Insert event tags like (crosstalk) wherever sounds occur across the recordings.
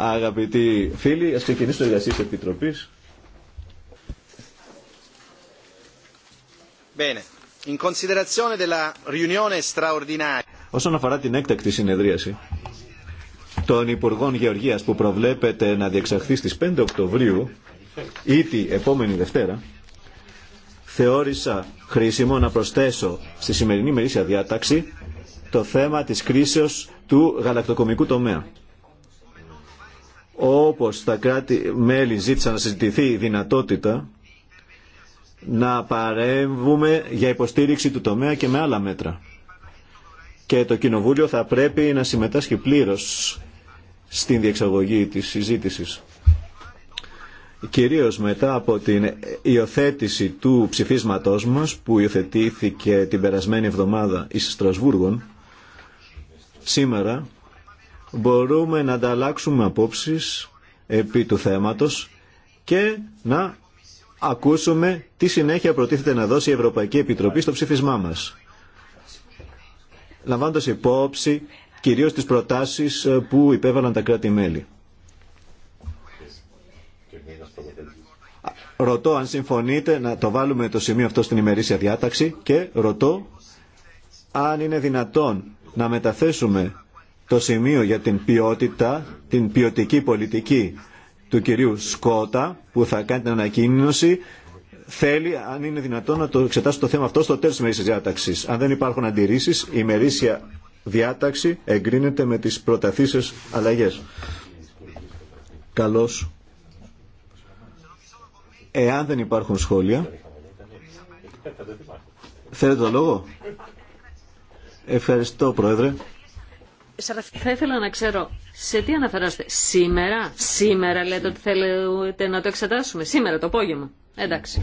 Αγαπητοί φίλοι, ας ξεκινήσουμε για εργασία της Επιτροπής. Bene. In considerazione della riunione straordinaria. Όσον αφορά την έκτακτη συνεδρίαση των Υπουργών Γεωργίας που προβλέπεται να διεξαχθεί στις 5 Οκτωβρίου ή την επόμενη Δευτέρα, θεώρησα χρήσιμο να προσθέσω στη σημερινή μερίσια διάταξη το θέμα της κρίσεως του γαλακτοκομικού τομέα όπως τα κράτη-μέλη ζήτησαν να συζητηθεί η δυνατότητα να παρέμβουμε για υποστήριξη του τομέα και με άλλα μέτρα. Και το Κοινοβούλιο θα πρέπει να συμμετάσχει πλήρως στην διεξαγωγή της συζήτησης. Κυρίως μετά από την υιοθέτηση του ψηφίσματός μας που υιοθετήθηκε την περασμένη εβδομάδα εις Στρασβούργων, σήμερα μπορούμε να ανταλλάξουμε απόψεις επί του θέματος και να ακούσουμε τι συνέχεια προτίθεται να δώσει η Ευρωπαϊκή Επιτροπή στο ψήφισμά μας. Λαμβάνοντας υπόψη κυρίως τις προτάσεις ε, που υπέβαλαν τα κράτη-μέλη. Ρωτώ αν συμφωνείτε να το βάλουμε το σημείο αυτό στην ημερήσια διάταξη και ρωτώ αν είναι δυνατόν να μεταθέσουμε το σημείο για την ποιότητα, την ποιοτική πολιτική του κυρίου Σκότα που θα κάνει την ανακοίνωση θέλει, αν είναι δυνατόν, να το εξετάσει το θέμα αυτό στο τέλος της μερίσιας διάταξης. Αν δεν υπάρχουν αντιρρήσεις, η μερίσια διάταξη εγκρίνεται με τις προταθήσεις αλλαγές. Καλώς. Εάν δεν υπάρχουν σχόλια, θέλετε το λόγο. Ευχαριστώ, Πρόεδρε. Θα ήθελα να ξέρω σε τι αναφερόσατε. Σήμερα, σήμερα λέτε ότι θέλετε να το εξετάσουμε. Σήμερα το απόγευμα. Εντάξει.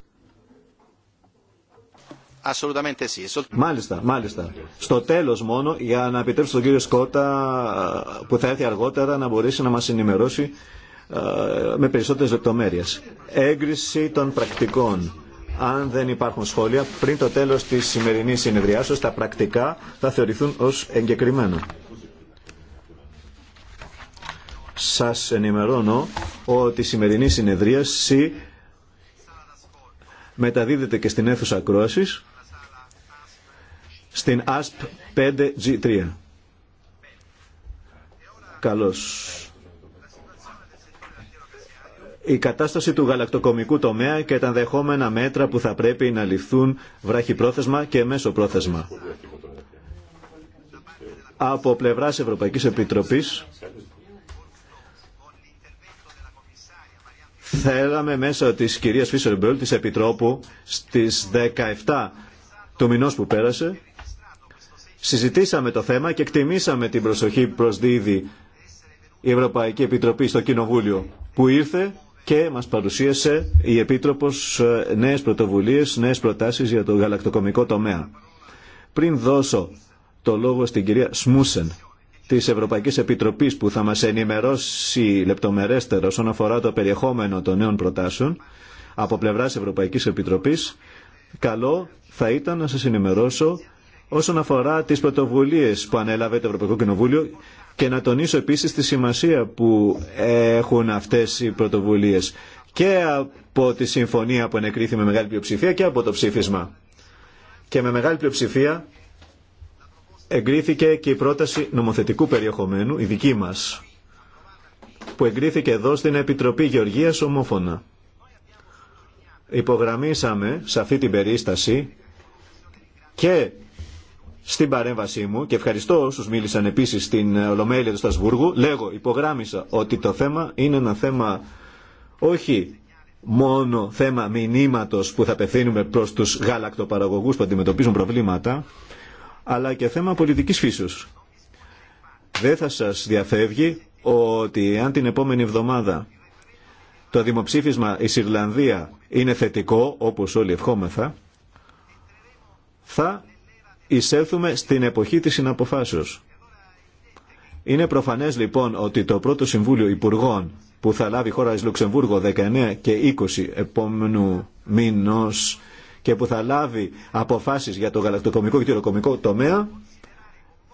Μάλιστα, μάλιστα. Στο τέλο μόνο, για να επιτρέψω τον κύριο Σκότα ε, που θα έρθει αργότερα να μπορέσει να μα ενημερώσει ε, με περισσότερε λεπτομέρειε. Έγκριση των πρακτικών. Αν δεν υπάρχουν σχόλια, πριν το τέλο τη σημερινή συνεδριάσεω, τα πρακτικά θα θεωρηθούν ω εγκεκριμένα. Σας ενημερώνω ότι η σημερινή συνεδρίαση μεταδίδεται και στην αίθουσα ακρόασης στην ASP 5G3. Καλώς. Η κατάσταση του γαλακτοκομικού τομέα και τα δεχόμενα μέτρα που θα πρέπει να ληφθούν βραχυπρόθεσμα και μέσο πρόθεσμα. Από πλευράς Ευρωπαϊκής Επιτροπής Θέλαμε μέσω της κυρίας Φίσερ της Επιτρόπου, στις 17 του μηνός που πέρασε, συζητήσαμε το θέμα και εκτιμήσαμε την προσοχή που προσδίδει η Ευρωπαϊκή Επιτροπή στο Κοινοβούλιο, που ήρθε και μας παρουσίασε η Επίτροπος ε, νέες πρωτοβουλίες, νέες προτάσεις για το γαλακτοκομικό τομέα. Πριν δώσω το λόγο στην κυρία Σμούσεν, της Ευρωπαϊκής Επιτροπής που θα μας ενημερώσει λεπτομερέστερα όσον αφορά το περιεχόμενο των νέων προτάσεων από πλευράς Ευρωπαϊκής Επιτροπής, καλό θα ήταν να σα ενημερώσω όσον αφορά τις πρωτοβουλίες που ανέλαβε το Ευρωπαϊκό Κοινοβούλιο και να τονίσω επίσης τη σημασία που έχουν αυτές οι πρωτοβουλίε και από τη συμφωνία που ενεκρίθη με μεγάλη πλειοψηφία και από το ψήφισμα. Και με μεγάλη πλειοψηφία εγκρίθηκε και η πρόταση νομοθετικού περιεχομένου, η δική μας, που εγκρίθηκε εδώ στην Επιτροπή Γεωργίας ομόφωνα. Υπογραμμίσαμε σε αυτή την περίσταση και στην παρέμβασή μου και ευχαριστώ όσους μίλησαν επίσης στην Ολομέλεια του Στασβούργου, λέγω, υπογράμμισα ότι το θέμα είναι ένα θέμα όχι μόνο θέμα μηνύματος που θα απευθύνουμε προς τους γαλακτοπαραγωγούς που αντιμετωπίζουν προβλήματα, αλλά και θέμα πολιτικής φύσεως. Δεν θα σας διαφεύγει ότι αν την επόμενη εβδομάδα το δημοψήφισμα η Ιρλανδία είναι θετικό, όπως όλοι ευχόμεθα, θα εισέλθουμε στην εποχή της συναποφάσεως. Είναι προφανές λοιπόν ότι το πρώτο Συμβούλιο Υπουργών που θα λάβει η χώρα της Λουξεμβούργο 19 και 20 επόμενου μήνος και που θα λάβει αποφάσεις για το γαλακτοκομικό και τυροκομικό τομέα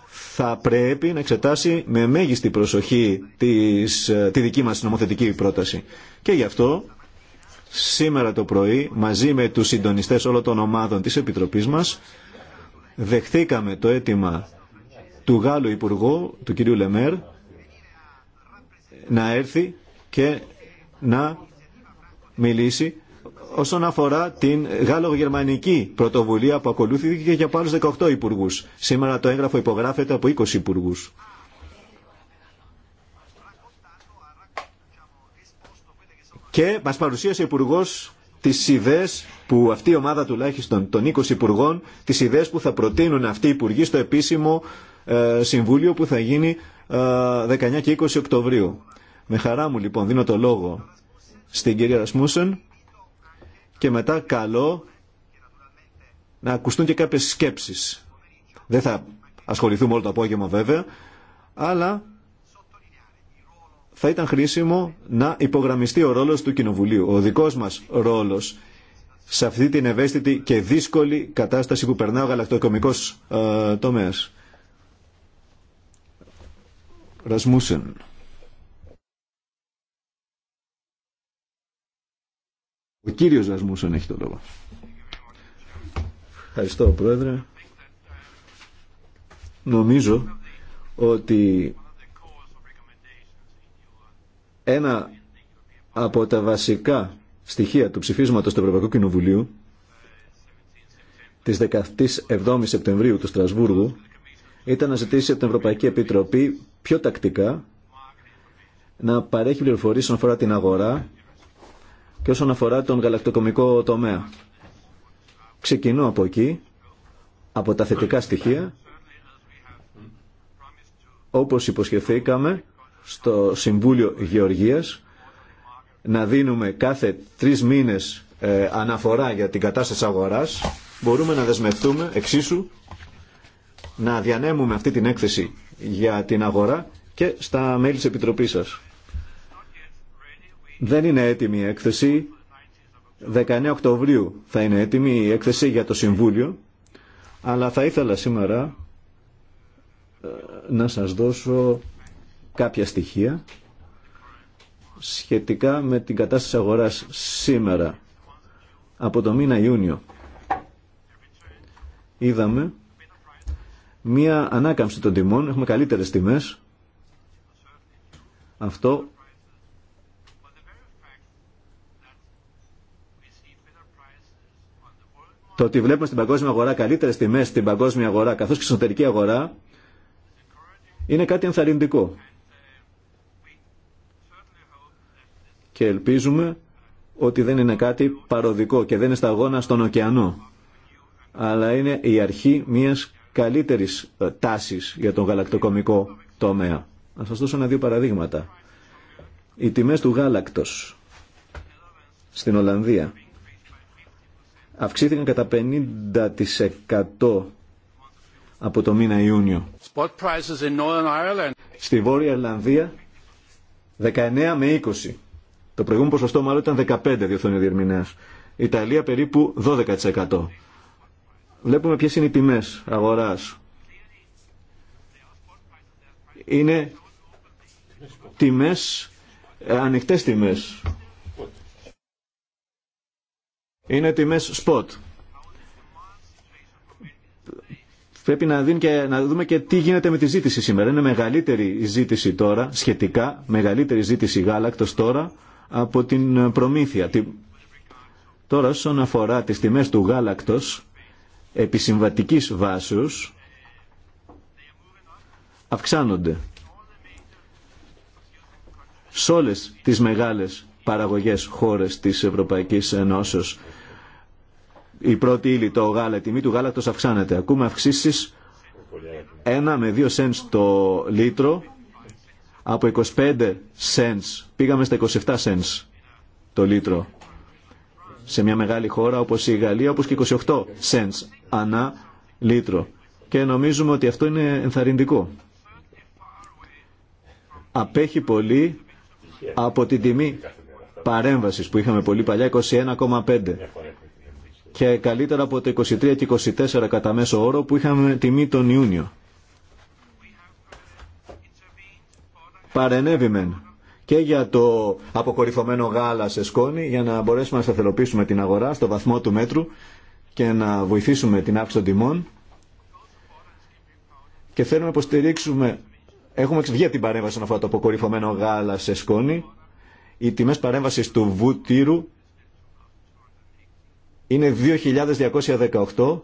θα πρέπει να εξετάσει με μέγιστη προσοχή της, ε, τη δική μας νομοθετική πρόταση. Και γι' αυτό σήμερα το πρωί μαζί με τους συντονιστές όλων των ομάδων της Επιτροπής μας δεχθήκαμε το αίτημα του Γάλλου Υπουργού, του κυρίου Λεμέρ, να έρθει και να μιλήσει όσον αφορά την γάλλο-γερμανική πρωτοβουλία που ακολούθηκε για άλλους 18 υπουργούς. Σήμερα το έγγραφο υπογράφεται από 20 υπουργούς. Και μας παρουσίασε ο υπουργός τις ιδέες που αυτή η ομάδα τουλάχιστον των 20 υπουργών, τις ιδέες που θα προτείνουν αυτοί οι υπουργοί στο επίσημο ε, συμβούλιο που θα γίνει 19 ε, και 20 Οκτωβρίου. Με χαρά μου λοιπόν δίνω το λόγο στην κυρία Ρασμούσεν και μετά καλό να ακουστούν και κάποιες σκέψεις. Δεν θα ασχοληθούμε όλο το απόγευμα βέβαια, αλλά θα ήταν χρήσιμο να υπογραμμιστεί ο ρόλος του Κοινοβουλίου, ο δικός μας ρόλος σε αυτή την ευαίσθητη και δύσκολη κατάσταση που περνά ο γαλακτοκομικός ε, τομέας. Ρασμούσεν. Ο κύριος Δασμούσον έχει το λόγο. Ευχαριστώ Πρόεδρε. Νομίζω ότι ένα από τα βασικά στοιχεία του ψηφίσματος του Ευρωπαϊκού Κοινοβουλίου της 17ης Σεπτεμβρίου του Στρασβούργου ήταν να ζητήσει από την Ευρωπαϊκή Επιτροπή πιο τακτικά να παρέχει πληροφορίες όσον αφορά την αγορά και όσον αφορά τον γαλακτοκομικό τομέα. Ξεκινώ από εκεί, από τα θετικά στοιχεία, όπως υποσχεθήκαμε στο Συμβούλιο Γεωργίας, να δίνουμε κάθε τρεις μήνες ε, αναφορά για την κατάσταση αγοράς, μπορούμε να δεσμευτούμε εξίσου να διανέμουμε αυτή την έκθεση για την αγορά και στα μέλη της Επιτροπής σας. Δεν είναι έτοιμη η έκθεση. 19 Οκτωβρίου θα είναι έτοιμη η έκθεση για το Συμβούλιο. Αλλά θα ήθελα σήμερα ε, να σας δώσω κάποια στοιχεία σχετικά με την κατάσταση αγοράς σήμερα από το μήνα Ιούνιο. Είδαμε μία ανάκαμψη των τιμών, έχουμε καλύτερες τιμές. Αυτό Το ότι βλέπουμε στην παγκόσμια αγορά καλύτερε τιμέ στην παγκόσμια αγορά καθώ και στην εσωτερική αγορά είναι κάτι ενθαρρυντικό. Και ελπίζουμε ότι δεν είναι κάτι παροδικό και δεν είναι σταγόνα στον ωκεανό. Αλλά είναι η αρχή μιας καλύτερης ε, τάσης για τον γαλακτοκομικό τομέα. Να σας δώσω ένα-δύο παραδείγματα. Οι τιμές του γάλακτος στην Ολλανδία αυξήθηκαν κατά 50% από το μήνα Ιούνιο. Spot in Στη Βόρεια Ιρλανδία 19 με 20. Το προηγούμενο ποσοστό μάλλον ήταν 15 διορθώνει Ιταλία περίπου 12%. Βλέπουμε ποιε είναι οι τιμές αγορά. Είναι τιμέ ανοιχτέ τιμές είναι τιμές spot. Πρέπει να, και, να δούμε και τι γίνεται με τη ζήτηση σήμερα. Είναι μεγαλύτερη η ζήτηση τώρα, σχετικά, μεγαλύτερη ζήτηση γάλακτος τώρα από την προμήθεια. Τώρα όσον αφορά τις τιμές του γάλακτος, επισυμβατικής βάσεως, αυξάνονται σε όλες τις μεγάλες παραγωγές χώρες της Ευρωπαϊκής Ενώσεως η πρώτη ύλη, το γάλα, η τιμή του γάλακτος αυξάνεται. Ακούμε αυξήσεις 1 με 2 cents το λίτρο, από 25 cents πήγαμε στα 27 cents το λίτρο. Σε μια μεγάλη χώρα όπως η Γαλλία, όπως και 28 cents ανά λίτρο. Και νομίζουμε ότι αυτό είναι ενθαρρυντικό. Απέχει πολύ από την τιμή παρέμβασης που είχαμε πολύ παλιά, 21,5 και καλύτερα από το 23 και 24 κατά μέσο όρο που είχαμε τιμή τον Ιούνιο. Παρενέβημεν και για το αποκορυφωμένο γάλα σε σκόνη για να μπορέσουμε να σταθεροποιήσουμε την αγορά στο βαθμό του μέτρου και να βοηθήσουμε την αύξηση των τιμών και θέλουμε να υποστηρίξουμε έχουμε βγει την παρέμβαση να αφορά το αποκορυφωμένο γάλα σε σκόνη οι τιμές παρέμβασης του βουτύρου είναι 2.218,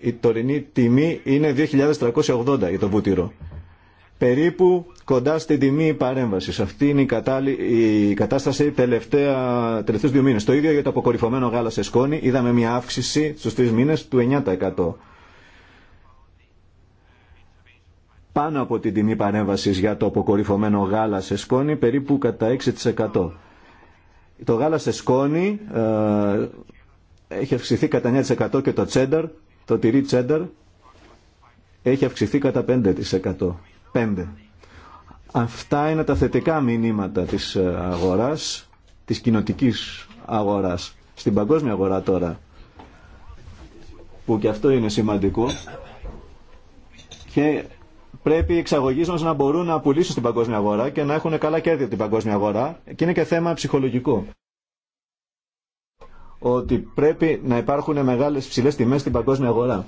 η τωρινή τιμή είναι 2.380 για το βούτυρο. Περίπου κοντά στην τιμή παρέμβασης. Αυτή είναι η, κατάλη, η κατάσταση τελευταία, τελευταίους δύο μήνες. Το ίδιο για το αποκορυφωμένο γάλα σε σκόνη. Είδαμε μια αύξηση στους τρεις μήνες του 9%. Πάνω από την τιμή παρέμβασης για το αποκορυφωμένο γάλα σε σκόνη περίπου κατά 6%. Το γάλα σε σκόνη ε, έχει αυξηθεί κατά 9% και το τσένταρ, το τυρί τσένταρ, έχει αυξηθεί κατά 5%. 5%. Αυτά είναι τα θετικά μηνύματα της ε, αγοράς, της κοινοτικής αγοράς. Στην παγκόσμια αγορά τώρα, που και αυτό είναι σημαντικό, και πρέπει οι εξαγωγείς μας να μπορούν να πουλήσουν στην παγκόσμια αγορά και να έχουν καλά κέρδη από την παγκόσμια αγορά και είναι και θέμα ψυχολογικό ότι πρέπει να υπάρχουν μεγάλες ψηλές τιμές στην παγκόσμια αγορά.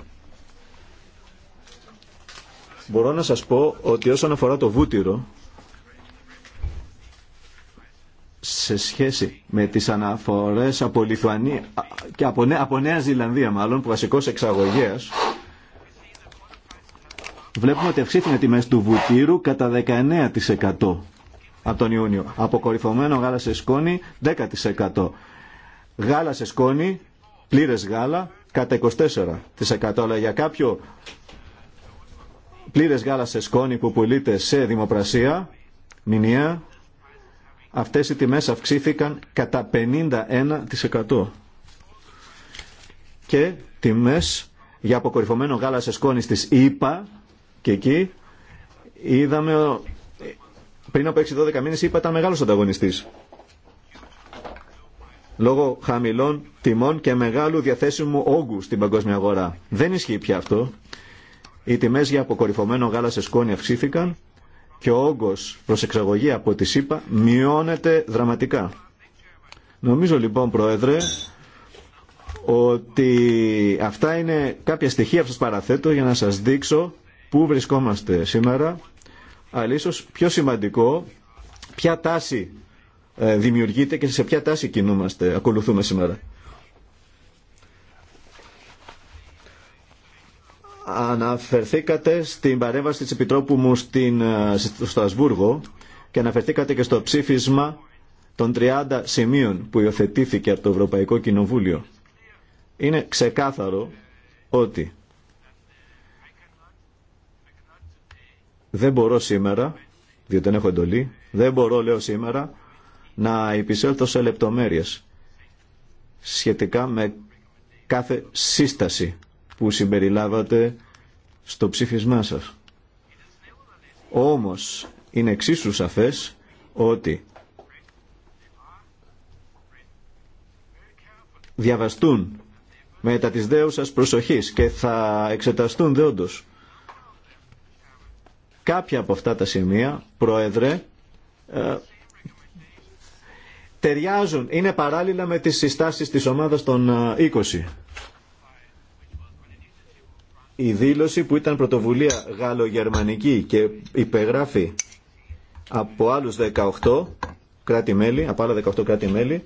Μπορώ να σας πω ότι όσον αφορά το βούτυρο, σε σχέση με τις αναφορές από Λιθουανία και από, Νέα, από Ζηλανδία μάλλον, που βασικός εξαγωγέας, βλέπουμε ότι αυξήθηκαν τιμές του βουτύρου κατά 19% από τον Ιούνιο. Αποκορυφωμένο γάλα σε σκόνη 10% γάλα σε σκόνη, πλήρες γάλα, κατά 24%. Αλλά για κάποιο πλήρες γάλα σε σκόνη που πουλείται σε δημοπρασία, μηνιαία, αυτές οι τιμές αυξήθηκαν κατά 51% και τιμές για αποκορυφωμένο γάλα σε σκόνη στις ΙΠΑ και εκεί είδαμε πριν από 6-12 μήνες ΙΠΑ ήταν μεγάλος ανταγωνιστής λόγω χαμηλών τιμών και μεγάλου διαθέσιμου όγκου στην παγκόσμια αγορά. Δεν ισχύει πια αυτό. Οι τιμέ για αποκορυφωμένο γάλα σε σκόνη αυξήθηκαν και ο όγκο προ εξαγωγή από τη ΣΥΠΑ μειώνεται δραματικά. Νομίζω λοιπόν, Πρόεδρε, ότι αυτά είναι κάποια στοιχεία που σας παραθέτω για να σας δείξω πού βρισκόμαστε σήμερα, αλλά ίσως πιο σημαντικό, ποια τάση ε, δημιουργείται και σε ποια τάση κινούμαστε, ακολουθούμε σήμερα. Αναφερθήκατε στην παρέμβαση της Επιτρόπου μου στην, ε, στο Στρασβούργο και αναφερθήκατε και στο ψήφισμα των 30 σημείων που υιοθετήθηκε από το Ευρωπαϊκό Κοινοβούλιο. Είναι ξεκάθαρο ότι δεν μπορώ σήμερα, διότι δεν έχω εντολή, δεν μπορώ λέω σήμερα να επισέλθω σε λεπτομέρειες σχετικά με κάθε σύσταση που συμπεριλάβατε στο ψήφισμά σας. Όμως είναι εξίσου σαφές ότι διαβαστούν μετά της δέουσας προσοχής και θα εξεταστούν δεόντως. Κάποια από αυτά τα σημεία, Πρόεδρε, ε, ταιριάζουν, είναι παράλληλα με τις συστάσεις της ομάδας των 20. Η δήλωση που ήταν πρωτοβουλία γαλλογερμανική και υπεγράφει από άλλους 18 κράτη-μέλη, από άλλα 18 κράτη-μέλη,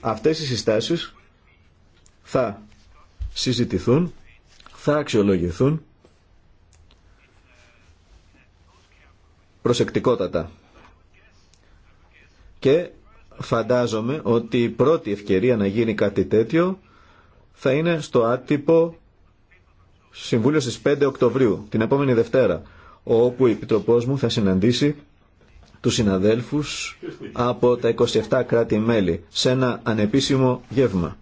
αυτές οι συστάσεις θα συζητηθούν, θα αξιολογηθούν προσεκτικότατα και φαντάζομαι ότι η πρώτη ευκαιρία να γίνει κάτι τέτοιο θα είναι στο άτυπο Συμβούλιο στις 5 Οκτωβρίου, την επόμενη Δευτέρα, όπου η Επιτροπός μου θα συναντήσει τους συναδέλφους από τα 27 κράτη-μέλη σε ένα ανεπίσημο γεύμα.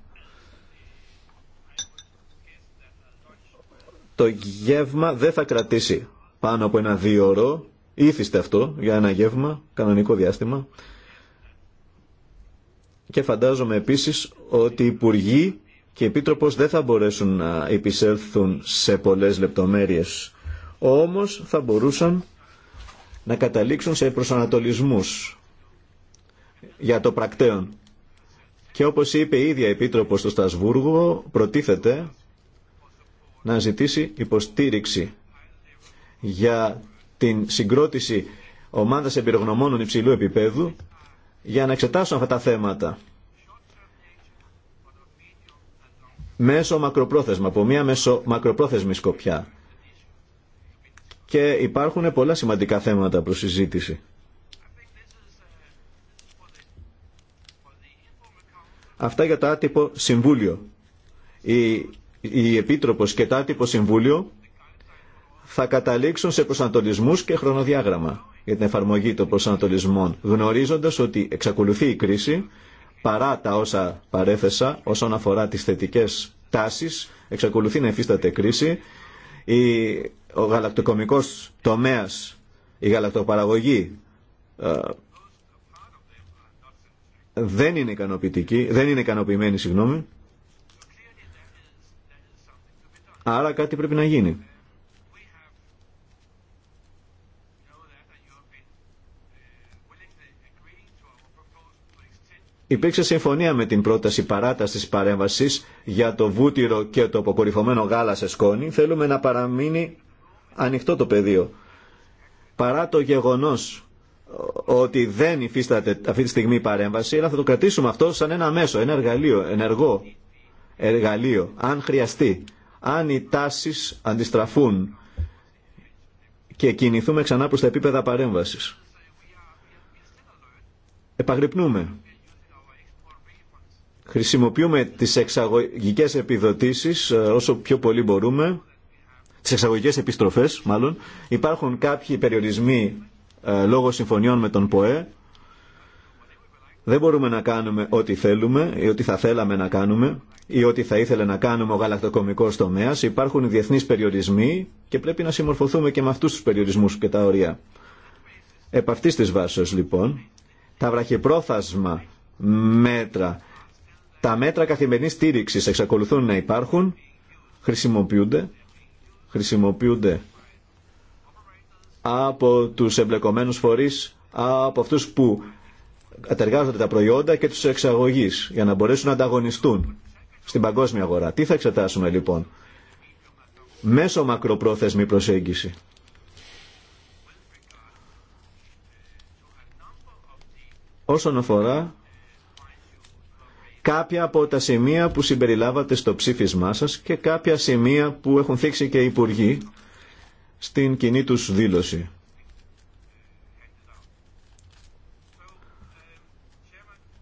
Το γεύμα δεν θα κρατήσει πάνω από ένα δύο ώρο, ήθιστε αυτό για ένα γεύμα, κανονικό διάστημα. Και φαντάζομαι επίσης ότι οι Υπουργοί και οι Επίτροπος δεν θα μπορέσουν να επισέλθουν σε πολλές λεπτομέρειες. Όμως θα μπορούσαν να καταλήξουν σε προσανατολισμούς για το πρακτέον. Και όπως είπε η ίδια Επίτροπος στο Στασβούργο, προτίθεται να ζητήσει υποστήριξη για την συγκρότηση ομάδας εμπειρογνωμόνων υψηλού επίπεδου για να εξετάσουν αυτά τα θέματα. Μέσω μακροπρόθεσμα, από μία μέσω μακροπρόθεσμη σκοπιά. Και υπάρχουν πολλά σημαντικά θέματα προς συζήτηση. Αυτά για το άτυπο συμβούλιο. Η, η Επίτροπος και το άτυπο συμβούλιο θα καταλήξουν σε προσανατολισμούς και χρονοδιάγραμμα για την εφαρμογή των προσανατολισμών, γνωρίζοντας ότι εξακολουθεί η κρίση, παρά τα όσα παρέθεσα όσον αφορά τις θετικές τάσεις, εξακολουθεί να υφίσταται κρίση, η, ο γαλακτοκομικός τομέας, η γαλακτοπαραγωγή ε, δεν είναι ικανοποιητική, δεν είναι ικανοποιημένη, συγγνώμη. Άρα κάτι πρέπει να γίνει. Υπήρξε συμφωνία με την πρόταση παράταση παρέμβαση για το βούτυρο και το αποκορυφωμένο γάλα σε σκόνη. Θέλουμε να παραμείνει ανοιχτό το πεδίο. Παρά το γεγονό ότι δεν υφίσταται αυτή τη στιγμή παρέμβαση, αλλά θα το κρατήσουμε αυτό σαν ένα μέσο, ένα εργαλείο, ενεργό εργαλείο, αν χρειαστεί. Αν οι τάσεις αντιστραφούν και κινηθούμε ξανά προς τα επίπεδα παρέμβασης. Επαγρυπνούμε. Χρησιμοποιούμε τις εξαγωγικές επιδοτήσεις ε, όσο πιο πολύ μπορούμε, τις εξαγωγικές επιστροφές μάλλον. Υπάρχουν κάποιοι περιορισμοί ε, λόγω συμφωνιών με τον ΠΟΕ. Δεν μπορούμε να κάνουμε ό,τι θέλουμε ή ό,τι θα θέλαμε να κάνουμε ή ό,τι θα ήθελε να κάνουμε ο γαλακτοκομικό τομέα. Υπάρχουν διεθνεί περιορισμοί και πρέπει να συμμορφωθούμε και με αυτού του περιορισμού και τα ωρία. Επ' αυτή τη βάση, λοιπόν, τα βραχυπρόθασμα μέτρα τα μέτρα καθημερινής στήριξης εξακολουθούν να υπάρχουν, χρησιμοποιούνται, χρησιμοποιούνται από τους εμπλεκομένους φορείς, από αυτούς που κατεργάζονται τα προϊόντα και τους εξαγωγείς για να μπορέσουν να ανταγωνιστούν στην παγκόσμια αγορά. Τι θα εξετάσουμε λοιπόν. Μέσω μακροπρόθεσμη προσέγγιση. Όσον αφορά κάποια από τα σημεία που συμπεριλάβατε στο ψήφισμά σας και κάποια σημεία που έχουν θίξει και οι υπουργοί στην κοινή τους δήλωση.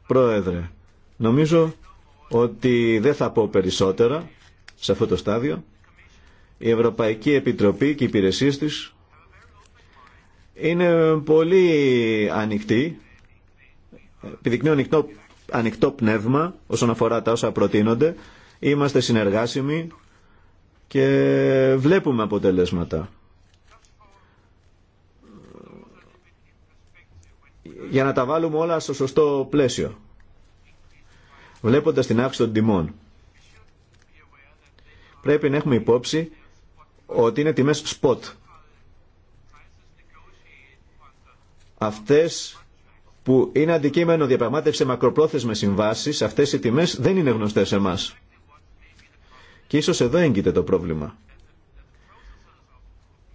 Πρόεδρε, νομίζω ότι δεν θα πω περισσότερα σε αυτό το στάδιο. Η Ευρωπαϊκή Επιτροπή και οι υπηρεσίες της είναι πολύ ανοιχτή, επιδεικνύει ανοιχτό ανοιχτό πνεύμα όσον αφορά τα όσα προτείνονται. Είμαστε συνεργάσιμοι και βλέπουμε αποτελέσματα. Για να τα βάλουμε όλα στο σωστό πλαίσιο. Βλέποντας την αύξηση των τιμών. Πρέπει να έχουμε υπόψη ότι είναι τιμές spot. Αυτές που είναι αντικείμενο διαπραγμάτευση μακροπρόθεσμες συμβάσεις, αυτές οι τιμές δεν είναι γνωστές σε εμάς. Και ίσως εδώ έγκυται το πρόβλημα.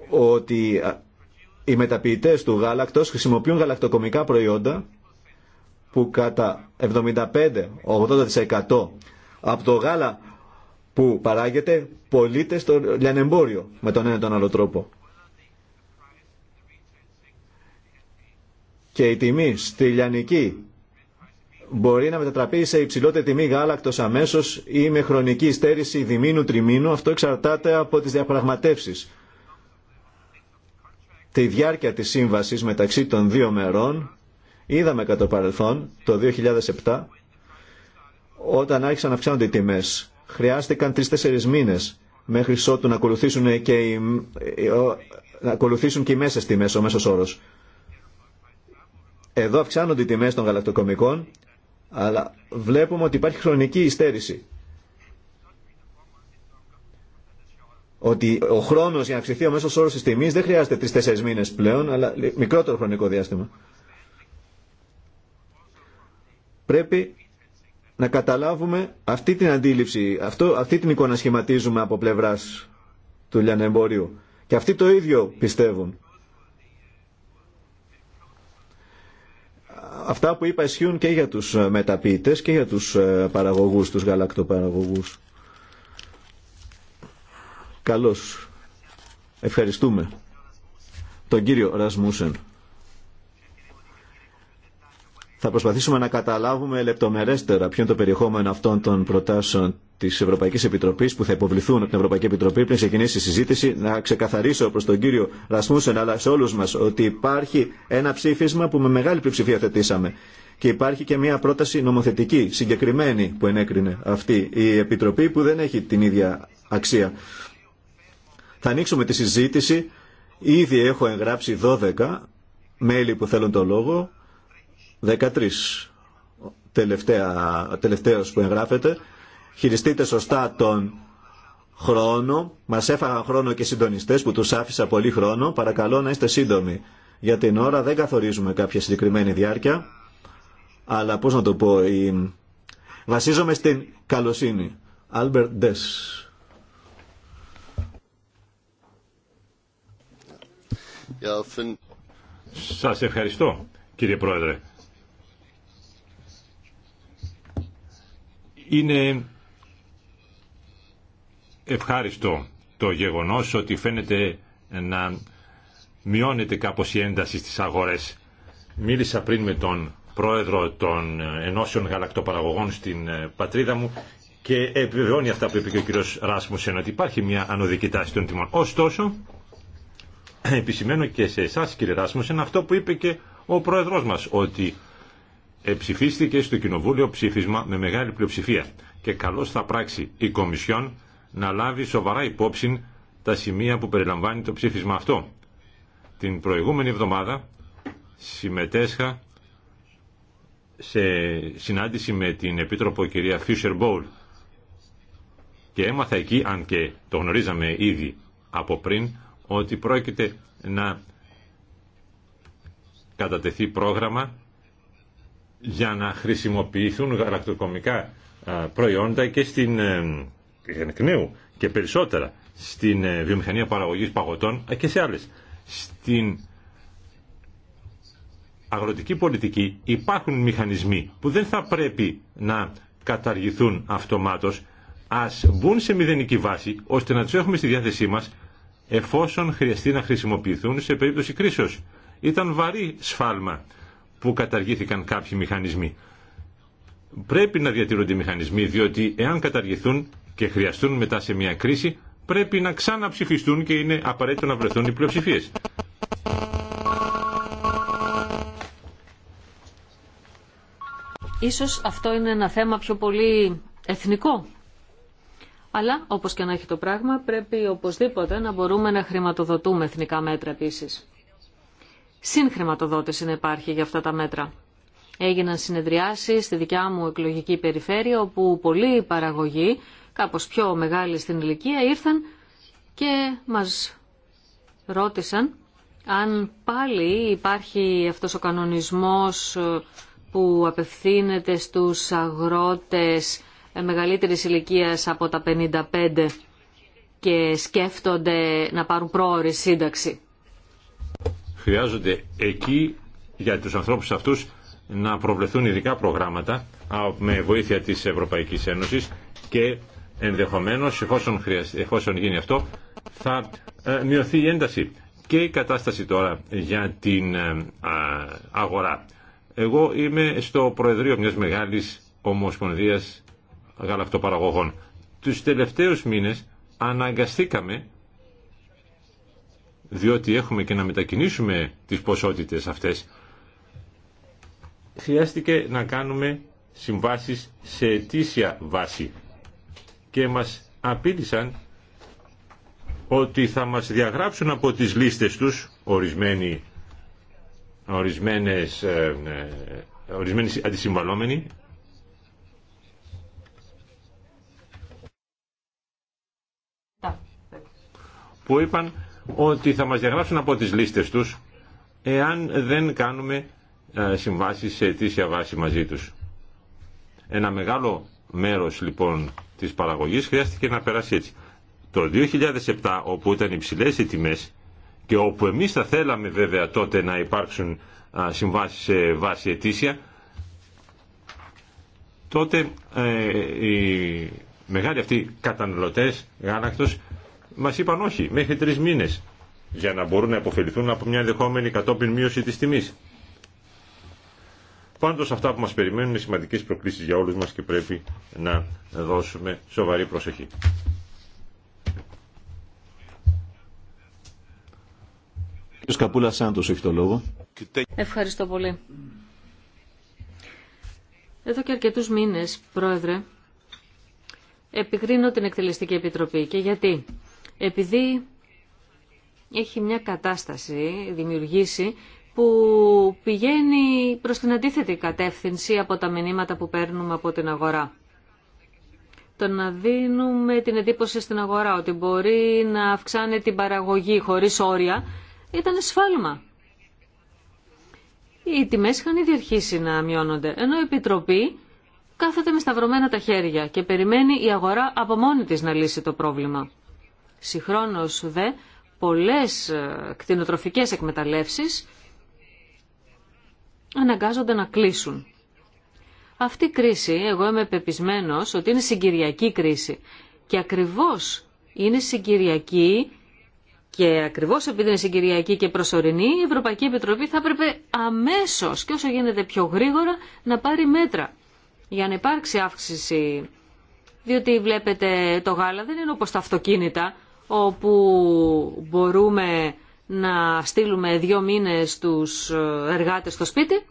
Ότι οι μεταποιητές του γάλακτος χρησιμοποιούν γαλακτοκομικά προϊόντα που κατά 75-80% από το γάλα που παράγεται πωλείται στο λιανεμπόριο με τον ένα τον άλλο τρόπο. και η τιμή στη λιανική μπορεί να μετατραπεί σε υψηλότερη τιμή γάλακτο αμέσω ή με χρονική στέρηση διμήνου τριμήνου. Αυτό εξαρτάται από τι διαπραγματεύσει Τη διάρκεια τη σύμβαση μεταξύ των δύο μερών είδαμε κατά το παρελθόν το 2007 όταν άρχισαν να αυξάνονται οι τιμε χρειαστηκαν Χρειάστηκαν τρει-τέσσερι μήνε μέχρι ότου να ακολουθήσουν και οι, να ακολουθήσουν οι μέσες τιμές, ο μέσος όρος. Εδώ αυξάνονται οι τιμές των γαλακτοκομικών, αλλά βλέπουμε ότι υπάρχει χρονική υστέρηση. Ότι ο χρόνος για να αυξηθεί ο μέσος όρος της τιμής δεν χρειάζεται τρει-τέσσερι μήνες πλέον, αλλά μικρότερο χρονικό διάστημα. Πρέπει να καταλάβουμε αυτή την αντίληψη, αυτό, αυτή την εικόνα σχηματίζουμε από πλευράς του λιανεμπόριου. Και αυτοί το ίδιο πιστεύουν. αυτά που είπα ισχύουν και για τους ε, μεταποιητές και για τους ε, παραγωγούς, τους γαλακτοπαραγωγούς. Καλώς. Ευχαριστούμε. Τον κύριο Ρασμούσεν. Θα προσπαθήσουμε να καταλάβουμε λεπτομερέστερα ποιο είναι το περιεχόμενο αυτών των προτάσεων τη Ευρωπαϊκή Επιτροπή που θα υποβληθούν από την Ευρωπαϊκή Επιτροπή πριν ξεκινήσει η συζήτηση. Να ξεκαθαρίσω προ τον κύριο Ρασμούσεν αλλά σε όλου μα ότι υπάρχει ένα ψήφισμα που με μεγάλη πλειοψηφία θετήσαμε. Και υπάρχει και μια πρόταση νομοθετική συγκεκριμένη που ενέκρινε αυτή η Επιτροπή που δεν έχει την ίδια αξία. Θα ανοίξουμε τη συζήτηση. Ήδη έχω εγγράψει 12 μέλη που θέλουν το λόγο. 13 τελευταία, τελευταίος που εγγράφεται χειριστείτε σωστά τον χρόνο. Μας έφαγαν χρόνο και συντονιστέ που τους άφησα πολύ χρόνο. Παρακαλώ να είστε σύντομοι. Για την ώρα δεν καθορίζουμε κάποια συγκεκριμένη διάρκεια, αλλά πώ να το πω, βασίζομαι στην καλοσύνη. Albert Des. Σας ευχαριστώ, κύριε Πρόεδρε. Είναι ευχάριστο το γεγονός ότι φαίνεται να μειώνεται κάπως η ένταση στις αγορές. Μίλησα πριν με τον πρόεδρο των ενώσεων γαλακτοπαραγωγών στην ε, πατρίδα μου και επιβεβαιώνει αυτά που είπε και ο κύριος Ράσμουσεν ότι υπάρχει μια ανωδική τάση των τιμών. Ωστόσο, επισημαίνω και σε εσά κύριε Ράσμουσεν αυτό που είπε και ο πρόεδρος μας ότι ψηφίστηκε στο Κοινοβούλιο ψήφισμα με μεγάλη πλειοψηφία και καλώς θα πράξει η Κομισιόν να λάβει σοβαρά υπόψη τα σημεία που περιλαμβάνει το ψήφισμα αυτό. Την προηγούμενη εβδομάδα συμμετέσχα σε συνάντηση με την Επίτροπο κυρία Φίσερ Μπόουλ και έμαθα εκεί, αν και το γνωρίζαμε ήδη από πριν, ότι πρόκειται να κατατεθεί πρόγραμμα για να χρησιμοποιηθούν γαλακτοκομικά προϊόντα και στην ε, και περισσότερα στην ε, βιομηχανία παραγωγής παγωτών ε, και σε άλλες. Στην αγροτική πολιτική υπάρχουν μηχανισμοί που δεν θα πρέπει να καταργηθούν αυτομάτως. Ας μπουν σε μηδενική βάση ώστε να τους έχουμε στη διάθεσή μας εφόσον χρειαστεί να χρησιμοποιηθούν σε περίπτωση κρίσεως. Ήταν βαρύ σφάλμα που καταργήθηκαν κάποιοι μηχανισμοί. Πρέπει να διατηρούνται οι μηχανισμοί, διότι εάν καταργηθούν και χρειαστούν μετά σε μια κρίση, πρέπει να ξαναψηφιστούν και είναι απαραίτητο να βρεθούν οι πλειοψηφίες. Ίσως αυτό είναι ένα θέμα πιο πολύ εθνικό. Αλλά, όπως και να έχει το πράγμα, πρέπει οπωσδήποτε να μπορούμε να χρηματοδοτούμε εθνικά μέτρα επίσης. Συγχρηματοδότηση να υπάρχει για αυτά τα μέτρα. Έγιναν συνεδριάσεις στη δικιά μου εκλογική περιφέρεια, όπου πολλοί παραγωγοί κάπως πιο μεγάλοι στην ηλικία, ήρθαν και μας ρώτησαν αν πάλι υπάρχει αυτός ο κανονισμός ε, που απευθύνεται στους αγρότες ε, μεγαλύτερης ηλικίας από τα 55 και σκέφτονται να πάρουν πρόορη σύνταξη. Χρειάζονται εκεί για τους ανθρώπους αυτούς να προβλεφθούν ειδικά προγράμματα με βοήθεια της Ευρωπαϊκής Ένωσης και ενδεχομένως εφόσον, εφόσον γίνει αυτό θα ε, μειωθεί η ένταση και η κατάσταση τώρα για την ε, αγορά. Εγώ είμαι στο Προεδρείο μιας μεγάλης ομοσπονδίας γαλακτοπαραγωγών. Τους τελευταίους μήνες αναγκαστήκαμε διότι έχουμε και να μετακινήσουμε τις ποσότητες αυτές χρειάστηκε να κάνουμε συμβάσεις σε αιτήσια βάση και μας απείλησαν ότι θα μας διαγράψουν από τις λίστες τους ορισμένοι, ορισμένες, ε, ε, ορισμένοι αντισυμβαλόμενοι που είπαν ότι θα μας διαγράψουν από τις λίστες τους εάν δεν κάνουμε ε, συμβάσεις σε αιτήσια βάση μαζί τους. Ένα μεγάλο μέρος λοιπόν της παραγωγής χρειάστηκε να περάσει έτσι. Το 2007 όπου ήταν υψηλές οι τιμές και όπου εμείς θα θέλαμε βέβαια τότε να υπάρξουν συμβάσεις σε βάση ετήσια τότε ε, οι μεγάλοι αυτοί καταναλωτές γάλακτος μας είπαν όχι μέχρι τρεις μήνες για να μπορούν να υποφεληθούν από μια ενδεχόμενη κατόπιν μείωση της τιμής. Πάντω αυτά που μας περιμένουν είναι σημαντικέ προκλήσεις για όλους μας και πρέπει να δώσουμε σοβαρή προσοχή. Καπούλα έχει Ευχαριστώ πολύ. Εδώ και αρκετού μήνε, Πρόεδρε, επικρίνω την Εκτελεστική Επιτροπή. Και γιατί. Επειδή έχει μια κατάσταση δημιουργήσει που πηγαίνει προς την αντίθετη κατεύθυνση από τα μηνύματα που παίρνουμε από την αγορά. Το να δίνουμε την εντύπωση στην αγορά ότι μπορεί να αυξάνει την παραγωγή χωρίς όρια ήταν σφάλμα. Οι τιμές είχαν ήδη αρχίσει να μειώνονται, ενώ η Επιτροπή κάθεται με σταυρωμένα τα χέρια και περιμένει η αγορά από μόνη της να λύσει το πρόβλημα. Συγχρόνως δε, πολλές ε, κτηνοτροφικές εκμεταλλεύσεις αναγκάζονται να κλείσουν. Αυτή η κρίση, εγώ είμαι πεπισμένος ότι είναι συγκυριακή κρίση. Και ακριβώς είναι συγκυριακή και ακριβώς επειδή είναι συγκυριακή και προσωρινή, η Ευρωπαϊκή Επιτροπή θα έπρεπε αμέσως και όσο γίνεται πιο γρήγορα να πάρει μέτρα για να υπάρξει αύξηση. Διότι βλέπετε το γάλα δεν είναι όπως τα αυτοκίνητα όπου μπορούμε να στείλουμε δύο μήνες τους εργάτες στο σπίτι.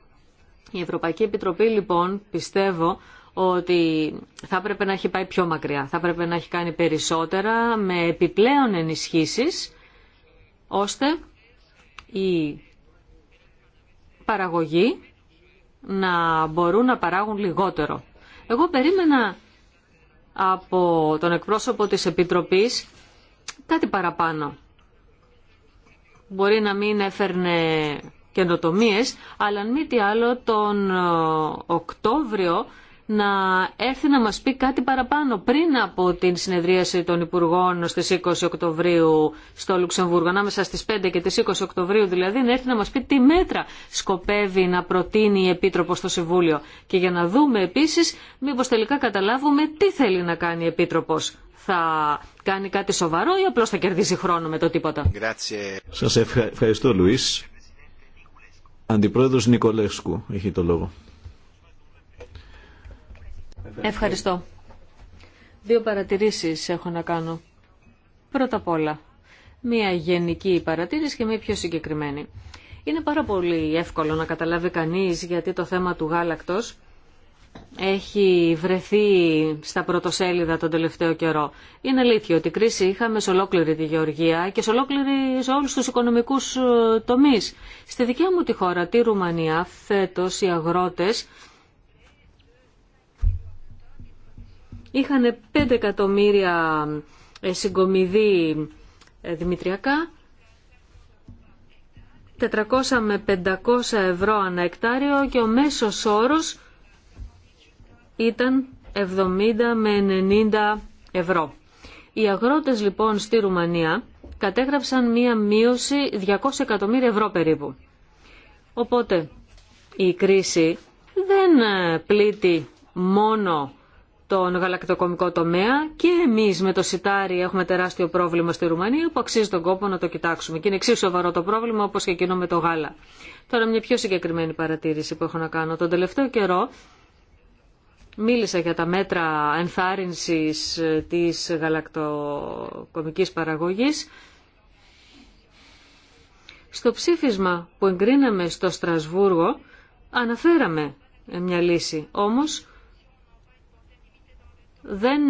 Η Ευρωπαϊκή Επιτροπή λοιπόν πιστεύω ότι θα έπρεπε να έχει πάει πιο μακριά, θα έπρεπε να έχει κάνει περισσότερα με επιπλέον ενισχύσεις ώστε η παραγωγή να μπορούν να παράγουν λιγότερο. Εγώ περίμενα από τον εκπρόσωπο της Επιτροπής κάτι παραπάνω μπορεί να μην έφερνε καινοτομίε, αλλά αν μη τι άλλο τον ε, Οκτώβριο να έρθει να μας πει κάτι παραπάνω πριν από την συνεδρίαση των Υπουργών στις 20 Οκτωβρίου στο Λουξεμβούργο, ανάμεσα στις 5 και τις 20 Οκτωβρίου δηλαδή, να έρθει να μας πει τι μέτρα σκοπεύει να προτείνει η Επίτροπο στο Συμβούλιο. Και για να δούμε επίσης μήπως τελικά καταλάβουμε τι θέλει να κάνει η Επίτροπος. Θα κάνει κάτι σοβαρό ή απλώς θα κερδίσει χρόνο με το τίποτα. Σας ευχαριστώ Λουίς. Αντιπρόεδρος Νικολέσκου έχει το λόγο. Ευχαριστώ. Δύο παρατηρήσεις έχω να κάνω. Πρώτα απ' όλα, μία γενική παρατήρηση και μία πιο συγκεκριμένη. Είναι πάρα πολύ εύκολο να καταλάβει κανείς γιατί το θέμα του γάλακτος έχει βρεθεί στα πρωτοσέλιδα τον τελευταίο καιρό. Είναι αλήθεια ότι η κρίση είχαμε σε ολόκληρη τη γεωργία και σε ολόκληρη σε όλους τους οικονομικούς ε, τομείς. Στη δικιά μου τη χώρα, τη Ρουμανία, φέτος οι αγρότες είχαν 5 εκατομμύρια ε, συγκομιδή ε, δημητριακά 400 με 500 ευρώ ανά εκτάριο και ο μέσος όρος ήταν 70 με 90 ευρώ. Οι αγρότες λοιπόν στη Ρουμανία κατέγραψαν μία μείωση 200 εκατομμύρια ευρώ περίπου. Οπότε η κρίση δεν ε, πλήττει μόνο τον γαλακτοκομικό τομέα και εμείς με το σιτάρι έχουμε τεράστιο πρόβλημα στη Ρουμανία που αξίζει τον κόπο να το κοιτάξουμε. Και είναι εξίσου σοβαρό το πρόβλημα όπως και εκείνο με το γάλα. Τώρα μια πιο συγκεκριμένη παρατήρηση που έχω να κάνω. Τον τελευταίο καιρό Μίλησα για τα μέτρα ενθάρρυνσης της γαλακτοκομικής παραγωγής. Στο ψήφισμα που εγκρίναμε στο Στρασβούργο αναφέραμε μια λύση. Όμως δεν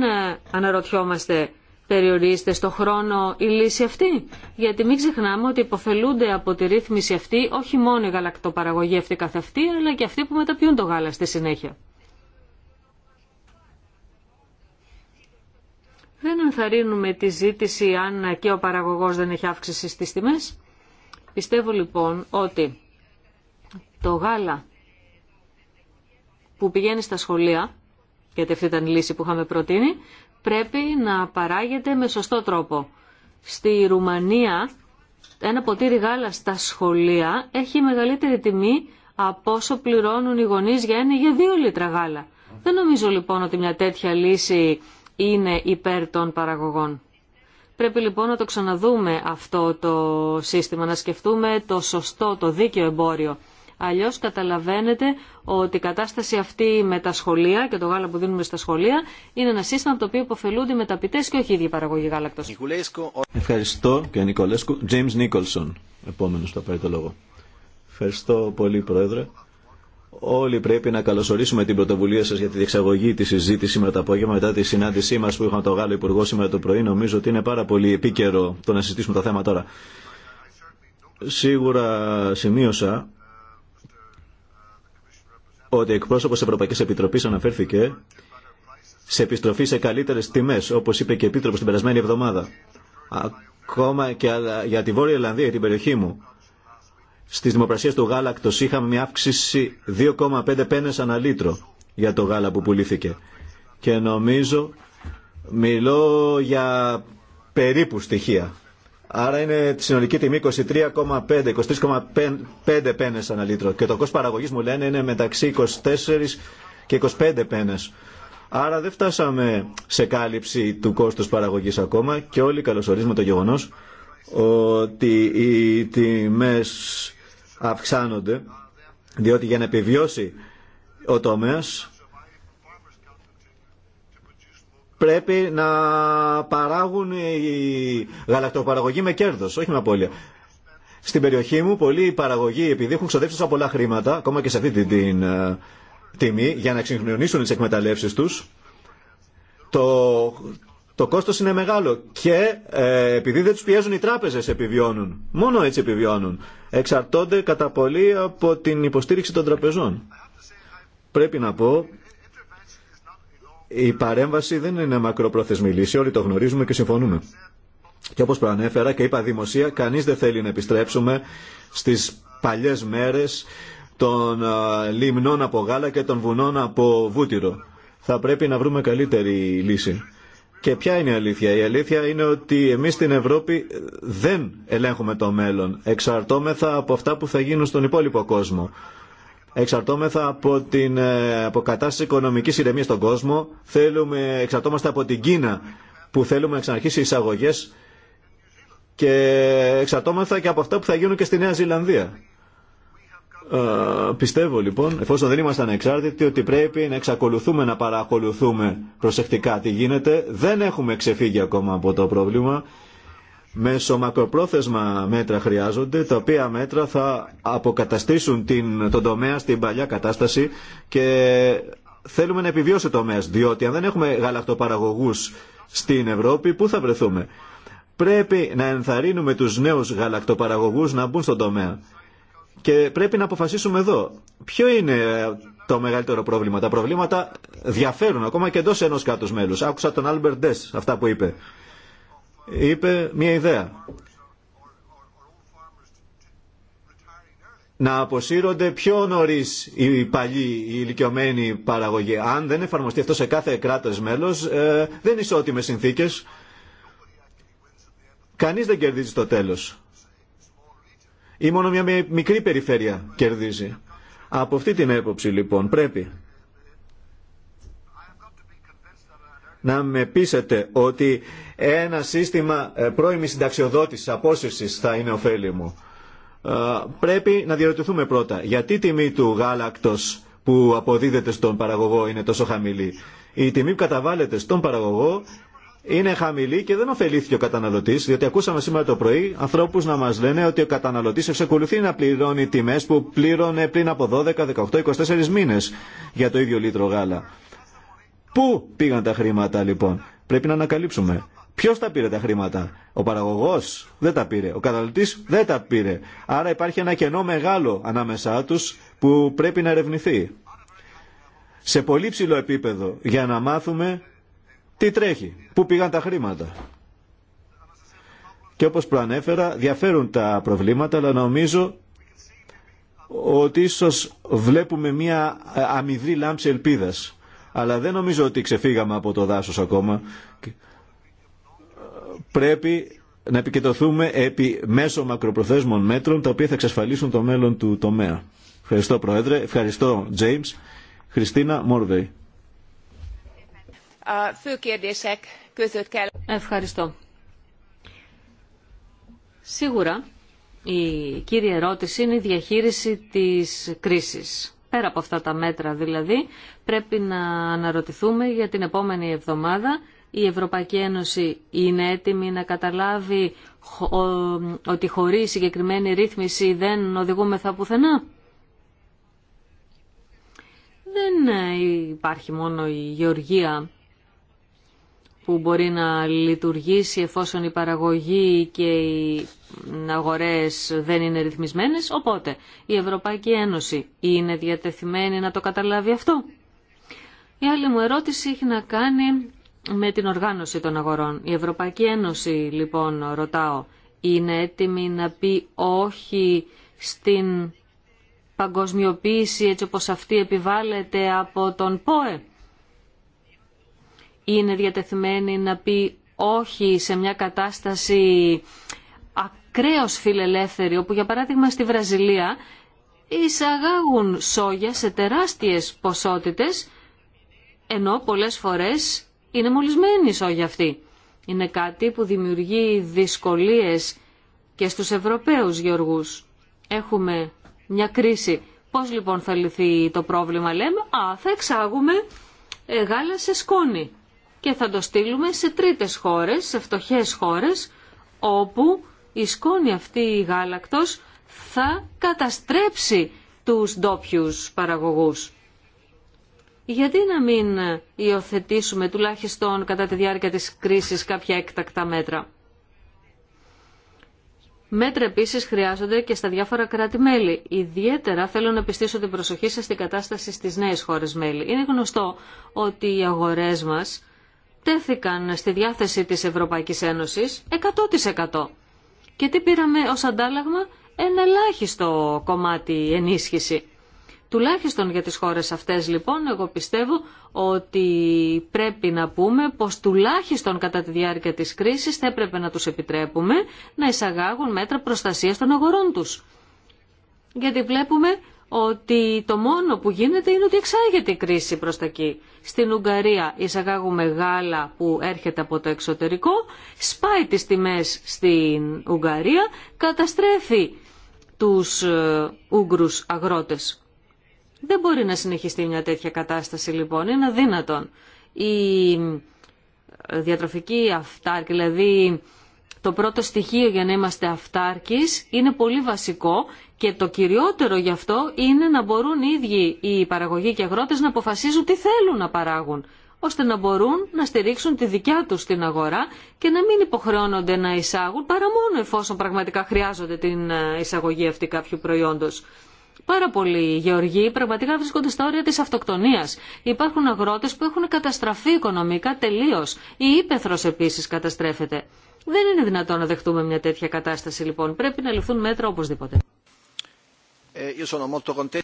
αναρωτιόμαστε περιορίστε στο χρόνο η λύση αυτή. Γιατί μην ξεχνάμε ότι υποφελούνται από τη ρύθμιση αυτή όχι μόνο οι γαλακτοπαραγωγή αυτή, αλλά και αυτοί που μεταποιούν το γάλα στη συνέχεια. δεν ενθαρρύνουμε τη ζήτηση αν και ο παραγωγός δεν έχει αύξηση στις τιμές. Πιστεύω λοιπόν ότι το γάλα που πηγαίνει στα σχολεία, γιατί αυτή ήταν η λύση που είχαμε προτείνει, πρέπει να παράγεται με σωστό τρόπο. Στη Ρουμανία ένα ποτήρι γάλα στα σχολεία έχει μεγαλύτερη τιμή από όσο πληρώνουν οι γονείς για ένα ή για δύο λίτρα γάλα. Δεν νομίζω λοιπόν ότι μια τέτοια λύση είναι υπέρ των παραγωγών. Πρέπει λοιπόν να το ξαναδούμε αυτό το σύστημα, να σκεφτούμε το σωστό, το δίκαιο εμπόριο. Αλλιώς καταλαβαίνετε ότι η κατάσταση αυτή με τα σχολεία και το γάλα που δίνουμε στα σχολεία είναι ένα σύστημα από το οποίο υποφελούνται οι μεταπητές και όχι οι ίδιοι παραγωγοί γάλακτος. Ευχαριστώ και Νικολέσκου. James Nicholson, επόμενος θα πάρει το λόγο. Ευχαριστώ πολύ Πρόεδρε. Όλοι πρέπει να καλωσορίσουμε την πρωτοβουλία σα για τη διεξαγωγή τη συζήτηση σήμερα το απόγευμα μετά τη συνάντησή μα που είχαμε το Γάλλο Υπουργό σήμερα το πρωί. Νομίζω ότι είναι πάρα πολύ επίκαιρο το να συζητήσουμε τα θέματα τώρα. Σίγουρα σημείωσα ότι εκπρόσωπος Ευρωπαϊκή Επιτροπή αναφέρθηκε σε επιστροφή σε καλύτερε τιμέ, όπω είπε και η Επίτροπο την περασμένη εβδομάδα. Ακόμα και για τη Βόρεια Ιρλανδία, την περιοχή μου, στις δημοπρασίες του γάλακτος είχαμε μια αύξηση 2,5 πένες ανά λίτρο για το γάλα που πουλήθηκε. Και νομίζω μιλώ για περίπου στοιχεία. Άρα είναι τη συνολική τιμή 23,5, 23,5 πένες ανά λίτρο. Και το κόστος παραγωγής μου λένε είναι μεταξύ 24 και 25 πένες. Άρα δεν φτάσαμε σε κάλυψη του κόστους παραγωγής ακόμα και όλοι καλωσορίζουμε το γεγονός ότι οι τιμές αυξάνονται, διότι για να επιβιώσει ο τομέας πρέπει να παράγουν οι γαλακτοπαραγωγή με κέρδος, όχι με απώλεια. Στην περιοχή μου πολλοί παραγωγοί, επειδή έχουν ξοδέψει πολλά χρήματα, ακόμα και σε αυτή την, ε, τιμή, για να εξυγχρονίσουν τις εκμεταλλεύσεις τους, το, το κόστος είναι μεγάλο και ε, επειδή δεν τους πιέζουν οι τράπεζες επιβιώνουν. Μόνο έτσι επιβιώνουν. Εξαρτώνται κατά πολύ από την υποστήριξη των τραπεζών. Πρέπει να πω, η παρέμβαση δεν είναι μακροπρόθεσμη λύση, όλοι το γνωρίζουμε και συμφωνούμε. Και όπως προανέφερα και είπα δημοσία, κανείς δεν θέλει να επιστρέψουμε στις παλιές μέρες των ε, λιμνών από γάλα και των βουνών από βούτυρο. Θα πρέπει να βρούμε καλύτερη λύση. Και ποια είναι η αλήθεια. Η αλήθεια είναι ότι εμείς στην Ευρώπη δεν ελέγχουμε το μέλλον. Εξαρτώμεθα από αυτά που θα γίνουν στον υπόλοιπο κόσμο. Εξαρτώμεθα από την ε, αποκατάσταση οικονομική ηρεμία στον κόσμο. Θέλουμε, εξαρτώμαστε από την Κίνα που θέλουμε να ξαναρχίσει εισαγωγές και εξαρτώμεθα και από αυτά που θα γίνουν και στη Νέα Ζηλανδία. Ε, πιστεύω λοιπόν, εφόσον δεν ήμασταν εξάρτητοι, ότι πρέπει να εξακολουθούμε να παρακολουθούμε προσεκτικά τι γίνεται. Δεν έχουμε ξεφύγει ακόμα από το πρόβλημα. Μέσω μακροπρόθεσμα μέτρα χρειάζονται, τα οποία μέτρα θα αποκαταστήσουν την, τον τομέα στην παλιά κατάσταση και θέλουμε να επιβιώσει το τομέα, διότι αν δεν έχουμε γαλακτοπαραγωγούς στην Ευρώπη, πού θα βρεθούμε. Πρέπει να ενθαρρύνουμε τους νέους γαλακτοπαραγωγούς να μπουν στον τομέα και πρέπει να αποφασίσουμε εδώ ποιο είναι ε, το μεγαλύτερο πρόβλημα. Τα προβλήματα διαφέρουν ακόμα και εντό ενό κράτου μέλου. Άκουσα τον Άλμπερ Ντε αυτά που είπε. Είπε μια ιδέα. Να αποσύρονται πιο νωρί οι παλιοί, οι ηλικιωμένοι παραγωγοί. Αν δεν εφαρμοστεί αυτό σε κάθε κράτο μέλο, ε, δεν ισότιμε συνθήκε. Κανεί δεν κερδίζει το τέλο ή μόνο μια μικρή περιφέρεια κερδίζει. Από αυτή την έποψη λοιπόν πρέπει να με πείσετε ότι ένα σύστημα ε, πρώιμης συνταξιοδότησης, απόσυρσης θα είναι ωφέλιμο. Ε, πρέπει να διαρωτηθούμε πρώτα γιατί η τιμή του γάλακτος που αποδίδεται στον παραγωγό είναι τόσο χαμηλή. Η τιμή που καταβάλλεται στον παραγωγό είναι χαμηλή και δεν ωφελήθηκε ο καταναλωτή, διότι ακούσαμε σήμερα το πρωί ανθρώπου να μα λένε ότι ο καταναλωτή εξακολουθεί να πληρώνει τιμέ που πλήρωνε πριν από 12, 18, 24 μήνε για το ίδιο λίτρο γάλα. Πού πήγαν τα χρήματα λοιπόν, πρέπει να ανακαλύψουμε. Ποιο τα πήρε τα χρήματα, ο παραγωγό δεν τα πήρε, ο καταναλωτή δεν τα πήρε. Άρα υπάρχει ένα κενό μεγάλο ανάμεσά του που πρέπει να ερευνηθεί. Σε πολύ ψηλό επίπεδο για να μάθουμε τι τρέχει, πού πήγαν τα χρήματα. Και όπως προανέφερα, διαφέρουν τα προβλήματα, αλλά νομίζω ότι ίσως βλέπουμε μία αμυδρή λάμψη ελπίδας. Αλλά δεν νομίζω ότι ξεφύγαμε από το δάσος ακόμα. Πρέπει να επικεντρωθούμε επί μέσω μακροπροθέσμων μέτρων, τα οποία θα εξασφαλίσουν το μέλλον του τομέα. Ευχαριστώ Πρόεδρε, ευχαριστώ James, Χριστίνα Μόρβεϊ. Ευχαριστώ. Σίγουρα η κύρια ερώτηση είναι η διαχείριση της κρίσης. Πέρα από αυτά τα μέτρα δηλαδή πρέπει να αναρωτηθούμε για την επόμενη εβδομάδα η Ευρωπαϊκή Ένωση είναι έτοιμη να καταλάβει ότι χωρίς συγκεκριμένη ρύθμιση δεν οδηγούμεθα πουθενά. Δεν ε, υπάρχει μόνο η γεωργία που μπορεί να λειτουργήσει εφόσον η παραγωγή και οι αγορές δεν είναι ρυθμισμένες. Οπότε η Ευρωπαϊκή Ένωση είναι διατεθειμένη να το καταλάβει αυτό. Η άλλη μου ερώτηση έχει να κάνει με την οργάνωση των αγορών. Η Ευρωπαϊκή Ένωση λοιπόν ρωτάω είναι έτοιμη να πει όχι στην παγκοσμιοποίηση έτσι όπως αυτή επιβάλλεται από τον ΠΟΕ είναι διατεθειμένη να πει όχι σε μια κατάσταση ακραίως φιλελεύθερη, όπου για παράδειγμα στη Βραζιλία εισαγάγουν σόγια σε τεράστιες ποσότητες, ενώ πολλές φορές είναι μολυσμένη η σόγια αυτή. Είναι κάτι που δημιουργεί δυσκολίες και στους Ευρωπαίους γεωργούς. Έχουμε μια κρίση. Πώς λοιπόν θα λυθεί το πρόβλημα λέμε, α, θα εξάγουμε γάλα σε σκόνη και θα το στείλουμε σε τρίτες χώρες, σε φτωχές χώρες, όπου η σκόνη αυτή η γάλακτος θα καταστρέψει τους ντόπιου παραγωγούς. Γιατί να μην υιοθετήσουμε τουλάχιστον κατά τη διάρκεια της κρίσης κάποια έκτακτα μέτρα. Μέτρα επίσης χρειάζονται και στα διάφορα κράτη-μέλη. Ιδιαίτερα θέλω να πιστήσω την προσοχή σας στην κατάσταση στις νέες χώρες-μέλη. Είναι γνωστό ότι οι αγορές μας τέθηκαν στη διάθεση της Ευρωπαϊκής Ένωσης 100%. Και τι πήραμε ως αντάλλαγμα, ένα ελάχιστο κομμάτι ενίσχυση. Τουλάχιστον για τις χώρες αυτές λοιπόν, εγώ πιστεύω ότι πρέπει να πούμε πως τουλάχιστον κατά τη διάρκεια της κρίσης θα έπρεπε να τους επιτρέπουμε να εισαγάγουν μέτρα προστασίας των αγορών τους. Γιατί βλέπουμε ότι το μόνο που γίνεται είναι ότι εξάγεται η κρίση προς τα εκεί. Στην Ουγγαρία εισαγάγουμε γάλα που έρχεται από το εξωτερικό, σπάει τις τιμές στην Ουγγαρία, καταστρέφει τους ε, Ούγγρους αγρότες. Δεν μπορεί να συνεχιστεί μια τέτοια κατάσταση λοιπόν, είναι αδύνατον. Η ε, διατροφική αυτάρκη, δηλαδή το πρώτο στοιχείο για να είμαστε αυτάρκης, είναι πολύ βασικό και το κυριότερο γι' αυτό είναι να μπορούν οι ίδιοι οι παραγωγοί και αγρότες να αποφασίζουν τι θέλουν να παράγουν, ώστε να μπορούν να στηρίξουν τη δικιά τους την αγορά και να μην υποχρεώνονται να εισάγουν παρά μόνο εφόσον πραγματικά χρειάζονται την ε, εισαγωγή αυτή κάποιου προϊόντος. Πάρα πολλοί γεωργοί πραγματικά βρίσκονται στα όρια της αυτοκτονίας. Υπάρχουν αγρότες που έχουν καταστραφεί οικονομικά τελείω. Η ύπεθρος επίση καταστρέφεται. Δεν είναι δυνατόν να δεχτούμε μια τέτοια κατάσταση λοιπόν. Πρέπει να ληφθούν μέτρα οπωσδήποτε.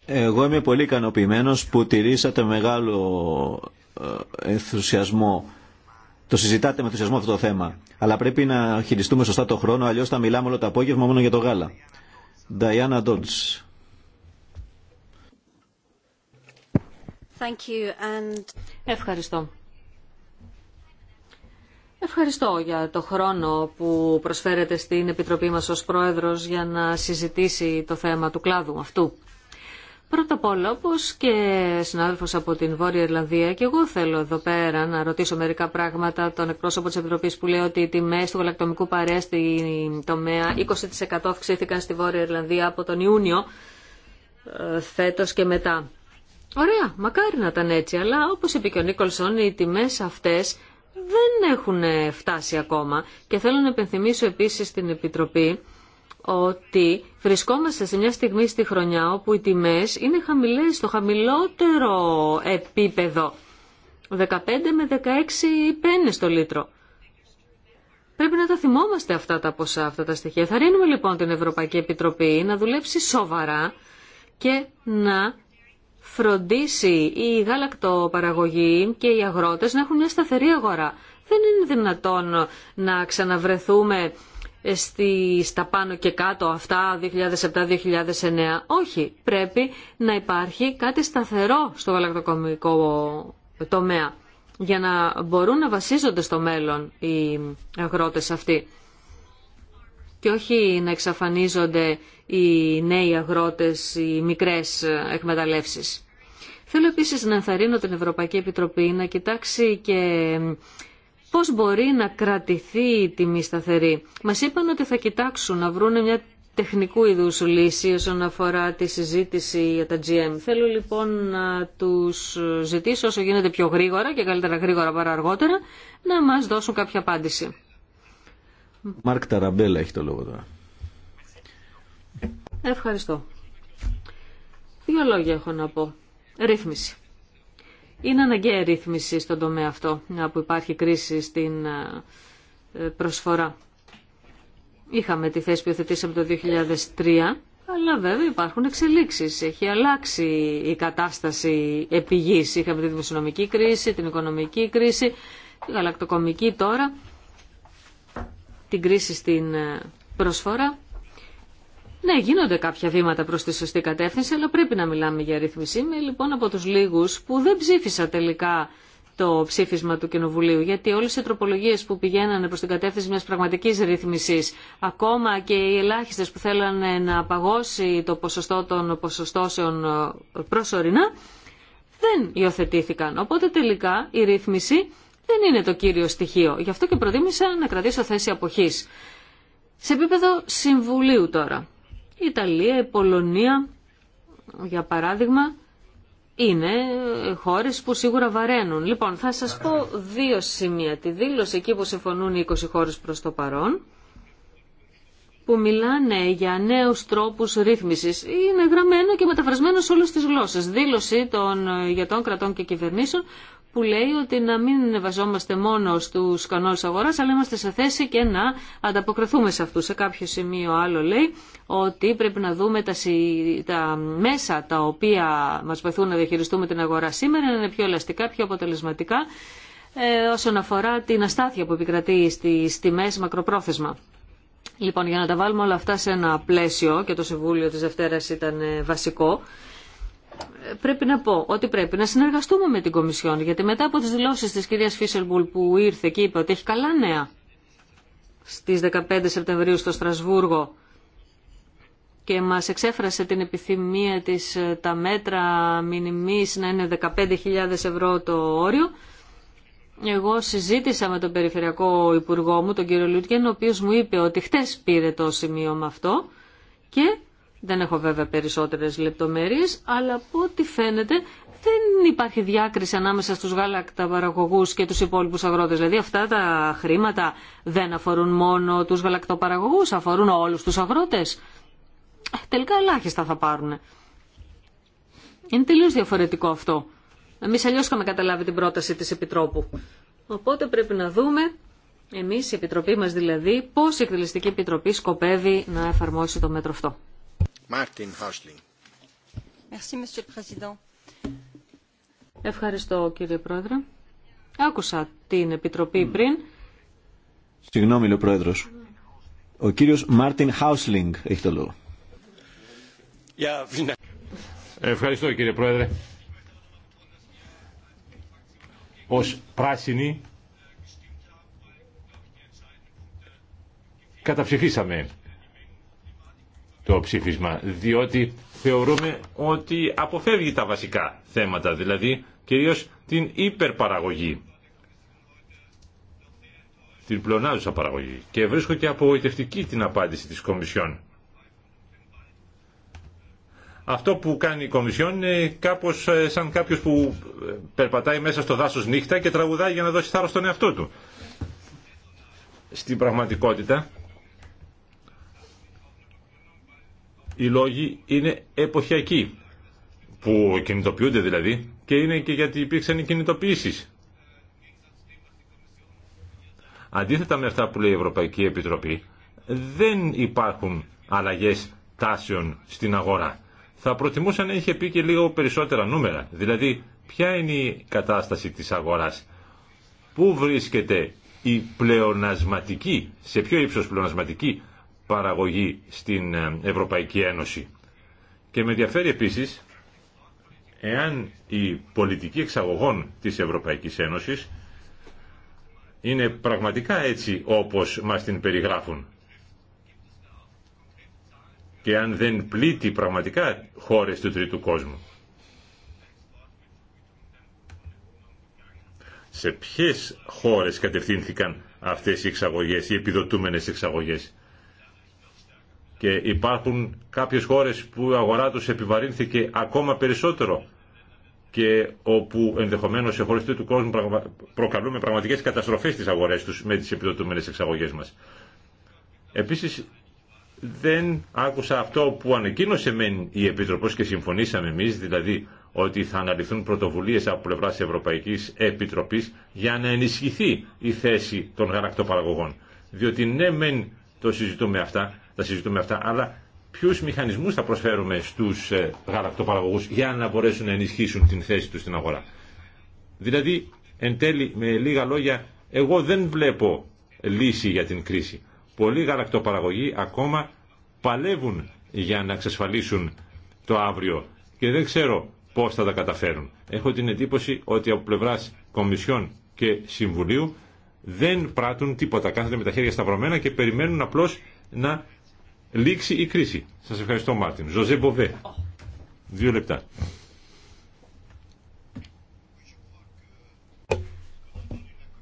Εγώ είμαι πολύ ικανοποιημένο που τηρήσατε μεγάλο ε, ενθουσιασμό. Το συζητάτε με ενθουσιασμό αυτό το θέμα. Αλλά πρέπει να χειριστούμε σωστά το χρόνο, αλλιώ θα μιλάμε όλο το απόγευμα μόνο για το γάλα. Ευχαριστώ. Ευχαριστώ για το χρόνο που προσφέρετε στην Επιτροπή μας ως Πρόεδρος για να συζητήσει το θέμα του κλάδου αυτού. Πρώτα απ' όλα, όπως και συνάδελφος από την Βόρεια Ιρλανδία, και εγώ θέλω εδώ πέρα να ρωτήσω μερικά πράγματα τον εκπρόσωπο της Επιτροπής που λέει ότι οι τιμές του γαλακτομικού παρέα στην τομέα 20% αυξήθηκαν στη Βόρεια Ιρλανδία από τον Ιούνιο ε, φέτος και μετά. Ωραία, μακάρι να ήταν έτσι, αλλά όπως είπε και ο Νίκολσον, οι τιμές αυτές δεν έχουν φτάσει ακόμα και θέλω να επενθυμίσω επίσης στην Επιτροπή ότι βρισκόμαστε σε μια στιγμή στη χρονιά όπου οι τιμές είναι χαμηλές στο χαμηλότερο επίπεδο. 15 με 16 πένες το λίτρο. Πρέπει να τα θυμόμαστε αυτά τα ποσά, αυτά τα στοιχεία. Θα ρίνουμε λοιπόν την Ευρωπαϊκή Επιτροπή να δουλέψει σοβαρά και να φροντίσει η γαλακτοπαραγωγή και οι αγρότες να έχουν μια σταθερή αγορά. Δεν είναι δυνατόν να ξαναβρεθούμε στη, στα πάνω και κάτω αυτά 2007-2009. Όχι, πρέπει να υπάρχει κάτι σταθερό στο γαλακτοκομικό τομέα για να μπορούν να βασίζονται στο μέλλον οι αγρότες αυτοί και όχι να εξαφανίζονται οι νέοι αγρότες, οι μικρές εκμεταλλεύσεις. Θέλω επίση να ενθαρρύνω την Ευρωπαϊκή Επιτροπή να κοιτάξει και πώς μπορεί να κρατηθεί η τιμή σταθερή. Μας είπαν ότι θα κοιτάξουν να βρουν μια τεχνικού είδου λύση όσον αφορά τη συζήτηση για τα GM. Θέλω λοιπόν να τους ζητήσω όσο γίνεται πιο γρήγορα και καλύτερα γρήγορα παρά αργότερα να μας δώσουν κάποια απάντηση. Μάρκ Ταραμπέλα έχει το λόγο τώρα. Ευχαριστώ. Δύο λόγια έχω να πω. Ρύθμιση. Είναι αναγκαία ρύθμιση στον τομέα αυτό, που υπάρχει κρίση στην ε, προσφορά. Είχαμε τη θέση που το 2003, αλλά βέβαια υπάρχουν εξελίξεις. Έχει αλλάξει η κατάσταση επιγής. Είχαμε τη δημοσιονομική κρίση, την οικονομική κρίση, τη γαλακτοκομική τώρα, την κρίση στην ε, προσφορά. Ναι, γίνονται κάποια βήματα προς τη σωστή κατεύθυνση, αλλά πρέπει να μιλάμε για ρύθμιση. Είμαι λοιπόν από τους λίγους που δεν ψήφισα τελικά το ψήφισμα του Κοινοβουλίου, γιατί όλες οι τροπολογίες που πηγαίνανε προς την κατεύθυνση μιας πραγματικής ρύθμισης, ακόμα και οι ελάχιστες που θέλανε να παγώσει το ποσοστό των ποσοστώσεων ε, προσωρινά, δεν υιοθετήθηκαν. Οπότε τελικά η ρύθμιση δεν είναι το κύριο στοιχείο. Γι' αυτό και προτίμησα να κρατήσω θέση αποχής. Σε επίπεδο συμβουλίου τώρα. Η Ιταλία, η Πολωνία, για παράδειγμα, είναι χώρες που σίγουρα βαραίνουν. Λοιπόν, θα σας πω δύο σημεία. Τη δήλωση εκεί που συμφωνούν οι 20 χώρες προς το παρόν, που μιλάνε για νέους τρόπους ρύθμισης. Είναι γραμμένο και μεταφρασμένο σε όλες τις γλώσσες. Δήλωση των ηγετών κρατών και κυβερνήσεων που λέει ότι να μην βαζόμαστε μόνο στους κανόνες αγοράς, αλλά είμαστε σε θέση και να ανταποκριθούμε σε αυτούς. Σε κάποιο σημείο άλλο λέει ότι πρέπει να δούμε τα, μέσα τα οποία μας βοηθούν να διαχειριστούμε την αγορά σήμερα, να είναι πιο ελαστικά, πιο αποτελεσματικά, ε, όσον αφορά την αστάθεια που επικρατεί στις τιμές μακροπρόθεσμα. Λοιπόν, για να τα βάλουμε όλα αυτά σε ένα πλαίσιο, και το Συμβούλιο της Δευτέρας ήταν ε, βασικό, πρέπει να πω ότι πρέπει να συνεργαστούμε με την Κομισιόν, γιατί μετά από τις δηλώσεις της κυρίας Φίσελμπουλ που ήρθε και είπε ότι έχει καλά νέα στις 15 Σεπτεμβρίου στο Στρασβούργο και μας εξέφρασε την επιθυμία της ε, τα μέτρα μηνυμής να είναι 15.000 ευρώ το όριο, εγώ συζήτησα με τον Περιφερειακό Υπουργό μου, τον κύριο Λουτγέν, ο οποίος μου είπε ότι χτες πήρε το σημείο με αυτό και δεν έχω βέβαια περισσότερες λεπτομέρειες, αλλά από ό,τι φαίνεται δεν υπάρχει διάκριση ανάμεσα στους γαλακταπαραγωγούς και τους υπόλοιπους αγρότες. Δηλαδή αυτά τα χρήματα δεν αφορούν μόνο τους γαλακτοπαραγωγούς, αφορούν όλους τους αγρότες. Ε, τελικά ελάχιστα θα πάρουν. Είναι τελείως διαφορετικό αυτό. Εμείς αλλιώς είχαμε καταλάβει την πρόταση της Επιτρόπου. Οπότε πρέπει να δούμε, εμείς η Επιτροπή μας δηλαδή, πώς η Εκτελεστική Επιτροπή σκοπεύει να εφαρμόσει το μέτρο αυτό. Ευχαριστώ κύριε Πρόεδρε. Άκουσα την Επιτροπή πριν. Συγγνώμη, λέει ο Πρόεδρος. Ο κύριος Μάρτιν Χάουσλινγκ έχει το λόγο. Ευχαριστώ κύριε Πρόεδρε. Ως πράσινοι καταψηφίσαμε το ψήφισμα, διότι θεωρούμε ότι αποφεύγει τα βασικά θέματα, δηλαδή κυρίως την υπερπαραγωγή, την πλονάζουσα παραγωγή. Και βρίσκω και απογοητευτική την απάντηση της Κομισιόν. Αυτό που κάνει η Κομισιόν είναι κάπως ε, σαν κάποιος που ε, περπατάει μέσα στο δάσος νύχτα και τραγουδάει για να δώσει θάρρος στον εαυτό του. Στην πραγματικότητα οι λόγοι είναι εποχιακοί, που κινητοποιούνται δηλαδή και είναι και γιατί υπήρξαν οι κινητοποιήσεις. Αντίθετα με αυτά που λέει η Ευρωπαϊκή Επιτροπή, δεν υπάρχουν αλλαγές τάσεων στην αγορά. Θα προτιμούσα να είχε πει και λίγο περισσότερα νούμερα. Δηλαδή, ποια είναι η κατάσταση της αγοράς. Πού βρίσκεται η πλεονασματική, σε ποιο ύψος πλεονασματική παραγωγή στην ε, Ευρωπαϊκή Ένωση. Και με ενδιαφέρει επίσης εάν η πολιτική εξαγωγών της Ευρωπαϊκής Ένωσης είναι πραγματικά έτσι όπως μας την περιγράφουν και αν δεν πλήττει πραγματικά χώρες του τρίτου κόσμου. Σε ποιες χώρες κατευθύνθηκαν αυτές οι εξαγωγές, οι επιδοτούμενες εξαγωγές και υπάρχουν κάποιες χώρες που η αγορά τους επιβαρύνθηκε ακόμα περισσότερο και όπου ενδεχομένως σε χωριστή του κόσμου προκαλούμε πραγματικές καταστροφές στις αγορές τους με τις επιδοτούμενες εξαγωγές μας. Επίσης δεν άκουσα αυτό που ανακοίνωσε μεν η Επίτροπος και συμφωνήσαμε εμείς, δηλαδή ότι θα αναλυθούν πρωτοβουλίες από πλευράς Ευρωπαϊκής Επιτροπής για να ενισχυθεί η θέση των γαρακτοπαραγωγών. Διότι ναι μεν το συζητούμε αυτά, τα συζητούμε αυτά, αλλά ποιου μηχανισμού θα προσφέρουμε στους ε, γαλακτοπαραγωγούς για να μπορέσουν να ενισχύσουν την θέση του στην αγορά. Δηλαδή, εν τέλει, με λίγα λόγια, εγώ δεν βλέπω λύση για την κρίση. Πολλοί γαλακτοπαραγωγοί ακόμα παλεύουν για να εξασφαλίσουν το αύριο και δεν ξέρω πώ θα τα καταφέρουν. Έχω την εντύπωση ότι από πλευρά Κομισιόν και Συμβουλίου δεν πράττουν τίποτα. Κάθονται με τα χέρια σταυρωμένα και περιμένουν απλώ να Λήξη η κρίση. Σας ευχαριστώ Μάρτιν. Ζωζέ Μποβέ. Δύο λεπτά.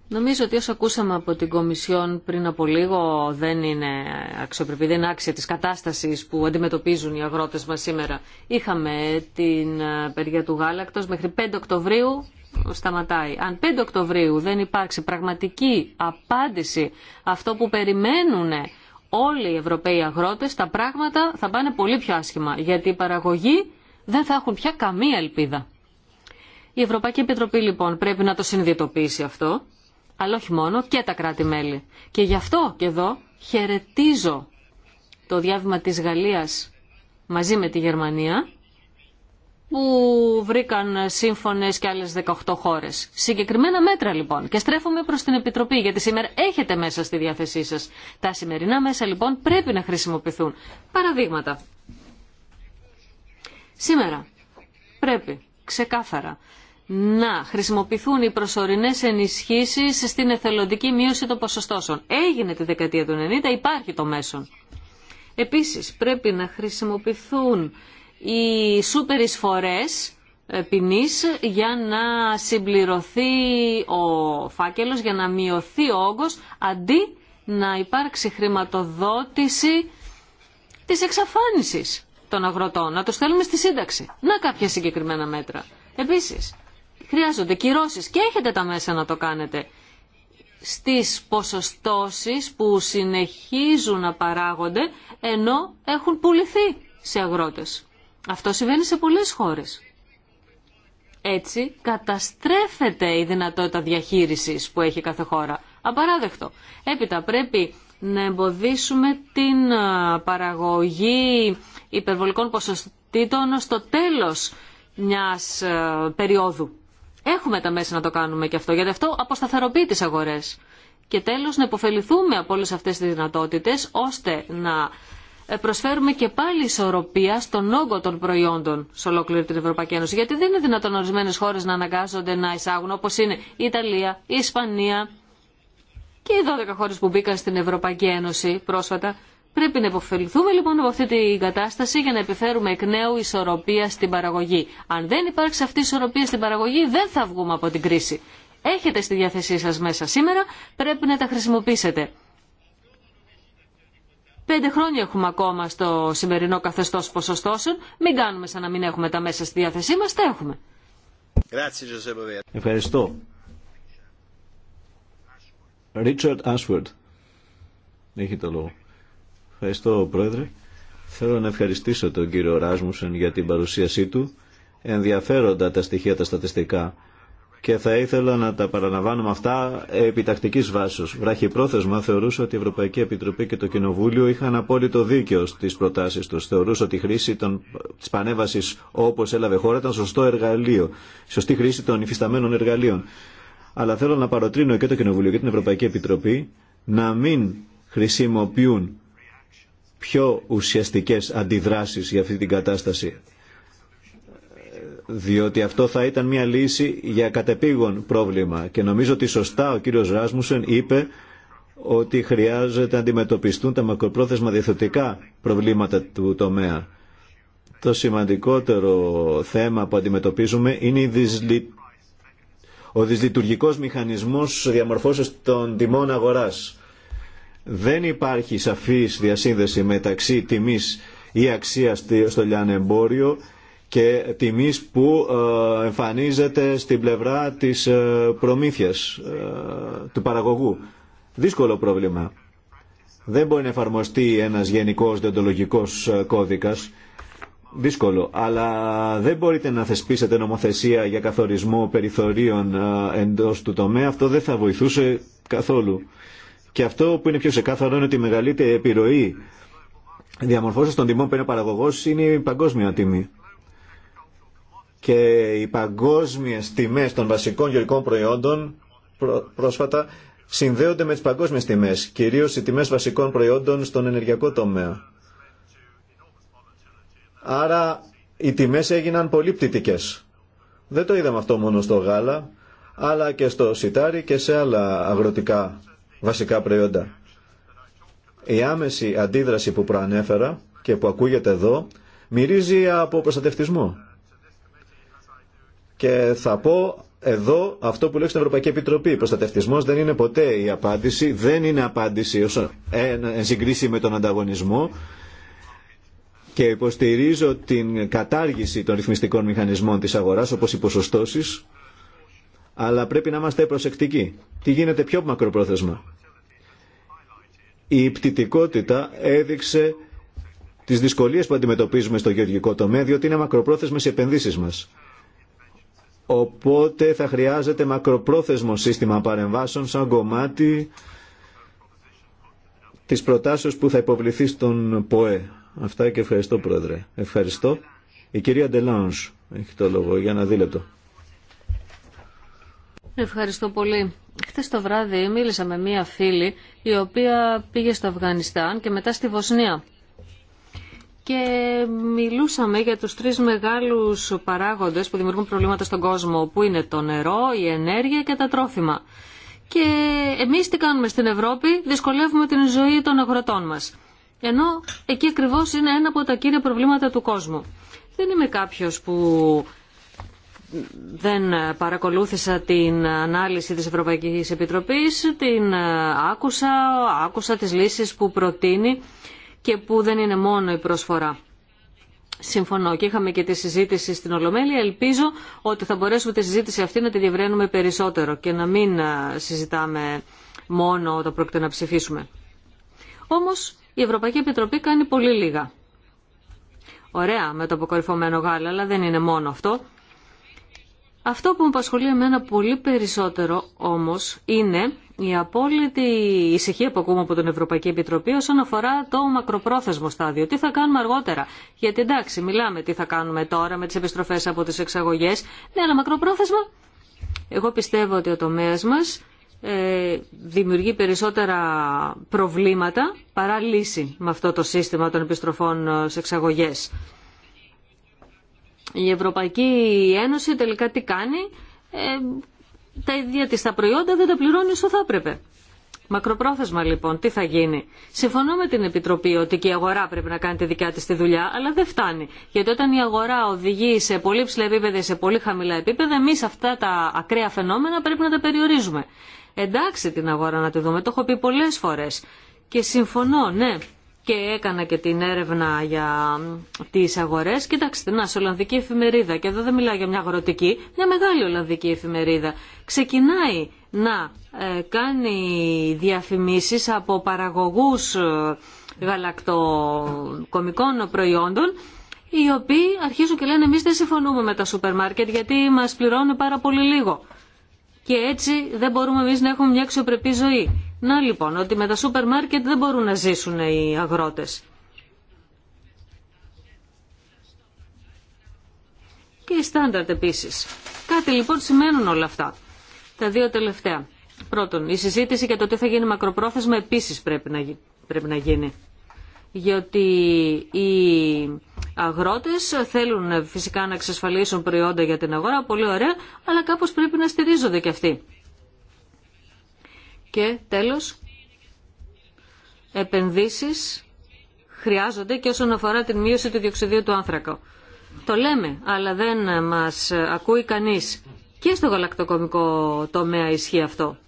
Νομίζω ότι όσο ακούσαμε από την Κομισιόν πριν από λίγο δεν είναι αξιοπρεπή, δεν είναι άξια της κατάστασης που αντιμετωπίζουν οι αγρότες μας σήμερα. Είχαμε την ε, περιά του γάλακτος μέχρι 5 Οκτωβρίου σταματάει. Αν 5 Οκτωβρίου δεν υπάρξει πραγματική απάντηση αυτό που περιμένουν όλοι οι Ευρωπαίοι αγρότες τα πράγματα θα πάνε πολύ πιο άσχημα, γιατί οι παραγωγοί δεν θα έχουν πια καμία ελπίδα. Η Ευρωπαϊκή Επιτροπή λοιπόν πρέπει να το συνειδητοποιήσει αυτό, αλλά όχι μόνο και τα κράτη-μέλη. Και γι' αυτό και εδώ χαιρετίζω το διάβημα της Γαλλίας μαζί με τη Γερμανία, που βρήκαν σύμφωνε και άλλε 18 χώρε. Συγκεκριμένα μέτρα λοιπόν και στρέφομαι προς την Επιτροπή γιατί σήμερα έχετε μέσα στη διάθεσή σας. Τα σημερινά μέσα λοιπόν πρέπει να χρησιμοποιηθούν. Παραδείγματα. Σήμερα πρέπει ξεκάθαρα να χρησιμοποιηθούν οι προσωρινές ενισχύσεις στην εθελοντική μείωση των ποσοστώσεων. Έγινε τη δεκαετία του 90, υπάρχει το μέσον. Επίσης πρέπει να χρησιμοποιηθούν οι σούπερ εισφορές ε, ποινής για να συμπληρωθεί ο φάκελος, για να μειωθεί ο όγκος, αντί να υπάρξει χρηματοδότηση της εξαφάνισης των αγροτών, να το στέλνουμε στη σύνταξη. Να κάποια συγκεκριμένα μέτρα. Επίσης, χρειάζονται κυρώσεις και έχετε τα μέσα να το κάνετε στις ποσοστώσεις που συνεχίζουν να παράγονται ενώ έχουν πουληθεί σε αγρότες. Αυτό συμβαίνει σε πολλές χώρες. Έτσι καταστρέφεται η δυνατότητα διαχείρισης που έχει κάθε χώρα. Απαράδεκτο. Έπειτα πρέπει να εμποδίσουμε την παραγωγή υπερβολικών ποσοστήτων στο τέλος μιας περίοδου. Έχουμε τα μέσα να το κάνουμε και αυτό, γιατί αυτό αποσταθεροποιεί τις αγορές. Και τέλος να υποφεληθούμε από όλες αυτές τις δυνατότητες, ώστε να προσφέρουμε και πάλι ισορροπία στον όγκο των προϊόντων σε ολόκληρη την Ευρωπαϊκή Ένωση. Γιατί δεν είναι δυνατόν ορισμένε χώρε να αναγκάζονται να εισάγουν όπω είναι η Ιταλία, η Ισπανία και οι 12 χώρε που μπήκαν στην Ευρωπαϊκή Ένωση πρόσφατα. Πρέπει να υποφεληθούμε λοιπόν από αυτή την κατάσταση για να επιφέρουμε εκ νέου ισορροπία στην παραγωγή. Αν δεν υπάρξει αυτή η ισορροπία στην παραγωγή, δεν θα βγούμε από την κρίση. Έχετε στη διάθεσή σας μέσα σήμερα, πρέπει να τα χρησιμοποιήσετε. Πέντε χρόνια έχουμε ακόμα στο σημερινό καθεστώς ποσοστώσεων. Μην κάνουμε σαν να μην έχουμε τα μέσα στη διάθεσή μας, τα έχουμε. Ευχαριστώ. Έχει το λόγο. Ευχαριστώ, Πρόεδρε. Θέλω να ευχαριστήσω τον κύριο Ράσμουσεν για την παρουσίασή του. Ενδιαφέροντα τα στοιχεία τα στατιστικά και θα ήθελα να τα παραλαμβάνουμε αυτά επί τακτικής βάσης. πρόθεσμα, θεωρούσα ότι η Ευρωπαϊκή Επιτροπή και το Κοινοβούλιο είχαν απόλυτο δίκαιο στις προτάσεις τους. Θεωρούσα ότι η χρήση των, της πανέβασης όπως έλαβε χώρα ήταν σωστό εργαλείο, σωστή χρήση των υφισταμένων εργαλείων. Αλλά θέλω να παροτρύνω και το Κοινοβούλιο και την Ευρωπαϊκή Επιτροπή να μην χρησιμοποιούν πιο ουσιαστικές αντιδράσεις για αυτή την κατάσταση διότι αυτό θα ήταν μια λύση για κατεπήγον πρόβλημα και νομίζω ότι σωστά ο κύριος Ράσμουσεν είπε ότι χρειάζεται να αντιμετωπιστούν τα μακροπρόθεσμα διαθετικά προβλήματα του τομέα. Το σημαντικότερο θέμα που αντιμετωπίζουμε είναι ο δυσλειτουργικός μηχανισμός διαμορφώσεως των τιμών αγοράς. Δεν υπάρχει σαφής διασύνδεση μεταξύ τιμής ή αξίας στο λιανεμπόριο και τιμής που ε, εμφανίζεται στην πλευρά της ε, προμήθειας ε, του παραγωγού. Δύσκολο πρόβλημα. Δεν μπορεί να εφαρμοστεί ένας γενικός δεντολογικός κώδικας. Δύσκολο. Αλλά δεν μπορείτε να θεσπίσετε νομοθεσία για καθορισμό περιθωρίων εντός του τομέα. Αυτό δεν θα βοηθούσε καθόλου. Και αυτό που είναι πιο ξεκάθαρο είναι ότι η μεγαλύτερη επιρροή διαμορφώσεως των τιμών που είναι παραγωγός είναι η παγκόσμια τιμή και οι παγκόσμιες τιμές των βασικών γεωργικών προϊόντων πρόσφατα συνδέονται με τις παγκόσμιες τιμές, κυρίως οι τιμές βασικών προϊόντων στον ενεργειακό τομέα. Άρα οι τιμές έγιναν πολύ πτυτικές. Δεν το είδαμε αυτό μόνο στο γάλα, αλλά και στο σιτάρι και σε άλλα αγροτικά βασικά προϊόντα. Η άμεση αντίδραση που προανέφερα και που ακούγεται εδώ μυρίζει από προστατευτισμό. Και θα πω εδώ αυτό που λέει στην Ευρωπαϊκή Επιτροπή. Προστατευτισμό δεν είναι ποτέ η απάντηση, δεν είναι απάντηση εν συγκρίση με τον ανταγωνισμό. Και υποστηρίζω την κατάργηση των ρυθμιστικών μηχανισμών της αγοράς, όπως οι ποσοστώσεις, αλλά πρέπει να είμαστε προσεκτικοί. Τι γίνεται πιο μακροπρόθεσμα. Η πτητικότητα έδειξε τις δυσκολίες που αντιμετωπίζουμε στο γεωργικό τομέα, διότι είναι μακροπρόθεσμες οι επενδύσεις μας Οπότε θα χρειάζεται μακροπρόθεσμο σύστημα παρεμβάσεων σαν κομμάτι της προτάσεως που θα υποβληθεί στον ΠΟΕ. Αυτά και ευχαριστώ Πρόεδρε. Ευχαριστώ. Η κυρία Ντελάνς έχει το λόγο για ένα δίλεπτο. Ευχαριστώ πολύ. Χθε το βράδυ μίλησα με μία φίλη η οποία πήγε στο Αφγανιστάν και μετά στη Βοσνία και μιλούσαμε για τους τρεις μεγάλους παράγοντες που δημιουργούν προβλήματα στον κόσμο, που είναι το νερό, η ενέργεια και τα τρόφιμα. Και εμείς τι κάνουμε στην Ευρώπη, δυσκολεύουμε την ζωή των αγροτών μας. Ενώ εκεί ακριβώς είναι ένα από τα κύρια προβλήματα του κόσμου. Δεν είμαι κάποιος που δεν παρακολούθησα την ανάλυση της Ευρωπαϊκής Επιτροπής, την άκουσα, άκουσα τις λύσεις που προτείνει και που δεν είναι μόνο η προσφορά. Συμφωνώ και είχαμε και τη συζήτηση στην Ολομέλεια. Ελπίζω ότι θα μπορέσουμε τη συζήτηση αυτή να τη διευρύνουμε περισσότερο και να μην συζητάμε μόνο όταν πρόκειται να ψηφίσουμε. Όμως η Ευρωπαϊκή Επιτροπή κάνει πολύ λίγα. Ωραία με το αποκορυφωμένο γάλα, αλλά δεν είναι μόνο αυτό. Αυτό που με απασχολεί εμένα πολύ περισσότερο όμως είναι η απόλυτη ησυχία που ακούμε από την Ευρωπαϊκή Επιτροπή όσον αφορά το μακροπρόθεσμο στάδιο. Τι θα κάνουμε αργότερα. Γιατί εντάξει, μιλάμε τι θα κάνουμε τώρα με τι επιστροφέ από τι εξαγωγέ. Ναι, αλλά μακροπρόθεσμα. Εγώ πιστεύω ότι ο τομέα μα ε, δημιουργεί περισσότερα προβλήματα παρά λύση με αυτό το σύστημα των επιστροφών ε, σε εξαγωγέ. Η Ευρωπαϊκή Ένωση τελικά τι κάνει. Ε, τα ίδια της τα προϊόντα δεν τα πληρώνει όσο θα έπρεπε. Μακροπρόθεσμα λοιπόν, τι θα γίνει. Συμφωνώ με την Επιτροπή ότι και η αγορά πρέπει να κάνει τη δικιά της τη δουλειά, αλλά δεν φτάνει. Γιατί όταν η αγορά οδηγεί σε πολύ ψηλά επίπεδα σε πολύ χαμηλά επίπεδα, εμεί αυτά τα ακραία φαινόμενα πρέπει να τα περιορίζουμε. Εντάξει την αγορά να τη δούμε, το έχω πει πολλέ φορέ. Και συμφωνώ, ναι, και έκανα και την έρευνα για τις αγορές. Κοιτάξτε, να, σε Ολλανδική εφημερίδα, και εδώ δεν μιλάω για μια αγροτική, μια μεγάλη Ολλανδική εφημερίδα, ξεκινάει να ε, κάνει διαφημίσεις από παραγωγούς ε, γαλακτοκομικών προϊόντων οι οποίοι αρχίζουν και λένε εμείς δεν συμφωνούμε με τα σούπερ μάρκετ γιατί μας πληρώνουν πάρα πολύ λίγο. Και έτσι δεν μπορούμε εμείς να έχουμε μια αξιοπρεπή ζωή. Να λοιπόν, ότι με τα σούπερ μάρκετ δεν μπορούν να ζήσουν οι αγρότες. Και οι στάνταρτ επίσης. Κάτι λοιπόν σημαίνουν όλα αυτά. Τα δύο τελευταία. Πρώτον, η συζήτηση για το τι θα γίνει μακροπρόθεσμα επίσης πρέπει να, πρέπει να γίνει. Γιατί οι αγρότες θέλουν ε, φυσικά να εξασφαλίσουν προϊόντα για την αγορά, πολύ ωραία, αλλά κάπως πρέπει να στηρίζονται και αυτοί. Και τέλος, επενδύσεις χρειάζονται και όσον αφορά την μείωση του διοξιδίου του άνθρακα. Το λέμε, αλλά δεν μας ακούει κανείς. Και στο γαλακτοκομικό τομέα ισχύει αυτό.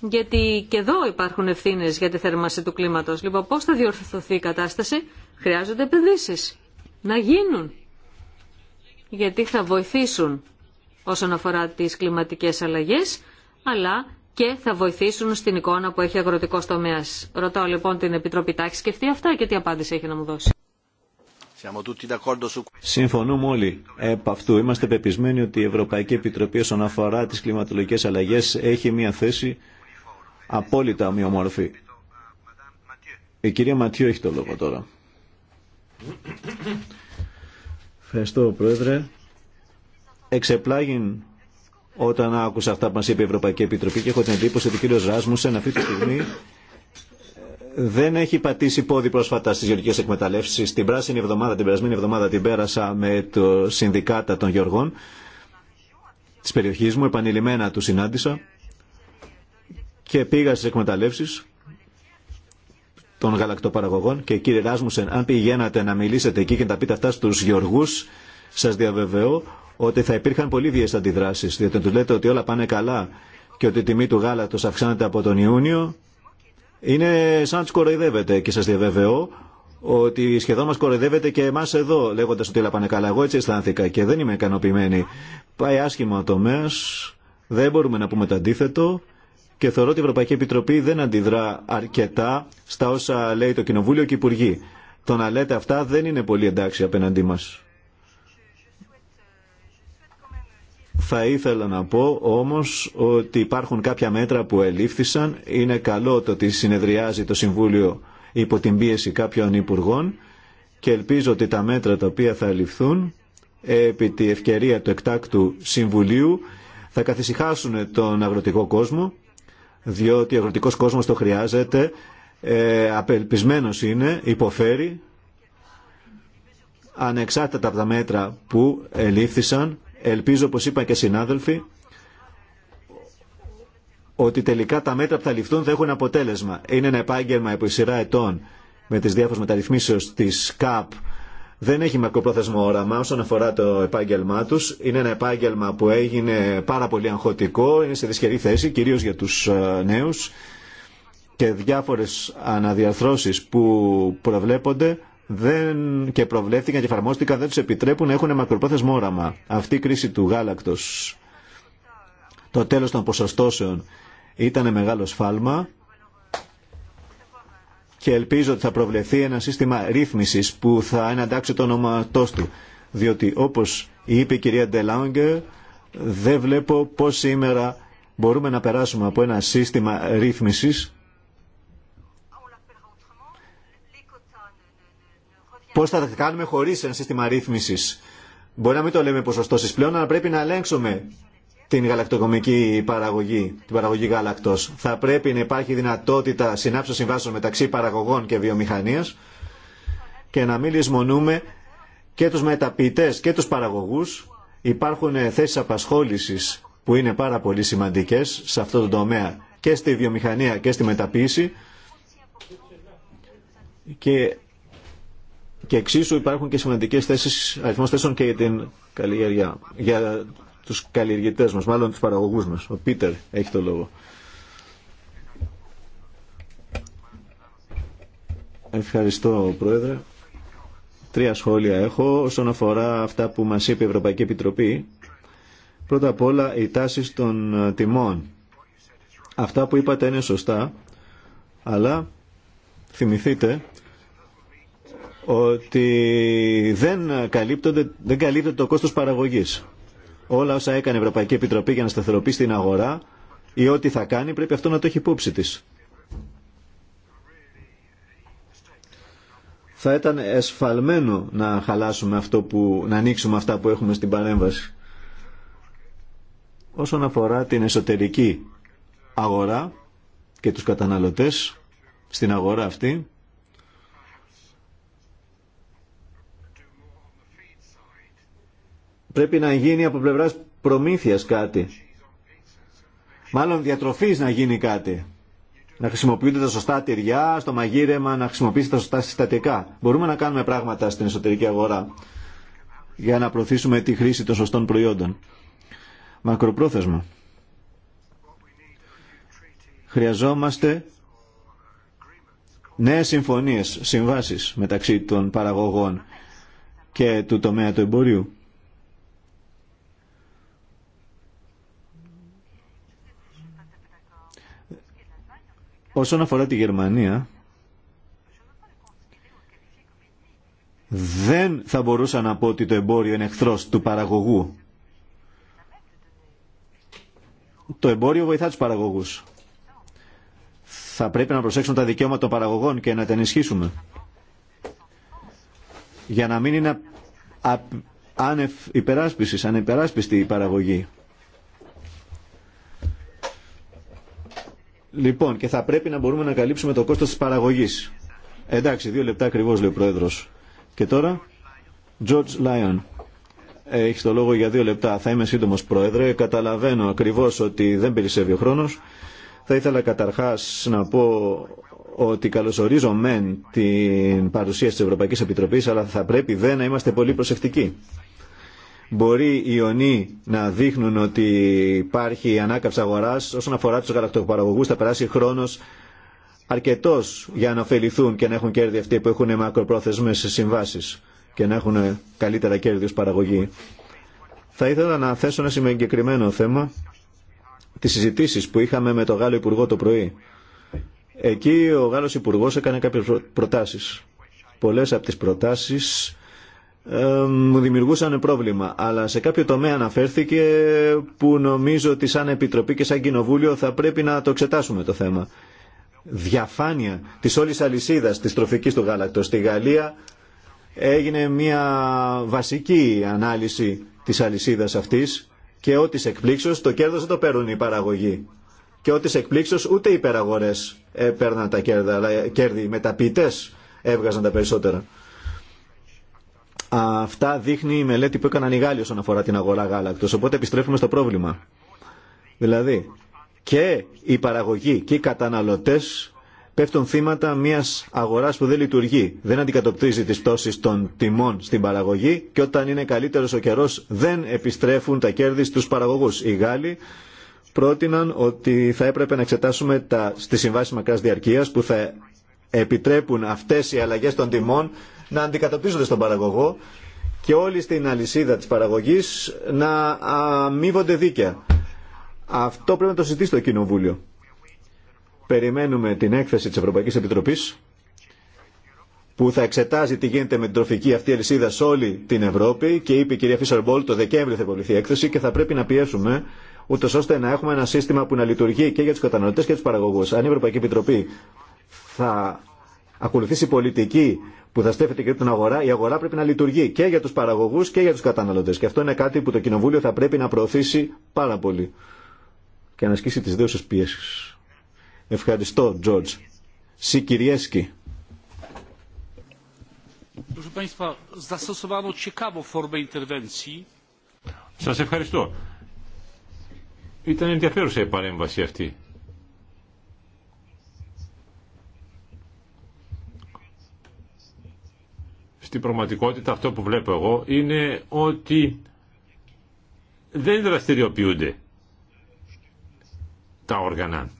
Γιατί και εδώ υπάρχουν ευθύνε για τη θέρμανση του κλίματος. Λοιπόν, πώς θα διορθωθεί η κατάσταση. Χρειάζονται επενδύσεις. Να γίνουν. Γιατί θα βοηθήσουν όσον αφορά τις κλιματικές αλλαγές, αλλά και θα βοηθήσουν στην εικόνα που έχει αγροτικό τομέα. Ρωτάω λοιπόν την Επιτροπή Τάξη, σκεφτεί αυτά και τι απάντηση έχει να μου δώσει. Συμφωνούμε όλοι επ' αυτού. Είμαστε πεπισμένοι ότι η Ευρωπαϊκή Επιτροπή όσον αφορά τις κλιματολογικές αλλαγές έχει μια θέση απόλυτα ομοιομορφή. Η κυρία Ματιού έχει το λόγο τώρα. Ευχαριστώ, Πρόεδρε. Εξεπλάγει όταν άκουσα αυτά που μα είπε η Ευρωπαϊκή Επιτροπή και έχω την εντύπωση ότι ο κύριο Ράσμουσεν αυτή τη στιγμή ε, δεν έχει πατήσει πόδι πρόσφατα στι γεωργικέ εκμεταλλεύσει. Την πράσινη εβδομάδα, την περασμένη εβδομάδα την πέρασα με το Συνδικάτα των Γεωργών τη περιοχή μου, επανειλημμένα του συνάντησα και πήγα στι εκμεταλλεύσεις των γαλακτοπαραγωγών και κύριε Ράσμουσεν, αν πηγαίνατε να μιλήσετε εκεί και να τα πείτε αυτά στου γεωργού, σα διαβεβαιώ ότι θα υπήρχαν πολύ βίαιε αντιδράσεις, διότι του λέτε ότι όλα πάνε καλά και ότι η τιμή του γάλατο αυξάνεται από τον Ιούνιο, είναι σαν να του κοροϊδεύετε και σα διαβεβαιώ ότι σχεδόν μα κοροϊδεύετε και εμά εδώ, λέγοντα ότι όλα πάνε καλά. Εγώ έτσι αισθάνθηκα και δεν είμαι ικανοποιημένη. Πάει άσχημα ο τομέα, δεν μπορούμε να πούμε το αντίθετο και θεωρώ ότι η Ευρωπαϊκή Επιτροπή δεν αντιδρά αρκετά στα όσα λέει το Κοινοβούλιο και οι Υπουργοί. Το να λέτε αυτά δεν είναι πολύ εντάξει απέναντί μας. Θα ήθελα να πω όμως ότι υπάρχουν κάποια μέτρα που ελήφθησαν. Είναι καλό το ότι συνεδριάζει το Συμβούλιο υπό την πίεση κάποιων υπουργών και ελπίζω ότι τα μέτρα τα οποία θα ληφθούν επί τη ευκαιρία του εκτάκτου Συμβουλίου θα καθησυχάσουν τον αγροτικό κόσμο διότι ο αγροτικός κόσμος το χρειάζεται, ε, απελπισμένος είναι, υποφέρει ανεξάρτητα από τα μέτρα που ελήφθησαν Ελπίζω, όπως είπαν και συνάδελφοι, ότι τελικά τα μέτρα που θα ληφθούν θα έχουν αποτέλεσμα. Είναι ένα επάγγελμα η σειρά ετών με τις διάφορες μεταρρυθμίσεις της ΚΑΠ δεν έχει μακροπρόθεσμο όραμα όσον αφορά το επάγγελμά του. Είναι ένα επάγγελμα που έγινε πάρα πολύ αγχωτικό, είναι σε δυσχερή θέση, κυρίω για του ε, νέου και διάφορε αναδιαρθρώσει που προβλέπονται δεν, και προβλέφθηκαν και εφαρμόστηκαν δεν τους επιτρέπουν να έχουν μακροπρόθεσμο όραμα. Αυτή η κρίση του γάλακτος, το τέλος των ποσοστώσεων ήταν μεγάλο σφάλμα και ελπίζω ότι θα προβλεφθεί ένα σύστημα ρύθμισης που θα εναντάξει το ονοματό του. Διότι όπως είπε η κυρία Ντελάγκε, δεν βλέπω πώς σήμερα μπορούμε να περάσουμε από ένα σύστημα ρύθμισης Πώ θα τα κάνουμε χωρί ένα σύστημα ρύθμιση. Μπορεί να μην το λέμε ποσοστώσει πλέον, αλλά πρέπει να ελέγξουμε την γαλακτοκομική παραγωγή, την παραγωγή γάλακτο. Θα πρέπει να υπάρχει δυνατότητα συνάψεω συμβάσεων μεταξύ παραγωγών και βιομηχανία και να μην λησμονούμε και του μεταποιητέ και του παραγωγού. Υπάρχουν θέσει απασχόληση που είναι πάρα πολύ σημαντικέ σε αυτό το τομέα και στη βιομηχανία και στη μεταποίηση. Και και εξίσου υπάρχουν και σημαντικέ θέσει, αριθμό θέσεων και για την καλλιέργεια. Για του καλλιεργητέ μα, μάλλον του παραγωγού μα. Ο Πίτερ έχει το λόγο. Ευχαριστώ, Πρόεδρε. Τρία σχόλια έχω όσον αφορά αυτά που μας είπε η Ευρωπαϊκή Επιτροπή. Πρώτα απ' όλα, οι τάσει των ε, τιμών. Αυτά που είπατε είναι σωστά, αλλά θυμηθείτε ότι δεν καλύπτονται, δεν καλύπτεται το κόστος παραγωγής. Όλα όσα έκανε η Ευρωπαϊκή Επιτροπή για να σταθεροποιήσει την αγορά ή ό,τι θα κάνει πρέπει αυτό να το έχει υπόψη της. Θα ήταν εσφαλμένο να χαλάσουμε αυτό που, να ανοίξουμε αυτά που έχουμε στην παρέμβαση. Όσον αφορά την εσωτερική αγορά και τους καταναλωτές στην αγορά αυτή, πρέπει να γίνει από πλευράς προμήθειας κάτι. Μάλλον διατροφής να γίνει κάτι. Να χρησιμοποιούνται τα σωστά τυριά, στο μαγείρεμα, να χρησιμοποιήσετε τα σωστά συστατικά. Μπορούμε να κάνουμε πράγματα στην εσωτερική αγορά για να προωθήσουμε τη χρήση των σωστών προϊόντων. Μακροπρόθεσμα. Χρειαζόμαστε νέες συμφωνίες, συμβάσεις μεταξύ των παραγωγών και του τομέα του εμπορίου. Όσον αφορά τη Γερμανία, δεν θα μπορούσα να πω ότι το εμπόριο είναι εχθρός του παραγωγού. Το εμπόριο βοηθά τους παραγωγούς. Θα πρέπει να προσέξουμε τα δικαιώματα των παραγωγών και να τα ενισχύσουμε. Για να μην είναι α... άνευ υπεράσπιση, η παραγωγή. Λοιπόν, και θα πρέπει να μπορούμε να καλύψουμε το κόστος της παραγωγής. Εντάξει, δύο λεπτά ακριβώς λέει ο Πρόεδρος. Και τώρα, George Lyon. Ε, Έχει το λόγο για δύο λεπτά. Θα είμαι σύντομος Πρόεδρε. Καταλαβαίνω ακριβώς ότι δεν περισσεύει ο χρόνος. Θα ήθελα καταρχάς να πω ότι καλωσορίζω μεν την παρουσία της Ευρωπαϊκής Επιτροπής, αλλά θα πρέπει δε να είμαστε πολύ προσεκτικοί μπορεί οι ιονοί να δείχνουν ότι υπάρχει ανάκαψη αγοράς όσον αφορά τους γαλακτοπαραγωγούς θα περάσει χρόνος αρκετός για να ωφεληθούν και να έχουν κέρδη αυτοί που έχουν μακροπρόθεσμες συμβάσεις και να έχουν καλύτερα κέρδη ως παραγωγή. Θα ήθελα να θέσω ένα συγκεκριμένο θέμα τις συζητήσεις που είχαμε με τον Γάλλο Υπουργό το πρωί. Εκεί ο Γάλλος Υπουργός έκανε κάποιες προτάσεις. Πολλές από τις προτάσεις ε, μου δημιουργούσαν πρόβλημα. Αλλά σε κάποιο τομέα αναφέρθηκε που νομίζω ότι σαν Επιτροπή και σαν Κοινοβούλιο θα πρέπει να το εξετάσουμε το θέμα. Διαφάνεια της όλης αλυσίδας της τροφικής του γάλακτος στη Γαλλία έγινε μια βασική ανάλυση της αλυσίδας αυτής και ό,τι εκπλήξεως το κέρδος δεν το παίρνουν οι παραγωγοί. Και ό,τι εκπλήξεως ούτε οι περαγορές ε, παίρναν τα κέρδη, αλλά ε, κέρδη οι μεταποιητές έβγαζαν τα περισσότερα. Αυτά δείχνει η μελέτη που έκαναν οι Γάλλοι όσον αφορά την αγορά γάλακτος. Οπότε επιστρέφουμε στο πρόβλημα. Δηλαδή, και οι παραγωγοί και οι καταναλωτές πέφτουν θύματα μιας αγοράς που δεν λειτουργεί. Δεν αντικατοπτρίζει τις πτώσεις των τιμών στην παραγωγή και όταν είναι καλύτερος ο καιρός δεν επιστρέφουν τα κέρδη στους παραγωγούς. Οι Γάλλοι πρότειναν ότι θα έπρεπε να εξετάσουμε τα, στις συμβάσεις μακράς διαρκείας που θα επιτρέπουν αυτές οι αλλαγές των τιμών να αντικατοπτρίζονται στον παραγωγό και όλοι στην αλυσίδα της παραγωγής να αμείβονται δίκαια. Αυτό πρέπει να το συζητήσει το Κοινοβούλιο. Περιμένουμε την έκθεση της Ευρωπαϊκής Επιτροπής που θα εξετάζει τι γίνεται με την τροφική αυτή αλυσίδα σε όλη την Ευρώπη και είπε η κυρία Φίσορμπολ Μπόλ το Δεκέμβριο θα υποβληθεί η έκθεση και θα πρέπει να πιέσουμε ούτω ώστε να έχουμε ένα σύστημα που να λειτουργεί και για του καταναλωτέ και του παραγωγού. Αν η Ευρωπαϊκή Επιτροπή θα ακολουθήσει πολιτική που θα στέφεται και την αγορά, η αγορά πρέπει να λειτουργεί και για τους παραγωγούς και για τους καταναλωτές. Και αυτό είναι κάτι που το Κοινοβούλιο θα πρέπει να προωθήσει πάρα πολύ και να ασκήσει τις δύο πίεσει. Ευχαριστώ, Τζόρτζ. Σι Κυριέσκη. Σας ευχαριστώ. Ήταν ενδιαφέρουσα η παρέμβαση αυτή. στην πραγματικότητα αυτό που βλέπω εγώ είναι ότι δεν δραστηριοποιούνται τα όργανα.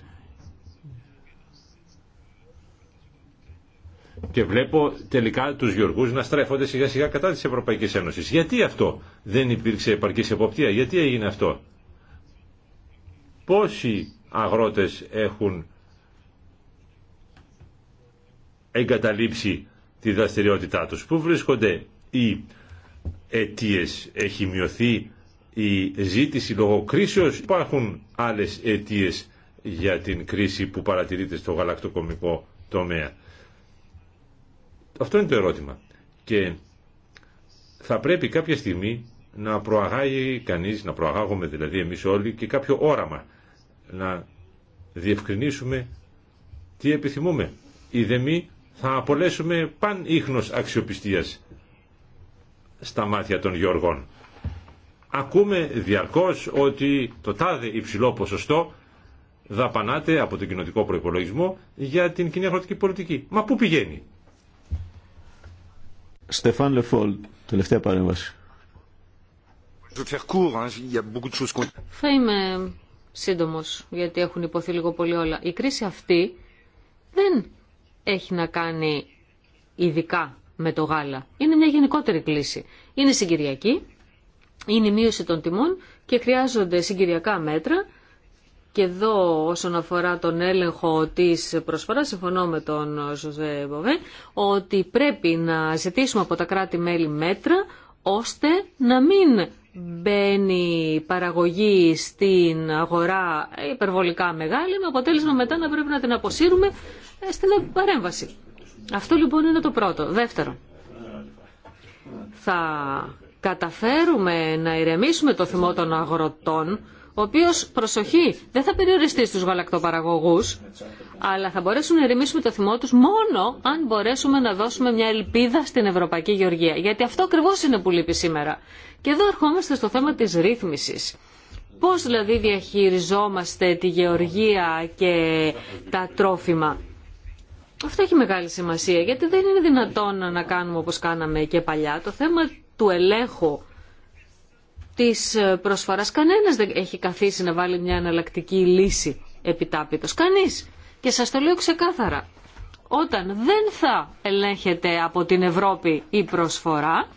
Και βλέπω τελικά τους γεωργούς να στρέφονται σιγά σιγά κατά της Ευρωπαϊκής Ένωσης. Γιατί αυτό δεν υπήρξε επαρκής εποπτεία, γιατί έγινε αυτό. Πόσοι αγρότες έχουν εγκαταλείψει τη δραστηριότητά τους. Πού βρίσκονται οι αιτίε Έχει μειωθεί η ζήτηση λόγω κρίσεως. Υπάρχουν άλλες αιτίε για την κρίση που παρατηρείται στο γαλακτοκομικό τομέα. Αυτό είναι το ερώτημα. Και θα πρέπει κάποια στιγμή να προαγάγει κανείς, να προαγάγουμε δηλαδή εμείς όλοι και κάποιο όραμα να διευκρινίσουμε τι επιθυμούμε. Η θα απολέσουμε παν ίχνος αξιοπιστίας στα μάτια των Γιώργων. Ακούμε διαρκώς ότι το τάδε υψηλό ποσοστό δαπανάται από τον κοινοτικό προϋπολογισμό για την κοινή αγροτική πολιτική. Μα πού πηγαίνει. Στεφάν Λεφόλ, τελευταία παρέμβαση. Θα είμαι σύντομος, γιατί έχουν υποθεί λίγο πολύ όλα. Η κρίση αυτή δεν έχει να κάνει ειδικά με το γάλα. Είναι μια γενικότερη κλίση. Είναι συγκυριακή, είναι η μείωση των τιμών και χρειάζονται συγκυριακά μέτρα. Και εδώ όσον αφορά τον έλεγχο της προσφοράς, συμφωνώ με τον Ζωζέ Μποβέ, ότι πρέπει να ζητήσουμε από τα κράτη-μέλη μέτρα, ώστε να μην μπαίνει παραγωγή στην αγορά υπερβολικά μεγάλη, με αποτέλεσμα μετά να πρέπει να την αποσύρουμε ε, στην παρέμβαση. Αυτό λοιπόν είναι το πρώτο. Δεύτερο, θα καταφέρουμε να ηρεμήσουμε το θυμό των αγροτών, ο οποίος, προσοχή, δεν θα περιοριστεί στους γαλακτοπαραγωγούς, αλλά θα μπορέσουν να ηρεμήσουμε το θυμό τους μόνο αν μπορέσουμε να δώσουμε μια ελπίδα στην Ευρωπαϊκή Γεωργία. Γιατί αυτό ακριβώ είναι που λείπει σήμερα. Και εδώ ερχόμαστε στο θέμα της ρύθμισης. Πώς δηλαδή διαχειριζόμαστε τη γεωργία και τα τρόφιμα. Αυτό έχει μεγάλη σημασία γιατί δεν είναι δυνατόν να κάνουμε όπως κάναμε και παλιά. Το θέμα του ελέγχου της προσφοράς κανένας δεν έχει καθίσει να βάλει μια εναλλακτική λύση επιτάπητος. Κανείς. Και σας το λέω ξεκάθαρα. Όταν δεν θα ελέγχεται από την Ευρώπη η προσφορά,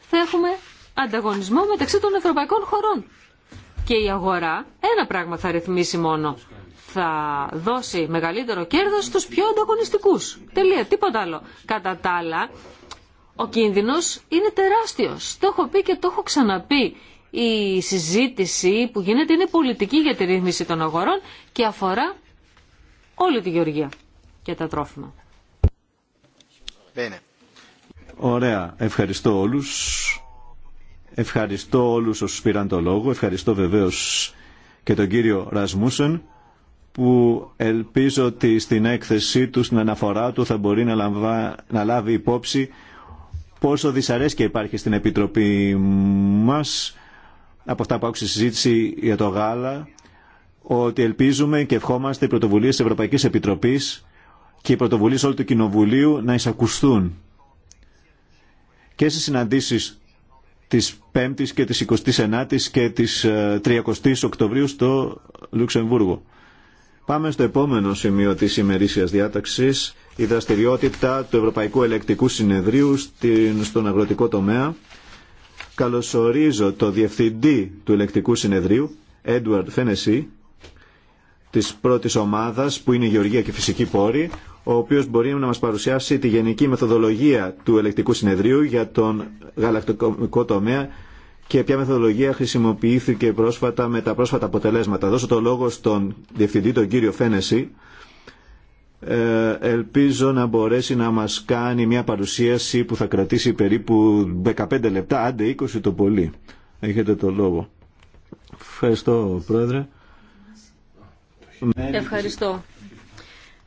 θα έχουμε ανταγωνισμό μεταξύ των ευρωπαϊκών χωρών. Και η αγορά ένα πράγμα θα ρυθμίσει μόνο θα δώσει μεγαλύτερο κέρδος στους πιο ανταγωνιστικούς. Τελεία, τίποτα άλλο. Κατά τα άλλα, ο κίνδυνος είναι τεράστιος. Το έχω πει και το έχω ξαναπεί. Η συζήτηση που γίνεται είναι πολιτική για τη ρύθμιση των αγορών και αφορά όλη τη γεωργία και τα τρόφιμα. Ωραία. Ευχαριστώ όλους. Ευχαριστώ όλους όσους πήραν το λόγο. Ευχαριστώ βεβαίως και τον κύριο Ρασμούσεν που ελπίζω ότι στην έκθεσή του, στην αναφορά του θα μπορεί να, λάβει υπόψη πόσο δυσαρέσκεια υπάρχει στην Επιτροπή μας από αυτά που άκουσε συζήτηση για το γάλα ότι ελπίζουμε και ευχόμαστε οι πρωτοβουλίε της Ευρωπαϊκής Επιτροπής και οι πρωτοβουλίε όλου του Κοινοβουλίου να εισακουστούν και σε συναντήσει της 5ης και τη 29 η και τη ε, 30 η Οκτωβρίου στο Λουξεμβούργο. Πάμε στο επόμενο σημείο της ημερήσιας διάταξης, η δραστηριότητα του Ευρωπαϊκού Ελεκτικού Συνεδρίου στον αγροτικό τομέα. Καλωσορίζω το Διευθυντή του Ελεκτικού Συνεδρίου, Edward Φένεση, της πρώτης ομάδας που είναι η Γεωργία και Φυσική Πόρη, ο οποίος μπορεί να μας παρουσιάσει τη γενική μεθοδολογία του Ελεκτικού Συνεδρίου για τον γαλακτοκομικό τομέα και ποια μεθοδολογία χρησιμοποιήθηκε πρόσφατα με τα πρόσφατα αποτελέσματα. Δώσω το λόγο στον Διευθυντή, τον κύριο Φένεση. Ε, ελπίζω να μπορέσει να μας κάνει μια παρουσίαση που θα κρατήσει περίπου 15 λεπτά, άντε 20 το πολύ. Έχετε το λόγο. Ευχαριστώ, Πρόεδρε. Ευχαριστώ.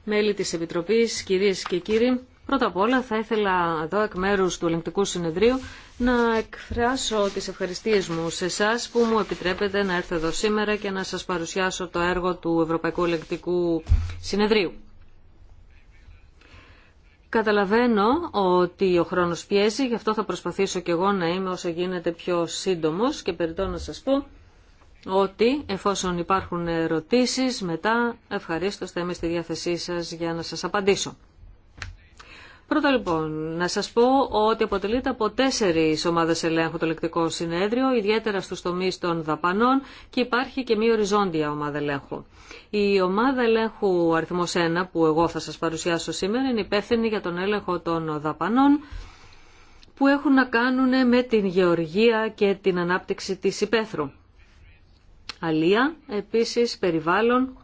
Μέλη της Επιτροπής, κυρίες και κύριοι, πρώτα απ' όλα θα ήθελα εδώ εκ μέρους του Ελεγκτικού Συνεδρίου να εκφράσω τις ευχαριστίες μου σε εσάς που μου επιτρέπετε να έρθω εδώ σήμερα και να σας παρουσιάσω το έργο του Ευρωπαϊκού Ελεκτικού Συνεδρίου. Καταλαβαίνω ότι ο χρόνος πιέζει, γι' αυτό θα προσπαθήσω κι εγώ να είμαι όσο γίνεται πιο σύντομος και περιττώ να σας πω ότι εφόσον υπάρχουν ερωτήσεις μετά ευχαρίστως θα είμαι στη διάθεσή σας για να σας απαντήσω. Πρώτα λοιπόν, να σας πω ότι αποτελείται από τέσσερις ομάδες ελέγχου το λεκτικό συνέδριο, ιδιαίτερα στους τομείς των δαπανών και υπάρχει και μία οριζόντια ομάδα ελέγχου. Η ομάδα ελέγχου αριθμός 1 που εγώ θα σας παρουσιάσω σήμερα είναι υπεύθυνη για τον έλεγχο των δαπανών που έχουν να κάνουν με την γεωργία και την ανάπτυξη της υπαίθρου. Αλία, επίσης περιβάλλον,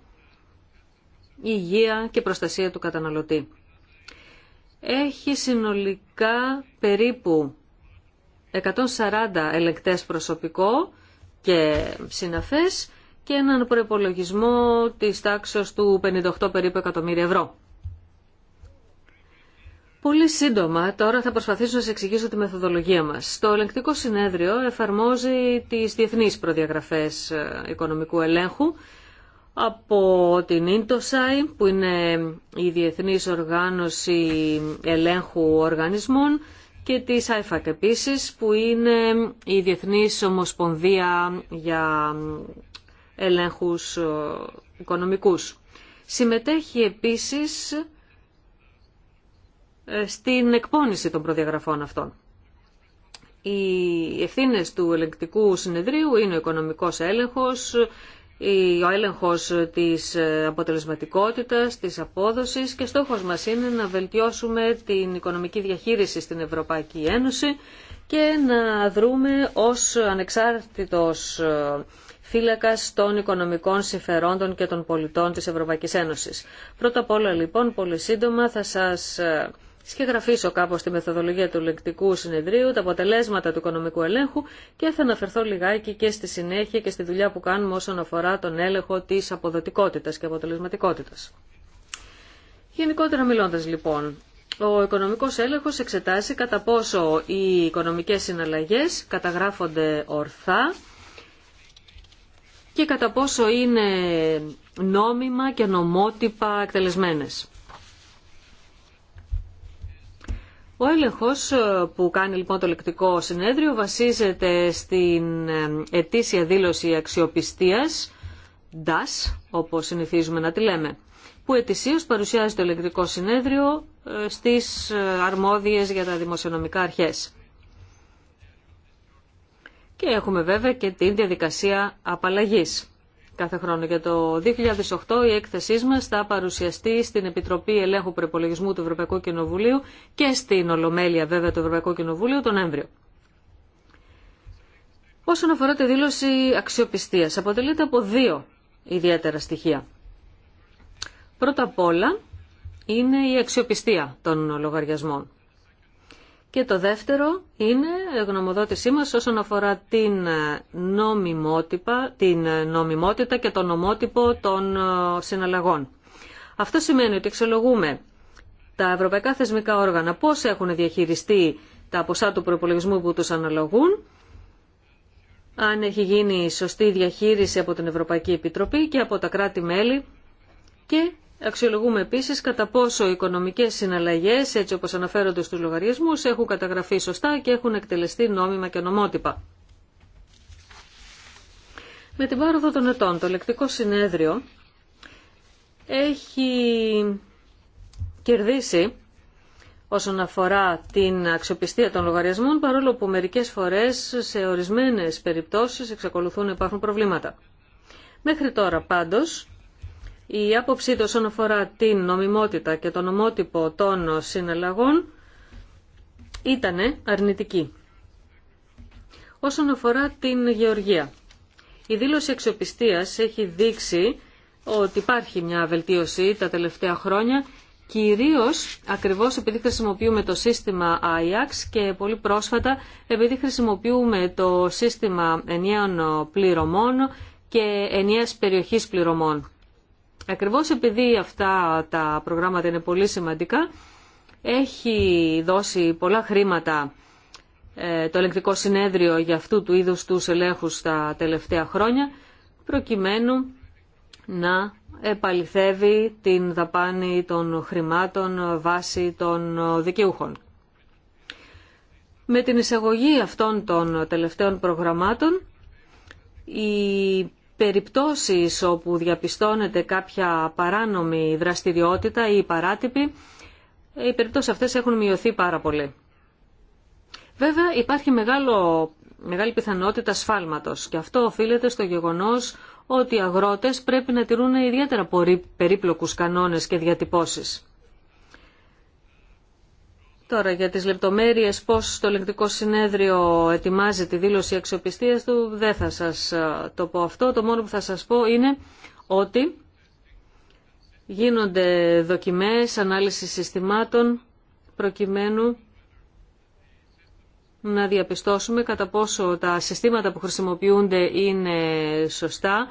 υγεία και προστασία του καταναλωτή έχει συνολικά περίπου 140 ελεκτές προσωπικό και συναφές και έναν προπολογισμό της τάξης του 58 περίπου εκατομμύρια ευρώ. Πολύ σύντομα, τώρα θα προσπαθήσω να σας εξηγήσω τη μεθοδολογία μας. Το ελεγκτικό συνέδριο εφαρμόζει τις διεθνείς προδιαγραφές ε, οικονομικού ελέγχου από την Ιντοσάι που είναι η Διεθνής Οργάνωση Ελέγχου Οργανισμών και τη ΑΕΦΑΚ επίσης που είναι η Διεθνής Ομοσπονδία για Ελέγχους ε, Οικονομικούς. Συμμετέχει επίσης ε, στην εκπόνηση των προδιαγραφών αυτών. Οι ευθύνε του ελεγκτικού συνεδρίου είναι ο οικονομικός έλεγχος, ο έλεγχος της ε, αποτελεσματικότητας, της απόδοσης και στόχος μας είναι να βελτιώσουμε την οικονομική διαχείριση στην Ευρωπαϊκή Ένωση και να δρούμε ως ανεξάρτητος ε, φύλακας των οικονομικών συμφερόντων και των πολιτών της Ευρωπαϊκής Ένωσης. Πρώτα απ' όλα λοιπόν, πολύ σύντομα θα σας ε, σχεγραφίσω κάπως τη μεθοδολογία του λεκτικού συνεδρίου, τα αποτελέσματα του οικονομικού ελέγχου και θα αναφερθώ λιγάκι και στη συνέχεια και στη δουλειά που κάνουμε όσον αφορά τον έλεγχο της αποδοτικότητας και αποτελεσματικότητας. Γενικότερα μιλώντας λοιπόν, ο οικονομικός έλεγχος εξετάζει κατά πόσο οι οικονομικές συναλλαγές καταγράφονται ορθά και κατά πόσο είναι νόμιμα και νομότυπα εκτελεσμένες. Ο έλεγχος ε, που κάνει λοιπόν το λεκτικό συνέδριο βασίζεται στην ε, ετήσια δήλωση αξιοπιστίας, DAS, όπως συνηθίζουμε να τη λέμε, που ετησίως παρουσιάζει το ηλεκτρικό συνέδριο ε, στις αρμόδιες για τα δημοσιονομικά αρχές. Και έχουμε βέβαια και την διαδικασία απαλλαγής κάθε χρόνο. Για το 2008 η έκθεσή μα θα παρουσιαστεί στην Επιτροπή Ελέγχου Προπολογισμού του Ευρωπαϊκού Κοινοβουλίου και στην Ολομέλεια βέβαια του Ευρωπαϊκού Κοινοβουλίου τον Νοέμβριο. Όσον αφορά τη δήλωση αξιοπιστίας, αποτελείται από δύο ιδιαίτερα στοιχεία. Πρώτα απ' όλα είναι η αξιοπιστία των λογαριασμών. Και το δεύτερο είναι γνωμοδότησή μας όσον αφορά την, ε, την ε, νομιμότητα και το νομότυπο των ε, συναλλαγών. Αυτό σημαίνει ότι εξολογούμε τα ευρωπαϊκά θεσμικά όργανα πώς έχουν διαχειριστεί τα ποσά του προπολογισμού που τους αναλογούν, αν έχει γίνει σωστή διαχείριση από την Ευρωπαϊκή Επιτροπή και από τα κράτη-μέλη και Αξιολογούμε επίσης κατά πόσο οι οικονομικές συναλλαγές, έτσι όπως αναφέρονται στου λογαριασμού έχουν καταγραφεί σωστά και έχουν εκτελεστεί νόμιμα και νομότυπα. Με την πάροδο των ετών, το λεκτικό συνέδριο έχει κερδίσει όσον αφορά την αξιοπιστία των λογαριασμών, παρόλο που μερικές φορές σε ορισμένες περιπτώσεις εξακολουθούν να υπάρχουν προβλήματα. Μέχρι τώρα πάντως η άποψή του όσον αφορά την νομιμότητα και τον ομότυπο των συναλλαγών ήταν αρνητική. Όσον αφορά την γεωργία, η δήλωση εξοπιστίας έχει δείξει ότι υπάρχει μια βελτίωση τα τελευταία χρόνια, κυρίως ακριβώς επειδή χρησιμοποιούμε το σύστημα AIAX και πολύ πρόσφατα επειδή χρησιμοποιούμε το σύστημα ενιαίων πληρωμών και ενιαίας περιοχής πληρωμών. Ακριβώς επειδή αυτά τα προγράμματα είναι πολύ σημαντικά, έχει δώσει πολλά χρήματα ε, το ελεγκτικό συνέδριο για αυτού του είδους τους ελέγχους τα τελευταία χρόνια, προκειμένου να επαληθεύει την δαπάνη των χρημάτων βάση των δικαιούχων. Με την εισαγωγή αυτών των τελευταίων προγραμμάτων, η περιπτώσεις όπου διαπιστώνεται κάποια παράνομη δραστηριότητα ή παράτυπη, οι περιπτώσεις αυτές έχουν μειωθεί πάρα πολύ. Βέβαια υπάρχει μεγάλο, μεγάλη πιθανότητα σφάλματος και αυτό οφείλεται στο γεγονός ότι οι αγρότες πρέπει να τηρούν ιδιαίτερα περίπλοκους κανόνες και διατυπώσεις. Τώρα για τις λεπτομέρειες πώς το ελεγκτικό συνέδριο ετοιμάζει τη δήλωση αξιοπιστίας του δεν θα σας ε, το πω αυτό. Το μόνο που θα σας πω είναι ότι γίνονται δοκιμές, ανάλυση συστημάτων προκειμένου να διαπιστώσουμε κατά πόσο τα συστήματα που χρησιμοποιούνται είναι σωστά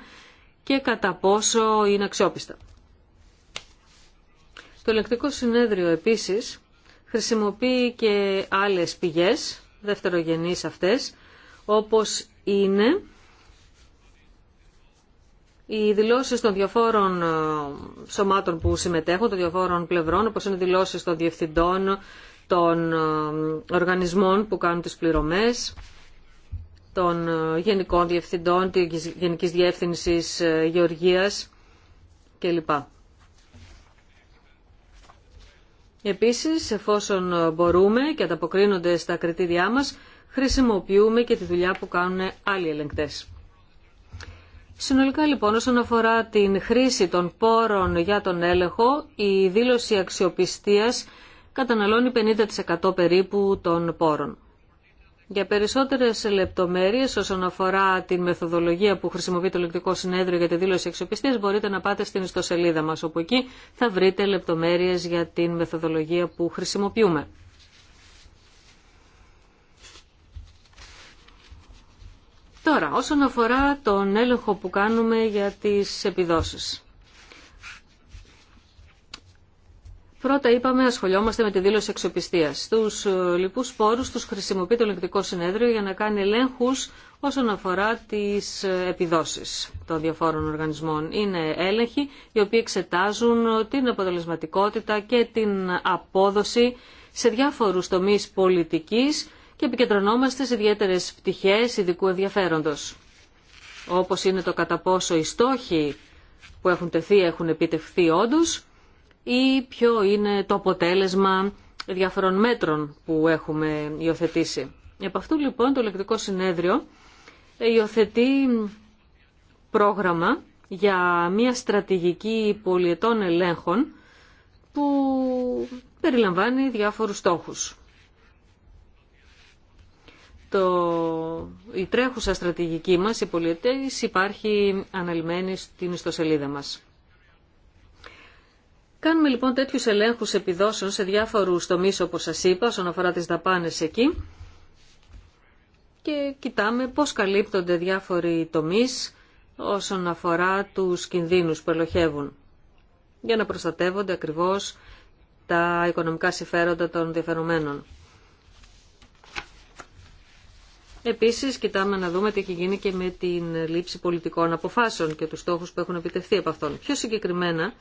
και κατά πόσο είναι αξιόπιστα. Το ελεκτικό συνέδριο επίσης χρησιμοποιεί και άλλες πηγές, δευτερογενείς αυτές, όπως είναι οι δηλώσεις των διαφόρων ε, σωμάτων που συμμετέχουν, των διαφόρων πλευρών, όπως είναι οι δηλώσεις των διευθυντών, των ε, οργανισμών που κάνουν τις πληρωμές, των ε, γενικών διευθυντών, της Γενικής Διεύθυνσης Γεωργίας κλπ. Επίσης, εφόσον μπορούμε και ανταποκρίνονται στα κριτήριά μας, χρησιμοποιούμε και τη δουλειά που κάνουν άλλοι ελεγκτές. Συνολικά λοιπόν όσον αφορά την χρήση των πόρων για τον έλεγχο, η δήλωση αξιοπιστίας καταναλώνει 50% περίπου των πόρων. Για περισσότερες λεπτομέρειες όσον αφορά την μεθοδολογία που χρησιμοποιεί το Λεκτικό Συνέδριο για τη δήλωση αξιοπιστίας μπορείτε να πάτε στην ιστοσελίδα μας όπου εκεί θα βρείτε λεπτομέρειες για την μεθοδολογία που χρησιμοποιούμε. Τώρα, όσον αφορά τον έλεγχο που κάνουμε για τις επιδόσεις. Πρώτα είπαμε ασχολιόμαστε με τη δήλωση αξιοπιστία. Στου ε, λοιπού πόρου του χρησιμοποιεί το ελεκτικό συνέδριο για να κάνει ελέγχου όσον αφορά τι ε, επιδόσει των διαφόρων οργανισμών. Είναι έλεγχοι οι οποίοι εξετάζουν την αποτελεσματικότητα και την απόδοση σε διάφορου τομεί πολιτική και επικεντρωνόμαστε σε ιδιαίτερε πτυχέ ειδικού ενδιαφέροντο. Όπω είναι το κατά πόσο οι στόχοι που έχουν τεθεί έχουν επιτευχθεί όντω ή ποιο είναι το αποτέλεσμα διάφορων μέτρων που έχουμε υιοθετήσει. Επ' αυτού λοιπόν το ηλεκτρικό συνέδριο υιοθετεί πρόγραμμα για μια στρατηγική πολιετών ελέγχων που περιλαμβάνει διάφορους στόχους. Το... Η τρέχουσα στρατηγική μας, η πολιετές, υπάρχει αναλυμένη στην ιστοσελίδα μας. Κάνουμε λοιπόν τέτοιου ελέγχου επιδόσεων σε διάφορου τομεί, όπω σα είπα, όσον αφορά τι δαπάνε εκεί. Και κοιτάμε πώ καλύπτονται διάφοροι τομεί όσον αφορά του κινδύνου που ελοχεύουν. Για να προστατεύονται ακριβώ τα οικονομικά συμφέροντα των διαφερομένων. Επίσης, κοιτάμε να δούμε τι έχει γίνει και με την λήψη πολιτικών αποφάσεων και τους στόχους που έχουν επιτευχθεί από αυτόν. Πιο συγκεκριμένα,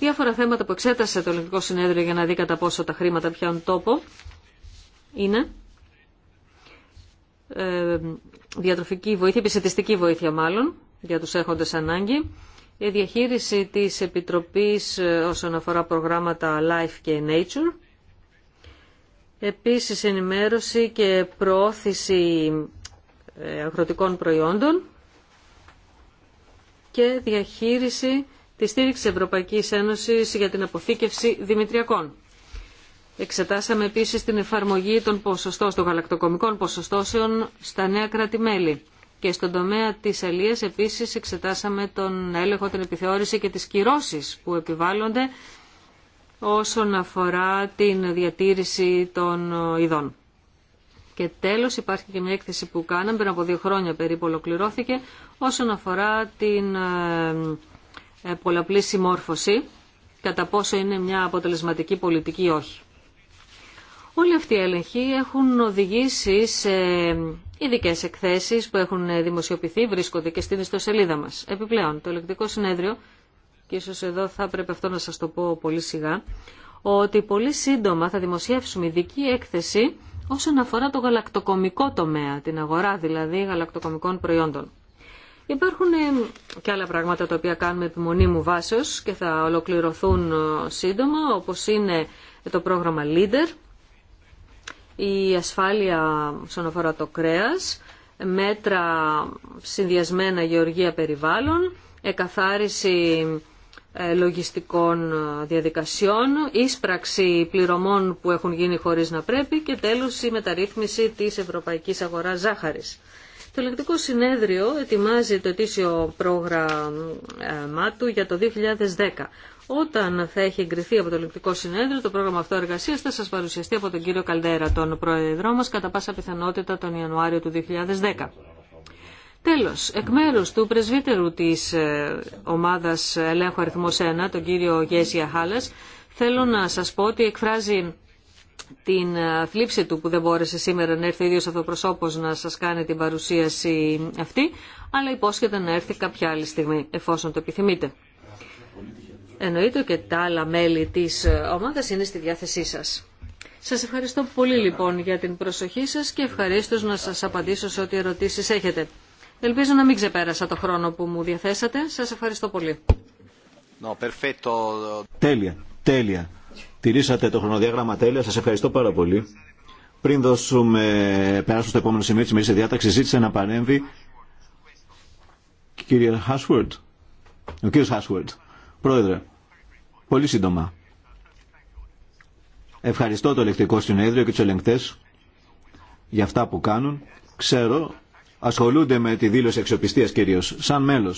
Διάφορα θέματα που εξέτασε το Ελληνικό Συνέδριο για να δει κατά πόσο τα χρήματα πιάνουν τόπο είναι ε, διατροφική βοήθεια, επισητιστική βοήθεια μάλλον, για τους έχοντες ανάγκη, η διαχείριση της Επιτροπής ε, όσον αφορά προγράμματα Life και Nature, επίσης ενημέρωση και προώθηση ε, αγροτικών προϊόντων και διαχείριση τη στήριξη Ευρωπαϊκής Ένωσης για την αποθήκευση δημητριακών. Εξετάσαμε επίσης την εφαρμογή των ποσοστών, των γαλακτοκομικών ποσοστώσεων στα νέα Και στον τομέα της αλίας επίσης εξετάσαμε τον έλεγχο, την επιθεώρηση και τις κυρώσεις που επιβάλλονται όσον αφορά την διατήρηση των ειδών. Και τέλος υπάρχει και μια έκθεση που κάναμε πριν από δύο χρόνια περίπου ολοκληρώθηκε όσον αφορά την ε, ε, πολλαπλή συμμόρφωση, κατά πόσο είναι μια αποτελεσματική πολιτική ή όχι. Όλοι αυτοί οι έλεγχοι έχουν οδηγήσει σε ειδικέ εκθέσεις που έχουν δημοσιοποιηθεί, βρίσκονται και στην ιστοσελίδα μας. Επιπλέον, το ελεκτικό συνέδριο, και ίσως εδώ θα πρέπει αυτό να σας το πω πολύ σιγά, ότι πολύ σύντομα θα δημοσιεύσουμε ειδική έκθεση όσον αφορά το γαλακτοκομικό τομέα, την αγορά δηλαδή γαλακτοκομικών προϊόντων. Υπάρχουν ε, και άλλα πράγματα τα οποία κάνουμε επιμονή μου βάσεως και θα ολοκληρωθούν ε, σύντομα, όπως είναι το πρόγραμμα LEADER, η ασφάλεια στον αφορά το κρέας, μέτρα συνδυασμένα γεωργία περιβάλλων, εκαθάριση ε, λογιστικών διαδικασιών, ίσπραξη πληρωμών που έχουν γίνει χωρίς να πρέπει και τέλος η μεταρρύθμιση της ευρωπαϊκής αγοράς ζάχαρης. Το Ελεκτικό Συνέδριο ετοιμάζει το ετήσιο πρόγραμμά του για το 2010. Όταν θα έχει εγκριθεί από το Ελεκτικό Συνέδριο, το πρόγραμμα αυτό εργασία θα σα παρουσιαστεί από τον κύριο Καλδέρα, τον Πρόεδρό μα, κατά πάσα πιθανότητα τον Ιανουάριο του 2010. Τέλος, εκ μέρους του πρεσβύτερου της ε, ομάδας ελέγχου αριθμός 1, τον κύριο Γέσια Χάλας, θέλω να σας πω ότι εκφράζει την ε, θλίψη του που δεν μπόρεσε σήμερα να έρθει ο ίδιος αυτοπροσώπος να σας κάνει την παρουσίαση αυτή, αλλά υπόσχεται να έρθει κάποια άλλη στιγμή, εφόσον το επιθυμείτε. Εννοείται και τα άλλα μέλη της ε, ομάδας είναι στη διάθεσή σας. Σας ευχαριστώ πολύ λοιπόν για την προσοχή σας και ευχαρίστω να σας απαντήσω σε ό,τι ερωτήσεις έχετε. Ελπίζω να μην ξεπέρασα το χρόνο που μου διαθέσατε. Σας ευχαριστώ πολύ. Τέλεια, τέλεια. Τηρήσατε το χρονοδιάγραμμα τέλεια. σα ευχαριστώ πάρα πολύ. Πριν δώσουμε, περάσουμε στο επόμενο σημείο τη ημερήσης διάταξη, ζήτησε να παρέμβει Ο κύριο Χάσουερτ. Πρόεδρε, πολύ σύντομα. Ευχαριστώ το ελεκτικό συνέδριο και του ελεγκτέ για αυτά που κάνουν. Ξέρω, ασχολούνται με τη δήλωση αξιοπιστία κυρίω, σαν μέλο.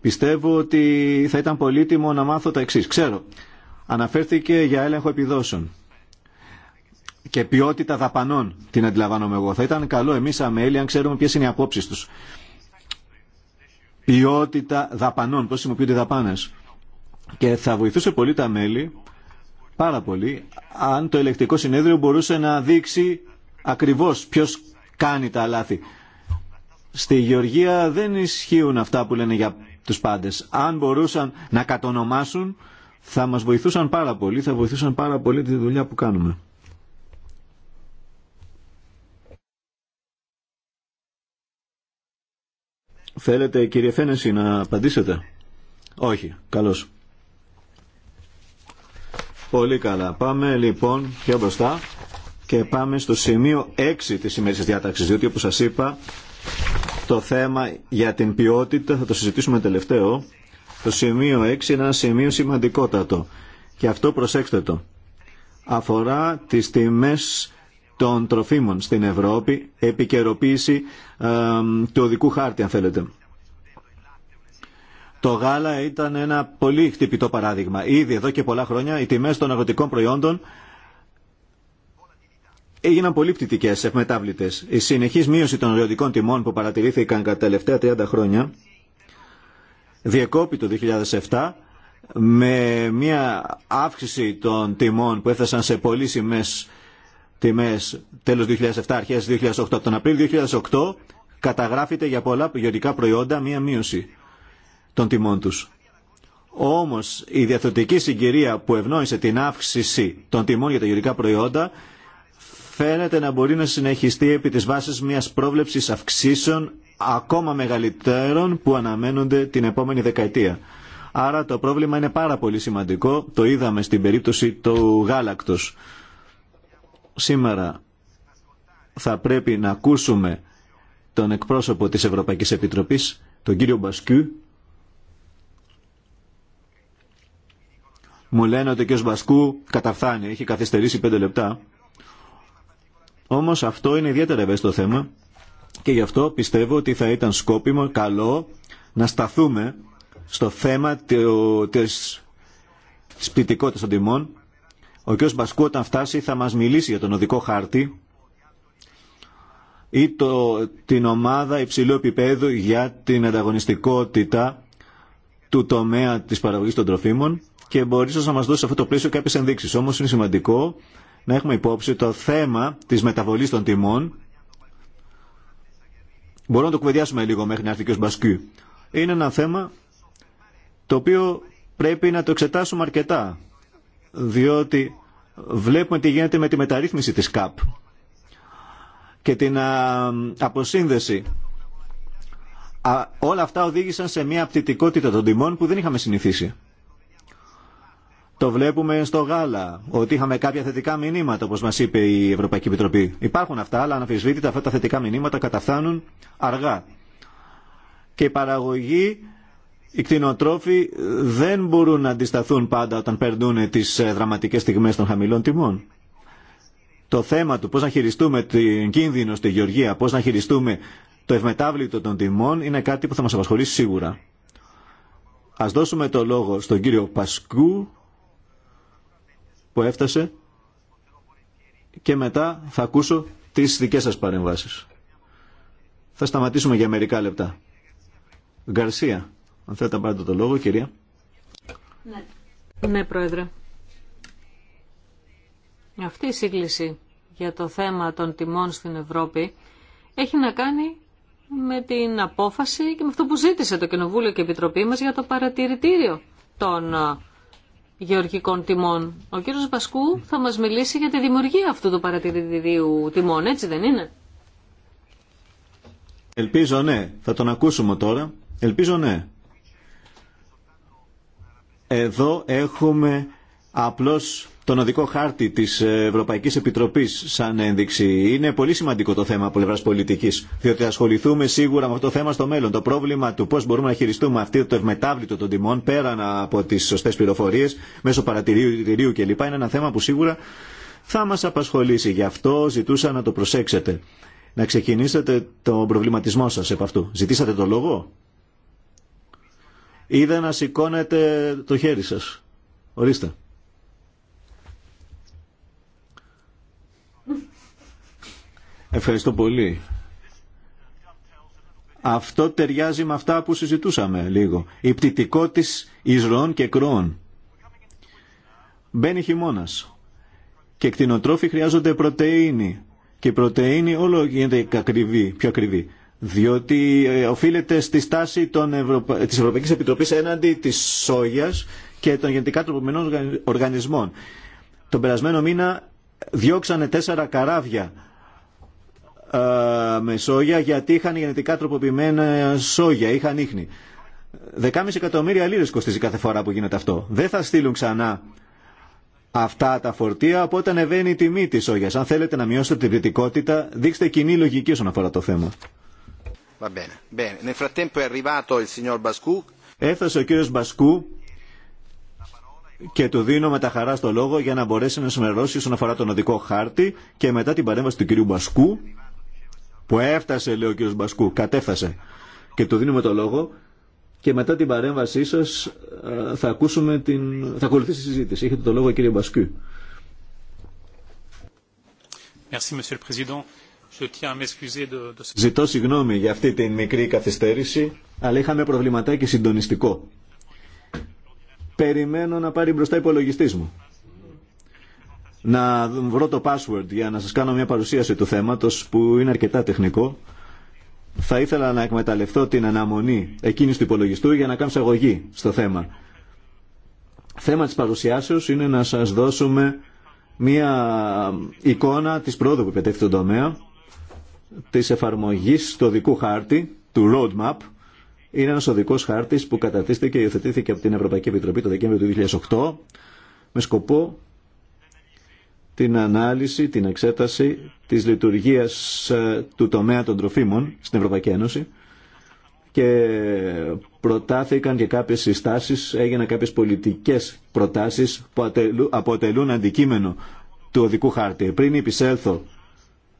Πιστεύω ότι θα ήταν πολύτιμο να μάθω τα εξή. Ξέρω, Αναφέρθηκε για έλεγχο επιδόσεων και ποιότητα δαπανών, την αντιλαμβάνομαι εγώ. Θα ήταν καλό εμείς αμέλη αν ξέρουμε ποιες είναι οι απόψεις τους. Ποιότητα δαπανών, πώς χρησιμοποιούνται οι δαπάνες. Και θα βοηθούσε πολύ τα μέλη, πάρα πολύ, αν το ελεκτικό συνέδριο μπορούσε να δείξει ακριβώς ποιος κάνει τα λάθη. Στη Γεωργία δεν ισχύουν αυτά που λένε για τους πάντες. Αν μπορούσαν να κατονομάσουν θα μας βοηθούσαν πάρα πολύ, θα βοηθούσαν πάρα πολύ τη δουλειά που κάνουμε. Θέλετε κύριε Φένεση να απαντήσετε. Όχι, καλώς. Πολύ καλά. Πάμε λοιπόν πιο μπροστά και πάμε στο σημείο 6 της σημερινής διάταξης, διότι όπως σας είπα το θέμα για την ποιότητα θα το συζητήσουμε τελευταίο το σημείο 6 είναι ένα σημείο σημαντικότατο. Και αυτό προσέξτε το. Αφορά τις τιμές των τροφίμων στην Ευρώπη, επικαιροποίηση ε, του οδικού χάρτη αν θέλετε. Το γάλα ήταν ένα πολύ χτυπητό παράδειγμα. Ήδη εδώ και πολλά χρόνια οι τιμές των αγροτικών προϊόντων έγιναν πολύ πτυτικές, ευμετάβλητες. Η συνεχής μείωση των αγροτικών τιμών που παρατηρήθηκαν κατά τελευταία 30 χρόνια διεκόπη το 2007 με μια αύξηση των τιμών που έφτασαν σε πολύ σημαίες τιμές τέλος 2007, αρχές 2008. Από τον Απρίλιο 2008 καταγράφεται για πολλά γεωργικά προϊόντα μια μείωση των τιμών τους. Όμως η διαθετική συγκυρία που ευνόησε την αύξηση των τιμών για τα γεωργικά προϊόντα φαίνεται να μπορεί να συνεχιστεί επί της βάσης μιας πρόβλεψης αυξήσεων ακόμα μεγαλύτερων που αναμένονται την επόμενη δεκαετία. Άρα το πρόβλημα είναι πάρα πολύ σημαντικό, το είδαμε στην περίπτωση του γάλακτος. Σήμερα θα πρέπει να ακούσουμε τον εκπρόσωπο της Ευρωπαϊκής Επιτροπής, τον κύριο Μπασκιού. Μου λένε ότι ο κύριος Μπασκού καταφθάνει, έχει καθυστερήσει πέντε λεπτά. Όμως αυτό είναι ιδιαίτερα ευαίσθητο θέμα και γι' αυτό πιστεύω ότι θα ήταν σκόπιμο, καλό, να σταθούμε στο θέμα της σπιτικότητας των τιμών. Ο κ. Μπασκού όταν φτάσει θα μας μιλήσει για τον οδικό χάρτη ή το, την ομάδα υψηλού επίπεδου για την ανταγωνιστικότητα του τομέα της παραγωγής των τροφίμων και μπορεί να μας δώσει σε αυτό το πλαίσιο κάποιες ενδείξεις. Όμως είναι σημαντικό να έχουμε υπόψη το θέμα της μεταβολής των τιμών. Μπορώ να το κουβεντιάσουμε λίγο μέχρι να έρθει και ο Μπασκού. Είναι ένα θέμα το οποίο πρέπει να το εξετάσουμε αρκετά, διότι βλέπουμε τι γίνεται με τη μεταρρύθμιση της ΚΑΠ και την αποσύνδεση. όλα αυτά οδήγησαν σε μια απτητικότητα των τιμών που δεν είχαμε συνηθίσει. Το βλέπουμε στο γάλα, ότι είχαμε κάποια θετικά μηνύματα, όπω μα είπε η Ευρωπαϊκή Επιτροπή. Υπάρχουν αυτά, αλλά αναφυσβήτητα αυτά τα θετικά μηνύματα καταφθάνουν αργά. Και οι παραγωγοί, οι κτηνοτρόφοι δεν μπορούν να αντισταθούν πάντα όταν περνούν τι ε, δραματικέ στιγμέ των χαμηλών τιμών. Το θέμα του πώ να χειριστούμε την κίνδυνο στη Γεωργία, πώ να χειριστούμε το ευμετάβλητο των τιμών είναι κάτι που θα μα απασχολήσει σίγουρα. Α δώσουμε το λόγο στον κύριο Πασκού που έφτασε και μετά θα ακούσω τις δικές σας παρεμβάσεις. Θα σταματήσουμε για μερικά λεπτά. Γκαρσία, αν θέλετε να πάρετε το λόγο, κυρία. Ναι, Πρόεδρε. Αυτή η σύγκληση για το θέμα των τιμών στην Ευρώπη έχει να κάνει με την απόφαση και με αυτό που ζήτησε το Κοινοβούλιο και η Επιτροπή μας για το παρατηρητήριο των γεωργικών τιμών. Ο κύριος Βασκού θα μας μιλήσει για τη δημιουργία αυτού του παρατηρητηρίου τιμών, έτσι δεν είναι. Ελπίζω ναι. Θα τον ακούσουμε τώρα. Ελπίζω ναι. Εδώ έχουμε απλώς τον οδικό χάρτη της Ευρωπαϊκής Επιτροπής σαν ένδειξη. Είναι πολύ σημαντικό το θέμα από πλευρά πολιτικής, διότι ασχοληθούμε σίγουρα με αυτό το θέμα στο μέλλον. Το πρόβλημα του πώς μπορούμε να χειριστούμε αυτή το ευμετάβλητο των τιμών, πέραν από τις σωστές πληροφορίες, μέσω παρατηρίου κλπ. Είναι ένα θέμα που σίγουρα θα μας απασχολήσει. Γι' αυτό ζητούσα να το προσέξετε. Να ξεκινήσετε τον προβληματισμό σας επ' αυτού. Ζητήσατε το λόγο. Είδα να σηκώνετε το χέρι σας. Ορίστε. Ευχαριστώ πολύ. Αυτό ταιριάζει με αυτά που συζητούσαμε λίγο. Η της ισρών και Κροών. Μπαίνει χειμώνα. Και κτηνοτρόφοι χρειάζονται πρωτεΐνη. Και η πρωτεΐνη όλο γίνεται ακριβή, πιο ακριβή. Διότι ε, οφείλεται στη στάση των Ευρωπα... της Ευρωπαϊκής Επιτροπής έναντι της σόγιας και των γενετικά τροποποιημένων οργανισμών. Τον περασμένο μήνα διώξανε τέσσερα καράβια ε, με σόγια γιατί είχαν γενετικά τροποποιημένα σόγια, είχαν ίχνη. Δεκάμιση εκατομμύρια λίρες κοστίζει κάθε φορά που γίνεται αυτό. Δεν θα στείλουν ξανά αυτά τα φορτία, οπότε ανεβαίνει η τιμή της σόγιας. Αν θέλετε να μειώσετε την πληθυκότητα, δείξτε κοινή λογική όσον αφορά το θέμα. Έφτασε ο κύριος Μπασκού και του δίνω με τα χαρά στο λόγο για να μπορέσει να συμμερώσει όσον αφορά τον οδικό χάρτη και μετά την παρέμβαση του κυρίου Μπασκού που έφτασε, λέει ο κ. Μπασκού, κατέφτασε. Και του δίνουμε το λόγο και μετά την παρέμβασή σας ε, θα, ακούσουμε την... θα ακολουθήσει η συζήτηση. Έχετε το λόγο, κύριε Μπασκού. Merci, Ζητώ συγγνώμη για αυτή την μικρή καθυστέρηση, αλλά είχαμε προβληματάκι συντονιστικό. Περιμένω να πάρει μπροστά υπολογιστή μου να βρω το password για να σας κάνω μια παρουσίαση του θέματος που είναι αρκετά τεχνικό. Θα ήθελα να εκμεταλλευτώ την αναμονή εκείνης του υπολογιστού για να κάνω εισαγωγή στο θέμα. Θέμα της παρουσιάσεως είναι να σας δώσουμε μια εικόνα της πρόοδου που πετεύχει τον τομέα, της εφαρμογής του οδικού χάρτη, του roadmap. Είναι ένας οδικός χάρτης που κατατίστηκε και υιοθετήθηκε από την Ευρωπαϊκή Επιτροπή το Δεκέμβριο του 2008 με σκοπό την ανάλυση, την εξέταση της λειτουργίας ε, του τομέα των τροφίμων στην Ευρωπαϊκή Ένωση και προτάθηκαν και κάποιες συστάσεις, έγιναν κάποιες πολιτικές προτάσεις που αποτελούν αντικείμενο του οδικού χάρτη. Πριν επισέλθω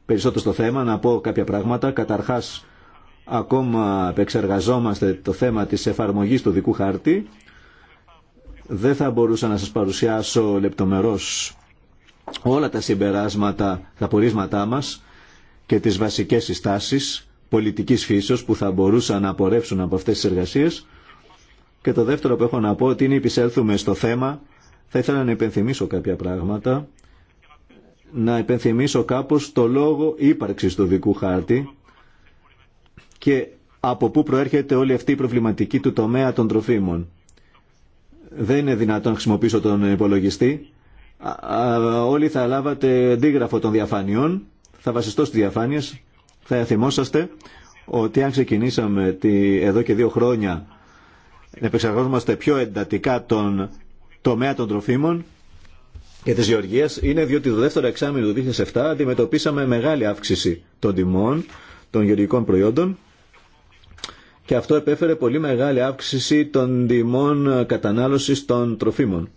περισσότερο στο θέμα, να πω κάποια πράγματα. Καταρχάς, ακόμα επεξεργαζόμαστε το θέμα της εφαρμογής του οδικού χάρτη. Δεν θα μπορούσα να σας παρουσιάσω λεπτομερώς όλα τα συμπεράσματα, τα πορίσματά μας και τις βασικές συστάσεις πολιτικής φύσεως που θα μπορούσαν να απορρεύσουν από αυτές τις εργασίες. Και το δεύτερο που έχω να πω ότι είναι επισέλθουμε στο θέμα, θα ήθελα να υπενθυμίσω κάποια πράγματα, να υπενθυμίσω κάπως το λόγο ύπαρξης του δικού χάρτη και από πού προέρχεται όλη αυτή η προβληματική του τομέα των τροφίμων. Δεν είναι δυνατόν να χρησιμοποιήσω τον υπολογιστή όλοι θα λάβατε αντίγραφο των διαφάνειών, θα βασιστώ στις διαφάνειες, θα θυμόσαστε ότι αν ξεκινήσαμε τη, εδώ και δύο χρόνια να επεξεργαζόμαστε πιο εντατικά τον τομέα των τροφίμων και της γεωργίας είναι διότι το δεύτερο εξάμεινο του 2007 αντιμετωπίσαμε μεγάλη αύξηση των τιμών των γεωργικών προϊόντων και αυτό επέφερε πολύ μεγάλη αύξηση των τιμών κατανάλωσης των τροφίμων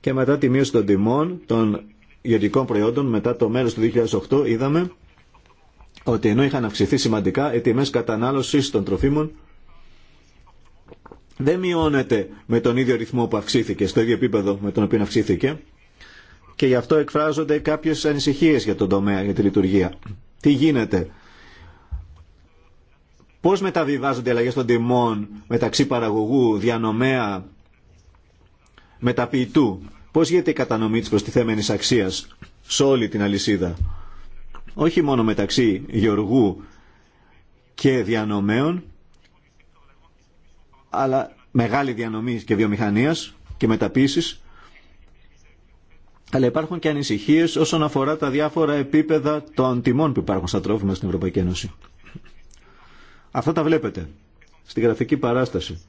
και μετά τη μείωση των τιμών των γεωργικών προϊόντων μετά το μέρος του 2008 είδαμε ότι ενώ είχαν αυξηθεί σημαντικά οι τιμές κατανάλωσης των τροφίμων δεν μειώνεται με τον ίδιο ρυθμό που αυξήθηκε, στο ίδιο επίπεδο με τον οποίο αυξήθηκε και γι' αυτό εκφράζονται κάποιες ανησυχίες για τον τομέα, για τη λειτουργία. Τι γίνεται, πώς μεταβιβάζονται οι αλλαγές των τιμών μεταξύ παραγωγού, διανομέα μεταποιητού. Πώς γίνεται η κατανομή της προστιθέμενης αξίας σε όλη την αλυσίδα. Όχι μόνο μεταξύ γεωργού και διανομέων, αλλά μεγάλη διανομή και βιομηχανίας και μεταποίησης, αλλά υπάρχουν και ανησυχίε όσον αφορά τα διάφορα επίπεδα των τιμών που υπάρχουν στα τρόφιμα στην Ευρωπαϊκή Ένωση. Αυτά τα βλέπετε στην γραφική παράσταση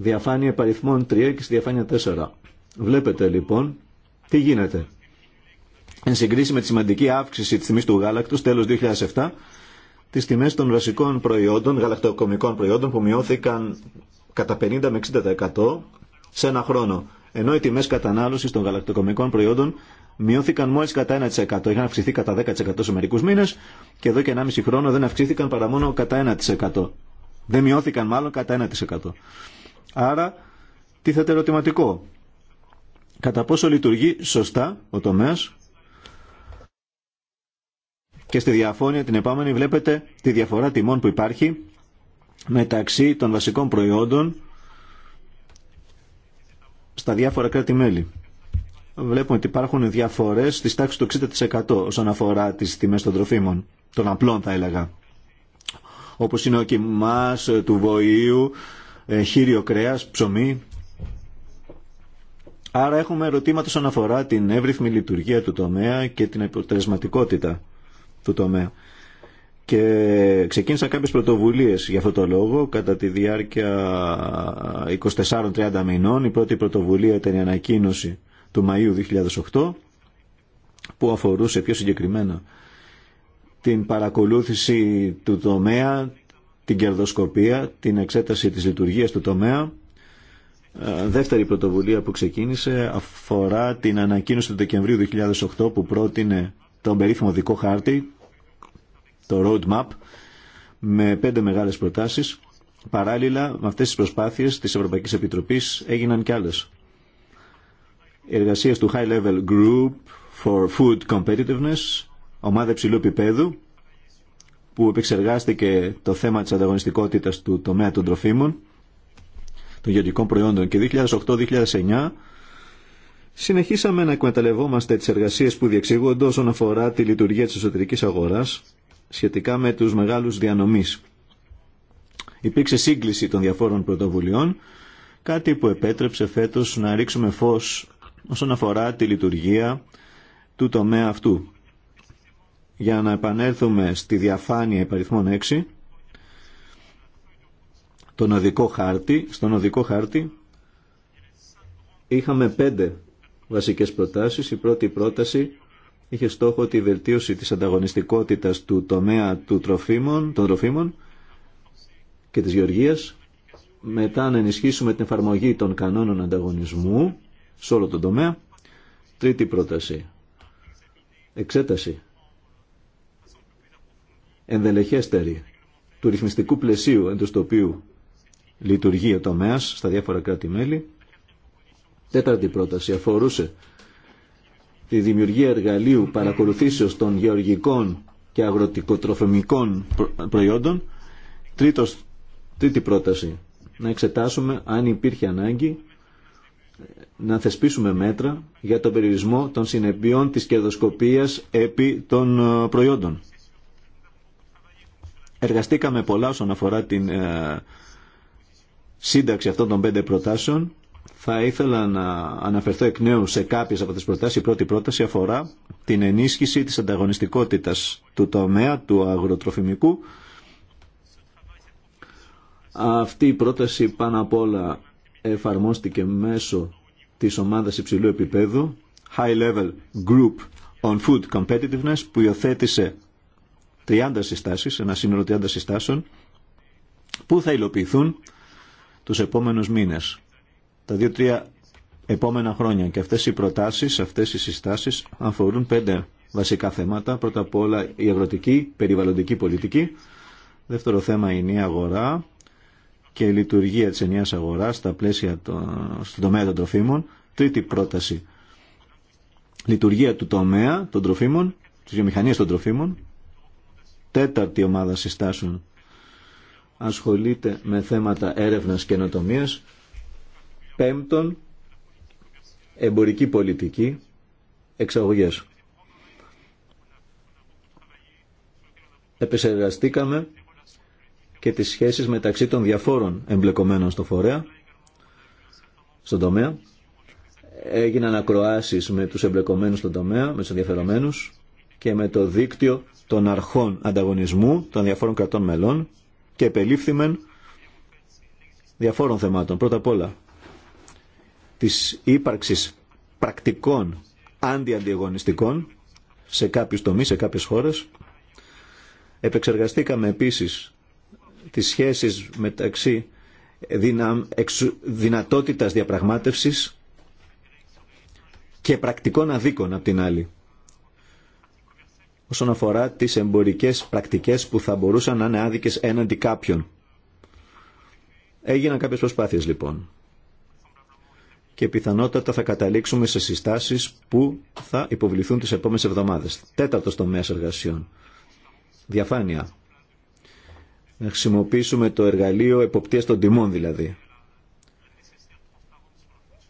διαφάνεια παριθμών 3 και στη διαφάνεια 4. Βλέπετε λοιπόν τι γίνεται. Εν συγκρίση με τη σημαντική αύξηση τη τιμή του γάλακτο τέλο 2007, τι τιμέ των βασικών προϊόντων, γαλακτοκομικών προϊόντων που μειώθηκαν κατά 50 με 60% σε ένα χρόνο. Ενώ οι τιμέ κατανάλωση των γαλακτοκομικών προϊόντων μειώθηκαν μόλι κατά 1%. Είχαν αυξηθεί κατά 10% σε μερικού μήνε και εδώ και 1,5 χρόνο δεν αυξήθηκαν παρά μόνο κατά 1%. Δεν μειώθηκαν μάλλον κατά 1%. Άρα, τίθεται ερωτηματικό. Κατά πόσο λειτουργεί σωστά ο τομέας και στη διαφώνεια την επόμενη βλέπετε τη διαφορά τιμών που υπάρχει μεταξύ των βασικών προϊόντων στα διάφορα κράτη-μέλη. Βλέπουμε ότι υπάρχουν διαφορές στις τάξεις του 60% όσον αφορά τις τιμές των τροφίμων, των απλών θα έλεγα, όπως είναι ο κοιμάς ε, του βοηίου, ε, χείριο κρέας, ψωμί. Άρα έχουμε ερωτήματα όσον αφορά την εύρυθμη λειτουργία του τομέα και την αποτελεσματικότητα του τομέα. Και ξεκίνησαν κάποιες πρωτοβουλίες για αυτό το λόγο κατά τη διάρκεια 24-30 μηνών. Η πρώτη πρωτοβουλία ήταν η ανακοίνωση του Μαΐου 2008 που αφορούσε πιο συγκεκριμένα την παρακολούθηση του τομέα, την κερδοσκοπία, την εξέταση της λειτουργίας του τομέα. Ε, δεύτερη πρωτοβουλία που ξεκίνησε αφορά την ανακοίνωση του Δεκεμβρίου 2008 που πρότεινε τον περίφημο δικό χάρτη, το roadmap, με πέντε μεγάλες προτάσεις. Παράλληλα με αυτές τις προσπάθειες της Ευρωπαϊκής Επιτροπής έγιναν κι άλλες. εργασίες του High Level Group for Food Competitiveness, ομάδα υψηλού επίπεδου, που επεξεργάστηκε το θέμα της ανταγωνιστικότητας του τομέα των τροφίμων, των γεωργικών προϊόντων και 2008-2009 συνεχίσαμε να εκμεταλλευόμαστε τις εργασίες που διεξήγονται όσον αφορά τη λειτουργία της εσωτερικής αγοράς σχετικά με τους μεγάλους διανομής. Υπήρξε σύγκληση των διαφόρων πρωτοβουλειών, κάτι που επέτρεψε φέτος να ρίξουμε φως όσον αφορά τη λειτουργία του τομέα αυτού για να επανέλθουμε στη διαφάνεια υπαριθμών 6, τον οδικό χάρτη, στον οδικό χάρτη είχαμε πέντε βασικές προτάσεις. Η πρώτη πρόταση είχε στόχο τη βελτίωση της ανταγωνιστικότητας του τομέα του τροφίμων, των τροφίμων και της γεωργίας. Μετά να ενισχύσουμε την εφαρμογή των κανόνων ανταγωνισμού σε όλο τον τομέα. Τρίτη πρόταση. Εξέταση ενδελεχέστερη του ρυθμιστικού πλαισίου εντό του οποίου λειτουργεί ο τομέας στα διάφορα κράτη-μέλη. Τέταρτη πρόταση αφορούσε τη δημιουργία εργαλείου παρακολουθήσεως των γεωργικών και αγροτικοτροφημικών προϊόντων. Τρίτος, τρίτη πρόταση, να εξετάσουμε αν υπήρχε ανάγκη να θεσπίσουμε μέτρα για τον περιορισμό των συνεπειών της κερδοσκοπίας επί των ε, προϊόντων. Εργαστήκαμε πολλά όσον αφορά την ε, σύνταξη αυτών των πέντε προτάσεων. Θα ήθελα να αναφερθώ εκ νέου σε κάποιες από τις προτάσεις. Η πρώτη πρόταση αφορά την ενίσχυση της ανταγωνιστικότητας του τομέα του αγροτροφημικού. Αυτή η πρόταση πάνω απ' όλα εφαρμόστηκε μέσω της ομάδας υψηλού επίπεδου High Level Group on Food Competitiveness που υιοθέτησε 30 συστάσεις, ένα σύνολο 30 συστάσεων, που θα υλοποιηθούν τους επόμενους μήνες, τα δύο-τρία επόμενα χρόνια. Και αυτές οι προτάσεις, αυτές οι συστάσεις αφορούν πέντε βασικά θέματα. Πρώτα απ' όλα η αγροτική, περιβαλλοντική πολιτική. Δεύτερο θέμα η νέα αγορά και η λειτουργία της ενιαίας αγοράς στα πλαίσια των, στον τομέα των τροφίμων. Τρίτη πρόταση, λειτουργία του τομέα των τροφίμων, της βιομηχανίας των τροφίμων τέταρτη ομάδα συστάσεων ασχολείται με θέματα έρευνας και ενοτομίας. Πέμπτον, εμπορική πολιτική, εξαγωγές. Επεσεργαστήκαμε και τις σχέσεις μεταξύ των διαφόρων εμπλεκομένων στο φορέα, στον τομέα. Έγιναν ακροάσεις με τους εμπλεκομένους στον τομέα, με τους ενδιαφερομένους και με το δίκτυο των αρχών ανταγωνισμού των διαφόρων κρατών μελών και επελήφθημεν διαφόρων θεμάτων. Πρώτα απ' όλα, της ύπαρξης πρακτικών αντιαντιαγωνιστικών σε κάποιους τομείς, σε κάποιες χώρες. Επεξεργαστήκαμε επίσης τις σχέσεις μεταξύ δυνατότητας διαπραγμάτευσης και πρακτικών αδίκων από την άλλη όσον αφορά τις εμπορικές πρακτικές που θα μπορούσαν να είναι άδικες έναντι κάποιων. Έγιναν κάποιες προσπάθειες λοιπόν και πιθανότατα θα καταλήξουμε σε συστάσεις που θα υποβληθούν τις επόμενες εβδομάδες. Τέταρτος τομέας εργασιών. Διαφάνεια. Να χρησιμοποιήσουμε το εργαλείο εποπτείας των τιμών δηλαδή.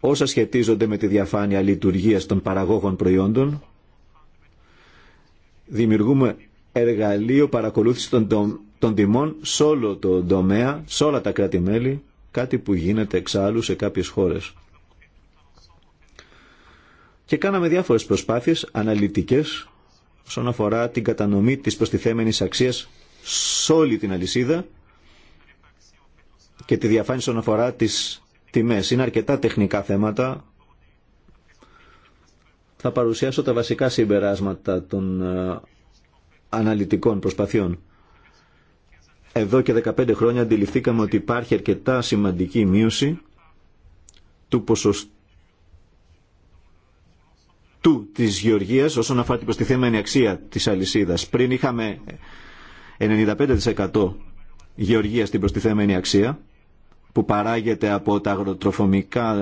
Όσα σχετίζονται με τη διαφάνεια λειτουργίας των παραγόγων προϊόντων δημιουργούμε εργαλείο παρακολούθηση των, τιμών σε όλο το τομέα, σε όλα τα κράτη-μέλη, κάτι που γίνεται εξάλλου σε κάποιες χώρες. Και κάναμε διάφορες προσπάθειες αναλυτικές όσον αφορά την κατανομή της προστιθέμενης αξίας σε όλη την αλυσίδα και τη διαφάνεια όσον αφορά τις τιμές. Είναι αρκετά τεχνικά θέματα θα παρουσιάσω τα βασικά συμπεράσματα των ε, αναλυτικών προσπαθειών. Εδώ και 15 χρόνια αντιληφθήκαμε ότι υπάρχει αρκετά σημαντική μείωση του ποσοστού της γεωργίας όσον αφορά την προστιθέμενη αξία της αλυσίδας. Πριν είχαμε 95% γεωργία στην προστιθέμενη αξία που παράγεται από τα αγροτροφομικά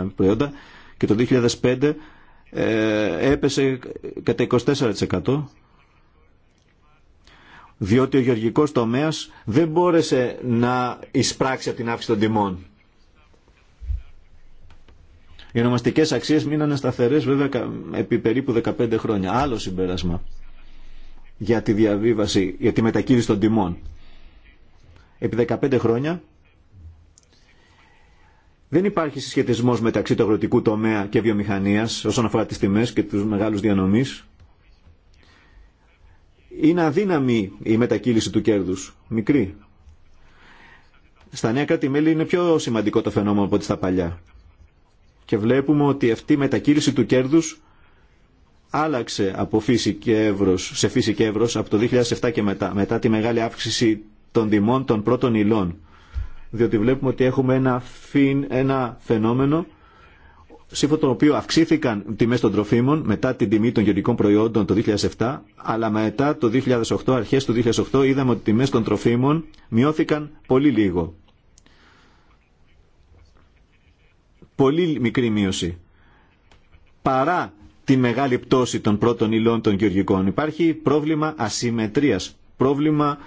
ε, προϊόντα και το 2005 ε, έπεσε κατά 24% διότι ο γεωργικός τομέας δεν μπόρεσε να εισπράξει από την αύξηση των τιμών. Οι ονομαστικές αξίες μείνανε σταθερές βέβαια επί περίπου 15 χρόνια. Άλλο συμπέρασμα για τη διαβίβαση, για τη μετακίνηση των τιμών. Επί 15 χρόνια δεν υπάρχει συσχετισμό μεταξύ του αγροτικού τομέα και βιομηχανία όσον αφορά τι τιμέ και του μεγάλου διανομή. Είναι αδύναμη η μετακύληση του κέρδου. Μικρή. Στα νέα κράτη-μέλη είναι πιο σημαντικό το φαινόμενο από ό,τι στα παλιά. Και βλέπουμε ότι αυτή η μετακύληση του κέρδου άλλαξε από φύση και εύρος, σε φύση και εύρος από το 2007 και μετά, μετά τη μεγάλη αύξηση των τιμών των πρώτων υλών διότι βλέπουμε ότι έχουμε ένα, ένα φαινόμενο σύμφωνα το οποίο αυξήθηκαν τιμές των τροφίμων μετά την τιμή των γεωργικών προϊόντων το 2007, αλλά μετά το 2008, αρχές του 2008, είδαμε ότι οι τιμές των τροφίμων μειώθηκαν πολύ λίγο. Πολύ μικρή μείωση. Παρά τη μεγάλη πτώση των πρώτων υλών των γεωργικών υπάρχει πρόβλημα ασυμμετρίας, πρόβλημα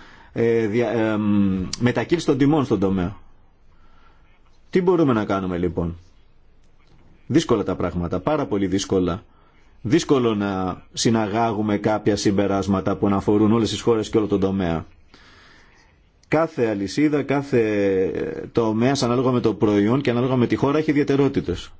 ε, μετακύληση των τιμών στον τομέα. Τι μπορούμε να κάνουμε λοιπόν. Δύσκολα τα πράγματα, πάρα πολύ δύσκολα. Δύσκολο να συναγάγουμε κάποια συμπεράσματα που αναφορούν όλες τις χώρες και όλο τον τομέα. Κάθε αλυσίδα, κάθε ε, τομέας ανάλογα με το προϊόν και ανάλογα με τη χώρα έχει ιδιαιτερότητες.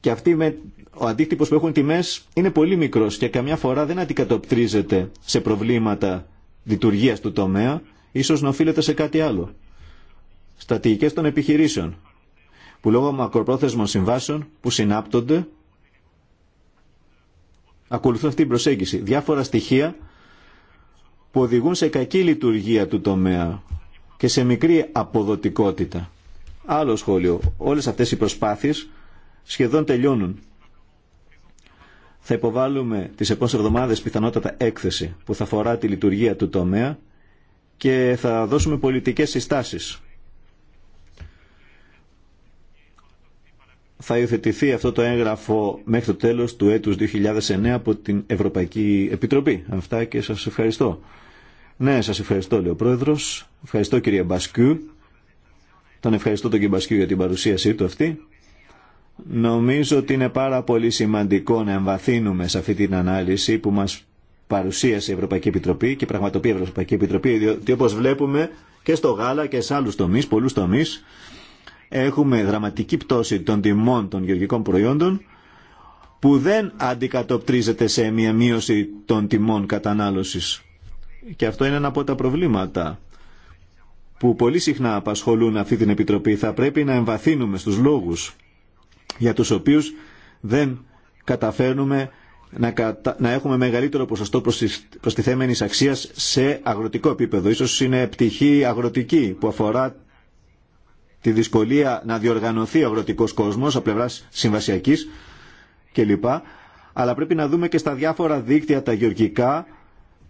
Και αυτή με ο αντίκτυπος που έχουν τιμές είναι πολύ μικρός και καμιά φορά δεν αντικατοπτρίζεται σε προβλήματα λειτουργία του τομέα, ίσως να οφείλεται σε κάτι άλλο. Στατικές των επιχειρήσεων, που λόγω μακροπρόθεσμων συμβάσεων που συνάπτονται, ακολουθούν αυτή την προσέγγιση. Διάφορα στοιχεία που οδηγούν σε κακή λειτουργία του τομέα και σε μικρή αποδοτικότητα. Άλλο σχόλιο. Όλες αυτές οι προσπάθειες σχεδόν τελειώνουν θα υποβάλουμε τις επόμενες εβδομάδες πιθανότατα έκθεση που θα αφορά τη λειτουργία του τομέα και θα δώσουμε πολιτικές συστάσεις. Θα υιοθετηθεί αυτό το έγγραφο μέχρι το τέλος του έτους 2009 από την Ευρωπαϊκή Επιτροπή. Αυτά και σας ευχαριστώ. Ναι, σας ευχαριστώ, λέει ο Πρόεδρος. Ευχαριστώ, κύριε Μπασκιού. Τον ευχαριστώ τον κύριο Μπασκιού για την παρουσίασή του αυτή. Νομίζω ότι είναι πάρα πολύ σημαντικό να εμβαθύνουμε σε αυτή την ανάλυση που μας παρουσίασε η Ευρωπαϊκή Επιτροπή και πραγματοποιεί η Ευρωπαϊκή Επιτροπή, διότι όπως βλέπουμε και στο γάλα και σε άλλους τομείς, πολλούς τομείς, έχουμε δραματική πτώση των τιμών των γεωργικών προϊόντων που δεν αντικατοπτρίζεται σε μια μείωση των τιμών κατανάλωσης. Και αυτό είναι ένα από τα προβλήματα που πολύ συχνά απασχολούν αυτή την Επιτροπή. Θα πρέπει να εμβαθύνουμε στους λόγους για τους οποίους δεν καταφέρνουμε να, να έχουμε μεγαλύτερο ποσοστό προστιθέμενης αξίας σε αγροτικό επίπεδο. Ίσως είναι πτυχή αγροτική που αφορά τη δυσκολία να διοργανωθεί ο αγροτικός κόσμος από πλευράς συμβασιακής κλπ. Αλλά πρέπει να δούμε και στα διάφορα δίκτυα τα γεωργικά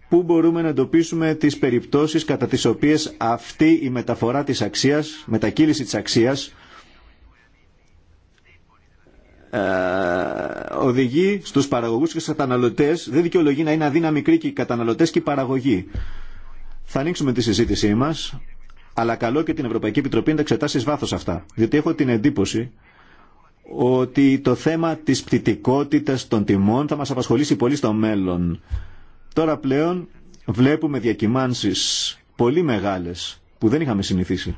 πού μπορούμε να εντοπίσουμε τις περιπτώσεις κατά τις οποίες αυτή η μεταφορά της αξίας, μετακύληση της αξίας ε, οδηγεί στους παραγωγούς και στους καταναλωτές, δεν δικαιολογεί να είναι αδύναμη μικρή και οι καταναλωτές και οι παραγωγοί. Θα ανοίξουμε τη συζήτησή μας, αλλά καλό και την Ευρωπαϊκή Επιτροπή να τα εξετάσει βάθος αυτά. Διότι έχω την εντύπωση ότι το θέμα της πτητικότητας των τιμών θα μας απασχολήσει πολύ στο μέλλον. Τώρα πλέον βλέπουμε διακυμάνσεις πολύ μεγάλες που δεν είχαμε συνηθίσει.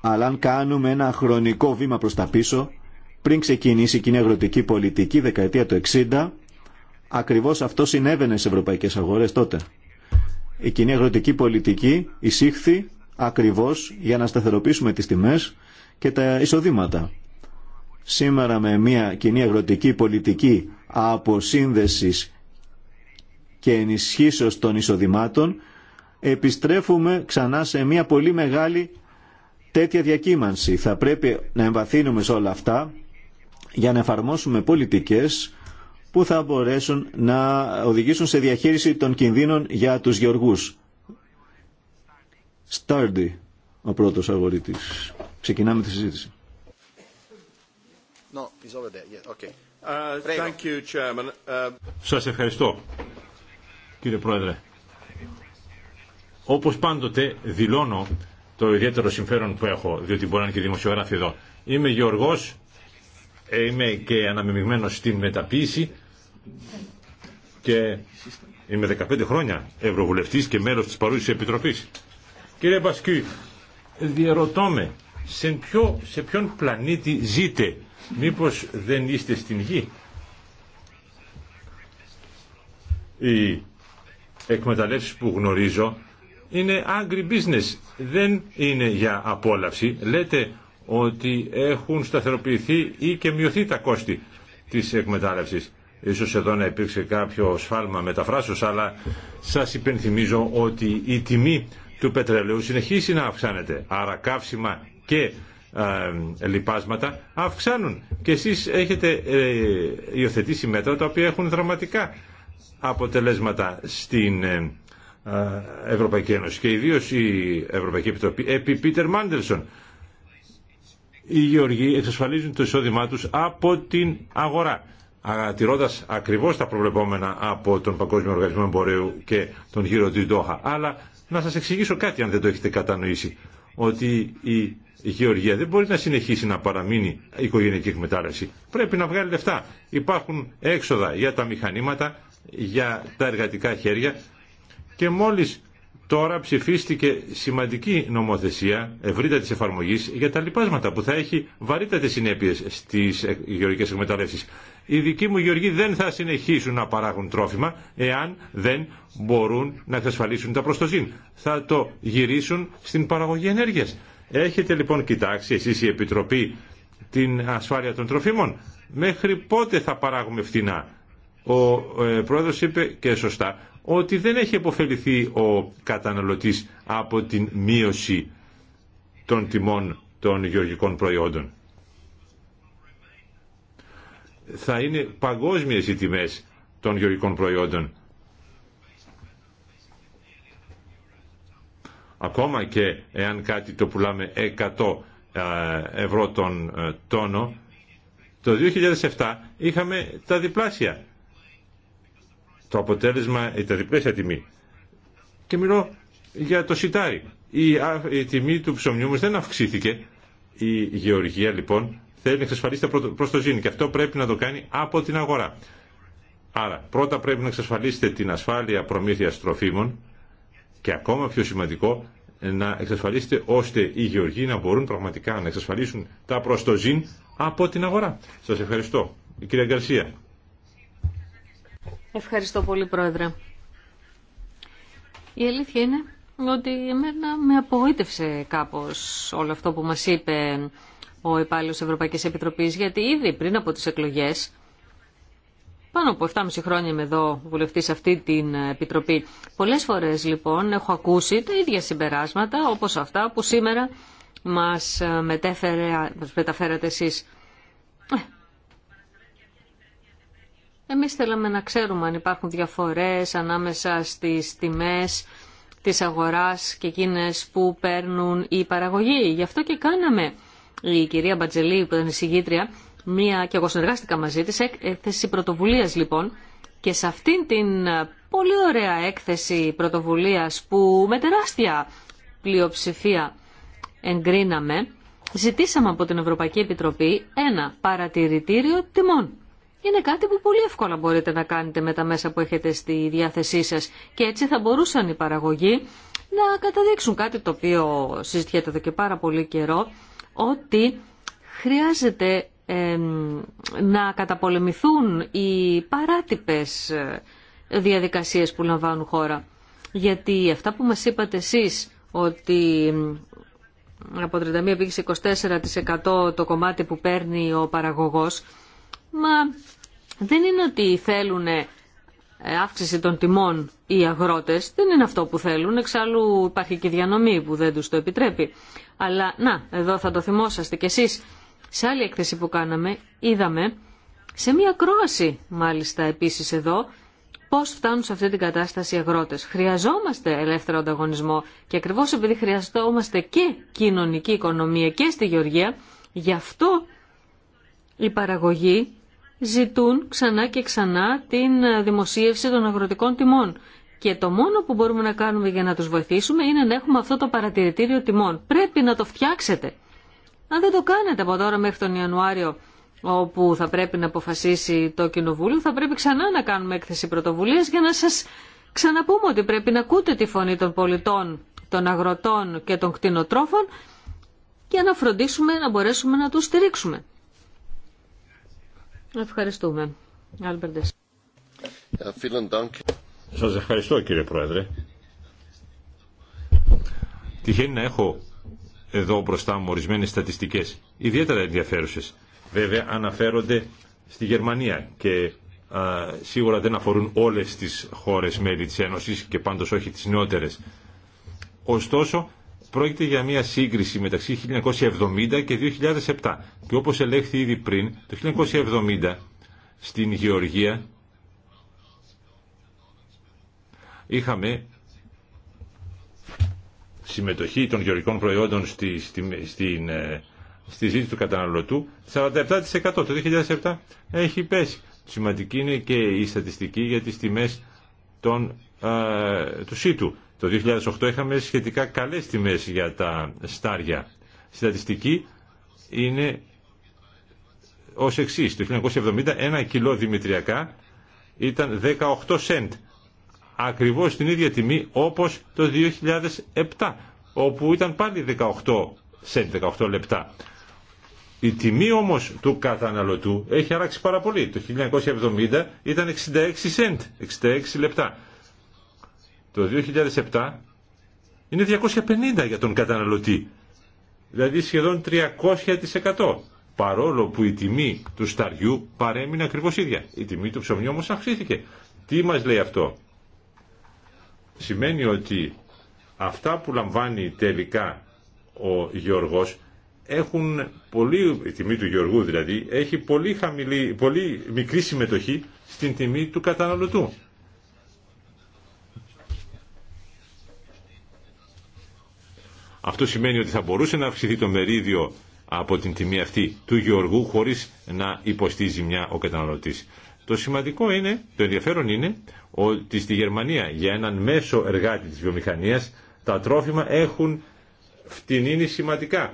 Αλλά αν κάνουμε ένα χρονικό βήμα προς τα πίσω, πριν ξεκινήσει η κοινή αγροτική πολιτική δεκαετία του 60, ακριβώς αυτό συνέβαινε στις ευρωπαϊκές αγορές τότε. Η κοινή αγροτική πολιτική εισήχθη ακριβώς για να σταθεροποιήσουμε τις τιμές και τα εισοδήματα. Σήμερα με μια κοινή αγροτική πολιτική αποσύνδεσης και ενισχύσεως των εισοδημάτων επιστρέφουμε ξανά σε μια πολύ μεγάλη τέτοια διακύμανση. Θα πρέπει να εμβαθύνουμε σε όλα αυτά για να εφαρμόσουμε πολιτικές που θα μπορέσουν να οδηγήσουν σε διαχείριση των κινδύνων για τους γεωργούς. Στάρντι, ο πρώτος αγορήτης. Ξεκινάμε τη συζήτηση. No, okay. Uh, thank you, uh, Σας ευχαριστώ, κύριε Πρόεδρε. Όπως πάντοτε δηλώνω το ιδιαίτερο συμφέρον που έχω, διότι μπορεί να είναι και δημοσιογράφοι εδώ. Είμαι γεωργός ε, είμαι και αναμειγμένο στην μεταποίηση και είμαι 15 χρόνια ευρωβουλευτής και μέλο τη παρούσης επιτροπή. Κύριε Μπασκή, διαρωτώ με, σε, σε ποιον πλανήτη ζείτε, μήπως δεν είστε στην γη. Οι εκμεταλλεύσει που γνωρίζω είναι business, δεν είναι για απόλαυση. Λέτε ότι έχουν σταθεροποιηθεί ή και μειωθεί τα κόστη της εκμετάλλευσης. Ίσως εδώ να υπήρξε κάποιο σφάλμα μεταφράσεως, αλλά σας υπενθυμίζω ότι η τιμή του πετρελαίου συνεχίζει να αυξάνεται. Άρα συνεχισει να αυξανεται αρα καυσιμα και ε, λιπάσματα αυξάνουν. Και εσείς έχετε ε, υιοθετήσει μέτρα τα οποία έχουν δραματικά αποτελέσματα στην ε, ε, Ευρωπαϊκή Ένωση και ιδίως η Ευρωπαϊκή Επιτροπή επί Πίτερ Μάντελσον οι γεωργοί εξασφαλίζουν το εισόδημά τους από την αγορά τηρώντας ακριβώς τα προβλεπόμενα από τον Παγκόσμιο Οργανισμό Εμπορίου και τον γύρο του Ντόχα. Αλλά να σας εξηγήσω κάτι αν δεν το έχετε κατανοήσει. Ότι η γεωργία δεν μπορεί να συνεχίσει να παραμείνει οικογενειακή εκμετάλλευση. Πρέπει να βγάλει λεφτά. Υπάρχουν έξοδα για τα μηχανήματα, για τα εργατικά χέρια και μόλις Τώρα ψηφίστηκε σημαντική νομοθεσία ευρύτατη εφαρμογή για τα λοιπάσματα που θα έχει βαρύτατε συνέπειε στι γεωργικέ εκμεταλλεύσει. Οι δικοί μου γεωργοί δεν θα συνεχίσουν να παράγουν τρόφιμα εάν δεν μπορούν να εξασφαλίσουν τα προστοζήν. Θα το γυρίσουν στην παραγωγή ενέργεια. Έχετε λοιπόν κοιτάξει εσεί η Επιτροπή την ασφάλεια των τροφίμων. Μέχρι πότε θα παράγουμε φθηνά. Ο ε, πρόεδρος είπε και σωστά ότι δεν έχει επωφεληθεί ο καταναλωτής από την μείωση των τιμών των γεωργικών προϊόντων. Θα είναι παγκόσμιες οι τιμές των γεωργικών προϊόντων. Ακόμα και εάν κάτι το πουλάμε 100 ε, ευρώ τον ε, τόνο, το 2007 είχαμε τα διπλάσια το αποτέλεσμα ήταν διπλέσια τιμή. Και μιλώ για το σιτάρι. Η, τιμή του ψωμιού μας δεν αυξήθηκε. Η γεωργία λοιπόν θέλει να εξασφαλίσει τα προστοζήνη και αυτό πρέπει να το κάνει από την αγορά. Άρα πρώτα πρέπει να εξασφαλίσετε την ασφάλεια προμήθειας τροφίμων και ακόμα πιο σημαντικό να εξασφαλίσετε ώστε οι γεωργοί να μπορούν πραγματικά να εξασφαλίσουν τα προστοζήν από την αγορά. Σας ευχαριστώ. Η κυρία Γκαρσία. Ευχαριστώ πολύ, Πρόεδρε. Η αλήθεια είναι ότι εμένα με απογοήτευσε κάπως όλο αυτό που μας είπε ο υπάλληλο Ευρωπαϊκής Επιτροπής, γιατί ήδη πριν από τις εκλογές, πάνω από 7,5 χρόνια είμαι εδώ βουλευτής αυτή την Επιτροπή, πολλές φορές λοιπόν έχω ακούσει τα ίδια συμπεράσματα όπως αυτά που σήμερα μας, μεταφέρατε εσείς. Ε, εμείς θέλαμε να ξέρουμε αν υπάρχουν διαφορές ανάμεσα στις τιμές της αγοράς και εκείνες που παίρνουν οι παραγωγοί. Γι' αυτό και κάναμε η κυρία Μπατζελή που ήταν η μία, και εγώ συνεργάστηκα μαζί της, έκθεση πρωτοβουλίας λοιπόν, και σε αυτήν την πολύ ωραία έκθεση πρωτοβουλίας που με τεράστια πλειοψηφία εγκρίναμε, ζητήσαμε από την Ευρωπαϊκή Επιτροπή ένα παρατηρητήριο τιμών είναι κάτι που πολύ εύκολα μπορείτε να κάνετε με τα μέσα που έχετε στη διάθεσή σας και έτσι θα μπορούσαν οι παραγωγοί να καταδείξουν κάτι το οποίο συζητιέται εδώ και πάρα πολύ καιρό ότι χρειάζεται να καταπολεμηθούν οι παράτυπες ε, διαδικασίες που λαμβάνουν χώρα. Γιατί αυτά που μας είπατε εσείς ότι από 31 πήγε 24% το κομμάτι που παίρνει ο παραγωγός Μα δεν είναι ότι θέλουν ε, αύξηση των τιμών οι αγρότες, δεν είναι αυτό που θέλουν, εξάλλου υπάρχει και διανομή που δεν τους το επιτρέπει. Αλλά να, εδώ θα το θυμόσαστε κι εσείς, σε άλλη έκθεση που κάναμε είδαμε, σε μία κρόαση μάλιστα επίσης εδώ, πώς φτάνουν σε αυτή την κατάσταση οι αγρότες. Χρειαζόμαστε ελεύθερο ανταγωνισμό και ακριβώς επειδή χρειαζόμαστε και κοινωνική οικονομία και στη Γεωργία, γι' αυτό η παραγωγή ζητούν ξανά και ξανά την δημοσίευση των αγροτικών τιμών. Και το μόνο που μπορούμε να κάνουμε για να τους βοηθήσουμε είναι να έχουμε αυτό το παρατηρητήριο τιμών. Πρέπει να το φτιάξετε. Αν δεν το κάνετε από τώρα μέχρι τον Ιανουάριο, όπου θα πρέπει να αποφασίσει το Κοινοβούλιο, θα πρέπει ξανά να κάνουμε έκθεση πρωτοβουλίας για να σας ξαναπούμε ότι πρέπει να ακούτε τη φωνή των πολιτών, των αγροτών και των κτηνοτρόφων και να φροντίσουμε να μπορέσουμε να τους στηρίξουμε. Ευχαριστούμε. Άλμπερντες. Ε, Σας ευχαριστώ κύριε Πρόεδρε. Τυχαίνει να έχω εδώ μπροστά μου ορισμένε στατιστικές, ιδιαίτερα ενδιαφέρουσε, Βέβαια αναφέρονται στη Γερμανία και σίγουρα δεν αφορούν όλες τις χώρες μέλη τη Ένωση και πάντω όχι τις νεότερες. Ωστόσο Πρόκειται για μια σύγκριση μεταξύ 1970 και 2007. Και όπως ελέγχθη ήδη πριν, το 1970 στην Γεωργία είχαμε συμμετοχή των γεωργικών προϊόντων στη, στη, στην, ε, στη ζήτηση του καταναλωτού 47% το 2007 έχει πέσει. Σημαντική είναι και η στατιστική για τις τιμές των, ε, του ΣΥΤΟΥ. Το 2008 είχαμε σχετικά καλές τιμές για τα στάρια. στατιστική είναι ως εξής. Το 1970 ένα κιλό δημητριακά ήταν 18 σέντ. Ακριβώς την ίδια τιμή όπως το 2007 όπου ήταν πάλι 18 σέντ, 18 λεπτά. Η τιμή όμως του καταναλωτού έχει αλλάξει πάρα πολύ. Το 1970 ήταν 66 σέντ, 66 λεπτά το 2007 είναι 250 για τον καταναλωτή. Δηλαδή σχεδόν 300% παρόλο που η τιμή του σταριού παρέμεινε ακριβώς ίδια. Η τιμή του ψωμιού όμως αυξήθηκε. Τι μας λέει αυτό. Σημαίνει ότι αυτά που λαμβάνει τελικά ο Γεωργός έχουν πολύ, η τιμή του Γεωργού δηλαδή, έχει πολύ, χαμηλή, πολύ μικρή συμμετοχή στην τιμή του καταναλωτού. Αυτό σημαίνει ότι θα μπορούσε να αυξηθεί το μερίδιο από την τιμή αυτή του γεωργού χωρίς να υποστεί ζημιά ο καταναλωτής. Το σημαντικό είναι, το ενδιαφέρον είναι ότι στη Γερμανία για έναν μέσο εργάτη της βιομηχανίας τα τρόφιμα έχουν φτηνίνει σημαντικά.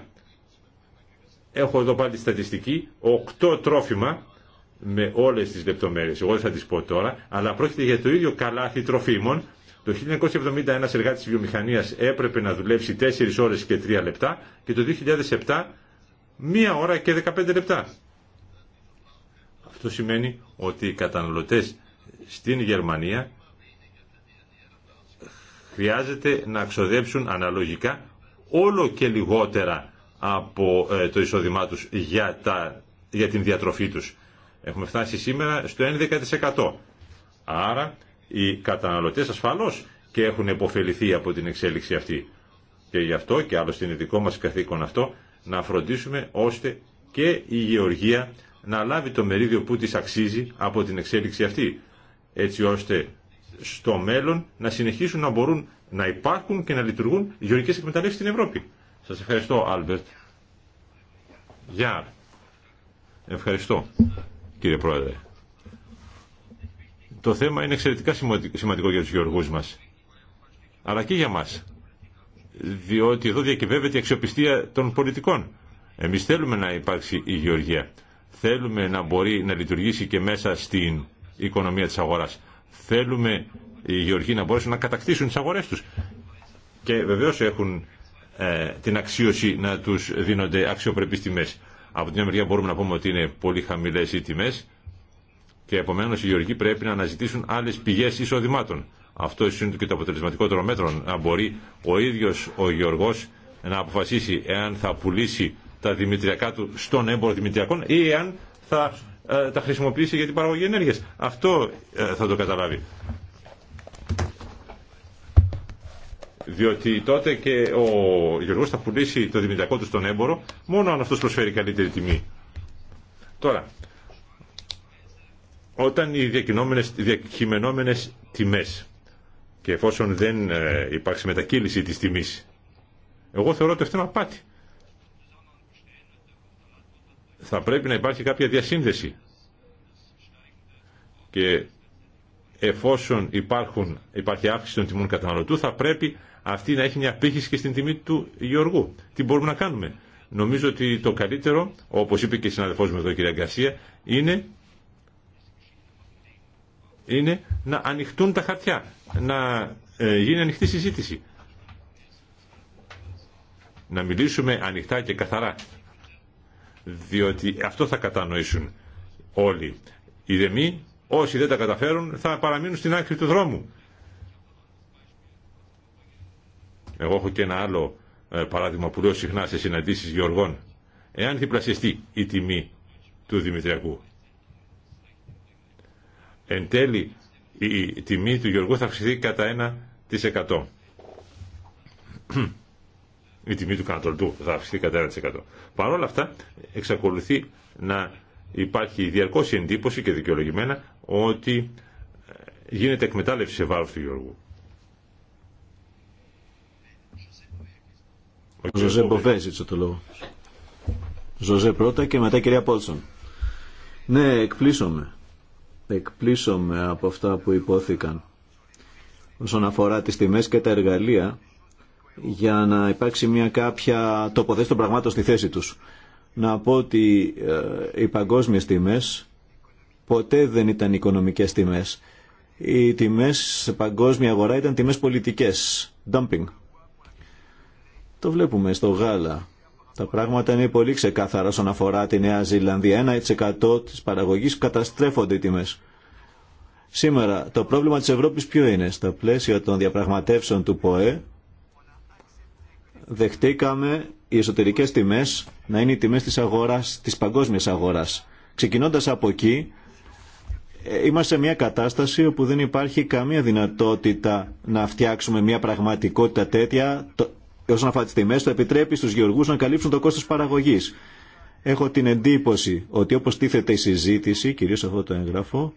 Έχω εδώ πάλι στατιστική, 8 τρόφιμα με όλες τις λεπτομέρειες, εγώ δεν θα τις πω τώρα, αλλά πρόκειται για το ίδιο καλάθι τροφίμων το 1971 ένας εργάτης βιομηχανίας έπρεπε να δουλέψει 4 ώρες και 3 λεπτά και το 2007 1 ώρα και 15 λεπτά. Αυτό σημαίνει ότι οι καταναλωτές στην Γερμανία χρειάζεται να ξοδέψουν αναλογικά όλο και λιγότερα από ε, το εισόδημά τους για, για την διατροφή τους. Έχουμε φτάσει σήμερα στο 11%. Άρα οι καταναλωτές ασφαλώς και έχουν υποφεληθεί από την εξέλιξη αυτή. Και γι' αυτό και άλλωστε είναι δικό μας καθήκον αυτό να φροντίσουμε ώστε και η γεωργία να λάβει το μερίδιο που της αξίζει από την εξέλιξη αυτή έτσι ώστε στο μέλλον να συνεχίσουν να μπορούν να υπάρχουν και να λειτουργούν γεωργικές εκμεταλλεύσεις στην Ευρώπη. Σας ευχαριστώ Άλμπερτ. Γεια. Ευχαριστώ κύριε Πρόεδρε. Το θέμα είναι εξαιρετικά σημαντικό για τους γεωργούς μας, αλλά και για μας, διότι εδώ διακυβεύεται η αξιοπιστία των πολιτικών. Εμείς θέλουμε να υπάρξει η γεωργία. Θέλουμε να μπορεί να λειτουργήσει και μέσα στην οικονομία της αγοράς. Θέλουμε οι γεωργοί να μπορέσουν να κατακτήσουν τις αγορές τους. Και βεβαίως έχουν ε, την αξίωση να τους δίνονται αξιοπρεπείς τιμές. Από την μια μεριά μπορούμε να πούμε ότι είναι πολύ χαμηλές οι τιμές, και επομένω οι γεωργοί πρέπει να αναζητήσουν άλλε πηγές εισοδημάτων. Αυτό είναι και το αποτελεσματικότερο μέτρο, να μπορεί ο ίδιος ο Γεωργό να αποφασίσει εάν θα πουλήσει τα δημητριακά του στον έμπορο δημητριακών ή εάν θα ε, τα χρησιμοποιήσει για την παραγωγή ενέργεια. Αυτό ε, θα το καταλάβει. Διότι τότε και ο Γεωργός θα πουλήσει το δημητριακό του στον έμπορο μόνο αν αυτός προσφέρει καλύτερη τιμή. Τώρα, όταν οι διακειμενόμενες τιμές και εφόσον δεν ε, υπάρξει μετακύληση της τιμής εγώ θεωρώ ότι αυτό είναι απάτη θα πρέπει να υπάρχει κάποια διασύνδεση και εφόσον υπάρχουν, υπάρχει αύξηση των τιμών καταναλωτού θα πρέπει αυτή να έχει μια πύχηση και στην τιμή του Γεωργού τι μπορούμε να κάνουμε νομίζω ότι το καλύτερο όπως είπε και η συναδελφός μου εδώ η κυρία Γκασία είναι είναι να ανοιχτούν τα χαρτιά, να ε, γίνει ανοιχτή συζήτηση. Να μιλήσουμε ανοιχτά και καθαρά. Διότι αυτό θα κατανοήσουν όλοι. Οι δεμοί, όσοι δεν τα καταφέρουν, θα παραμείνουν στην άκρη του δρόμου. Εγώ έχω και ένα άλλο ε, παράδειγμα που λέω συχνά σε συναντήσεις γεωργών. Εάν διπλασιαστεί η τιμή του Δημητριακού εν τέλει η τιμή του Γιώργου θα αυξηθεί κατά 1%. Η τιμή του Κανατολτού θα αυξηθεί κατά 1%. Παρ' όλα αυτά εξακολουθεί να υπάρχει διαρκώς η εντύπωση και δικαιολογημένα ότι ε, γίνεται εκμετάλλευση σε βάρος του Γιώργου. Ζωζέ Μποβέζη, το λόγο. Ζωζέ πρώτα και μετά κυρία Πόλσον. Ναι, εκπλήσωμε εκπλήσωμαι από αυτά που υπόθηκαν όσον αφορά τις τιμές και τα εργαλεία για να υπάρξει μια κάποια τοποθέτηση των πραγμάτων στη θέση τους. Να πω ότι ε, οι παγκόσμιες τιμές ποτέ δεν ήταν οικονομικές τιμές. Οι τιμές σε παγκόσμια αγορά ήταν τιμές πολιτικές, dumping. Το βλέπουμε στο γάλα, τα πράγματα είναι πολύ ξεκάθαρα όσον αφορά τη Νέα Ζηλανδία. 1% της παραγωγής καταστρέφονται οι τιμές. Σήμερα το πρόβλημα της Ευρώπης ποιο είναι. Στα πλαίσια των διαπραγματεύσεων του ΠΟΕ δεχτήκαμε οι εσωτερικές τιμές να είναι οι τιμές της αγοράς, της παγκόσμιας αγοράς. Ξεκινώντας από εκεί, είμαστε σε μια κατάσταση όπου δεν υπάρχει καμία δυνατότητα να φτιάξουμε μια πραγματικότητα τέτοια ε, όσον αφορά τι τιμέ, το επιτρέπει στου γεωργού να καλύψουν το κόστο παραγωγή. Έχω την εντύπωση ότι όπω τίθεται η συζήτηση, κυρίω αυτό το έγγραφο,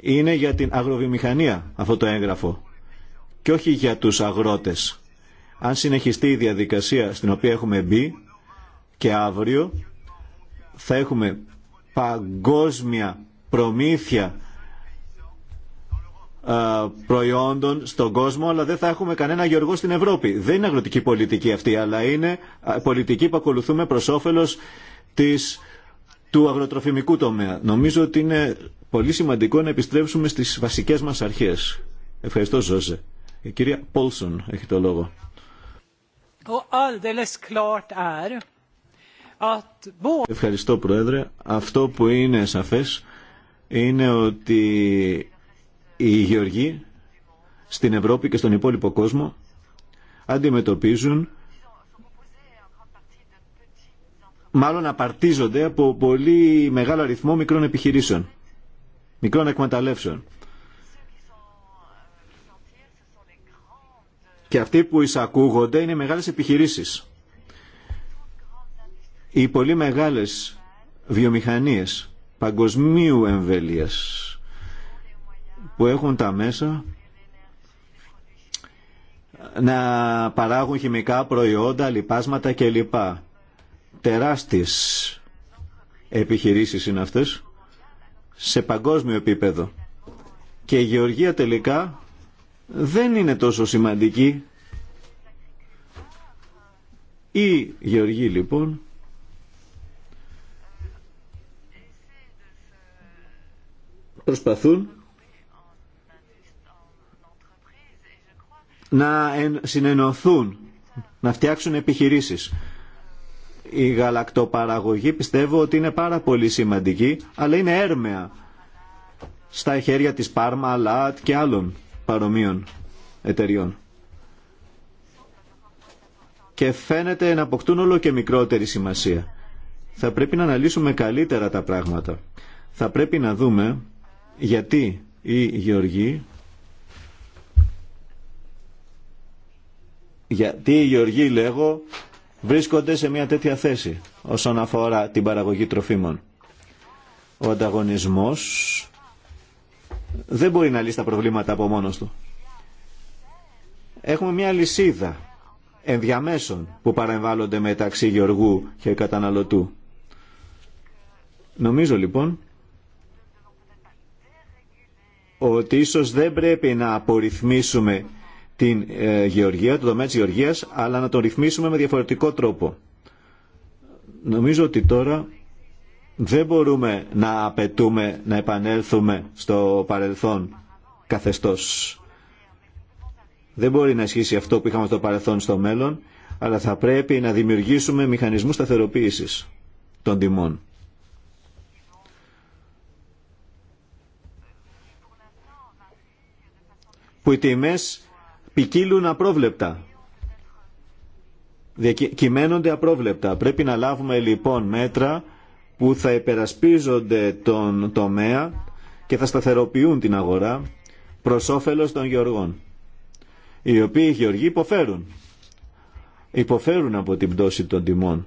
είναι για την αγροβιομηχανία αυτό το έγγραφο και όχι για τους αγρότες. Αν συνεχιστεί η διαδικασία στην οποία έχουμε μπει και αύριο θα έχουμε παγκόσμια προμήθεια προϊόντων στον κόσμο, αλλά δεν θα έχουμε κανένα γεωργό στην Ευρώπη. Δεν είναι αγροτική πολιτική αυτή, αλλά είναι πολιτική που ακολουθούμε προ όφελο του αγροτροφημικού τομέα. Νομίζω ότι είναι πολύ σημαντικό να επιστρέψουμε στις βασικές μας αρχές. Ευχαριστώ, Ζώζε. Η κυρία Πόλσον έχει το λόγο. Ευχαριστώ, Πρόεδρε. Αυτό που είναι σαφές είναι ότι οι γεωργοί στην Ευρώπη και στον υπόλοιπο κόσμο αντιμετωπίζουν μάλλον απαρτίζονται από πολύ μεγάλο αριθμό μικρών επιχειρήσεων, μικρών εκμεταλλεύσεων. Και αυτοί που εισακούγονται είναι μεγάλες επιχειρήσεις. Οι πολύ μεγάλες βιομηχανίες παγκοσμίου εμβέλειας που έχουν τα μέσα να παράγουν χημικά προϊόντα, λιπάσματα κλπ. Τεράστιες επιχειρήσεις είναι αυτές σε παγκόσμιο επίπεδο. Και η γεωργία τελικά δεν είναι τόσο σημαντική. Η γεωργία λοιπόν προσπαθούν να συνενωθούν, να φτιάξουν επιχειρήσεις. Η γαλακτοπαραγωγή πιστεύω ότι είναι πάρα πολύ σημαντική, αλλά είναι έρμεα στα χέρια της Πάρμα, ΛΑΤ και άλλων παρομοίων εταιριών. Και φαίνεται να αποκτούν όλο και μικρότερη σημασία. Θα πρέπει να αναλύσουμε καλύτερα τα πράγματα. Θα πρέπει να δούμε γιατί οι γεωργοί γιατί οι γεωργοί, λέγω, βρίσκονται σε μια τέτοια θέση όσον αφορά την παραγωγή τροφίμων. Ο ανταγωνισμός δεν μπορεί να λύσει τα προβλήματα από μόνος του. Έχουμε μια λυσίδα ενδιαμέσων που παρεμβάλλονται μεταξύ γεωργού και καταναλωτού. Νομίζω λοιπόν ότι ίσως δεν πρέπει να απορριθμίσουμε την ε, γεωργία, το τομέα της γεωργίας, αλλά να τον ρυθμίσουμε με διαφορετικό τρόπο. Νομίζω ότι τώρα δεν μπορούμε να απαιτούμε να επανέλθουμε στο παρελθόν καθεστώς. Δεν μπορεί να ισχύσει αυτό που είχαμε στο παρελθόν στο μέλλον, αλλά θα πρέπει να δημιουργήσουμε μηχανισμούς σταθεροποίησης των τιμών. που οι τιμές ποικίλουν απρόβλεπτα. Κυμαίνονται απρόβλεπτα. Πρέπει να λάβουμε λοιπόν μέτρα που θα υπερασπίζονται τον τομέα και θα σταθεροποιούν την αγορά προς όφελος των γεωργών, οι οποίοι οι γεωργοί υποφέρουν. Υποφέρουν από την πτώση των τιμών.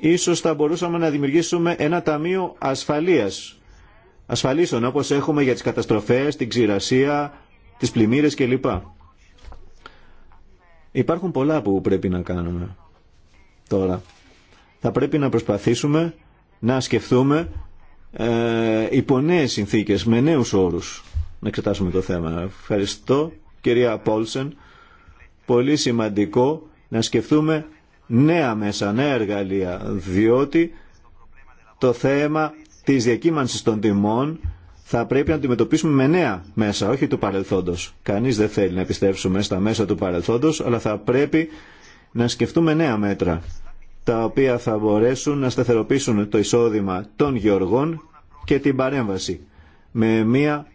Ίσως θα μπορούσαμε να δημιουργήσουμε ένα ταμείο ασφαλείας ασφαλίσεων όπως έχουμε για τις καταστροφές, την ξηρασία, τις πλημμύρες κλπ. Υπάρχουν πολλά που πρέπει να κάνουμε τώρα. Θα πρέπει να προσπαθήσουμε να σκεφτούμε ε, υπό συνθήκες, με νέους όρους, να εξετάσουμε το θέμα. Ευχαριστώ κυρία Πόλσεν. Πολύ σημαντικό να σκεφτούμε νέα μέσα, νέα εργαλεία, διότι το θέμα τη διακύμανση των τιμών θα πρέπει να αντιμετωπίσουμε με νέα μέσα, όχι του παρελθόντος. Κανείς δεν θέλει να επιστρέψουμε στα μέσα του παρελθόντος, αλλά θα πρέπει να σκεφτούμε νέα μέτρα, τα οποία θα μπορέσουν να σταθεροποιήσουν το εισόδημα των γεωργών και την παρέμβαση, με μια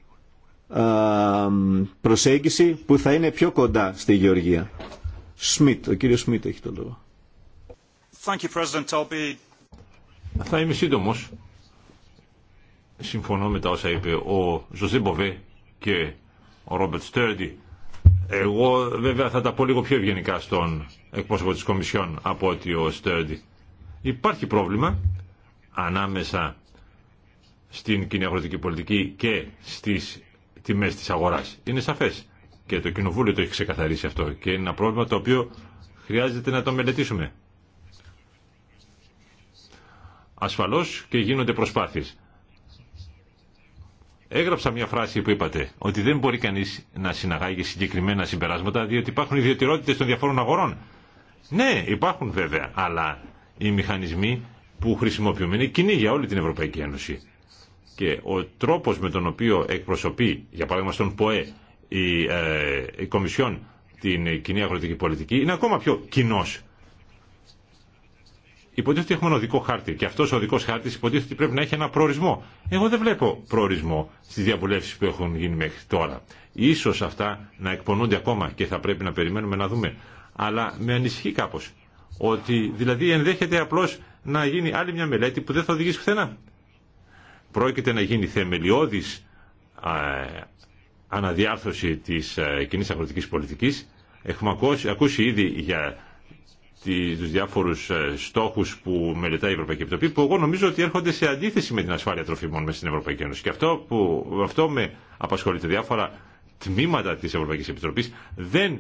προσέγγιση που θα είναι πιο κοντά στη γεωργία. Σμιτ, ο κύριος Σμιτ έχει το λόγο. Θα είμαι σύντομος. Συμφωνώ με τα όσα είπε ο Ζωζέ και ο Ρόμπερτ Στέρντι. Εγώ βέβαια θα τα πω λίγο πιο ευγενικά στον εκπρόσωπο της Κομισιόν από ότι ο Στέρντι. Υπάρχει πρόβλημα ανάμεσα στην κοινή αγροτική πολιτική και στις τιμές της αγοράς. Είναι σαφές και το Κοινοβούλιο το έχει ξεκαθαρίσει αυτό και είναι ένα πρόβλημα το οποίο χρειάζεται να το μελετήσουμε. Ασφαλώς και γίνονται προσπάθειες έγραψα μια φράση που είπατε, ότι δεν μπορεί κανείς να συναγάγει συγκεκριμένα συμπεράσματα, διότι υπάρχουν ιδιωτερότητε των διαφόρων αγορών. Ναι, υπάρχουν βέβαια, αλλά οι μηχανισμοί που χρησιμοποιούμε είναι κοινοί για όλη την Ευρωπαϊκή Ένωση. Και ο τρόπος με τον οποίο εκπροσωπεί, για παράδειγμα στον ΠΟΕ, η, ε, η Κομισιόν την κοινή αγροτική πολιτική, είναι ακόμα πιο κοινό. Υποτίθεται ότι έχουμε ένα οδικό χάρτη και αυτό ο οδικό χάρτη υποτίθεται ότι πρέπει να έχει ένα προορισμό. Εγώ δεν βλέπω προορισμό στι διαβουλεύσει που έχουν γίνει μέχρι τώρα. σω αυτά να εκπονούνται ακόμα και θα πρέπει να περιμένουμε να δούμε. Αλλά με ανησυχεί κάπω. Ότι δηλαδή ενδέχεται απλώ να γίνει άλλη μια μελέτη που δεν θα οδηγήσει πουθενά. Πρόκειται να γίνει θεμελιώδη αναδιάρθρωση τη ε, κοινή αγροτική πολιτική. Έχουμε ακούσει, ακούσει ήδη για του διάφορου ε, στόχου που μελετάει η Ευρωπαϊκή Επιτροπή που εγώ νομίζω ότι έρχονται σε αντίθεση με την ασφάλεια τροφίμων μέσα στην Ευρωπαϊκή Ένωση. Και αυτό που αυτό με απασχολεί διάφορα τμήματα της Ευρωπαϊκής Επιτροπής δεν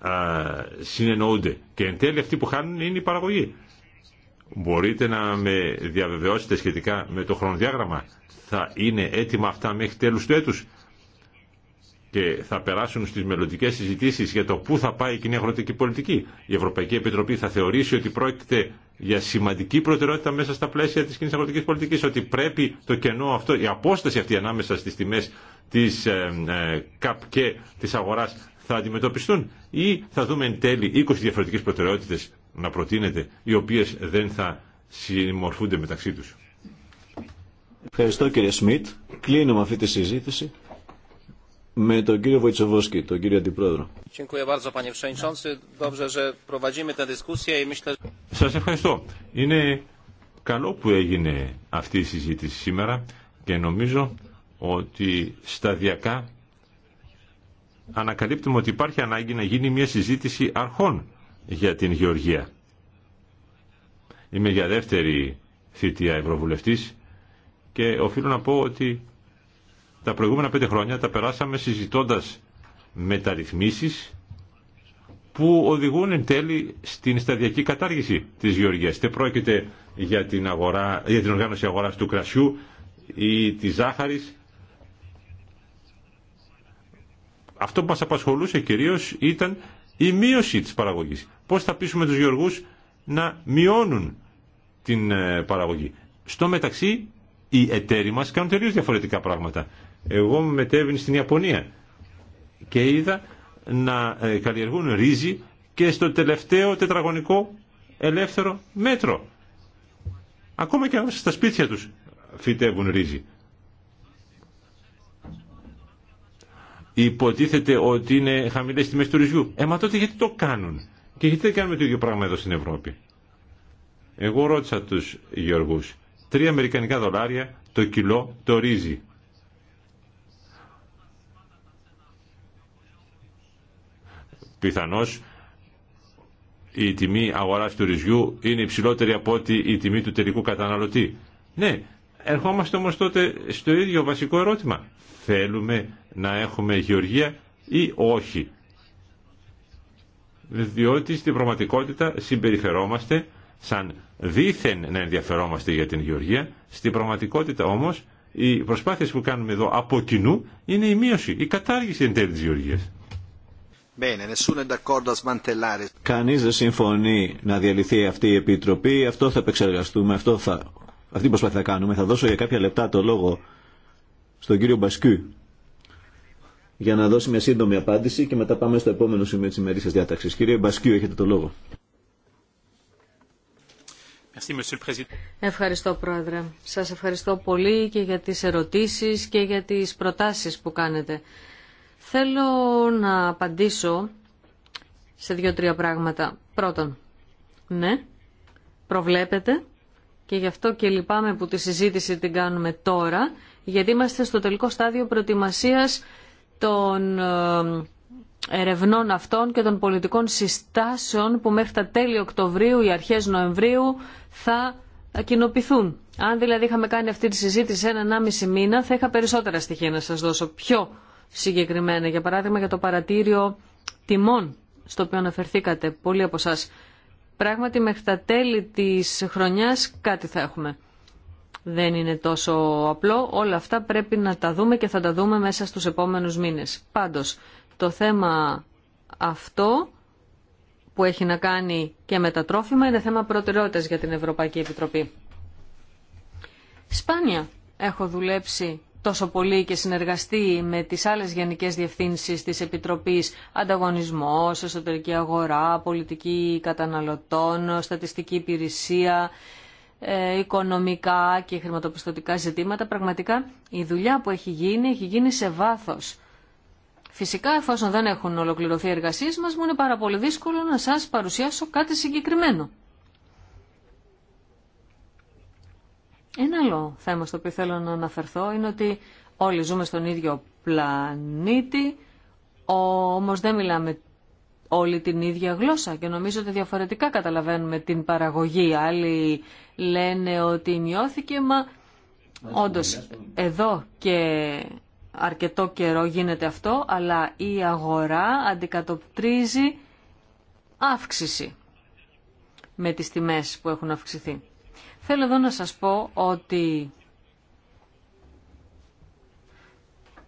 α, συνεννοούνται. Και εν τέλει αυτοί που χάνουν είναι η παραγωγή. Μπορείτε να με διαβεβαιώσετε σχετικά με το χρονοδιάγραμμα. Θα είναι έτοιμα αυτά μέχρι τέλους του έτους και θα περάσουν στις μελλοντικές συζητήσεις για το πού θα πάει η κοινή αγροτική πολιτική. Η Ευρωπαϊκή Επιτροπή θα θεωρήσει ότι πρόκειται για σημαντική προτεραιότητα μέσα στα πλαίσια της κοινής αγροτικής πολιτικής, ότι πρέπει το κενό αυτό, η απόσταση αυτή ανάμεσα στις τιμές της ε, ε ΚΑΠ και της αγοράς θα αντιμετωπιστούν ή θα δούμε εν τέλει 20 διαφορετικές προτεραιότητες να προτείνεται, οι οποίες δεν θα συμμορφούνται μεταξύ τους. Ευχαριστώ κύριε Σμιτ. Κλείνουμε αυτή τη συζήτηση με τον κύριο Βοητσοβόσκη, τον κύριο Αντιπρόεδρο. Σας ευχαριστώ. Είναι καλό που έγινε αυτή η συζήτηση σήμερα και νομίζω ότι σταδιακά ανακαλύπτουμε ότι υπάρχει ανάγκη να γίνει μια συζήτηση αρχών για την Γεωργία. Είμαι για δεύτερη θητεία Ευρωβουλευτής και οφείλω να πω ότι τα προηγούμενα πέντε χρόνια τα περάσαμε συζητώντας μεταρρυθμίσεις που οδηγούν εν τέλει στην σταδιακή κατάργηση της γεωργίας. Δεν πρόκειται για την, αγορά, για την οργάνωση αγοράς του κρασιού ή της ζάχαρης. Αυτό που μας απασχολούσε κυρίως ήταν η μείωση της παραγωγής. Πώς θα πείσουμε τους γεωργούς να μειώνουν την ε, παραγωγή. Στο μεταξύ, οι εταίροι μας κάνουν τελείως διαφορετικά πράγματα. Εγώ μετέβην στην Ιαπωνία και είδα να ε, καλλιεργούν ρύζι και στο τελευταίο τετραγωνικό ελεύθερο μέτρο. Ακόμα και στα σπίτια τους φυτεύουν ρύζι. Υποτίθεται ότι είναι χαμηλέ τιμέ του ρυζιού. Ε, μα τότε γιατί το κάνουν. Και γιατί δεν κάνουμε το ίδιο πράγμα εδώ στην Ευρώπη. Εγώ ρώτησα τους γεωργούς Τρία αμερικανικά δολάρια το κιλό το ρύζι. Πιθανώς η τιμή αγοράς του ρυζιού είναι υψηλότερη από ότι η τιμή του τελικού καταναλωτή. Ναι, ερχόμαστε όμως τότε στο ίδιο βασικό ερώτημα. Θέλουμε να έχουμε γεωργία ή όχι. Διότι στην πραγματικότητα συμπεριφερόμαστε σαν δήθεν να ενδιαφερόμαστε για την γεωργία. Στην πραγματικότητα όμως οι προσπάθειες που κάνουμε εδώ από κοινού είναι η μείωση, η κατάργηση εν τέλει της γεωργίας. Κανείς δεν συμφωνεί να διαλυθεί αυτή η Επιτροπή, αυτό θα επεξεργαστούμε, αυτό θα... αυτή η προσπάθεια θα κάνουμε. Θα δώσω για κάποια λεπτά το λόγο στον κύριο Μπασκού για να δώσει μια σύντομη απάντηση και μετά πάμε στο επόμενο σημείο της σας διάταξης. Κύριε Μπασκού, έχετε το λόγο. Ευχαριστώ Πρόεδρε. Σας ευχαριστώ πολύ και για τις ερωτήσεις και για τις προτάσεις που κάνετε. Θέλω να απαντήσω σε δύο-τρία πράγματα. Πρώτον, ναι, προβλέπετε και γι' αυτό και λυπάμαι που τη συζήτηση την κάνουμε τώρα, γιατί είμαστε στο τελικό στάδιο προετοιμασίας των ε, ερευνών αυτών και των πολιτικών συστάσεων που μέχρι τα τέλη Οκτωβρίου ή αρχές Νοεμβρίου θα κοινοποιηθούν. Αν δηλαδή είχαμε κάνει αυτή τη συζήτηση σε έναν άμιση μήνα, θα είχα περισσότερα στοιχεία να σας δώσω πιο συγκεκριμένα. Για παράδειγμα για το παρατήριο τιμών στο οποίο αναφερθήκατε πολλοί από εσά. Πράγματι μέχρι τα τέλη της χρονιάς κάτι θα έχουμε. Δεν είναι τόσο απλό. Όλα αυτά πρέπει να τα δούμε και θα τα δούμε μέσα στους επόμενους μήνες. Πάντως, το θέμα αυτό που έχει να κάνει και με τα τρόφιμα είναι θέμα προτεραιότητας για την Ευρωπαϊκή Επιτροπή. Σπάνια έχω δουλέψει τόσο πολύ και συνεργαστεί με τις άλλες γενικές διευθύνσεις της Επιτροπής Ανταγωνισμός, Εσωτερική Αγορά, Πολιτική Καταναλωτών, Στατιστική Υπηρεσία, ε, Οικονομικά και Χρηματοπιστωτικά Ζητήματα. Πραγματικά η δουλειά που έχει γίνει, έχει γίνει σε βάθος. Φυσικά, εφόσον δεν έχουν ολοκληρωθεί οι εργασίες μας, μου είναι πάρα πολύ δύσκολο να σας παρουσιάσω κάτι συγκεκριμένο. Ένα άλλο θέμα στο οποίο θέλω να αναφερθώ είναι ότι όλοι ζούμε στον ίδιο πλανήτη, όμως δεν μιλάμε όλη την ίδια γλώσσα και νομίζω ότι διαφορετικά καταλαβαίνουμε την παραγωγή. Άλλοι λένε ότι μειώθηκε, μα όντως εδώ και αρκετό καιρό γίνεται αυτό, αλλά η αγορά αντικατοπτρίζει αύξηση με τις τιμές που έχουν αυξηθεί. Θέλω εδώ να σας πω ότι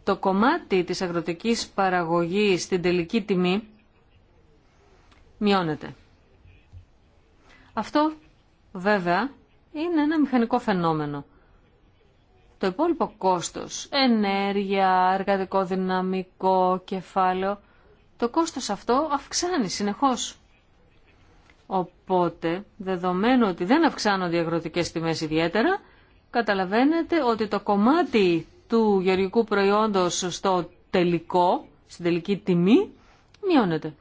το κομμάτι της αγροτικής παραγωγής στην τελική τιμή μειώνεται. Αυτό βέβαια είναι ένα μηχανικό φαινόμενο. Το υπόλοιπο κόστος, ενέργεια, εργατικό δυναμικό, κεφάλαιο, το κόστος αυτό αυξάνει συνεχώς. Οπότε, δεδομένου ότι δεν αυξάνονται οι αγροτικές τιμές ιδιαίτερα, καταλαβαίνετε ότι το κομμάτι του γεωργικού προϊόντος στο τελικό, στην τελική τιμή, μειώνεται.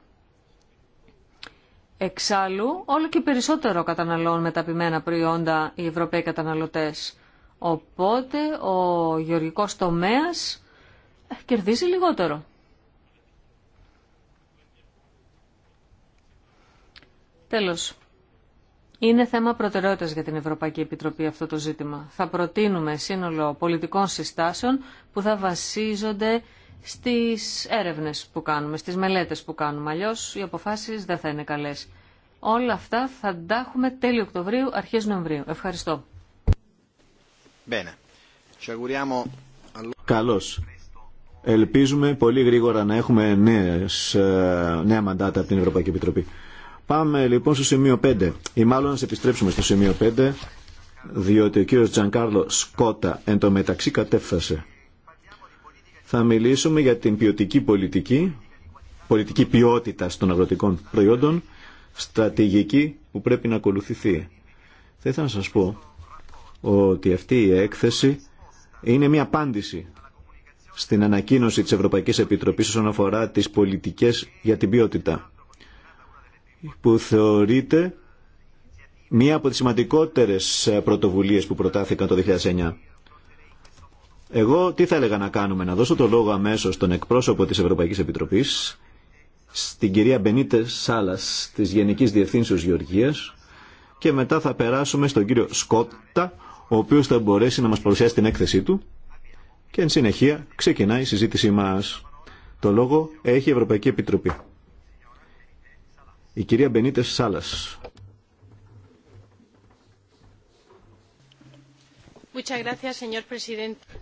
Εξάλλου, όλο και περισσότερο καταναλώνουν μεταπημένα προϊόντα οι Ευρωπαίοι καταναλωτές. Οπότε, ο γεωργικός τομέας ε, κερδίζει λιγότερο. Τέλος, είναι θέμα προτεραιότητας για την Ευρωπαϊκή Επιτροπή αυτό το ζήτημα. Θα προτείνουμε σύνολο πολιτικών συστάσεων που θα βασίζονται στις έρευνες που κάνουμε, στις μελέτες που κάνουμε. Αλλιώ οι αποφάσεις δεν θα είναι καλές. Όλα αυτά θα τα έχουμε τέλειο Οκτωβρίου, αρχές Νοεμβρίου. Ευχαριστώ. Καλώς. Ελπίζουμε πολύ γρήγορα να έχουμε ε, νέα μαντάτα από την Ευρωπαϊκή Επιτροπή. Πάμε λοιπόν στο σημείο 5. Ή μάλλον να επιστρέψουμε στο σημείο 5, διότι ο κύριο Τζανκάρλο Σκότα εν τω μεταξύ κατέφθασε. Θα μιλήσουμε για την ποιοτική πολιτική, πολιτική ποιότητα των αγροτικών προϊόντων, στρατηγική που πρέπει να ακολουθηθεί. Θα ήθελα να σας πω ότι αυτή η έκθεση είναι μια απάντηση στην ανακοίνωση της Ευρωπαϊκής Επιτροπής όσον αφορά τις πολιτικές για την ποιότητα που θεωρείται μία από τις σημαντικότερες πρωτοβουλίες που προτάθηκαν το 2009. Εγώ τι θα έλεγα να κάνουμε, να δώσω το λόγο αμέσως στον εκπρόσωπο της Ευρωπαϊκής Επιτροπής, στην κυρία Μπενίτε Σάλας της Γενικής Διευθύνσεως Γεωργίας και μετά θα περάσουμε στον κύριο Σκότα, ο οποίος θα μπορέσει να μας παρουσιάσει την έκθεσή του και εν συνεχεία ξεκινάει η συζήτησή μας. Το λόγο έχει η Ευρωπαϊκή Επιτροπή. Η κυρία Μπενίτες Σάλας.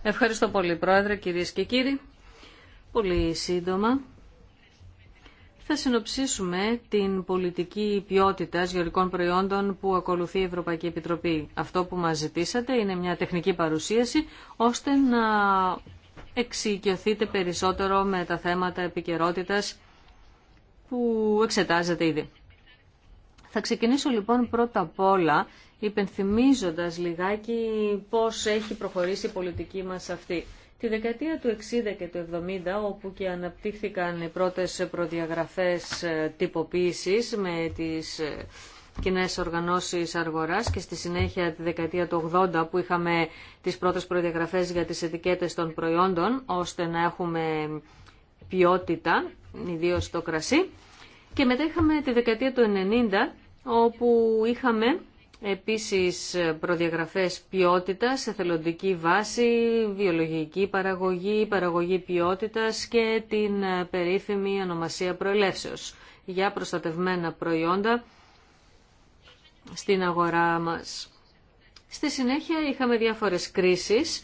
Ευχαριστώ πολύ, Πρόεδρε, κύριε και κύριοι. Πολύ σύντομα. Θα συνοψίσουμε την πολιτική ποιότητα γεωργικών προϊόντων που ακολουθεί η Ευρωπαϊκή Επιτροπή. Αυτό που μας ζητήσατε είναι μια τεχνική παρουσίαση ώστε να εξοικειωθείτε περισσότερο με τα θέματα επικαιρότητα που εξετάζεται ήδη. Θα ξεκινήσω λοιπόν πρώτα απ' όλα υπενθυμίζοντας λιγάκι πώς έχει προχωρήσει η πολιτική μας αυτή. Τη δεκαετία του 60 και του 70, όπου και αναπτύχθηκαν οι πρώτες προδιαγραφές ε, τυποποίησης με τις ε, κοινέ οργανώσεις αργοράς και στη συνέχεια τη δεκαετία του 80 που είχαμε τις πρώτες προδιαγραφές για τις ετικέτες των προϊόντων, ώστε να έχουμε ποιότητα ιδίως το κρασί. Και μετά είχαμε τη δεκαετία του 90 όπου είχαμε επίσης προδιαγραφές ποιότητας, εθελοντική βάση, βιολογική παραγωγή, παραγωγή ποιότητας και την περίφημη ονομασία προελεύσεως για προστατευμένα προϊόντα στην αγορά μας. Στη συνέχεια είχαμε διάφορες κρίσεις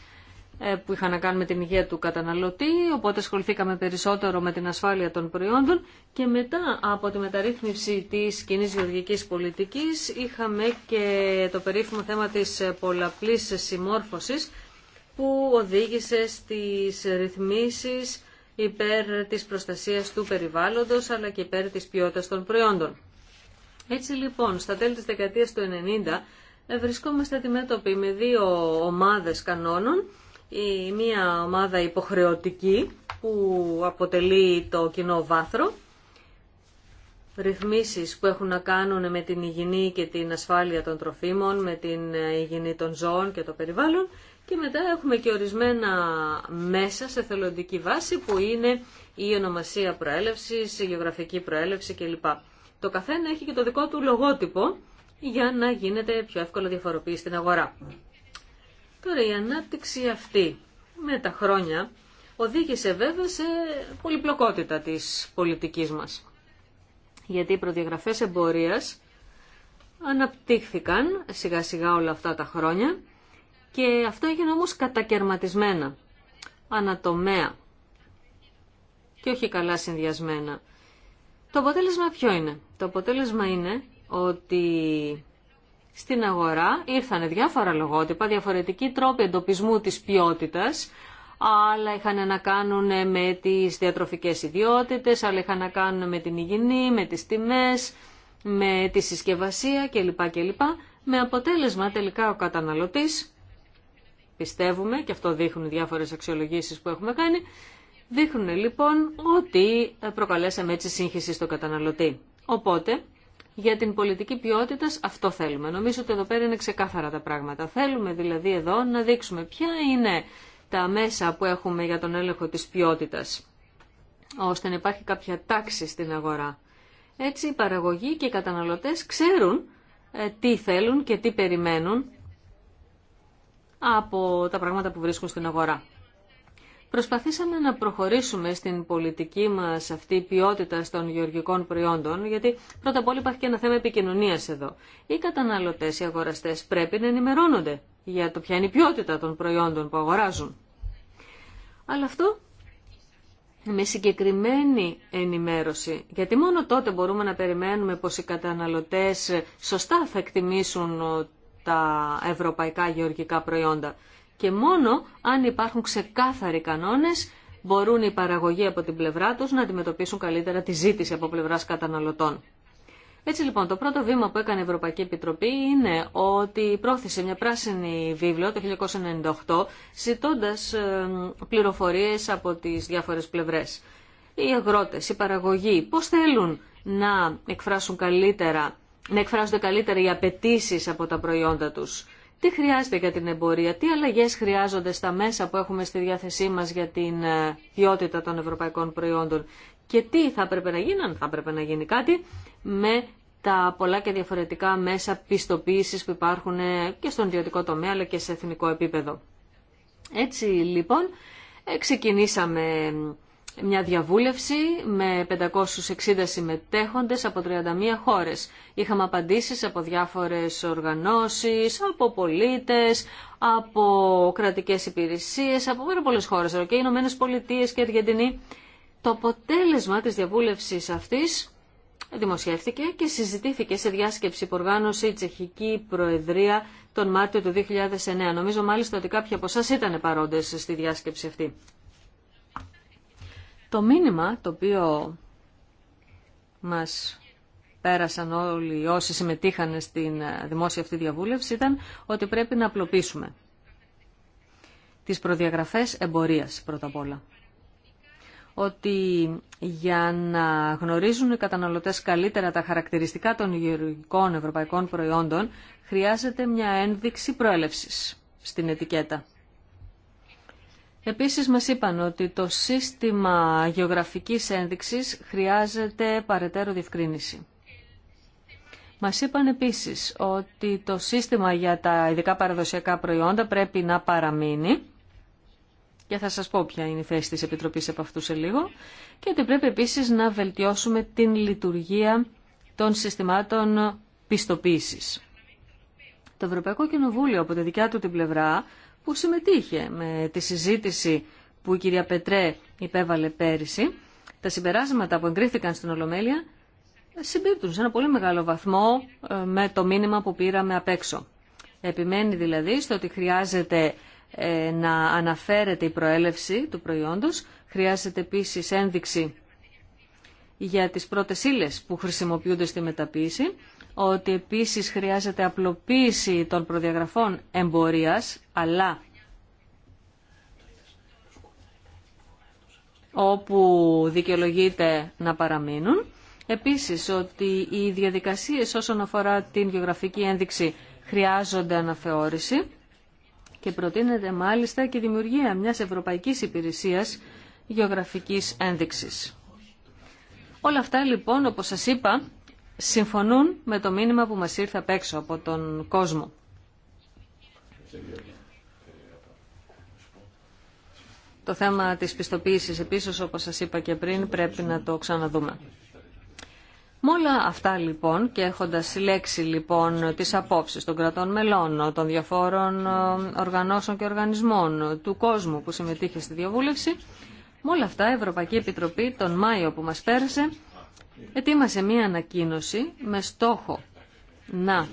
ε, που είχαν να κάνουν με την υγεία του καταναλωτή, οπότε ασχοληθήκαμε περισσότερο με την ασφάλεια των προϊόντων και μετά από τη μεταρρύθμιση της κοινή γεωργικής πολιτικής είχαμε και το περίφημο θέμα της πολλαπλής συμμόρφωσης που οδήγησε στις ρυθμίσεις υπέρ της προστασίας του περιβάλλοντος αλλά και υπέρ της ποιότητας των προϊόντων. Έτσι λοιπόν, στα τέλη της δεκαετίας του 90 ε, βρισκόμαστε αντιμέτωποι με δύο ομάδες κανόνων η μία ομάδα υποχρεωτική που αποτελεί το κοινό βάθρο, ρυθμίσεις που έχουν να κάνουν με την υγιεινή και την ασφάλεια των τροφίμων, με την υγιεινή των ζώων και το περιβάλλον και μετά έχουμε και ορισμένα μέσα σε θελοντική βάση που είναι η ονομασία προέλευσης, η γεωγραφική προέλευση κλπ. Το καθένα έχει και το δικό του λογότυπο για να γίνεται πιο εύκολα διαφοροποίηση στην αγορά. Τώρα η ανάπτυξη αυτή με τα χρόνια οδήγησε βέβαια σε πολυπλοκότητα της πολιτικής μας. Γιατί οι προδιαγραφές εμπορίας αναπτύχθηκαν σιγά σιγά όλα αυτά τα χρόνια και αυτό έγινε όμως κατακαιρματισμένα, ανατομέα και όχι καλά συνδυασμένα. Το αποτέλεσμα ποιο είναι. Το αποτέλεσμα είναι ότι στην αγορά ήρθαν διάφορα λογότυπα, διαφορετικοί τρόποι εντοπισμού της ποιότητας, άλλα είχαν να κάνουν με τις διατροφικές ιδιότητες, άλλα είχαν να κάνουν με την υγιεινή, με τις τιμές, με τη συσκευασία κλπ. κλπ. Με αποτέλεσμα τελικά ο καταναλωτής, πιστεύουμε, και αυτό δείχνουν διάφορες αξιολογήσεις που έχουμε κάνει, δείχνουν λοιπόν ότι προκαλέσαμε έτσι σύγχυση στο καταναλωτή. Οπότε, για την πολιτική ποιότητα αυτό θέλουμε. Νομίζω ότι εδώ πέρα είναι ξεκάθαρα τα πράγματα. Θέλουμε δηλαδή εδώ να δείξουμε ποια είναι τα μέσα που έχουμε για τον έλεγχο της ποιότητας, ώστε να υπάρχει κάποια τάξη στην αγορά. Έτσι οι παραγωγοί και οι καταναλωτές ξέρουν ε, τι θέλουν και τι περιμένουν από τα πράγματα που βρίσκουν στην αγορά. Προσπαθήσαμε να προχωρήσουμε στην πολιτική μας αυτή ποιότητα των γεωργικών προϊόντων, γιατί πρώτα απ' όλα υπάρχει και ένα θέμα επικοινωνίας εδώ. Οι καταναλωτές, οι αγοραστές πρέπει να ενημερώνονται για το ποια είναι η ποιότητα των προϊόντων που αγοράζουν. Αλλά αυτό με συγκεκριμένη ενημέρωση, γιατί μόνο τότε μπορούμε να περιμένουμε πως οι καταναλωτές σωστά θα εκτιμήσουν τα ευρωπαϊκά γεωργικά προϊόντα και μόνο αν υπάρχουν ξεκάθαροι κανόνες μπορούν οι παραγωγοί από την πλευρά τους να αντιμετωπίσουν καλύτερα τη ζήτηση από πλευράς καταναλωτών. Έτσι λοιπόν, το πρώτο βήμα που έκανε η Ευρωπαϊκή Επιτροπή είναι ότι πρόθεσε μια πράσινη βίβλο το 1998, ζητώντας ε, πληροφορίες από τις διάφορες πλευρές. Οι αγρότες, οι παραγωγοί, πώς θέλουν να εκφράσουν καλύτερα, να εκφράζονται καλύτερα οι απαιτήσει από τα προϊόντα τους τι χρειάζεται για την εμπορία, τι αλλαγέ χρειάζονται στα μέσα που έχουμε στη διάθεσή μας για την ε, ποιότητα των ευρωπαϊκών προϊόντων και τι θα έπρεπε να γίνει, αν θα έπρεπε να γίνει κάτι, με τα πολλά και διαφορετικά μέσα πιστοποίησης που υπάρχουν ε, και στον ιδιωτικό τομέα αλλά και σε εθνικό επίπεδο. Έτσι λοιπόν ε, ξεκινήσαμε μια διαβούλευση με 560 συμμετέχοντες από 31 χώρες. Είχαμε απαντήσεις από διάφορες οργανώσεις, από πολίτες, από κρατικές υπηρεσίες, από πάρα πολλές χώρες, και οι Ηνωμένες Πολιτείες και Αργεντινή. Το αποτέλεσμα της διαβούλευσης αυτής δημοσιεύτηκε και συζητήθηκε σε διάσκεψη που οργάνωσε η Τσεχική Προεδρία τον Μάρτιο του 2009. Νομίζω μάλιστα ότι κάποιοι από εσά ήταν παρόντες στη διάσκεψη αυτή. Το μήνυμα το οποίο μας πέρασαν όλοι όσοι συμμετείχαν στην ε, δημόσια αυτή διαβούλευση ήταν ότι πρέπει να απλοποιήσουμε τις προδιαγραφές εμπορίας πρώτα απ' όλα. Ότι για να γνωρίζουν οι καταναλωτές καλύτερα τα χαρακτηριστικά των γεωργικών ευρωπαϊκών προϊόντων χρειάζεται μια ένδειξη προέλευσης στην ετικέτα. Επίσης μας είπαν ότι το σύστημα γεωγραφικής ένδειξης χρειάζεται παρετέρω διευκρίνηση. Μας είπαν επίσης ότι το σύστημα για τα ειδικά παραδοσιακά προϊόντα πρέπει να παραμείνει και θα σας πω ποια είναι η θέση της Επιτροπής από αυτού σε λίγο και ότι πρέπει επίσης να βελτιώσουμε την λειτουργία των συστημάτων πιστοποίησης. Το Ευρωπαϊκό Κοινοβούλιο από τη δικιά του την πλευρά που συμμετείχε με τη συζήτηση που η κυρία Πετρέ υπέβαλε πέρυσι. Τα συμπεράσματα που εγκρίθηκαν στην Ολομέλεια συμπίπτουν σε ένα πολύ μεγάλο βαθμό ε, με το μήνυμα που πήραμε απ' έξω. Επιμένει δηλαδή στο ότι χρειάζεται ε, να αναφέρεται η προέλευση του προϊόντος, χρειάζεται επίσης ένδειξη για τις πρώτες ύλες που χρησιμοποιούνται στη μεταποίηση ότι επίσης χρειάζεται απλοποίηση των προδιαγραφών εμπορίας, αλλά όπου δικαιολογείται να παραμείνουν. Επίσης ότι οι διαδικασίες όσον αφορά την γεωγραφική ένδειξη χρειάζονται αναθεώρηση και προτείνεται μάλιστα και δημιουργία μιας ευρωπαϊκής υπηρεσίας γεωγραφικής ένδειξης. Όλα αυτά λοιπόν όπως σας είπα συμφωνούν με το μήνυμα που μας ήρθε απ' έξω από τον κόσμο. Το θέμα της πιστοποίησης επίσης, όπως σας είπα και πριν, πρέπει να το ξαναδούμε. Με όλα αυτά λοιπόν και έχοντας συλλέξει λοιπόν τις απόψεις των κρατών μελών, των διαφόρων ε, οργανώσεων και οργανισμών του κόσμου που συμμετείχε στη διαβούλευση, με όλα αυτά η Ευρωπαϊκή Επιτροπή τον Μάιο που μας πέρασε ετοίμασε μία ανακοίνωση με στόχο να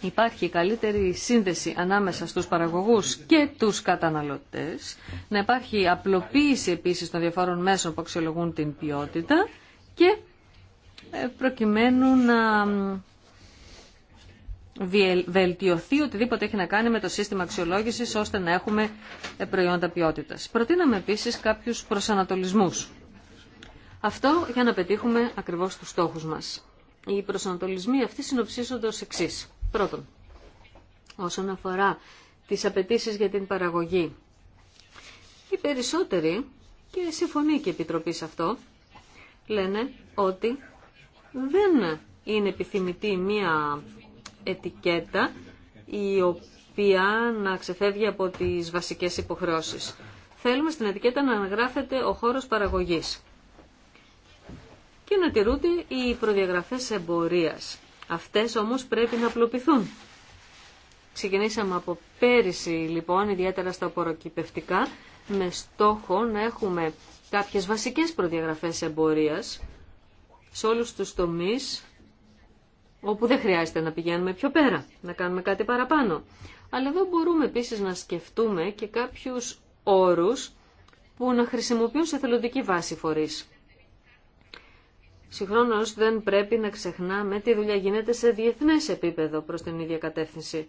υπάρχει καλύτερη σύνδεση ανάμεσα στους παραγωγούς και τους καταναλωτές, να υπάρχει απλοποίηση επίσης των διαφόρων μέσων που αξιολογούν την ποιότητα και ε, προκειμένου να βελτιωθεί οτιδήποτε έχει να κάνει με το σύστημα αξιολόγησης ώστε να έχουμε ε, προϊόντα ποιότητας. Προτείναμε επίσης κάποιους προσανατολισμούς. Αυτό για να πετύχουμε ακριβώς τους στόχους μας. Οι προσανατολισμοί αυτοί συνοψίζονται ως εξή. Πρώτον, όσον αφορά τις απαιτήσει για την παραγωγή. Οι περισσότεροι, και συμφωνεί και η Επιτροπή σε αυτό, λένε ότι δεν είναι επιθυμητή μία ετικέτα η οποία να ξεφεύγει από τις βασικές υποχρεώσεις. Θέλουμε στην ετικέτα να αναγράφεται ο χώρος παραγωγής και να τηρούνται οι προδιαγραφές εμπορίας. Αυτές όμως πρέπει να απλοποιηθούν. Ξεκινήσαμε από πέρυσι λοιπόν, ιδιαίτερα στα απορροκυπευτικά, με στόχο να έχουμε κάποιες βασικές προδιαγραφές εμπορίας σε όλους τους τομείς όπου δεν χρειάζεται να πηγαίνουμε πιο πέρα, να κάνουμε κάτι παραπάνω. Αλλά εδώ μπορούμε επίσης να σκεφτούμε και κάποιους όρους που να χρησιμοποιούν σε θελοντική βάση φορείς. Συγχρόνως δεν πρέπει να ξεχνάμε τι δουλειά γίνεται σε διεθνές επίπεδο προς την ίδια κατεύθυνση.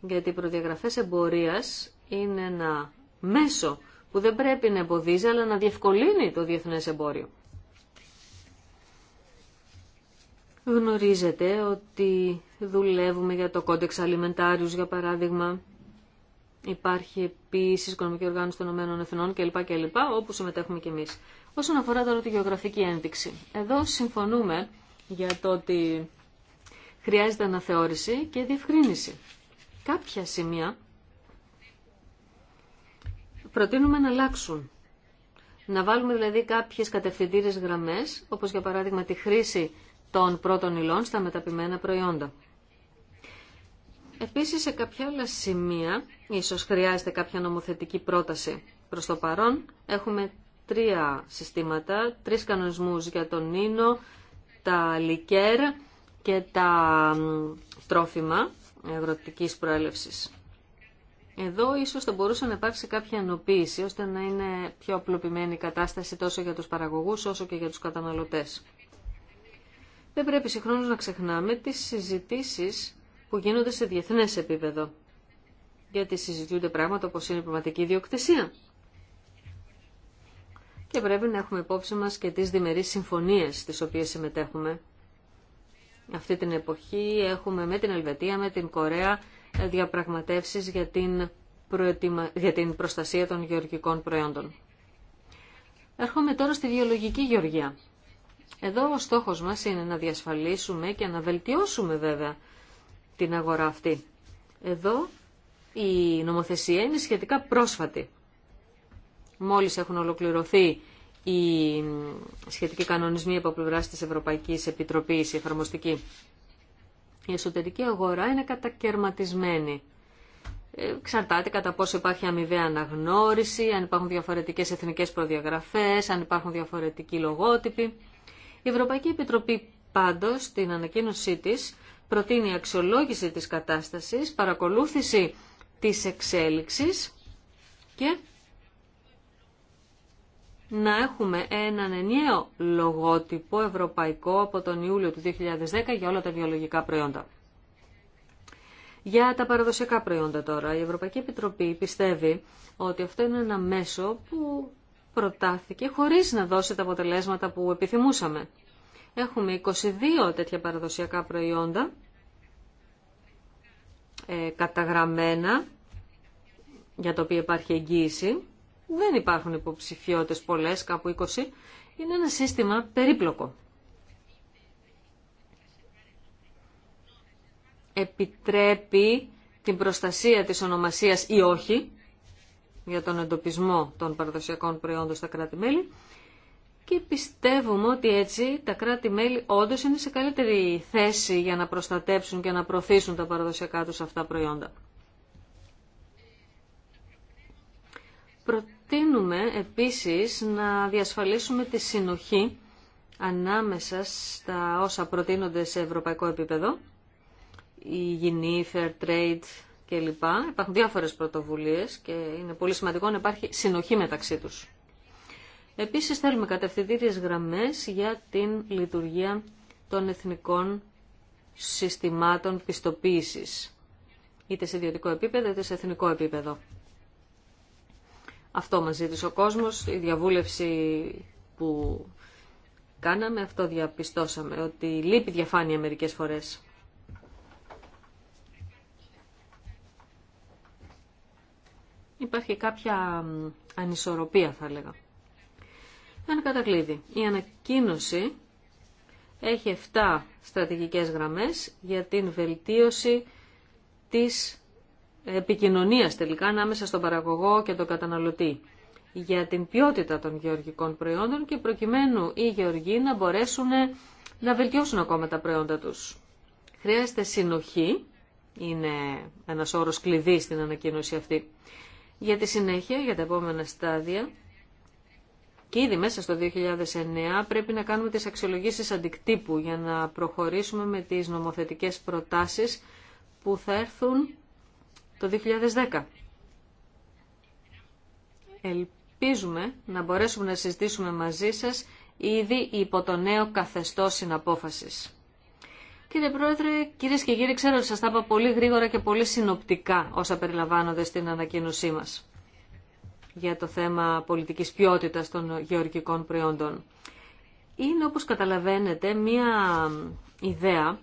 Γιατί οι προδιαγραφές εμπορίας είναι ένα μέσο που δεν πρέπει να εμποδίζει αλλά να διευκολύνει το διεθνές εμπόριο. Γνωρίζετε ότι δουλεύουμε για το κόντεξ αλιμεντάριους, για παράδειγμα. Υπάρχει επίσης οικονομική οργάνωση των κλπ. όπου συμμετέχουμε κι εμείς. Όσον αφορά τώρα τη γεωγραφική ένδειξη, εδώ συμφωνούμε για το ότι χρειάζεται αναθεώρηση και διευκρίνηση. Κάποια σημεία προτείνουμε να αλλάξουν. Να βάλουμε δηλαδή κάποιες κατευθυντήρες γραμμές, όπως για παράδειγμα τη χρήση των πρώτων υλών στα μεταπημένα προϊόντα. Επίσης σε κάποια άλλα σημεία ίσως χρειάζεται κάποια νομοθετική πρόταση. Προς το παρόν έχουμε τρία συστήματα, τρεις κανονισμούς για τον Νίνο, τα λικέρ και τα τρόφιμα αγροτικής προέλευσης. Εδώ ίσως θα μπορούσε να υπάρξει κάποια ενοποίηση, ώστε να είναι πιο απλοποιημένη η κατάσταση τόσο για τους παραγωγούς όσο και για τους καταναλωτές. Δεν πρέπει συγχρόνως να ξεχνάμε τις συζητήσεις που γίνονται σε διεθνές επίπεδο, γιατί συζητούνται πράγματα όπως είναι η πραγματική ιδιοκτησία και πρέπει να έχουμε υπόψη μας και τις διμερείς συμφωνίες στις οποίες συμμετέχουμε. Αυτή την εποχή έχουμε με την Ελβετία, με την Κορέα ε, διαπραγματεύσεις για την, προστασία των γεωργικών προϊόντων. Έρχομαι τώρα στη βιολογική γεωργία. Εδώ ο στόχος μας είναι να διασφαλίσουμε και να βελτιώσουμε βέβαια την αγορά αυτή. Εδώ η νομοθεσία είναι σχετικά πρόσφατη μόλις έχουν ολοκληρωθεί οι σχετικοί κανονισμοί από πλευρά της Ευρωπαϊκής Επιτροπής, η εφαρμοστική. Η εσωτερική αγορά είναι κατακαιρματισμένη. Ε, Ξαρτάται κατά πόσο υπάρχει αμοιβαία αναγνώριση, αν υπάρχουν διαφορετικές εθνικές προδιαγραφές, αν υπάρχουν διαφορετικοί λογότυποι. Η Ευρωπαϊκή Επιτροπή πάντως στην ανακοίνωσή της προτείνει αξιολόγηση της κατάστασης, παρακολούθηση της εξέλιξης και να έχουμε έναν ενιαίο λογότυπο ευρωπαϊκό από τον Ιούλιο του 2010 για όλα τα βιολογικά προϊόντα. Για τα παραδοσιακά προϊόντα τώρα, η Ευρωπαϊκή Επιτροπή πιστεύει ότι αυτό είναι ένα μέσο που προτάθηκε χωρίς να δώσει τα αποτελέσματα που επιθυμούσαμε. Έχουμε 22 τέτοια παραδοσιακά προϊόντα ε, καταγραμμένα, για το οποίο υπάρχει εγγύηση δεν υπάρχουν υποψηφιότητες πολλές, κάπου 20. Είναι ένα σύστημα περίπλοκο. Επιτρέπει την προστασία της ονομασίας ή όχι για τον εντοπισμό των παραδοσιακών προϊόντων στα κράτη-μέλη και πιστεύουμε ότι έτσι τα κράτη-μέλη όντως είναι σε καλύτερη θέση για να προστατέψουν και να προωθήσουν τα παραδοσιακά τους αυτά προϊόντα. προτείνουμε επίσης να διασφαλίσουμε τη συνοχή ανάμεσα στα όσα προτείνονται σε ευρωπαϊκό επίπεδο, η fair trade κλπ. Υπάρχουν διάφορες πρωτοβουλίες και είναι πολύ σημαντικό να υπάρχει συνοχή μεταξύ τους. Επίσης θέλουμε κατευθυντήριες γραμμές για την λειτουργία των εθνικών συστημάτων πιστοποίησης, είτε σε ιδιωτικό επίπεδο είτε σε εθνικό επίπεδο. Αυτό μας ζήτησε ο κόσμος, η διαβούλευση που κάναμε, αυτό διαπιστώσαμε, ότι λείπει διαφάνεια μερικές φορές. Υπάρχει κάποια ανισορροπία θα έλεγα. Ένα κατακλείδι. Η ανακοίνωση έχει 7 στρατηγικές γραμμές για την βελτίωση της επικοινωνίας τελικά ανάμεσα στον παραγωγό και τον καταναλωτή για την ποιότητα των γεωργικών προϊόντων και προκειμένου οι γεωργοί να μπορέσουν να βελτιώσουν ακόμα τα προϊόντα τους. Χρειάζεται συνοχή, είναι ένας όρος κλειδί στην ανακοίνωση αυτή. Για τη συνέχεια, για τα επόμενα στάδια, και ήδη μέσα στο 2009 πρέπει να κάνουμε τις αξιολογήσεις αντικτύπου για να προχωρήσουμε με τις νομοθετικές προτάσεις που θα έρθουν το 2010. Ελπίζουμε να μπορέσουμε να συζητήσουμε μαζί σας ήδη υπό το νέο καθεστώς συναπόφασης. Κύριε Πρόεδρε, κυρίες και κύριοι, ξέρω ότι σας τα είπα πολύ γρήγορα και πολύ συνοπτικά όσα περιλαμβάνονται στην ανακοίνωσή μας για το θέμα πολιτικής ποιότητας των γεωργικών προϊόντων. Είναι, όπως καταλαβαίνετε, μία ιδέα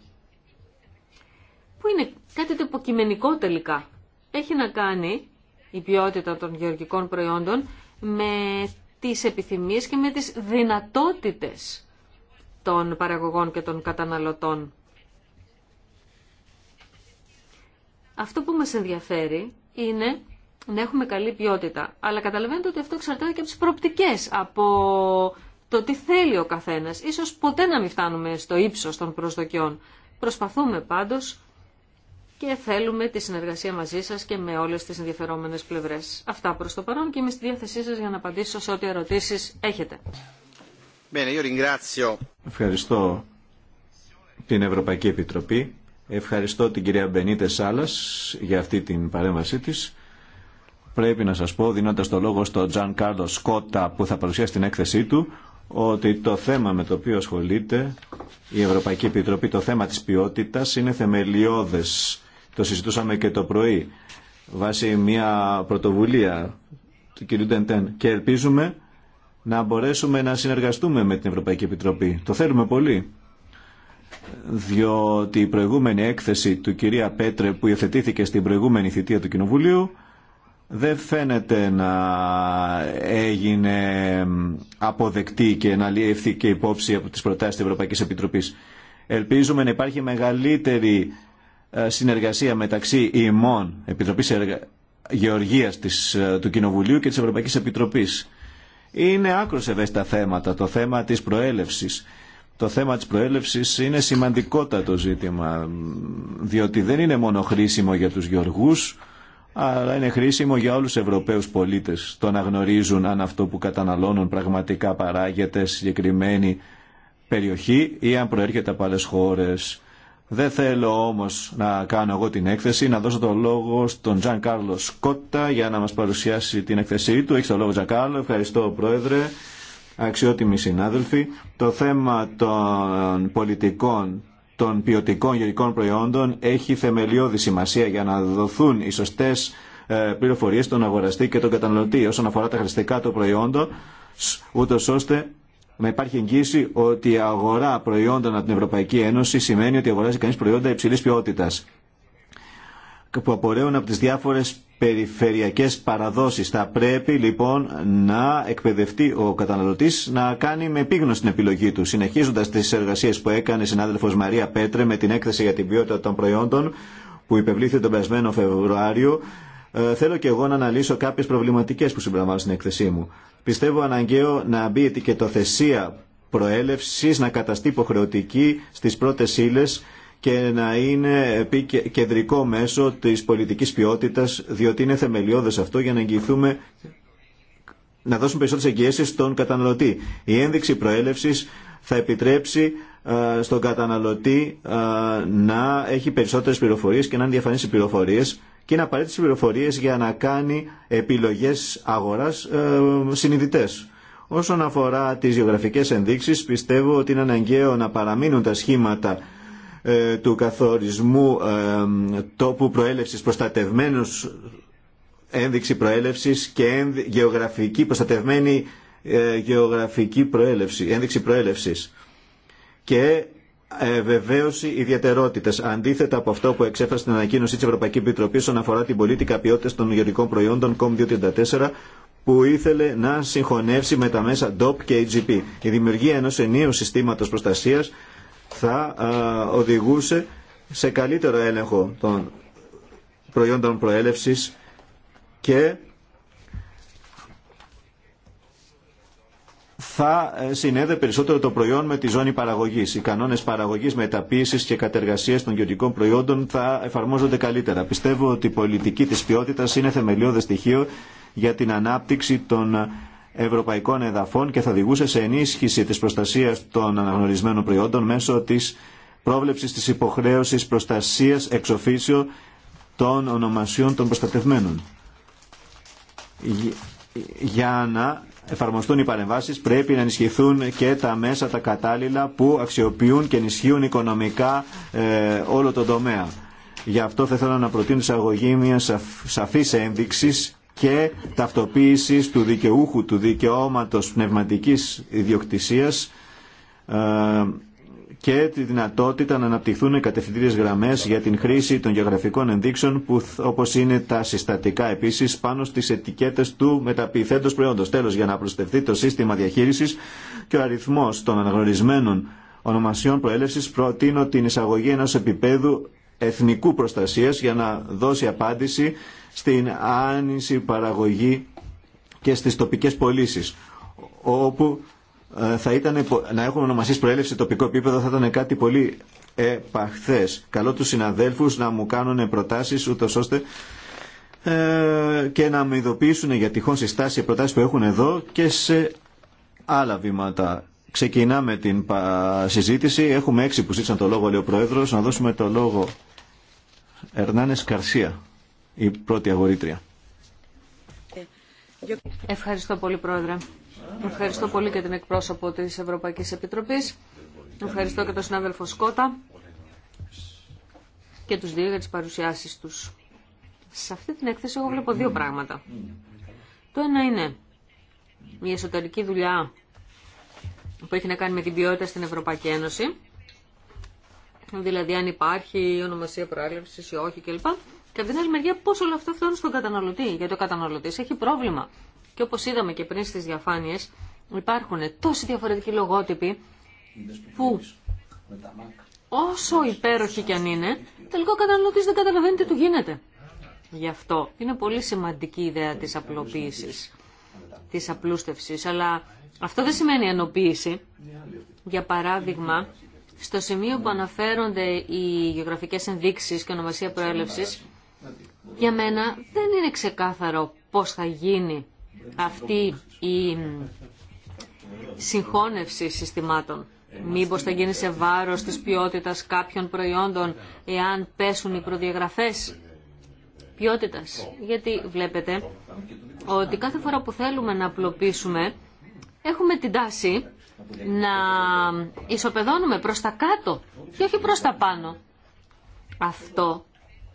που είναι κάτι το τελικά έχει να κάνει η ποιότητα των γεωργικών προϊόντων με τις επιθυμίες και με τις δυνατότητες των παραγωγών και των καταναλωτών. Αυτό που μας ενδιαφέρει είναι να έχουμε καλή ποιότητα. Αλλά καταλαβαίνετε ότι αυτό εξαρτάται και από τις προοπτικές, από το τι θέλει ο καθένας. Ίσως ποτέ να μην φτάνουμε στο ύψος των προσδοκιών. Προσπαθούμε πάντως και θέλουμε τη συνεργασία μαζί σας και με όλες τις ενδιαφερόμενες πλευρές. Αυτά προς το παρόν και είμαι στη διάθεσή σας για να απαντήσω σε ό,τι ερωτήσεις έχετε. Ευχαριστώ την Ευρωπαϊκή Επιτροπή. Ευχαριστώ την κυρία Μπενίτε Σάλλας για αυτή την παρέμβασή της. Πρέπει να σας πω, δίνοντας το λόγο στον Τζαν Κάρλο Σκότα που θα παρουσιάσει την έκθεσή του, ότι το θέμα με το οποίο ασχολείται η Ευρωπαϊκή Επιτροπή, το θέμα της ποιότητας, είναι θεμελιώδες το συζητούσαμε και το πρωί βάσει μια πρωτοβουλία του κ. Ντεντέν και ελπίζουμε να μπορέσουμε να συνεργαστούμε με την Ευρωπαϊκή Επιτροπή. Το θέλουμε πολύ διότι η προηγούμενη έκθεση του κυρία Πέτρε που υιοθετήθηκε στην προηγούμενη θητεία του Κοινοβουλίου δεν φαίνεται να έγινε αποδεκτή και να λιευθεί και υπόψη από τις προτάσεις της Ευρωπαϊκής Επιτροπής. Ελπίζουμε να υπάρχει μεγαλύτερη ε, συνεργασία μεταξύ ημών Επιτροπής Γεωργίας ε, του Κοινοβουλίου και της Ευρωπαϊκής Επιτροπής. Είναι άκρως ευαίσθητα θέματα. Το θέμα της προέλευσης. Το θέμα της προέλευσης είναι σημαντικότατο ζήτημα, διότι δεν είναι μόνο χρήσιμο για τους γεωργούς, αλλά είναι χρήσιμο για όλους τους Ευρωπαίους πολίτες το να γνωρίζουν αν αυτό που καταναλώνουν πραγματικά παράγεται σε συγκεκριμένη περιοχή ή αν προέρχεται από άλλες χώρες. Δεν θέλω όμως να κάνω εγώ την έκθεση, να δώσω το λόγο στον Τζαν Κάρλο Σκότα για να μας παρουσιάσει την έκθεσή του. Έχει το λόγο Τζαν Κάρλο, ευχαριστώ Πρόεδρε, αξιότιμοι συνάδελφοι. Το θέμα των πολιτικών των ποιοτικών γεωργικών προϊόντων έχει θεμελιώδη σημασία για να δοθούν οι σωστέ ε, πληροφορίες στον αγοραστή και τον καταναλωτή όσον αφορά τα χρηστικά του προϊόντος, ούτω ώστε με υπάρχει εγγύηση ότι η αγορά προϊόντων από την Ευρωπαϊκή Ένωση σημαίνει ότι αγοράζει κανεί προϊόντα υψηλής ποιότητας που απορρέουν από τις διάφορες περιφερειακές παραδόσεις. Θα πρέπει λοιπόν να εκπαιδευτεί ο καταναλωτής να κάνει με επίγνωση την επιλογή του. Συνεχίζοντας τις εργασίες που έκανε η Μαρία Πέτρε με την έκθεση για την ποιότητα των προϊόντων που υπευλήθη τον περασμένο Φεβρουάριο ε, θέλω και εγώ να αναλύσω κάποιε προβληματικέ που συμπεριλαμβάνω στην έκθεσή μου. Πιστεύω αναγκαίο να μπει η ετικετοθεσία προέλευση, να καταστεί υποχρεωτική στι πρώτε ύλε και να είναι κεντρικό μέσο τη πολιτική ποιότητα, διότι είναι θεμελιώδε αυτό για να εγγυηθούμε να δώσουν περισσότερες εγγυήσει στον καταναλωτή. Η ένδειξη προέλευση θα επιτρέψει ε, στον καταναλωτή ε, να έχει περισσότερες πληροφορίες και να είναι διαφανείς οι πληροφορίες και είναι απαραίτητε πληροφορίε για να κάνει επιλογέ αγορά ε, συνειδητέ. Όσον αφορά τι γεωγραφικέ ενδείξει, πιστεύω ότι είναι αναγκαίο να παραμείνουν τα σχήματα ε, του καθορισμού ε, τόπου προέλευση προστατευμένου ένδειξη προέλευση και γεωγραφική, προστατευμένη ε, γεωγραφική προέλευση, ένδειξη προέλευση. Και Βεβαίωση ιδιαιτερότητε. Αντίθετα από αυτό που εξέφρασε στην ανακοίνωση τη Ευρωπαϊκή Επιτροπή όσον αφορά την πολιτική ποιότητα των γεωργικών προϊόντων COM234, που ήθελε να συγχωνεύσει με τα μέσα DOP και AGP. Η δημιουργία ενό ενίου συστήματο προστασία θα οδηγούσε σε καλύτερο έλεγχο των προϊόντων προέλευση και θα ε, συνέδε περισσότερο το προϊόν με τη ζώνη παραγωγή. Οι κανόνε παραγωγή, μεταποίηση και κατεργασία των γεωργικών προϊόντων θα εφαρμόζονται καλύτερα. Πιστεύω ότι η πολιτική τη ποιότητα είναι θεμελιώδε στοιχείο για την ανάπτυξη των ευρωπαϊκών εδαφών και θα οδηγούσε σε ενίσχυση τη προστασία των αναγνωρισμένων προϊόντων μέσω της πρόβλεψης της υποχρέωσης προστασίας εξοφίσεω των ονομασιών των προστατευμένων για να εφαρμοστούν οι παρεμβάσει, πρέπει να ενισχυθούν και τα μέσα τα κατάλληλα που αξιοποιούν και ενισχύουν οικονομικά ε, όλο τον τομέα. Γι' αυτό θα ήθελα να προτείνω εισαγωγή μια σαφή ένδειξη και ταυτοποίηση του δικαιούχου του δικαιώματο πνευματική ιδιοκτησίας ε, και τη δυνατότητα να αναπτυχθούν κατευθυντήριε γραμμέ γραμμές για την χρήση των γεωγραφικών ενδείξεων που όπως είναι τα συστατικά επίσης πάνω στις ετικέτες του μεταποιηθέντο προϊόντος. Τέλος, για να προστευτεί το σύστημα διαχείρισης και ο αριθμός των αναγνωρισμένων ονομασιών προέλευσης προτείνω την εισαγωγή ενό επίπεδου εθνικού προστασία για να δώσει απάντηση στην άνηση παραγωγή και στι τοπικέ πωλήσει όπου ε, θα ήταν, να έχουμε ονομασίες προέλευση σε τοπικό επίπεδο θα ήταν κάτι πολύ επαχθές. Καλό τους συναδέλφους να μου κάνουν προτάσεις ούτως ώστε ε, και να με ειδοποιήσουν για τυχόν συστάσεις οι προτάσεις που έχουν εδώ και σε άλλα βήματα. Ξεκινάμε την συζήτηση. Έχουμε έξι που ζήτησαν το λόγο, λέει ο Πρόεδρος. Να δώσουμε το λόγο Ερνάνες Καρσία, η πρώτη αγορήτρια. Ευχαριστώ πολύ, Πρόεδρε. Ευχαριστώ πολύ και την εκπρόσωπο της Ευρωπαϊκής Επιτροπής. Ευχαριστώ και τον συνάδελφο Σκότα και τους δύο για τις παρουσιάσεις τους. Σε αυτή την έκθεση εγώ βλέπω δύο πράγματα. Το ένα είναι η εσωτερική δουλειά που έχει να κάνει με την ποιότητα στην Ευρωπαϊκή Ένωση, δηλαδή αν υπάρχει ονομασία προέλευση ή όχι κλπ. Και από την άλλη μεριά, πώ όλα αυτά φτάνουν στον καταναλωτή. Γιατί ο καταναλωτή έχει πρόβλημα. Και όπως είδαμε και πριν στις διαφάνειες, υπάρχουν τόσοι διαφορετικοί λογότυποι που όσο υπέροχοι κι αν είναι, τελικά ο καταναλωτής δεν καταλαβαίνει τι του γίνεται. Γι' αυτό είναι πολύ σημαντική η ιδέα της απλοποίησης, της απλούστευσης, αλλά αυτό δεν σημαίνει ενοποίηση. Για παράδειγμα, στο σημείο που αναφέρονται οι γεωγραφικές ενδείξεις και ονομασία προέλευσης, για μένα δεν είναι ξεκάθαρο πώς θα γίνει αυτή η συγχώνευση συστημάτων. Μήπως θα γίνει σε βάρος της ποιότητας κάποιων προϊόντων εάν πέσουν οι προδιαγραφές ποιότητας. Γιατί βλέπετε ότι κάθε φορά που θέλουμε να απλοποιήσουμε έχουμε την τάση να ισοπεδώνουμε προς τα κάτω και όχι προς τα πάνω. Αυτό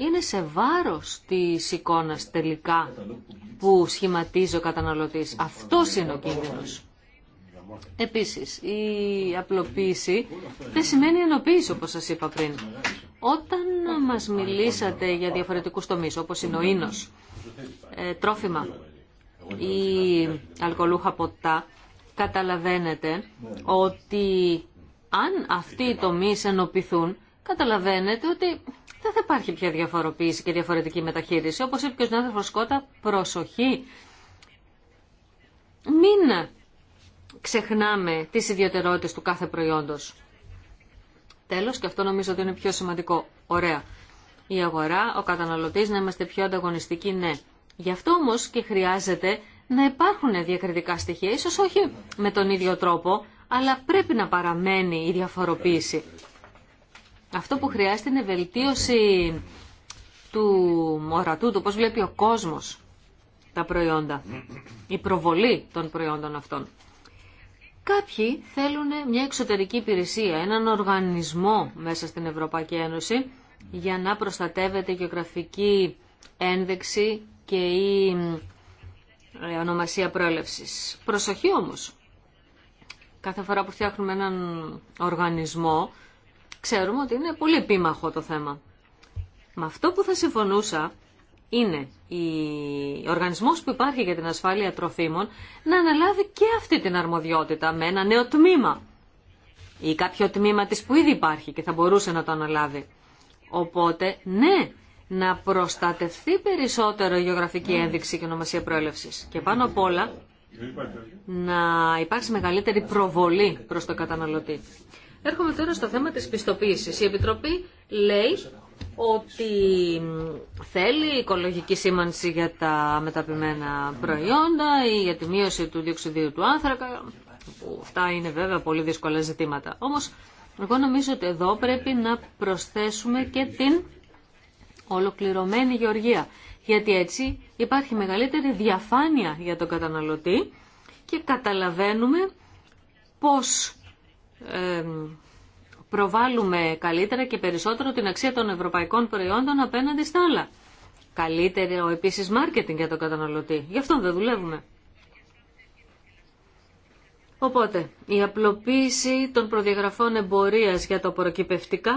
είναι σε βάρος της εικόνας τελικά που σχηματίζει ο καταναλωτής. Αυτός είναι ο κίνδυνος. Επίσης, η απλοποίηση δεν σημαίνει ενοποίηση όπως σας είπα πριν. Όταν μας μιλήσατε για διαφορετικούς τομείς όπως είναι ο ίνος, ε, τρόφιμα ή αλκοολούχα ποτά, καταλαβαίνετε ότι αν αυτοί οι τομείς ενοποιηθούν, καταλαβαίνετε ότι δεν θα υπάρχει πια διαφοροποίηση και διαφορετική μεταχείριση. Όπως είπε και ο συνάδελφος Σκότα, προσοχή. Μην ξεχνάμε τις ιδιαιτερότητες του κάθε προϊόντος. Τέλος, και αυτό νομίζω ότι είναι πιο σημαντικό. Ωραία. Η αγορά, ο καταναλωτής, να είμαστε πιο ανταγωνιστικοί, ναι. Γι' αυτό όμως και χρειάζεται να υπάρχουν διακριτικά στοιχεία, ίσως όχι με τον ίδιο τρόπο, αλλά πρέπει να παραμένει η διαφοροποίηση. Αυτό που χρειάζεται είναι βελτίωση του μορατού, το πώς βλέπει ο κόσμος τα προϊόντα, η προβολή των προϊόντων αυτών. Κάποιοι θέλουν μια εξωτερική υπηρεσία, έναν οργανισμό μέσα στην Ευρωπαϊκή Ένωση για να προστατεύεται η γεωγραφική ένδεξη και η ε, ονομασία πρόλευσης. Προσοχή όμως. Κάθε φορά που φτιάχνουμε έναν οργανισμό Ξέρουμε ότι είναι πολύ επίμαχο το θέμα. Με αυτό που θα συμφωνούσα είναι ο οργανισμός που υπάρχει για την ασφάλεια τροφίμων να αναλάβει και αυτή την αρμοδιότητα με ένα νέο τμήμα ή κάποιο τμήμα της που ήδη υπάρχει και θα μπορούσε να το αναλάβει. Οπότε, ναι, να προστατευτεί περισσότερο η γεωγραφική ένδειξη και ονομασία προέλευσης. Και πάνω απ' όλα, να υπάρξει μεγαλύτερη προβολή προς το καταναλωτή. Έρχομαι τώρα στο θέμα της πιστοποίησης. Η Επιτροπή λέει ότι θέλει οικολογική σήμανση για τα μεταπημένα προϊόντα ή για τη μείωση του διοξιδίου του άνθρακα, που αυτά είναι βέβαια πολύ δύσκολα ζητήματα. Όμως, εγώ νομίζω ότι εδώ πρέπει να προσθέσουμε και την ολοκληρωμένη γεωργία, γιατί έτσι υπάρχει μεγαλύτερη διαφάνεια για τον καταναλωτή και καταλαβαίνουμε πώς προβάλλουμε καλύτερα και περισσότερο την αξία των ευρωπαϊκών προϊόντων απέναντι στα άλλα. Καλύτερο επίσης μάρκετινγκ για τον καταναλωτή. Γι' αυτό δεν δουλεύουμε. Οπότε, η απλοποίηση των προδιαγραφών εμπορίας για το προκυπευτικά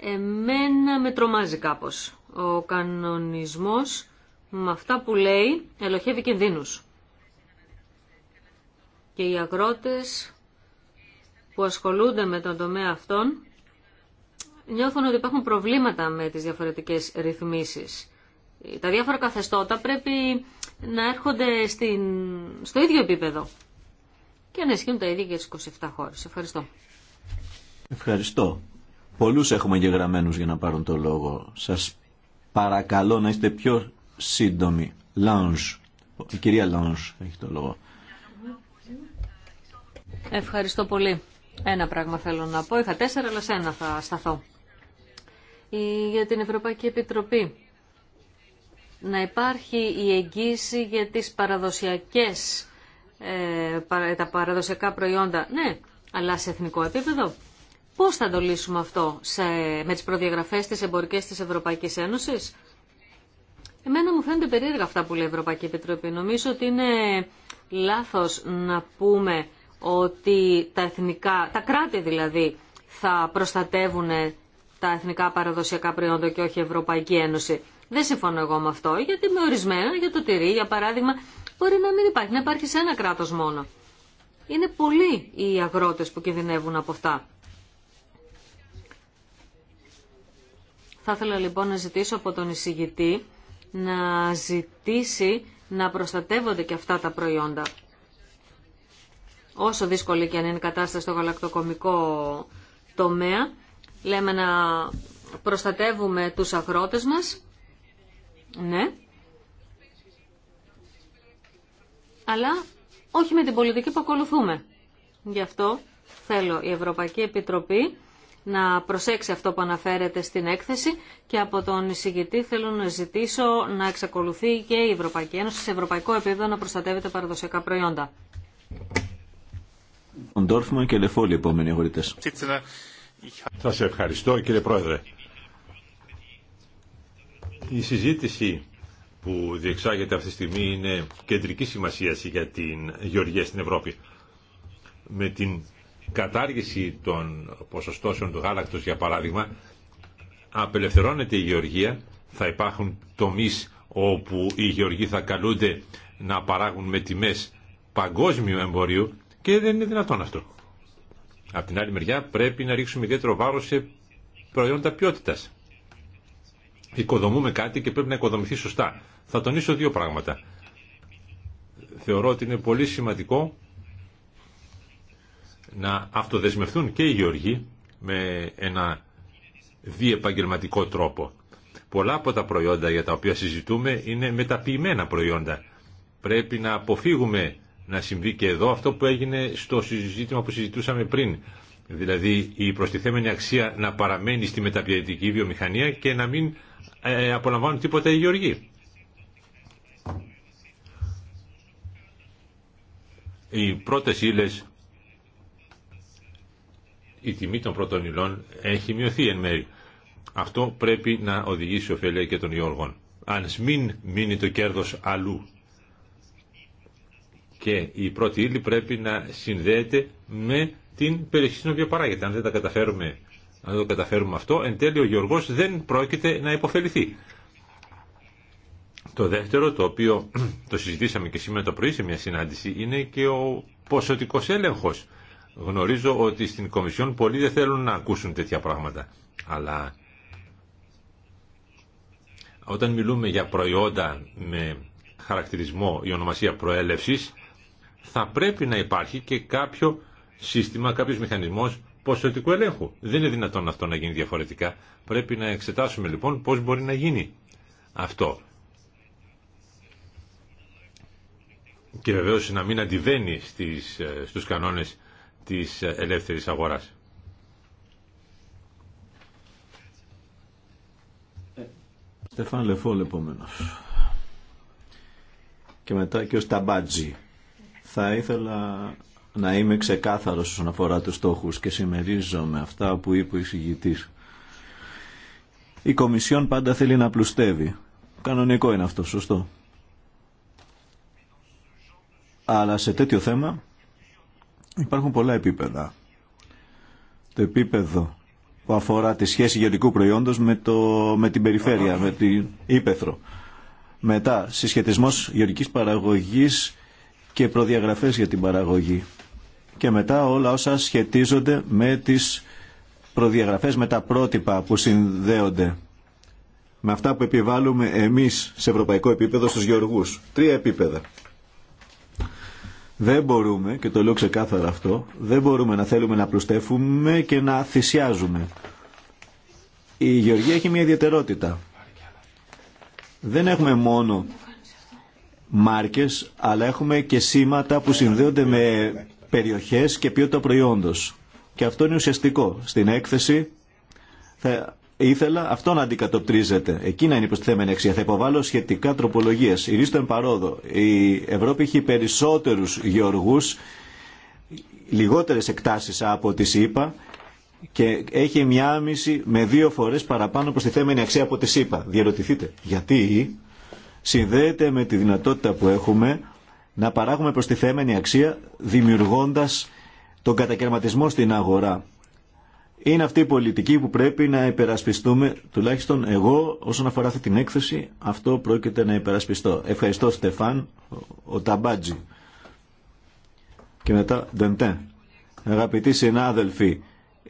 εμένα με τρομάζει κάπως. Ο κανονισμός με αυτά που λέει ελοχεύει κινδύνους. Και οι αγρότες που ασχολούνται με τον τομέα αυτόν νιώθουν ότι υπάρχουν προβλήματα με τις διαφορετικές ρυθμίσεις. Τα διάφορα καθεστώτα πρέπει να έρχονται στην... στο ίδιο επίπεδο και να ισχύουν τα ίδια για τις 27 χώρες. Ευχαριστώ. Ευχαριστώ. Πολλούς έχουμε γεγραμμένους για να πάρουν το λόγο. Σας παρακαλώ να είστε πιο σύντομοι. Λάνζ. Η κυρία Λάνζ έχει το λόγο. Ευχαριστώ πολύ. Ένα πράγμα θέλω να πω. Είχα τέσσερα, αλλά σε ένα θα σταθώ. Για την Ευρωπαϊκή Επιτροπή. Να υπάρχει η εγγύηση για τις παραδοσιακές, ε, τα παραδοσιακά προϊόντα. Ναι, αλλά σε εθνικό επίπεδο. Πώς θα το λύσουμε αυτό με τις προδιαγραφές της εμπορικές της Ευρωπαϊκής Ένωσης. Εμένα μου φαίνεται περίεργα αυτά που λέει η Ευρωπαϊκή Επιτροπή. Νομίζω ότι είναι λάθος να πούμε ότι τα εθνικά, τα κράτη δηλαδή, θα προστατεύουν τα εθνικά παραδοσιακά προϊόντα και όχι η Ευρωπαϊκή Ένωση. Δεν συμφωνώ εγώ με αυτό, γιατί με ορισμένα, για το τυρί, για παράδειγμα, μπορεί να μην υπάρχει, να υπάρχει σε ένα κράτος μόνο. Είναι πολλοί οι αγρότες που κινδυνεύουν από αυτά. Θα ήθελα λοιπόν να ζητήσω από τον εισηγητή να ζητήσει να προστατεύονται και αυτά τα προϊόντα όσο δύσκολη και αν είναι η κατάσταση στο γαλακτοκομικό τομέα, λέμε να προστατεύουμε τους αγρότες μας, ναι, αλλά όχι με την πολιτική που ακολουθούμε. Γι' αυτό θέλω η Ευρωπαϊκή Επιτροπή να προσέξει αυτό που αναφέρεται στην έκθεση και από τον εισηγητή θέλω να ζητήσω να εξακολουθεί και η Ευρωπαϊκή Ένωση σε ευρωπαϊκό επίπεδο να προστατεύεται παραδοσιακά προϊόντα τον ευχαριστώ κύριε Πρόεδρε. Η συζήτηση που διεξάγεται αυτή τη στιγμή είναι κεντρική σημασία για την γεωργία στην Ευρώπη. Με την κατάργηση των ποσοστώσεων του γάλακτος για παράδειγμα απελευθερώνεται η γεωργία, θα υπάρχουν τομείς όπου οι γεωργοί θα καλούνται να παράγουν με τιμές παγκόσμιου εμπορίου και δεν είναι δυνατόν αυτό. Απ' την άλλη μεριά πρέπει να ρίξουμε ιδιαίτερο βάρος σε προϊόντα ποιότητας. Οικοδομούμε κάτι και πρέπει να οικοδομηθεί σωστά. Θα τονίσω δύο πράγματα. Θεωρώ ότι είναι πολύ σημαντικό να αυτοδεσμευτούν και οι γεωργοί με ένα διεπαγγελματικό τρόπο. Πολλά από τα προϊόντα για τα οποία συζητούμε είναι μεταποιημένα προϊόντα. Πρέπει να αποφύγουμε να συμβεί και εδώ αυτό που έγινε στο συζήτημα που συζητούσαμε πριν. Δηλαδή η προστιθέμενη αξία να παραμένει στη μεταπιατική βιομηχανία και να μην ε, απολαμβάνουν τίποτα οι γεωργοί. Οι πρώτες ύλες, η τιμή των πρώτων υλών έχει μειωθεί εν μέρη. Αυτό πρέπει να οδηγήσει ωφέλεια και των γεωργών. Αν μην μείνει το κέρδος αλλού και η πρώτη ύλη πρέπει να συνδέεται με την περιοχή στην οποία παράγεται. Αν δεν τα καταφέρουμε, αν το καταφέρουμε αυτό, εν τέλει ο Γεωργός δεν πρόκειται να υποφεληθεί. Το δεύτερο, το οποίο (clears throat) το συζητήσαμε και σήμερα το πρωί σε μια συνάντηση, είναι και ο ποσοτικός έλεγχος. Γνωρίζω ότι στην Κομισιόν πολλοί δεν θέλουν να ακούσουν τέτοια πράγματα. Αλλά όταν μιλούμε για προϊόντα με χαρακτηρισμό η ονομασία προέλευσης, θα πρέπει να υπάρχει και κάποιο σύστημα, κάποιος μηχανισμός ποσοτικού ελέγχου. Δεν είναι δυνατόν αυτό να γίνει διαφορετικά. Πρέπει να εξετάσουμε λοιπόν πώς μπορεί να γίνει αυτό. Και βεβαίω να μην αντιβαίνει στις, ε, στους κανόνες της ελεύθερης αγοράς. Στεφάν Λεφόλ επόμενος. Και μετά και ο Σταμπάτζη. Θα ήθελα να είμαι ξεκάθαρος όσον αφορά τους στόχους και συμμερίζομαι αυτά που είπε ο εισηγητής. Η Κομισιόν πάντα θέλει να πλουστεύει. Κανονικό είναι αυτό, σωστό. Αλλά σε τέτοιο θέμα υπάρχουν πολλά επίπεδα. Το επίπεδο που αφορά τη σχέση γεωργικού προϊόντος με, το, με την περιφέρεια, με την ύπεθρο. Μετά, συσχετισμός γεωργικής παραγωγής και προδιαγραφές για την παραγωγή. Και μετά όλα όσα σχετίζονται με τις προδιαγραφές, με τα πρότυπα που συνδέονται με αυτά που επιβάλλουμε εμείς σε ευρωπαϊκό επίπεδο στους γεωργούς. Τρία επίπεδα. Δεν μπορούμε, και το λέω ξεκάθαρα αυτό, δεν μπορούμε να θέλουμε να πλουστεύουμε και να θυσιάζουμε. Η γεωργία έχει μια ιδιαιτερότητα. Δεν έχουμε μόνο μάρκες, αλλά έχουμε και σήματα που συνδέονται με περιοχές και ποιότητα προϊόντος. Και αυτό είναι ουσιαστικό. Στην έκθεση θα ήθελα αυτό να αντικατοπτρίζεται. Εκεί να είναι προστιθέμενη αξία. Θα υποβάλω σχετικά τροπολογίες. Ηρίστον παρόδο. Η Ευρώπη έχει περισσότερους γεωργούς, λιγότερες εκτάσεις από τις ΗΠΑ και έχει μια άμυση με δύο φορές παραπάνω προστιθέμενη αξία από τις ΗΠΑ. Διερωτηθείτε. Γιατί συνδέεται με τη δυνατότητα που έχουμε να παράγουμε προστιθέμενη αξία δημιουργώντας τον κατακαιρματισμό στην αγορά. Είναι αυτή η πολιτική που πρέπει να υπερασπιστούμε, τουλάχιστον εγώ όσον αφορά αυτή την έκθεση, αυτό πρόκειται να υπερασπιστώ. Ευχαριστώ Στεφάν, ο Ταμπάτζη και μετά Δεντέ, Αγαπητοί συνάδελφοι,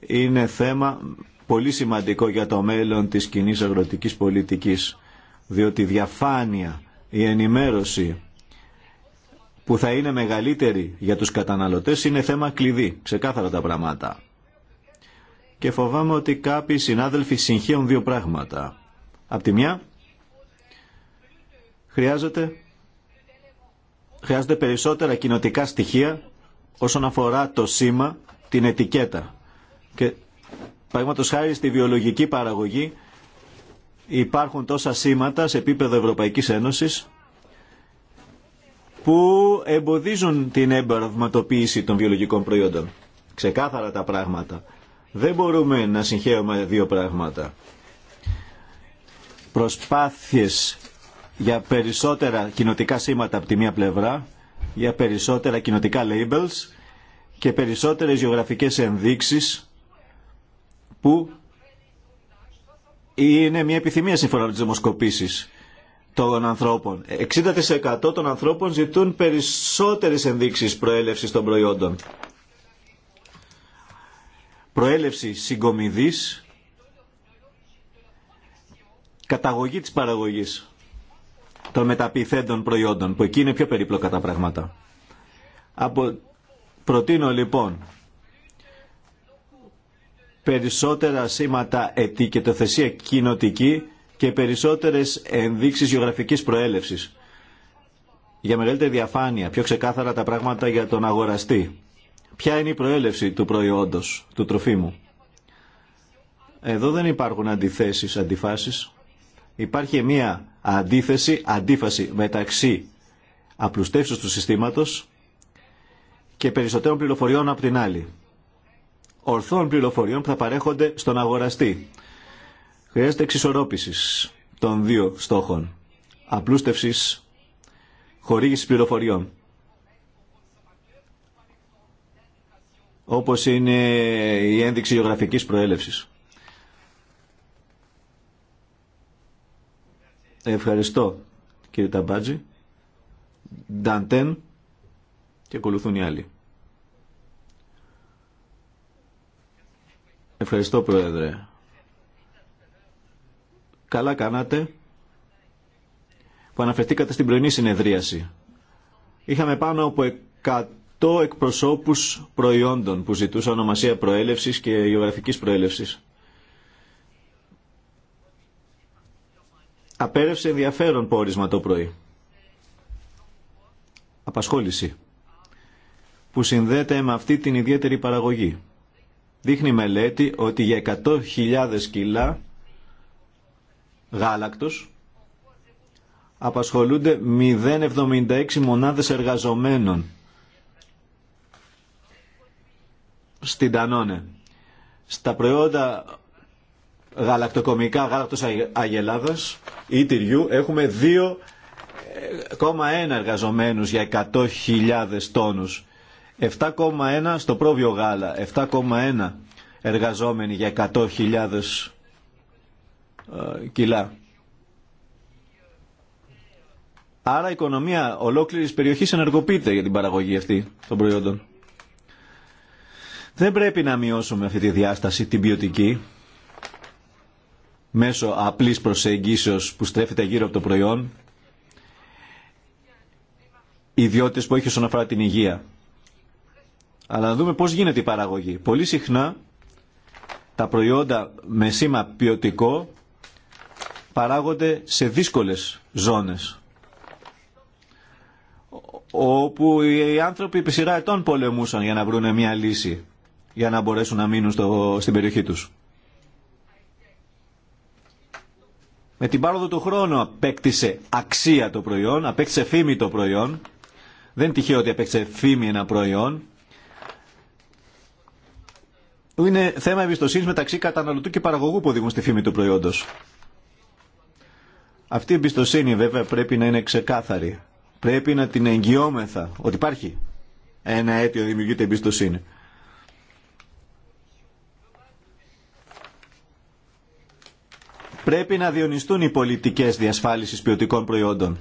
είναι θέμα πολύ σημαντικό για το μέλλον της κοινή αγροτικής πολιτικής διότι η διαφάνεια, η ενημέρωση που θα είναι μεγαλύτερη για τους καταναλωτές είναι θέμα κλειδί, ξεκάθαρα τα πράγματα. Και φοβάμαι ότι κάποιοι συνάδελφοι συγχύουν δύο πράγματα. Απ' τη μια, χρειάζεται, χρειάζονται περισσότερα κοινοτικά στοιχεία όσον αφορά το σήμα, την ετικέτα. Και παραδείγματο χάρη στη βιολογική παραγωγή υπάρχουν τόσα σήματα σε επίπεδο Ευρωπαϊκής Ένωσης που εμποδίζουν την εμπορευματοποίηση των βιολογικών προϊόντων. Ξεκάθαρα τα πράγματα. Δεν μπορούμε να συγχαίουμε δύο πράγματα. Προσπάθειες για περισσότερα κοινοτικά σήματα από τη μία πλευρά, για περισσότερα κοινοτικά labels και περισσότερες γεωγραφικές ενδείξεις που είναι μια επιθυμία σύμφωνα με τι δημοσκοπήσει των ανθρώπων. 60% των ανθρώπων ζητούν περισσότερες ενδείξεις προέλευση των προϊόντων. Προέλευση συγκομιδής, καταγωγή της παραγωγής των μεταπιθέντων προϊόντων, που εκεί είναι πιο περίπλοκα τα πράγματα. Από... Προτείνω λοιπόν περισσότερα σήματα ετικετοθεσία κοινοτική και περισσότερες ενδείξεις γεωγραφικής προέλευσης. Για μεγαλύτερη διαφάνεια, πιο ξεκάθαρα τα πράγματα για τον αγοραστή. Ποια είναι η προέλευση του προϊόντος, του τροφίμου. Εδώ δεν υπάρχουν αντιθέσεις, αντιφάσεις. Υπάρχει μια αντίθεση, αντίφαση μεταξύ απλουστεύσεως του συστήματος και περισσότερων πληροφοριών από την άλλη ορθών πληροφοριών που θα παρέχονται στον αγοραστή. Χρειάζεται εξισορρόπηση των δύο στόχων. Απλούστευση χορήγηση πληροφοριών. όπως είναι η ένδειξη γεωγραφικής προέλευσης. Ευχαριστώ κύριε Ταμπάτζη. Νταντέν και ακολουθούν οι άλλοι. Ευχαριστώ Πρόεδρε. Καλά κάνατε που αναφερθήκατε στην πρωινή συνεδρίαση. Είχαμε πάνω από 100 εκπροσώπους προϊόντων που ζητούσαν ονομασία προέλευσης και γεωγραφικής προέλευσης. Απέρευσε ενδιαφέρον πόρισμα το πρωί. Απασχόληση που συνδέεται με αυτή την ιδιαίτερη παραγωγή. Δείχνει η μελέτη ότι για 100.000 κιλά γάλακτος απασχολούνται 0,76 μονάδες εργαζομένων στην Τανόνε. Στα προϊόντα γαλακτοκομικά γάλακτος Αγελάδας ή τυριού έχουμε 2,1 εργαζομένους για 100.000 τόνους. 7,1 στο πρόβιο γάλα, 7,1 εργαζόμενοι για 100.000 ε, κιλά. Άρα η οικονομία ολόκληρης περιοχής ενεργοποιείται για την παραγωγή αυτή των προϊόντων. Δεν πρέπει να μειώσουμε αυτή τη διάσταση, την ποιοτική, μέσω απλής προσεγγίσεως που στρέφεται γύρω από το προϊόν, ιδιότητες που έχει όσον αφορά την υγεία. Αλλά να δούμε πώς γίνεται η παραγωγή. Πολύ συχνά τα προϊόντα με σήμα ποιοτικό παράγονται σε δύσκολες ζώνες όπου οι άνθρωποι επί σειρά ετών πολεμούσαν για να βρουν μια λύση για να μπορέσουν να μείνουν στο, στην περιοχή τους. Με την πάροδο του χρόνου απέκτησε αξία το προϊόν, απέκτησε φήμη το προϊόν. Δεν τυχαίο ότι απέκτησε φήμη ένα προϊόν είναι θέμα εμπιστοσύνη μεταξύ καταναλωτού και παραγωγού που οδηγούν στη φήμη του προϊόντο. Αυτή η εμπιστοσύνη βέβαια πρέπει να είναι ξεκάθαρη. Πρέπει να την εγγυόμεθα ότι υπάρχει ένα αίτιο δημιουργείται εμπιστοσύνη. Πρέπει να διονυστούν οι πολιτικές διασφάλισης ποιοτικών προϊόντων.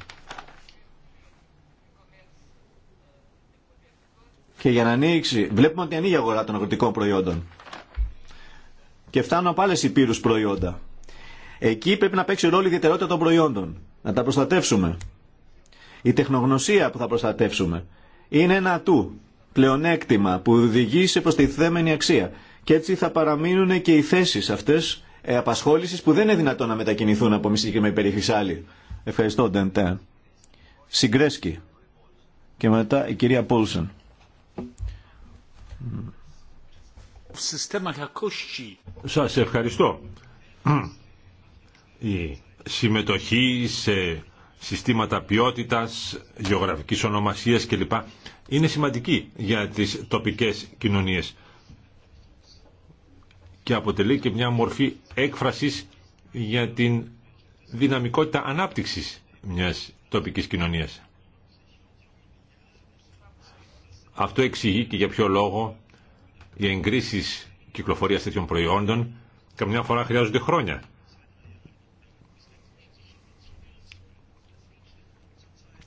Και για να ανοίξει, βλέπουμε ότι ανοίγει η αγορά των αγροτικών προϊόντων και φτάνουν από άλλε υπήρου προϊόντα. Εκεί πρέπει να παίξει ρόλο η ιδιαιτερότητα των προϊόντων. Να τα προστατεύσουμε. Η τεχνογνωσία που θα προστατεύσουμε είναι ένα ατού, πλεονέκτημα που οδηγεί σε προστιθέμενη αξία. Και έτσι θα παραμείνουν και οι θέσει αυτέ ε, απασχόληση που δεν είναι δυνατόν να μετακινηθούν από μια συγκεκριμένη περιοχή σε άλλη. Ευχαριστώ, Ντεντέ. Και μετά η κυρία Mm. Σας ευχαριστώ. Η συμμετοχή σε συστήματα ποιότητας, γεωγραφικής ονομασίας κλπ. είναι σημαντική για τις τοπικές κοινωνίες και αποτελεί και μια μορφή έκφρασης για την δυναμικότητα ανάπτυξης μιας τοπικής κοινωνίας. Αυτό εξηγεί και για ποιο λόγο οι εγκρίσει κυκλοφορία τέτοιων προϊόντων καμιά φορά χρειάζονται χρόνια.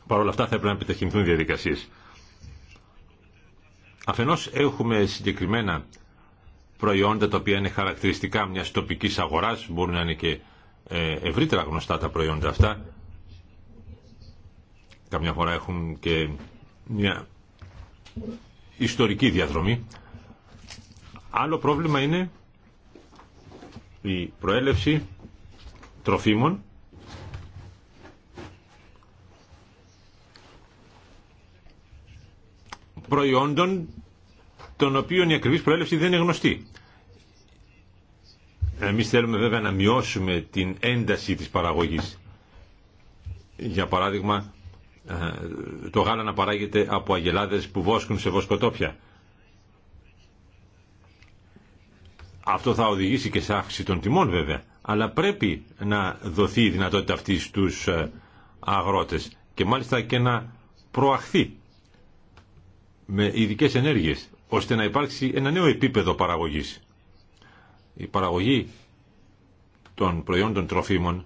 Παρ' όλα αυτά θα έπρεπε να επιταχυνθούν διαδικασίες. Αφενός έχουμε συγκεκριμένα προϊόντα τα οποία είναι χαρακτηριστικά μιας τοπικής αγοράς, μπορούν να είναι και ε, ευρύτερα γνωστά τα προϊόντα αυτά. Καμιά φορά έχουν και μια ιστορική διαδρομή. Άλλο πρόβλημα είναι η προέλευση τροφίμων προϊόντων των οποίων η ακριβής προέλευση δεν είναι γνωστή. Εμείς θέλουμε βέβαια να μειώσουμε την ένταση της παραγωγής. Για παράδειγμα, ε, το γάλα να παράγεται από αγελάδες που βόσκουν σε βοσκοτόπια. Αυτό θα οδηγήσει και σε αύξηση των τιμών βέβαια, αλλά πρέπει να δοθεί η δυνατότητα αυτή στους ε, αγρότες και μάλιστα και να προαχθεί με ειδικές ενέργειες, ώστε να υπάρξει ένα νέο επίπεδο παραγωγής. Η παραγωγή των προϊόντων τροφίμων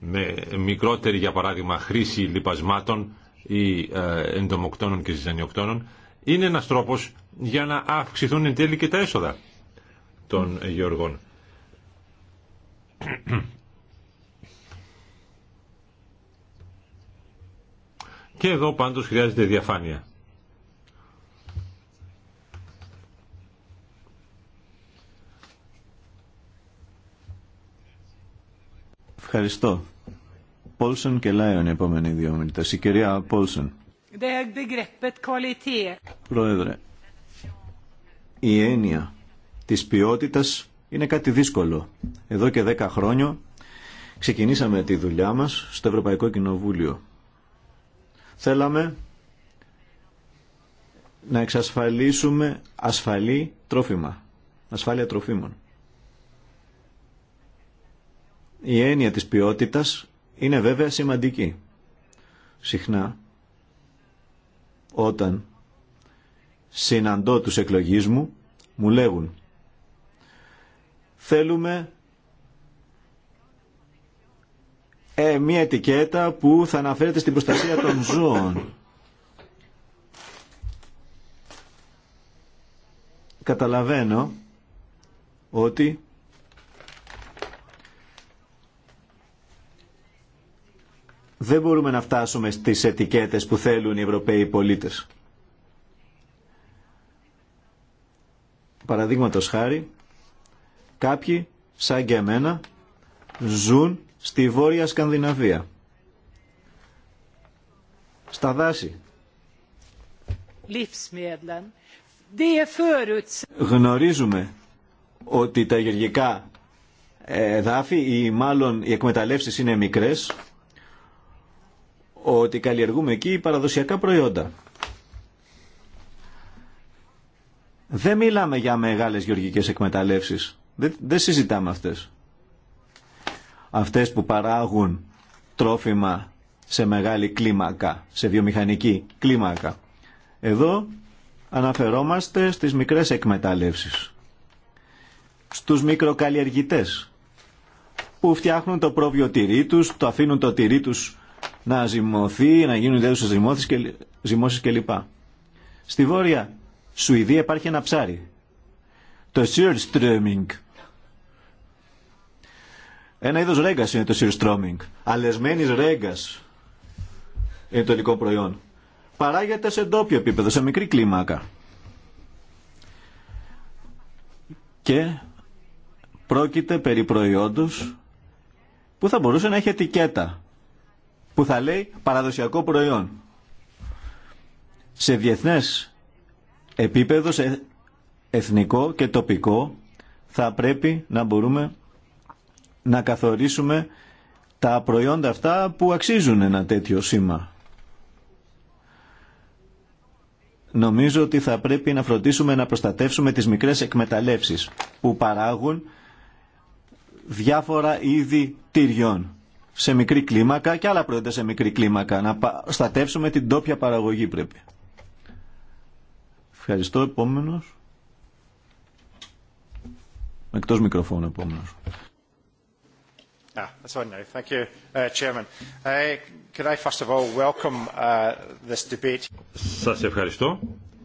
με μικρότερη για παράδειγμα χρήση λιπασμάτων ή ε, εντομοκτώνων και ζυζανιοκτώνων είναι ένας τρόπος για να αυξηθούν εν τέλει και τα έσοδα των γεωργών. Και εδώ πάντως χρειάζεται διαφάνεια. Ευχαριστώ. Πόλσον και Λάιον οι επόμενοι δύο μιλητέ. Η κυρία Πόλσον. Πρόεδρε, η έννοια της ποιότητας είναι κάτι δύσκολο. Εδώ και δέκα χρόνια ξεκινήσαμε τη δουλειά μας στο Ευρωπαϊκό Κοινοβούλιο. Θέλαμε να εξασφαλίσουμε ασφαλή τρόφιμα, ασφάλεια τροφίμων. Η έννοια της ποιότητας είναι βέβαια σημαντική. Συχνά όταν συναντώ τους εκλογείς μου, μου λέγουν θέλουμε ε, μια ετικέτα που θα αναφέρεται στην προστασία των ζώων. Καταλαβαίνω ότι δεν μπορούμε να φτάσουμε στις ετικέτες που θέλουν οι Ευρωπαίοι πολίτες. Παραδείγματο χάρη, κάποιοι, σαν και εμένα, ζουν στη Βόρεια Σκανδιναβία. Στα δάση. Γνωρίζουμε ότι τα γεργικά εδάφη ή μάλλον οι εκμεταλλεύσεις είναι μικρές ότι καλλιεργούμε εκεί παραδοσιακά προϊόντα. Δεν μιλάμε για μεγάλες γεωργικές εκμεταλλεύσεις. Δεν, δεν συζητάμε αυτές. Αυτές που παράγουν τρόφιμα σε μεγάλη κλίμακα, σε βιομηχανική κλίμακα. Εδώ αναφερόμαστε στις μικρές εκμεταλλεύσεις. Στους μικροκαλλιεργητές που φτιάχνουν το πρόβιο τυρί τους, το αφήνουν το τυρί τους να ζυμωθεί, να γίνουν ιδέες ζυμώσεις κλπ. Στη Βόρεια Σουηδία υπάρχει ένα ψάρι. Το streaming. Ένα είδος ρέγκας είναι το Sirstroming. Αλεσμένης ρέγκας είναι το υλικό προϊόν. Παράγεται σε ντόπιο επίπεδο, σε μικρή κλίμακα. Και πρόκειται περί προϊόντος που θα μπορούσε να έχει ετικέτα που θα λέει παραδοσιακό προϊόν. Σε διεθνές επίπεδο, σε εθνικό και τοπικό, θα πρέπει να μπορούμε να καθορίσουμε τα προϊόντα αυτά που αξίζουν ένα τέτοιο σήμα. Νομίζω ότι θα πρέπει να φροντίσουμε να προστατεύσουμε τις μικρές εκμεταλλεύσεις που παράγουν διάφορα είδη τυριών σε μικρή κλίμακα και άλλα προϊόντα σε μικρή κλίμακα. Να στατεύσουμε την τόπια παραγωγή πρέπει. Ευχαριστώ. Επόμενος. Εκτός μικροφώνου επόμενος. Σας ευχαριστώ.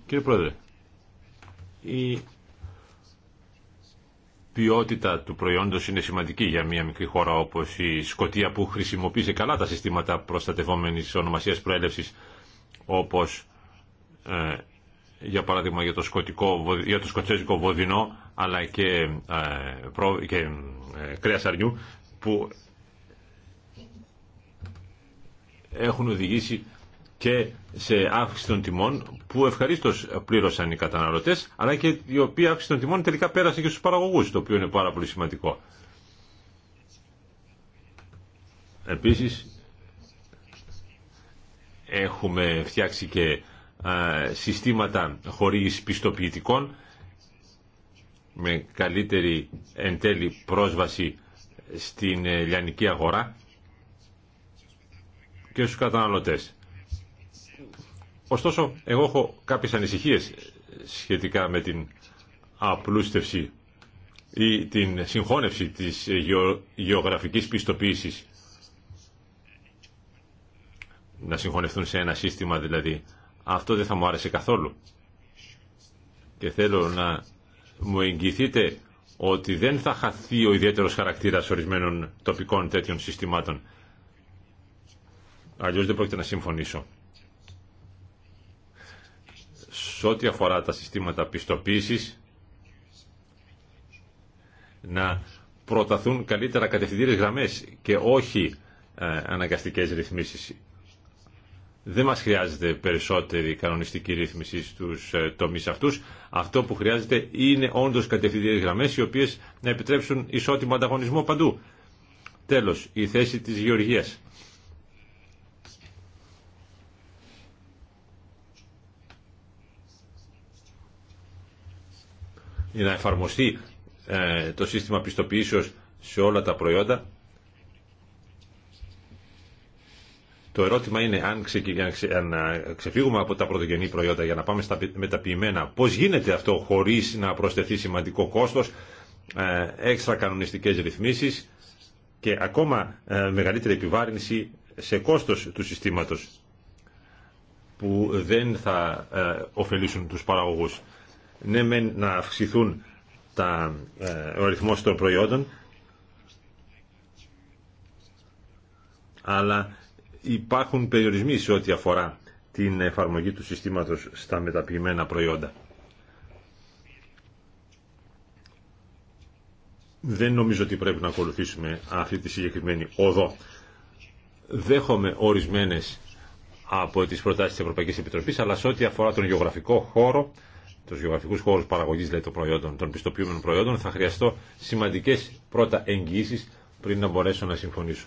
Κύριε Πρόεδρε, η ποιότητα του προϊόντος είναι σημαντική για μια μικρή χώρα όπως η Σκοτία που χρησιμοποίησε καλά τα συστήματα προστατευόμενης ονομασίας προέλευσης όπως ε, για παράδειγμα για το, σκοτικό, για το σκοτσέζικο βοδινό αλλά και, ε, ε κρέας αρνιού που έχουν οδηγήσει και σε αύξηση των τιμών που ευχαρίστω πλήρωσαν οι καταναλωτέ, αλλά και η οποία αύξηση των τιμών τελικά πέρασε και στου παραγωγού, το οποίο είναι πάρα πολύ σημαντικό. Επίση, έχουμε φτιάξει και συστήματα χωρίς πιστοποιητικών με καλύτερη εν τέλει πρόσβαση στην ε, λιανική αγορά και στους καταναλωτές. Ωστόσο, εγώ έχω κάποιες ανησυχίες σχετικά με την απλούστευση ή την συγχώνευση της γεωγραφικής πιστοποίησης. Να συγχωνευτούν σε ένα σύστημα δηλαδή. Αυτό δεν θα μου άρεσε καθόλου. Και θέλω να μου εγγυηθείτε ότι δεν θα χαθεί ο ιδιαίτερος χαρακτήρας ορισμένων τοπικών τέτοιων συστημάτων. Αλλιώς δεν πρόκειται να συμφωνήσω σε ό,τι αφορά τα συστήματα πιστοποίησης να προταθούν καλύτερα κατευθυντήρες γραμμές και όχι ε, αναγκαστικές ρυθμίσεις. Δεν μας χρειάζεται περισσότερη κανονιστική ρύθμιση στους ε, τομείς αυτούς. Αυτό που χρειάζεται είναι όντως κατευθυντήρες γραμμές οι οποίες να επιτρέψουν ισότιμο ανταγωνισμό παντού. Τέλος, η θέση της γεωργίας. για να εφαρμοστεί ε, το σύστημα πιστοποιήσεως σε όλα τα προϊόντα. Το ερώτημα είναι αν, ε, ξεφύγουμε από τα πρωτογενή προϊόντα για να πάμε στα μεταποιημένα, πώς γίνεται αυτό χωρίς να προσθεθεί σημαντικό κόστος, ε, έξτρα κανονιστικές ρυθμίσεις και ακόμα μεγαλύτερη επιβάρυνση σε κόστος του συστήματος που δεν θα ωφελήσουν τους παραγωγούς ναι να αυξηθούν τα, ε, ο αριθμός των προϊόντων αλλά υπάρχουν περιορισμοί σε ό,τι αφορά την εφαρμογή του συστήματος στα μεταποιημένα προϊόντα. Δεν νομίζω ότι πρέπει να ακολουθήσουμε αυτή τη συγκεκριμένη οδό. Δέχομαι ορισμένες από τις προτάσεις της Ευρωπαϊκής Επιτροπής, αλλά σε ό,τι αφορά τον γεωγραφικό χώρο του γεωγραφικούς χώρους παραγωγής των προϊόντων, των πιστοποιούμενων προϊόντων, θα χρειαστώ σημαντικές πρώτα εγγυήσει πριν να μπορέσω να συμφωνήσω.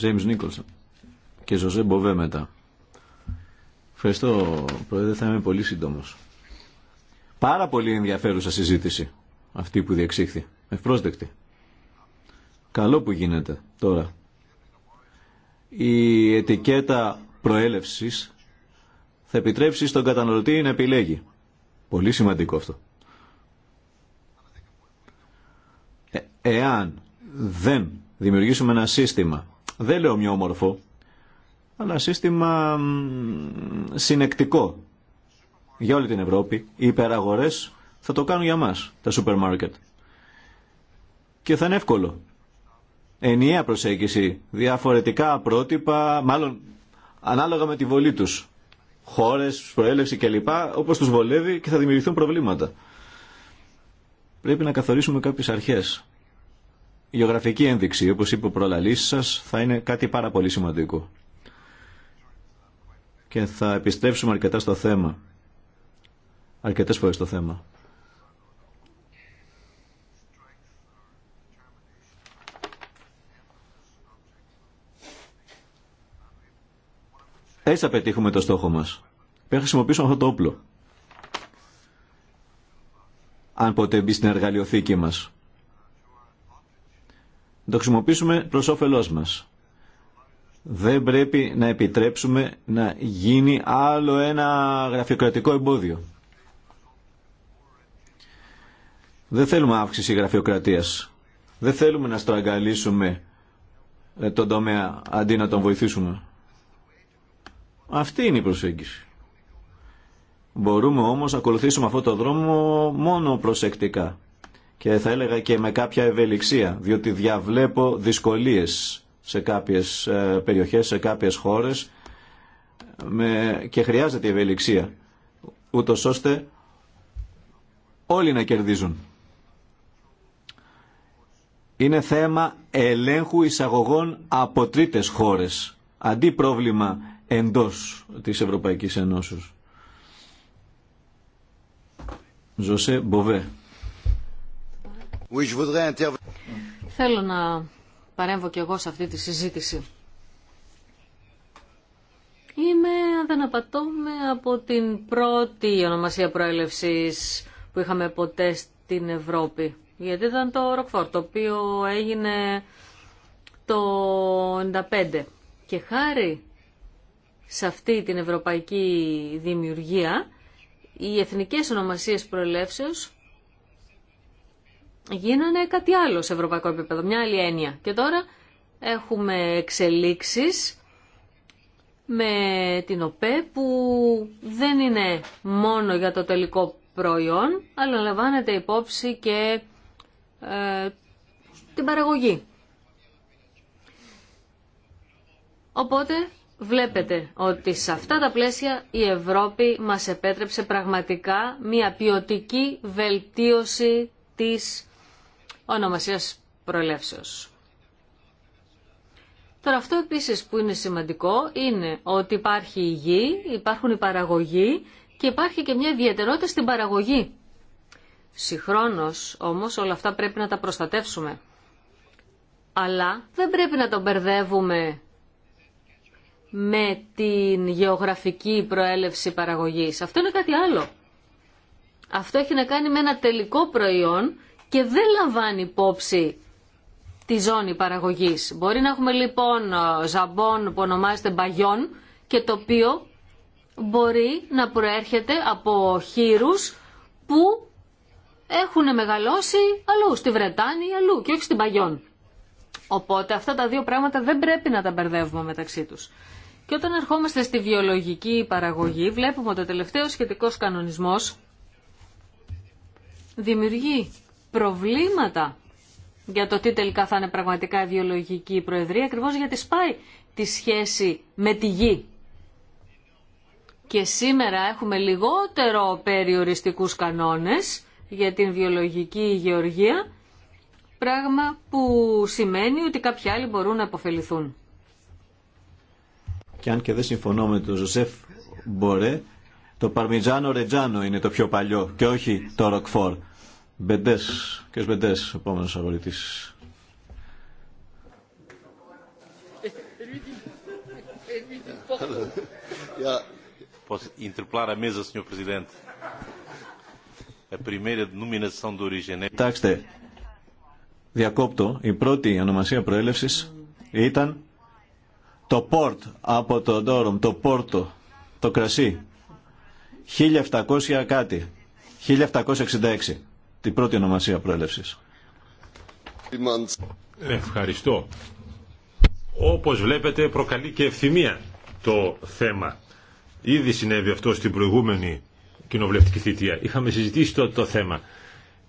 James Nicholson και Ζωζέ Μποβέ μετά. Ευχαριστώ, Πρόεδρε, θα είμαι πολύ σύντομος. Πάρα πολύ ενδιαφέρουσα συζήτηση αυτή που διεξήχθη. Ευπρόσδεκτη. Καλό που γίνεται τώρα. Η ετικέτα προέλευσης θα επιτρέψει στον καταναλωτή να επιλέγει. Πολύ σημαντικό αυτό. Ε, εάν δεν δημιουργήσουμε ένα σύστημα, δεν λέω ομοιόμορφο, αλλά σύστημα συνεκτικό για όλη την Ευρώπη, οι υπεραγορές θα το κάνουν για μας, τα σούπερ μάρκετ. Και θα είναι εύκολο. Ενιαία προσέγγιση, διαφορετικά πρότυπα, μάλλον ανάλογα με τη βολή τους. Χώρες, προέλευση κλπ. όπως τους βολεύει και θα δημιουργηθούν προβλήματα. Πρέπει να καθορίσουμε κάποιες αρχές. Η γεωγραφική ένδειξη, όπως είπε ο προλαλής σας, θα είναι κάτι πάρα πολύ σημαντικό. Και θα επιστρέψουμε αρκετά στο θέμα. Αρκετές φορές στο θέμα. Έτσι θα πετύχουμε το στόχο μας. Πρέπει να χρησιμοποιήσουμε αυτό το όπλο. Αν ποτέ μπει στην εργαλειοθήκη μας. Να το χρησιμοποιήσουμε προς όφελός μας. Δεν πρέπει να επιτρέψουμε να γίνει άλλο ένα γραφειοκρατικό εμπόδιο. Δεν θέλουμε αύξηση γραφειοκρατίας. Δεν θέλουμε να στραγγαλίσουμε ε, τον τομέα αντί να τον βοηθήσουμε. Αυτή είναι η προσέγγιση. Μπορούμε όμως να ακολουθήσουμε αυτό το δρόμο μόνο προσεκτικά και θα έλεγα και με κάποια ευελιξία, διότι διαβλέπω δυσκολίες σε κάποιες ε, περιοχές, σε κάποιες χώρες με... και χρειάζεται ευελιξία, ούτω ώστε όλοι να κερδίζουν. Είναι θέμα ελέγχου εισαγωγών από τρίτες χώρες, αντί πρόβλημα εντός της Ευρωπαϊκής Ενώσεως. Ζωσέ Μποβέ. Θέλω να παρέμβω και εγώ σε αυτή τη συζήτηση. Είμαι, αν δεν από την πρώτη ονομασία προέλευσης που είχαμε ποτέ στην Ευρώπη. Γιατί ήταν το Ροκφόρ, το οποίο έγινε το 95. Και χάρη σε αυτή την ευρωπαϊκή δημιουργία, οι εθνικές ονομασίες προελεύσεως γίνανε κάτι άλλο σε ευρωπαϊκό επίπεδο, μια άλλη έννοια. Και τώρα έχουμε εξελίξεις με την ΟΠΕ που δεν είναι μόνο για το τελικό προϊόν, αλλά λαμβάνεται υπόψη και ε, την παραγωγή. Οπότε Βλέπετε ότι σε αυτά τα πλαίσια η Ευρώπη μας επέτρεψε πραγματικά μια ποιοτική βελτίωση της ονομασίας προελεύσεως. Τώρα αυτό επίσης που είναι σημαντικό είναι ότι υπάρχει η γη, υπάρχουν οι παραγωγοί και υπάρχει και μια ιδιαιτερότητα στην παραγωγή. Συγχρόνως όμως όλα αυτά πρέπει να τα προστατεύσουμε. Αλλά δεν πρέπει να τον μπερδεύουμε με την γεωγραφική προέλευση παραγωγής. Αυτό είναι κάτι άλλο. Αυτό έχει να κάνει με ένα τελικό προϊόν και δεν λαμβάνει υπόψη τη ζώνη παραγωγής. Μπορεί να έχουμε λοιπόν ζαμπόν που ονομάζεται μπαγιόν και το οποίο μπορεί να προέρχεται από χείρους που έχουν μεγαλώσει αλλού, στη Βρετάνη ή αλλού και όχι στην Παγιόν. Οπότε αυτά τα δύο πράγματα δεν πρέπει να τα μπερδεύουμε μεταξύ τους. Και όταν ερχόμαστε στη βιολογική παραγωγή, βλέπουμε ότι ο τελευταίο σχετικός κανονισμός δημιουργεί προβλήματα για το τι τελικά θα είναι πραγματικά η βιολογική προεδρία, ακριβώς γιατί σπάει τη σχέση με τη γη. Και σήμερα έχουμε λιγότερο περιοριστικούς κανόνες για την βιολογική γεωργία, πράγμα που σημαίνει ότι κάποιοι άλλοι μπορούν να αποφεληθούν και αν και δεν συμφωνώ με τον Ζωσέφ Μπορέ, το Παρμιτζάνο Ρετζάνο είναι το πιο παλιό και όχι το Ροκφόρ. Μπεντέ, και Μπεντέ, ο επόμενο αγορητή. Posso interpelar a mesa, Sr. Presidente? A primeira denominação de origem é. Κοιτάξτε, διακόπτω. Η πρώτη ονομασία προέλευση ήταν το πόρτ από το ντόρουμ, το πόρτο, το κρασί. 1700 κάτι. 1766. Την πρώτη ονομασία προέλευσης. Ευχαριστώ. Όπως βλέπετε προκαλεί και ευθυμία το θέμα. Ήδη συνέβη αυτό στην προηγούμενη κοινοβουλευτική θητεία. Είχαμε συζητήσει το, το θέμα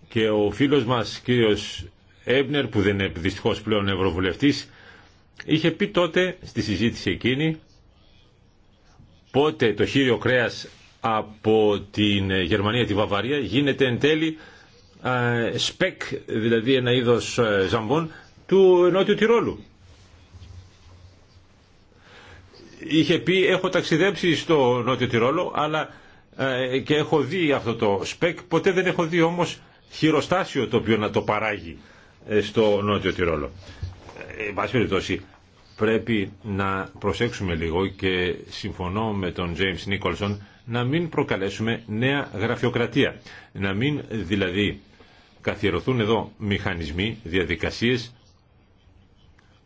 και ο φίλος μας κύριος Έμπνερ που δεν είναι δυστυχώς πλέον ευρωβουλευτής Είχε πει τότε στη συζήτηση εκείνη πότε το χείριο κρέας από την Γερμανία, τη Βαβαρία γίνεται εν τέλει σπεκ, δηλαδή ένα είδος ε, ζαμβών, του Νότιου Τυρόλου. Είχε πει έχω ταξιδέψει στο Νότιο Τυρόλο αλλά ε, και έχω δει αυτό το σπεκ, ποτέ δεν έχω δει όμως χειροστάσιο το οποίο να το παράγει ε, στο Νότιο Τυρόλο εν πάση περιπτώσει, πρέπει να προσέξουμε λίγο και συμφωνώ με τον James Nicholson να μην προκαλέσουμε νέα γραφειοκρατία. Να μην δηλαδή καθιερωθούν εδώ μηχανισμοί, διαδικασίες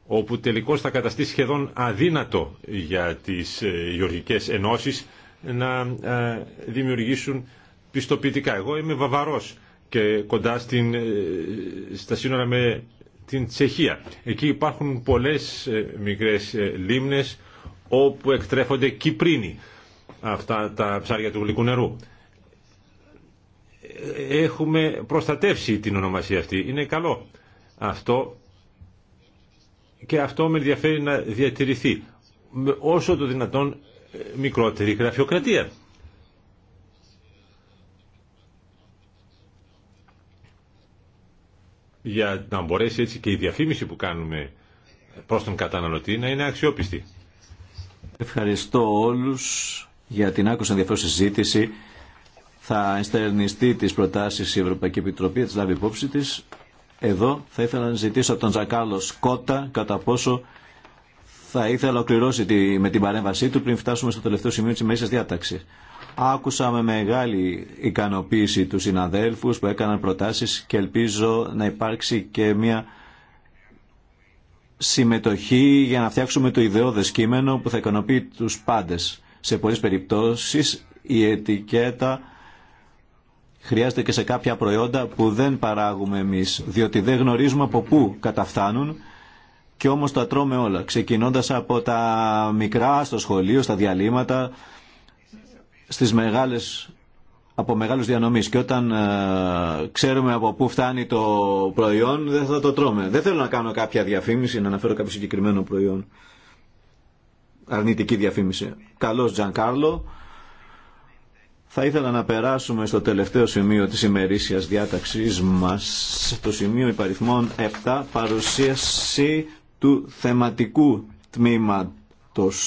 όπου τελικώς θα καταστεί σχεδόν αδύνατο για τις ε, γεωργικές ενώσεις να ε, δημιουργήσουν πιστοποιητικά. Εγώ είμαι βαβαρός και κοντά στην, ε, στα σύνορα με την Τσεχία. Εκεί υπάρχουν πολλές ε, μικρές ε, λίμνες όπου εκτρέφονται κυπρίνοι αυτά τα ψάρια του γλυκού νερού. Έχουμε προστατεύσει την ονομασία αυτή. Είναι καλό αυτό και αυτό με ενδιαφέρει να διατηρηθεί με όσο το δυνατόν ε, μικρότερη γραφειοκρατία. για να μπορέσει έτσι και η διαφήμιση που κάνουμε προς τον καταναλωτή να είναι αξιόπιστη. Ευχαριστώ όλους για την άκουσα ενδιαφέρουσα συζήτηση. Θα ενστερνιστεί τις προτάσεις η Ευρωπαϊκή Επιτροπή, της λάβει υπόψη τη, Εδώ θα ήθελα να ζητήσω από τον Ζακάλο Σκότα κατά πόσο θα ήθελα να ολοκληρώσει με την παρέμβασή του πριν φτάσουμε στο τελευταίο σημείο της μέσης διάταξης. Άκουσα με μεγάλη ικανοποίηση του συναδέλφους που έκαναν προτάσεις και ελπίζω να υπάρξει και μια συμμετοχή για να φτιάξουμε το ιδεώδες κείμενο που θα ικανοποιεί τους πάντες. Σε πολλές περιπτώσεις η ετικέτα χρειάζεται και σε κάποια προϊόντα που δεν παράγουμε εμείς, διότι δεν γνωρίζουμε από πού καταφθάνουν και όμως τα τρώμε όλα, ξεκινώντας από τα μικρά στο σχολείο, στα διαλύματα, στις μεγάλες, από μεγάλους διανομής και όταν ε, ξέρουμε από πού φτάνει το προϊόν δεν θα το τρώμε. Δεν θέλω να κάνω κάποια διαφήμιση, να αναφέρω κάποιο συγκεκριμένο προϊόν. Αρνητική διαφήμιση. Καλός Τζαν Κάρλο. Θα ήθελα να περάσουμε στο τελευταίο σημείο της ημερήσιας διάταξής μας, το σημείο υπαριθμών 7, παρουσίαση του θεματικού τμήματος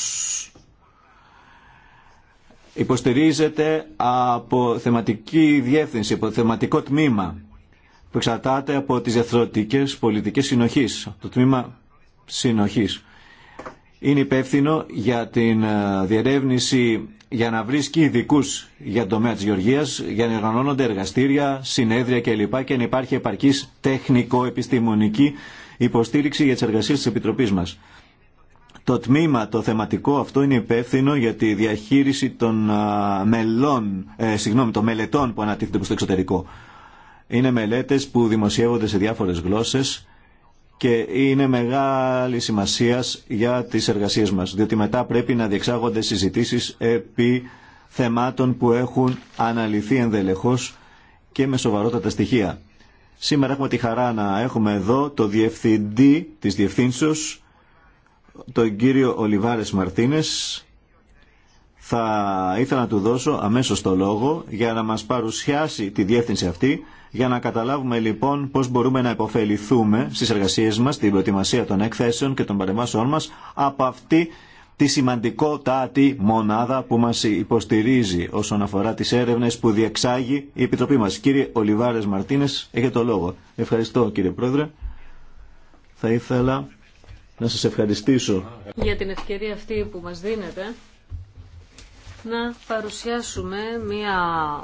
υποστηρίζεται από θεματική διεύθυνση, από θεματικό τμήμα που εξαρτάται από τις διαθρωτικές πολιτικές συνοχής, το τμήμα συνοχής. Είναι υπεύθυνο για την ε, διερεύνηση, για να βρίσκει ειδικού για το τομέα της γεωργίας, για να εργανώνονται εργαστήρια, συνέδρια κλπ. και να υπάρχει επαρκής τεχνικό-επιστημονική υποστήριξη για τις εργασίες της Επιτροπής μας. Το τμήμα, το θεματικό αυτό είναι υπεύθυνο για τη διαχείριση των, μελών, ε, των μελετών που ανατίθεται προς το εξωτερικό. Είναι μελέτες που δημοσιεύονται σε διάφορες γλώσσες και είναι μεγάλη σημασία για τις εργασίες μας, διότι μετά πρέπει να διεξάγονται συζητήσεις επί θεμάτων που έχουν αναλυθεί ενδελεχώς και με σοβαρότατα στοιχεία. Σήμερα έχουμε τη χαρά να έχουμε εδώ το Διευθυντή της Διευθύνσεως τον κύριο Ολιβάρες Μαρτίνες θα ήθελα να του δώσω αμέσως το λόγο για να μας παρουσιάσει τη διεύθυνση αυτή για να καταλάβουμε λοιπόν πώς μπορούμε να υποφεληθούμε στις εργασίες μας, την προετοιμασία των εκθέσεων και των παρεμβάσεών μας από αυτή τη σημαντικότατη μονάδα που μας υποστηρίζει όσον αφορά τις έρευνες που διεξάγει η Επιτροπή μας. Κύριε Ολιβάρες Μαρτίνες, έχετε το λόγο. Ευχαριστώ κύριε Πρόεδρε. Θα ήθελα να σας ευχαριστήσω για την ευκαιρία αυτή που μας δίνετε να παρουσιάσουμε μια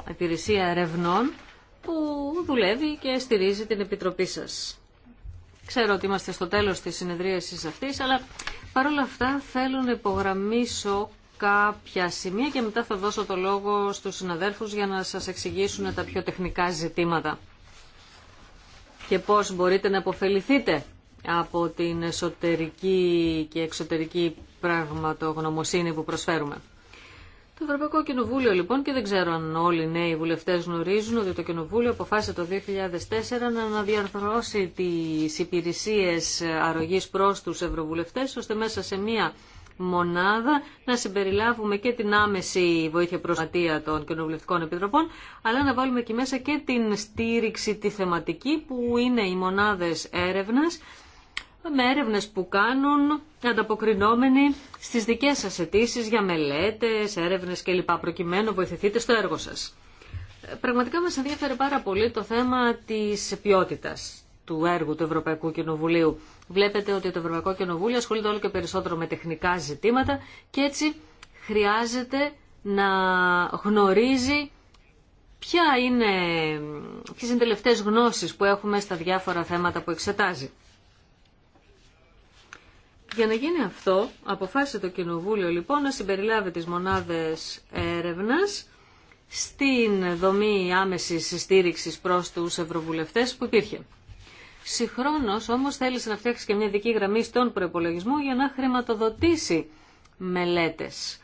υπηρεσία ερευνών που δουλεύει και στηρίζει την Επιτροπή σας. Ξέρω ότι είμαστε στο τέλος της συνεδρίασης αυτής, αλλά παρόλα αυτά θέλω να υπογραμμίσω κάποια σημεία και μετά θα δώσω το λόγο στους συναδέλφους για να σας εξηγήσουν τα πιο τεχνικά ζητήματα και πώς μπορείτε να αποφεληθείτε από την εσωτερική και εξωτερική πραγματογνωμοσύνη που προσφέρουμε. Το Ευρωπαϊκό Κοινοβούλιο λοιπόν, και δεν ξέρω αν όλοι οι νέοι βουλευτές γνωρίζουν ότι το Κοινοβούλιο αποφάσισε το 2004 να αναδιαρθρώσει τις υπηρεσίες αρρωγής προς τους ευρωβουλευτές, ώστε μέσα σε μία μονάδα να συμπεριλάβουμε και την άμεση βοήθεια ματία των κοινοβουλευτικών επιτροπών, αλλά να βάλουμε εκεί μέσα και την στήριξη τη θεματική που είναι οι μονάδες έρευνας με έρευνες που κάνουν ανταποκρινόμενοι στις δικές σας αιτήσει για μελέτες, έρευνες κλπ. προκειμένου βοηθηθείτε στο έργο σας. Πραγματικά μας ενδιαφέρει πάρα πολύ το θέμα της ποιότητας του έργου του Ευρωπαϊκού Κοινοβουλίου. Βλέπετε ότι το Ευρωπαϊκό Κοινοβούλιο ασχολείται όλο και περισσότερο με τεχνικά ζητήματα και έτσι χρειάζεται να γνωρίζει ποια είναι, ποιες είναι οι τελευταίες γνώσεις που έχουμε στα διάφορα θέματα που εξετάζει. Για να γίνει αυτό, αποφάσισε το Κοινοβούλιο λοιπόν να συμπεριλάβει τις μονάδες έρευνας στην δομή άμεσης στήριξης προς τους ευρωβουλευτές που υπήρχε. Συγχρόνως όμως θέλησε να φτιάξει και μια δική γραμμή στον προπολογισμό για να χρηματοδοτήσει μελέτες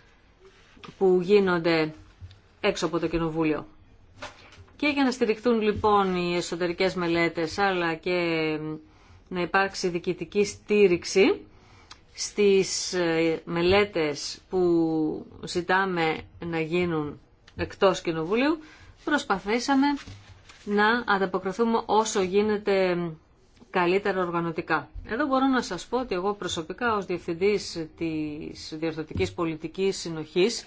που γίνονται έξω από το Κοινοβούλιο. Και για να στηριχτούν λοιπόν οι εσωτερικές μελέτες αλλά και να υπάρξει διοικητική στήριξη στις ε, μελέτες που ζητάμε να γίνουν εκτός Κοινοβουλίου, προσπαθήσαμε να ανταποκριθούμε όσο γίνεται καλύτερα οργανωτικά. Εδώ μπορώ να σας πω ότι εγώ προσωπικά ως Διευθυντής της Διορθωτικής Πολιτικής Συνοχής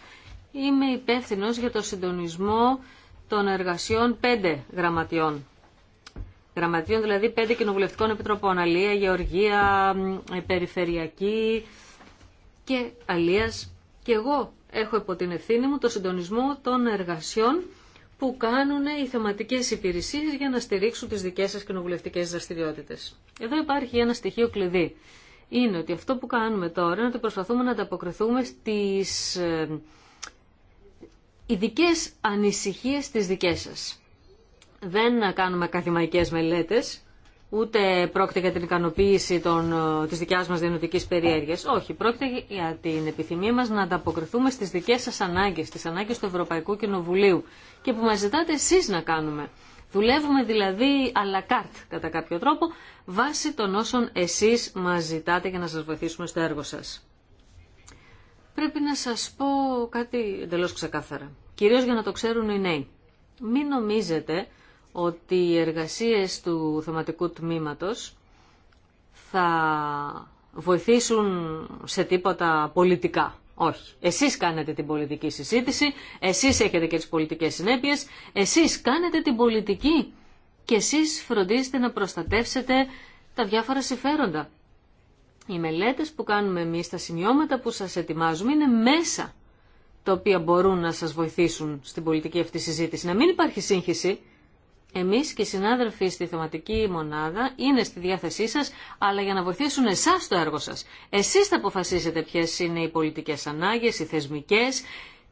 είμαι υπεύθυνος για το συντονισμό των εργασιών πέντε γραμματιών γραμματείων, δηλαδή πέντε κοινοβουλευτικών επιτροπών, Αλία, Γεωργία, Περιφερειακή και Αλίας. Και εγώ έχω υπό την ευθύνη μου το συντονισμό των εργασιών που κάνουν οι θεματικές υπηρεσίες για να στηρίξουν τις δικές σας κοινοβουλευτικές δραστηριότητες. Εδώ υπάρχει ένα στοιχείο κλειδί. Είναι ότι αυτό που κάνουμε τώρα είναι ότι προσπαθούμε να ανταποκριθούμε στις ε, ειδικέ ανησυχίες τις δικές σας δεν κάνουμε ακαδημαϊκές μελέτες, ούτε πρόκειται για την ικανοποίηση των, ε, της δικιάς μας διανοητικής περιέργειας. Όχι, πρόκειται για την επιθυμία μας να ανταποκριθούμε στις δικές σας ανάγκες, στις ανάγκες του Ευρωπαϊκού Κοινοβουλίου και που μας ζητάτε εσείς να κάνουμε. Δουλεύουμε δηλαδή à la carte κατά κάποιο τρόπο βάσει των όσων εσείς μας ζητάτε για να σας βοηθήσουμε στο έργο σας. Πρέπει να σας πω κάτι εντελώς ξεκάθαρα, κυρίως για να το ξέρουν οι νέοι. Μην νομίζετε ότι οι εργασίες του θεματικού τμήματος θα βοηθήσουν σε τίποτα πολιτικά. Όχι. Εσείς κάνετε την πολιτική συζήτηση, εσείς έχετε και τις πολιτικές συνέπειες, εσείς κάνετε την πολιτική και εσείς φροντίζετε να προστατεύσετε τα διάφορα συμφέροντα. Οι μελέτες που κάνουμε εμείς, τα σημειώματα που σας ετοιμάζουμε είναι μέσα τα οποία μπορούν να σας βοηθήσουν στην πολιτική αυτή συζήτηση. Να μην υπάρχει σύγχυση εμείς και οι συνάδελφοι στη θεματική μονάδα είναι στη διάθεσή σας, αλλά για να βοηθήσουν εσάς το έργο σας. Εσείς θα αποφασίσετε ποιες είναι οι πολιτικές ανάγκες, οι θεσμικές,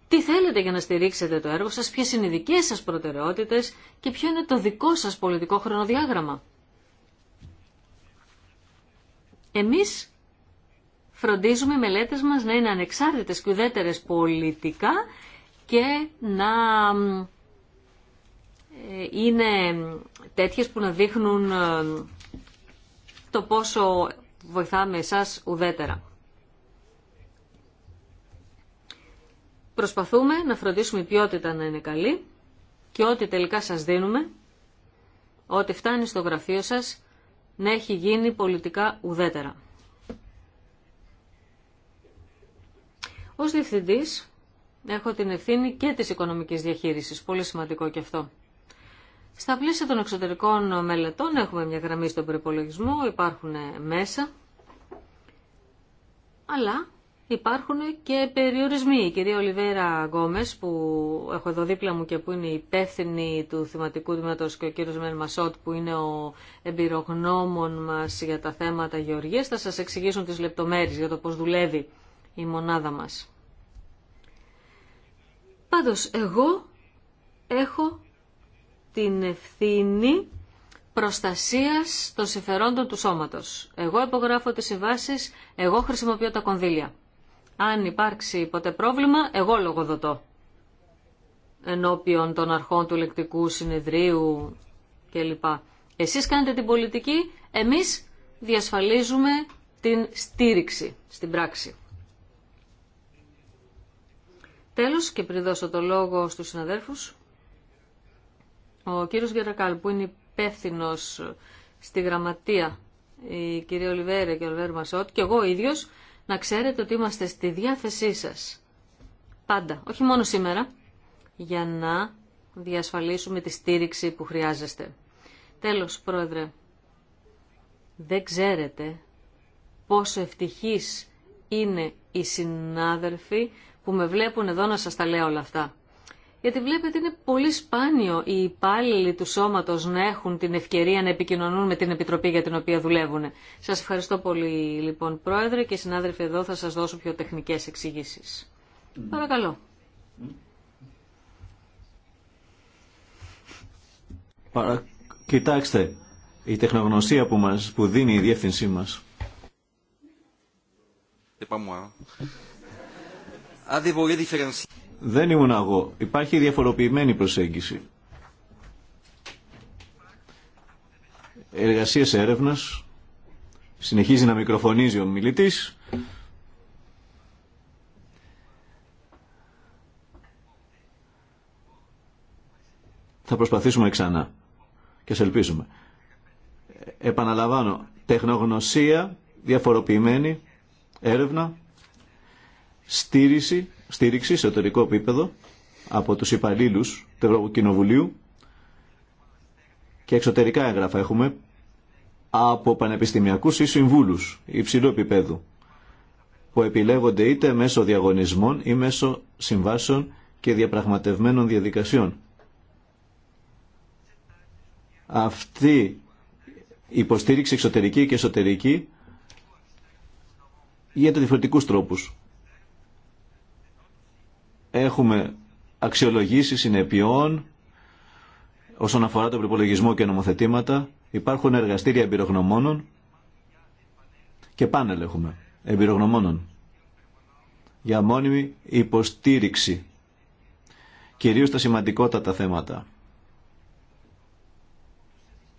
τι θέλετε για να στηρίξετε το έργο σας, ποιες είναι οι δικές σας προτεραιότητες και ποιο είναι το δικό σας πολιτικό χρονοδιάγραμμα. Εμείς φροντίζουμε οι μελέτες μας να είναι ανεξάρτητες και ουδέτερες πολιτικά και να είναι τέτοιες που να δείχνουν ε, το πόσο βοηθάμε εσάς ουδέτερα. Προσπαθούμε να φροντίσουμε η ποιότητα να είναι καλή και ό,τι τελικά σας δίνουμε, ό,τι φτάνει στο γραφείο σας, να έχει γίνει πολιτικά ουδέτερα. Ως διευθυντής έχω την ευθύνη και της οικονομικής διαχείρισης, πολύ σημαντικό και αυτό. Στα πλαίσια των εξωτερικών μελετών έχουμε μια γραμμή στον προπολογισμό, υπάρχουν μέσα, αλλά υπάρχουν και περιορισμοί. Η κυρία Ολιβέρα Γκόμες, που έχω εδώ δίπλα μου και που είναι υπεύθυνη του θεματικού τμήματος και ο κύριος Μεν που είναι ο εμπειρογνώμων μας για τα θέματα γεωργίας, θα σας εξηγήσουν τις λεπτομέρειες για το πώς δουλεύει η μονάδα μας. Πάντως, εγώ έχω την ευθύνη προστασίας των συμφερόντων του σώματος. Εγώ υπογράφω τις συμβάσει. εγώ χρησιμοποιώ τα κονδύλια. Αν υπάρξει ποτέ πρόβλημα, εγώ λογοδοτώ. Ενώπιον των αρχών του λεκτικού συνεδρίου κλπ. Εσείς κάνετε την πολιτική, εμείς διασφαλίζουμε την στήριξη στην πράξη. Τέλος, και πριν δώσω το λόγο στους συναδέρφους, ο κύριος Γερακάλ που είναι υπεύθυνο στη γραμματεία, η κυρία Ολιβέρα και ο Ολιβέρα Μασότ και εγώ ίδιος, να ξέρετε ότι είμαστε στη διάθεσή σας. Πάντα, όχι μόνο σήμερα, για να διασφαλίσουμε τη στήριξη που χρειάζεστε. Τέλος, Πρόεδρε, δεν ξέρετε πόσο ευτυχής είναι οι συνάδελφοι που με βλέπουν εδώ να σας τα λέω όλα αυτά. Γιατί βλέπετε είναι πολύ σπάνιο οι υπάλληλοι του σώματος να έχουν την ευκαιρία να επικοινωνούν με την Επιτροπή για την οποία δουλεύουν. Σας ευχαριστώ πολύ λοιπόν Πρόεδρε και συνάδελφοι εδώ θα σας δώσω πιο τεχνικές εξηγήσεις. Παρακαλώ. Παρα... Κοιτάξτε, η τεχνογνωσία που, μας, που δίνει η διεύθυνσή μας. Δεν ήμουν εγώ. Υπάρχει διαφοροποιημένη προσέγγιση. Εργασίες έρευνας. Συνεχίζει να μικροφωνίζει ο μιλητής. Θα προσπαθήσουμε ξανά και σε ελπίζουμε. Επαναλαμβάνω, τεχνογνωσία, διαφοροποιημένη έρευνα, στήριση στήριξη σε εταιρικό επίπεδο από τους υπαλλήλου του Κοινοβουλίου και εξωτερικά έγγραφα έχουμε από πανεπιστημιακούς ή συμβούλους υψηλού επίπεδου που επιλέγονται είτε μέσω διαγωνισμών ή μέσω συμβάσεων και διαπραγματευμένων διαδικασιών. Αυτή η υποστήριξη εξωτερική και εσωτερική γίνεται διαφορετικούς τρόπους. Έχουμε αξιολογήσει συνεπειών όσον αφορά τον προπολογισμό και νομοθετήματα. Υπάρχουν εργαστήρια εμπειρογνωμόνων και πάνελ έχουμε εμπειρογνωμόνων για μόνιμη υποστήριξη κυρίως τα σημαντικότατα θέματα.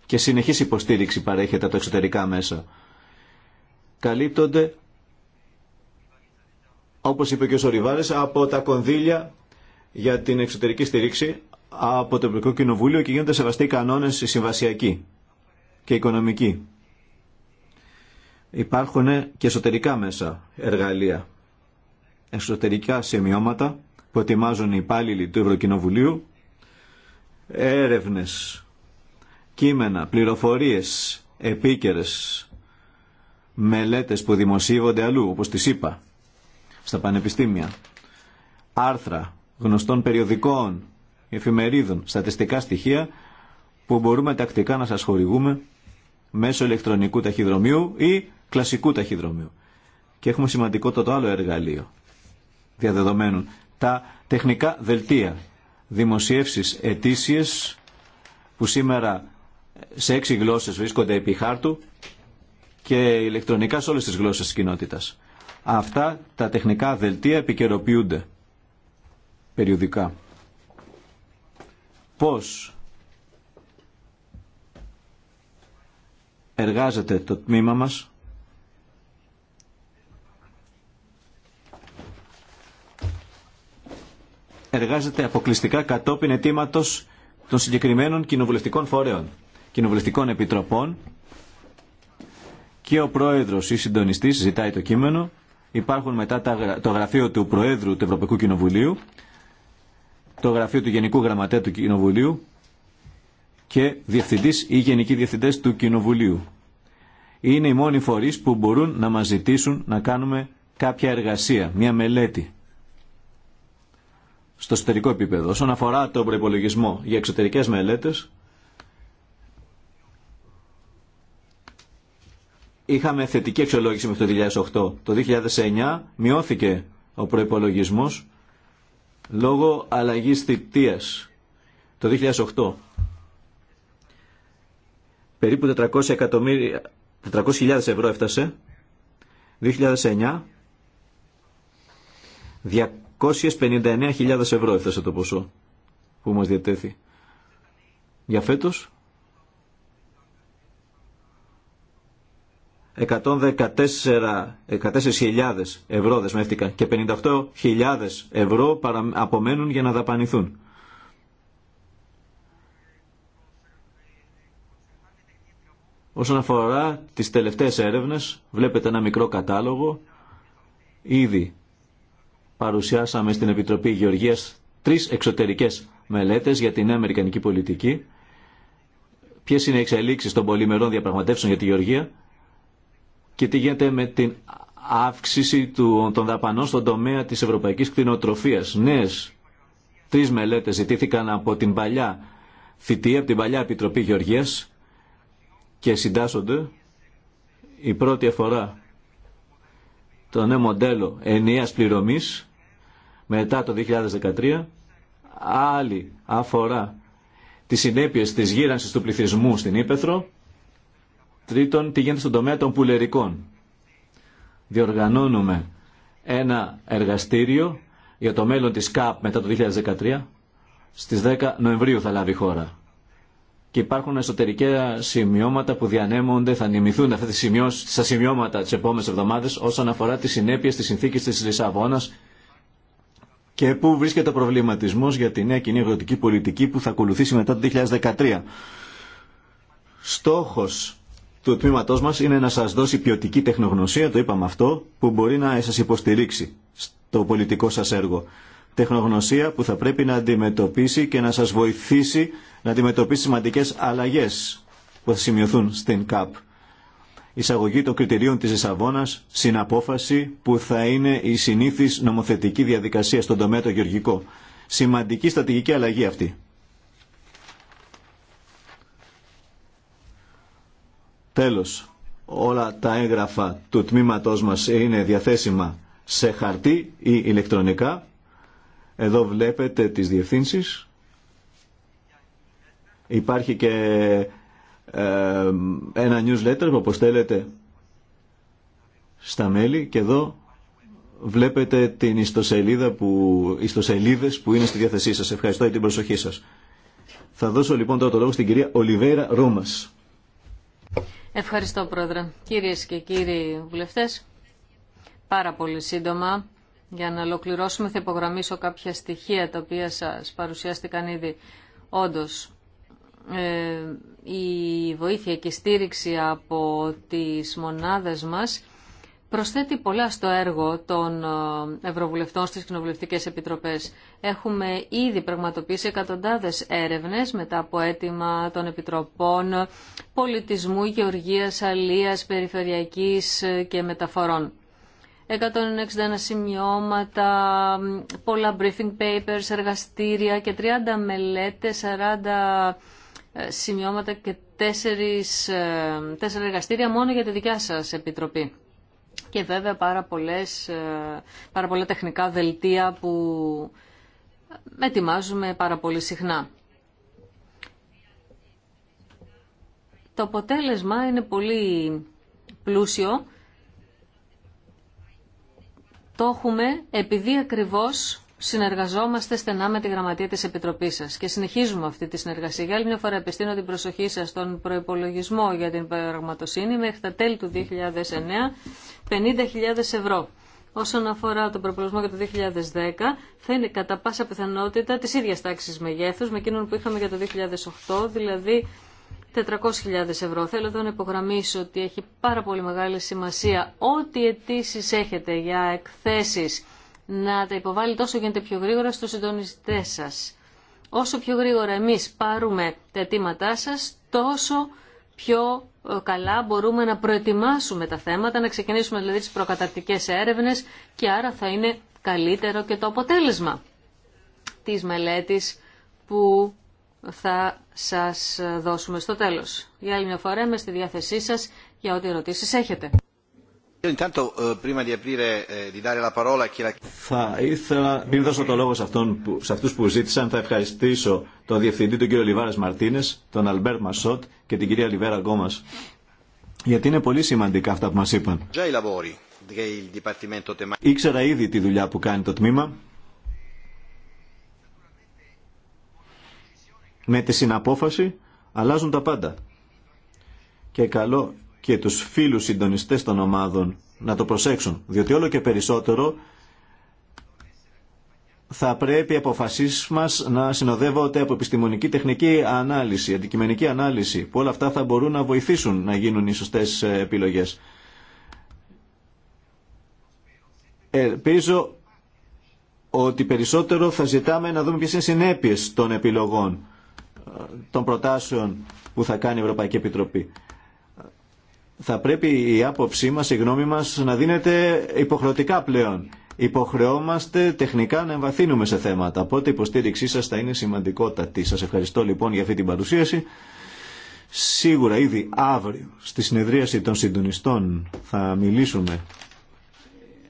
Και συνεχής υποστήριξη παρέχεται από τα εξωτερικά μέσα. Καλύπτονται όπως είπε και ο Σοριβάρης, από τα κονδύλια για την εξωτερική στηρίξη από το Ευρωπαϊκό Κοινοβούλιο και γίνονται σεβαστοί οι κανόνες συμβασιακοί και οικονομικοί. Υπάρχουν και εσωτερικά μέσα εργαλεία, εσωτερικά σημειώματα που ετοιμάζουν οι υπάλληλοι του Ευρωκοινοβουλίου, έρευνες, κείμενα, πληροφορίες, επίκαιρες, μελέτες που δημοσίευονται αλλού, όπως τις είπα στα πανεπιστήμια. Άρθρα γνωστών περιοδικών, εφημερίδων, στατιστικά στοιχεία που μπορούμε τακτικά να σας χορηγούμε μέσω ηλεκτρονικού ταχυδρομείου ή κλασικού ταχυδρομείου. Και έχουμε σημαντικό το, το άλλο εργαλείο διαδεδομένων. Τα τεχνικά δελτία, δημοσιεύσεις ετήσιες που σήμερα σε έξι γλώσσες βρίσκονται επί χάρτου και ηλεκτρονικά σε όλες τις γλώσσες της κοινότητας. Αυτά τα τεχνικά δελτία επικαιροποιούνται περιοδικά. Πώς εργάζεται το τμήμα μας εργάζεται αποκλειστικά κατόπιν αιτήματος των συγκεκριμένων κοινοβουλευτικών φορέων, κοινοβουλευτικών επιτροπών και ο πρόεδρος ή συντονιστής ζητάει το κείμενο υπάρχουν μετά το γραφείο του Προέδρου του Ευρωπαϊκού Κοινοβουλίου, το γραφείο του Γενικού Γραμματέα του Κοινοβουλίου και διευθυντή ή γενικοί διευθυντέ του Κοινοβουλίου. Είναι οι μόνοι φορεί που μπορούν να μα ζητήσουν να κάνουμε κάποια εργασία, μια μελέτη στο εσωτερικό επίπεδο. Όσον αφορά τον προπολογισμό για εξωτερικέ μελέτε. είχαμε θετική αξιολόγηση μέχρι το 2008. Το 2009 μειώθηκε ο προϋπολογισμός λόγω αλλαγή θητεία. Το 2008 περίπου 400 400.000 ευρώ έφτασε. 2009 259.000 ευρώ έφτασε το ποσό που μας διατέθη. Για φέτος 114.000 ευρώ δεσμεύτηκαν και 58.000 ευρώ απομένουν για να δαπανηθούν. Όσον αφορά τις τελευταίες έρευνες, βλέπετε ένα μικρό κατάλογο. Ήδη παρουσιάσαμε στην Επιτροπή Γεωργίας τρεις εξωτερικές μελέτες για την Αμερικανική πολιτική. Ποιες είναι οι εξελίξεις των πολυμερών διαπραγματεύσεων για τη Γεωργία και τι γίνεται με την αύξηση του, των δαπανών στον τομέα της ευρωπαϊκής κτηνοτροφίας. Νέες τρεις μελέτες ζητήθηκαν από την παλιά θητεία, από την παλιά Επιτροπή Γεωργίας και συντάσσονται η πρώτη αφορά το νέο μοντέλο ενιαίας πληρωμής μετά το 2013, άλλη αφορά τις συνέπειες της γύρανσης του πληθυσμού στην Ήπεθρο Τρίτον, τι γίνεται στον τομέα των πουλερικών. Διοργανώνουμε ένα εργαστήριο για το μέλλον της ΚΑΠ μετά το 2013. Στις 10 Νοεμβρίου θα λάβει χώρα. Και υπάρχουν εσωτερικά σημειώματα που διανέμονται, θα νημηθούν αυτά τα σημειώματα τι επόμενε εβδομάδε όσον αφορά τις συνέπειες τη συνθήκη της Λισαβόνας και πού βρίσκεται ο προβληματισμό για τη νέα κοινή αγροτική πολιτική που θα ακολουθήσει μετά το 2013. Στόχος του τμήματό μα είναι να σα δώσει ποιοτική τεχνογνωσία, το είπαμε αυτό, που μπορεί να σα υποστηρίξει στο πολιτικό σα έργο. Τεχνογνωσία που θα πρέπει να αντιμετωπίσει και να σα βοηθήσει να αντιμετωπίσει σημαντικέ αλλαγέ που θα σημειωθούν στην ΚΑΠ. Εισαγωγή των κριτηρίων τη Λισαβόνα, συναπόφαση που θα είναι η συνήθι νομοθετική διαδικασία στον τομέα το γεωργικό. Σημαντική στρατηγική αλλαγή αυτή. Τέλος, όλα τα έγγραφα του τμήματός μας είναι διαθέσιμα σε χαρτί ή ηλεκτρονικά. Εδώ βλέπετε τις διευθύνσεις. Υπάρχει και ε, ένα newsletter που αποστέλλεται στα μέλη και εδώ βλέπετε την ιστοσελίδα που, ιστοσελίδες που είναι στη διάθεσή σας. Ευχαριστώ για την προσοχή σας. Θα δώσω λοιπόν τώρα το λόγο στην κυρία Ολιβέρα Ρούμας. Ευχαριστώ, Πρόεδρε. Κυρίες και κύριοι βουλευτές, πάρα πολύ σύντομα, για να ολοκληρώσουμε, θα υπογραμμίσω κάποια στοιχεία τα οποία σας παρουσιάστηκαν ήδη. Όντως, ε, η βοήθεια και στήριξη από τις μονάδες μας προσθέτει πολλά στο έργο των ε, Ευρωβουλευτών στις Κοινοβουλευτικές Επιτροπές. Έχουμε ήδη πραγματοποιήσει εκατοντάδες έρευνες μετά από αίτημα των Επιτροπών Πολιτισμού, Γεωργίας, Αλίας, Περιφερειακής ε, και Μεταφορών. 161 σημειώματα, πολλά briefing papers, εργαστήρια και 30 μελέτες, 40 ε, σημειώματα και 4, 4 εργαστήρια μόνο για τη δικιά σας επιτροπή και βέβαια πάρα, πολλές, ε, πάρα πολλά τεχνικά δελτία που ετοιμάζουμε πάρα πολύ συχνά. Το αποτέλεσμα είναι πολύ πλούσιο. Το έχουμε επειδή ακριβώς συνεργαζόμαστε στενά με τη γραμματεία της Επιτροπής σας και συνεχίζουμε αυτή τη συνεργασία. Για άλλη μια φορά επιστήνω την προσοχή σας στον προϋπολογισμό για την πραγματοσύνη μέχρι τα τέλη του 2009 50.000 ευρώ. Όσον αφορά τον προπολογισμό για το 2010, θα είναι κατά πάσα πιθανότητα τη ίδια τάξη μεγέθου με εκείνον που είχαμε για το 2008, δηλαδή 400.000 ευρώ. Θέλω εδώ να υπογραμμίσω ότι έχει πάρα πολύ μεγάλη σημασία ό,τι αιτήσει έχετε για εκθέσει να τα υποβάλει τόσο γίνεται πιο γρήγορα στου συντονιστέ σα. Όσο πιο γρήγορα εμεί πάρουμε τα αιτήματά σα, τόσο πιο ε, καλά μπορούμε να προετοιμάσουμε τα θέματα, να ξεκινήσουμε δηλαδή τις προκαταρτικές έρευνες και άρα θα είναι καλύτερο και το αποτέλεσμα της μελέτης που θα σας δώσουμε στο τέλος. Για άλλη μια φορά είμαι στη διάθεσή σας για ό,τι ερωτήσεις έχετε. Θα ήθελα, μην δώσω το λόγο σε, που, αυτούς που ζήτησαν, θα ευχαριστήσω τον Διευθυντή, τον κύριο Λιβάρας Μαρτίνες, τον Αλμπέρ Μασότ και την κυρία Λιβέρα Γκόμας, γιατί είναι πολύ σημαντικά αυτά που μας είπαν. Ήξερα ήδη τη δουλειά που κάνει το τμήμα. Με τη συναπόφαση αλλάζουν τα πάντα. Και καλό και τους φίλους συντονιστές των ομάδων να το προσέξουν, διότι όλο και περισσότερο θα πρέπει οι αποφασίσεις μας να συνοδεύονται από επιστημονική τεχνική ανάλυση, αντικειμενική ανάλυση, που όλα αυτά θα μπορούν να βοηθήσουν να γίνουν οι σωστές ε, επιλογές. Ελπίζω ότι περισσότερο θα ζητάμε να δούμε ποιες είναι συνέπειες των επιλογών, ε, των προτάσεων που θα κάνει η Ευρωπαϊκή Επιτροπή θα πρέπει η άποψή μας, η γνώμη μας να δίνεται υποχρεωτικά πλέον. Υποχρεώμαστε τεχνικά να εμβαθύνουμε σε θέματα, οπότε η υποστήριξή σας θα είναι σημαντικότατη. Σας ευχαριστώ λοιπόν για αυτή την παρουσίαση. Σίγουρα ήδη αύριο στη συνεδρίαση των συντονιστών θα μιλήσουμε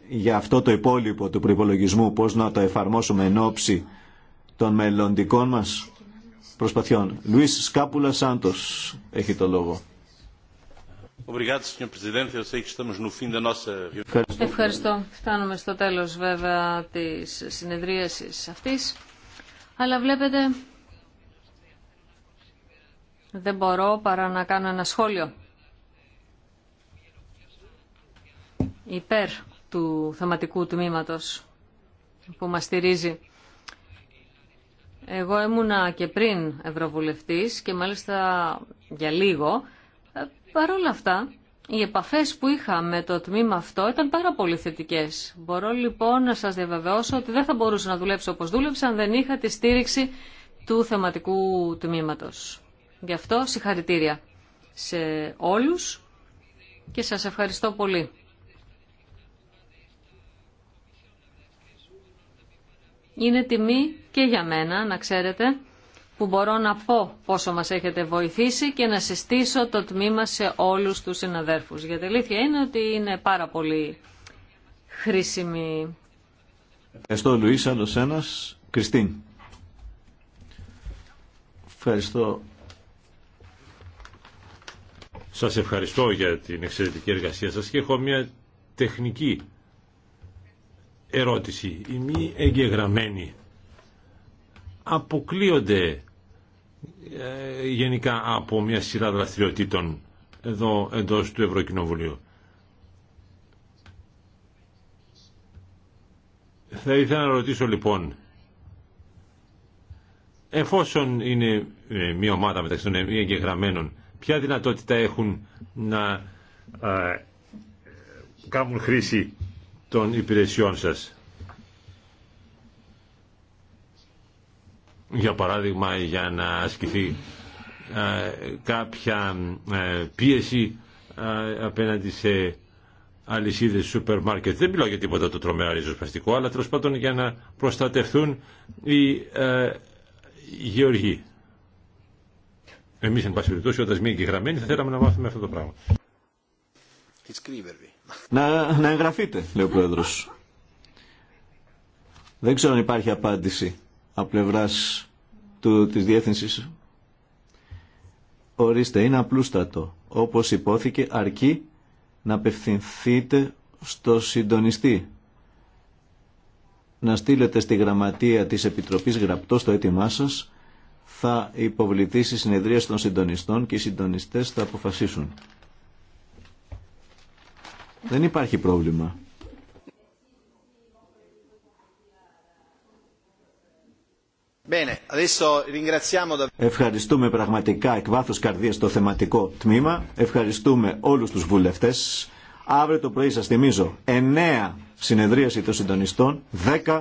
για αυτό το υπόλοιπο του προπολογισμού, πώς να το εφαρμόσουμε εν ώψη των μελλοντικών μας προσπαθειών. Λουίς Σκάπουλα Σάντος έχει το λόγο. Ευχαριστώ. Φτάνουμε στο τέλος βέβαια της συνεδρίασης αυτής. Αλλά βλέπετε δεν μπορώ παρά να κάνω ένα σχόλιο υπέρ του θεματικού τμήματος που μας στηρίζει. Εγώ ήμουνα και πριν Ευρωβουλευτής και μάλιστα για λίγο Παρ' όλα αυτά, οι επαφές που είχα με το τμήμα αυτό ήταν πάρα πολύ θετικέ. Μπορώ λοιπόν να σας διαβεβαιώσω ότι δεν θα μπορούσα να δουλέψω όπως δούλεψα αν δεν είχα τη στήριξη του θεματικού τμήματος. Γι' αυτό συγχαρητήρια σε όλους και σας ευχαριστώ πολύ. Είναι τιμή και για μένα, να ξέρετε, που μπορώ να πω πόσο μας έχετε βοηθήσει και να συστήσω το τμήμα σε όλους τους συναδέρφους. Γιατί η είναι ότι είναι πάρα πολύ χρήσιμη. Ευχαριστώ Λουίς, άλλος ένας. Κριστίν. Ευχαριστώ. Σας ευχαριστώ για την εξαιρετική εργασία σας και έχω μια τεχνική ερώτηση. η μη εγγεγραμμένη αποκλείονται ε, γενικά από μια σειρά δραστηριοτήτων εδώ εντός του Ευρωκοινοβουλίου. Θα ήθελα να ρωτήσω λοιπόν, εφόσον είναι ε, μια ομάδα μεταξύ των εγγεγραμμένων, ποια δυνατότητα έχουν να ε, κάνουν χρήση των υπηρεσιών σας. για παράδειγμα για να ασκηθεί ε, κάποια ε, πίεση ε, απέναντι σε αλυσίδες σούπερ μάρκετ. Δεν μιλάω για τίποτα το τρομερά ριζοσπαστικό, αλλά τέλο πάντων για να προστατευθούν οι ε, γεωργοί. Εμείς, εν πάση περιπτώσει, όταν μείνει και γραμμένοι, θα θέλαμε να μάθουμε αυτό το πράγμα. Να, να εγγραφείτε, λέει ο Πρόεδρος. Δεν ξέρω αν υπάρχει απάντηση από πλευρά του, της Ορίστε, είναι απλούστατο. Όπως υπόθηκε, αρκεί να απευθυνθείτε στο συντονιστή. Να στείλετε στη γραμματεία της Επιτροπής γραπτό στο έτοιμά σας, θα υποβληθεί στη συνεδρία των συντονιστών και οι συντονιστές θα αποφασίσουν. Δεν υπάρχει πρόβλημα. Ευχαριστούμε πραγματικά εκ βάθους καρδίας το θεματικό τμήμα. Ευχαριστούμε όλους τους βουλευτές. Αύριο το πρωί σας θυμίζω 9 συνεδρίαση των συντονιστών, 10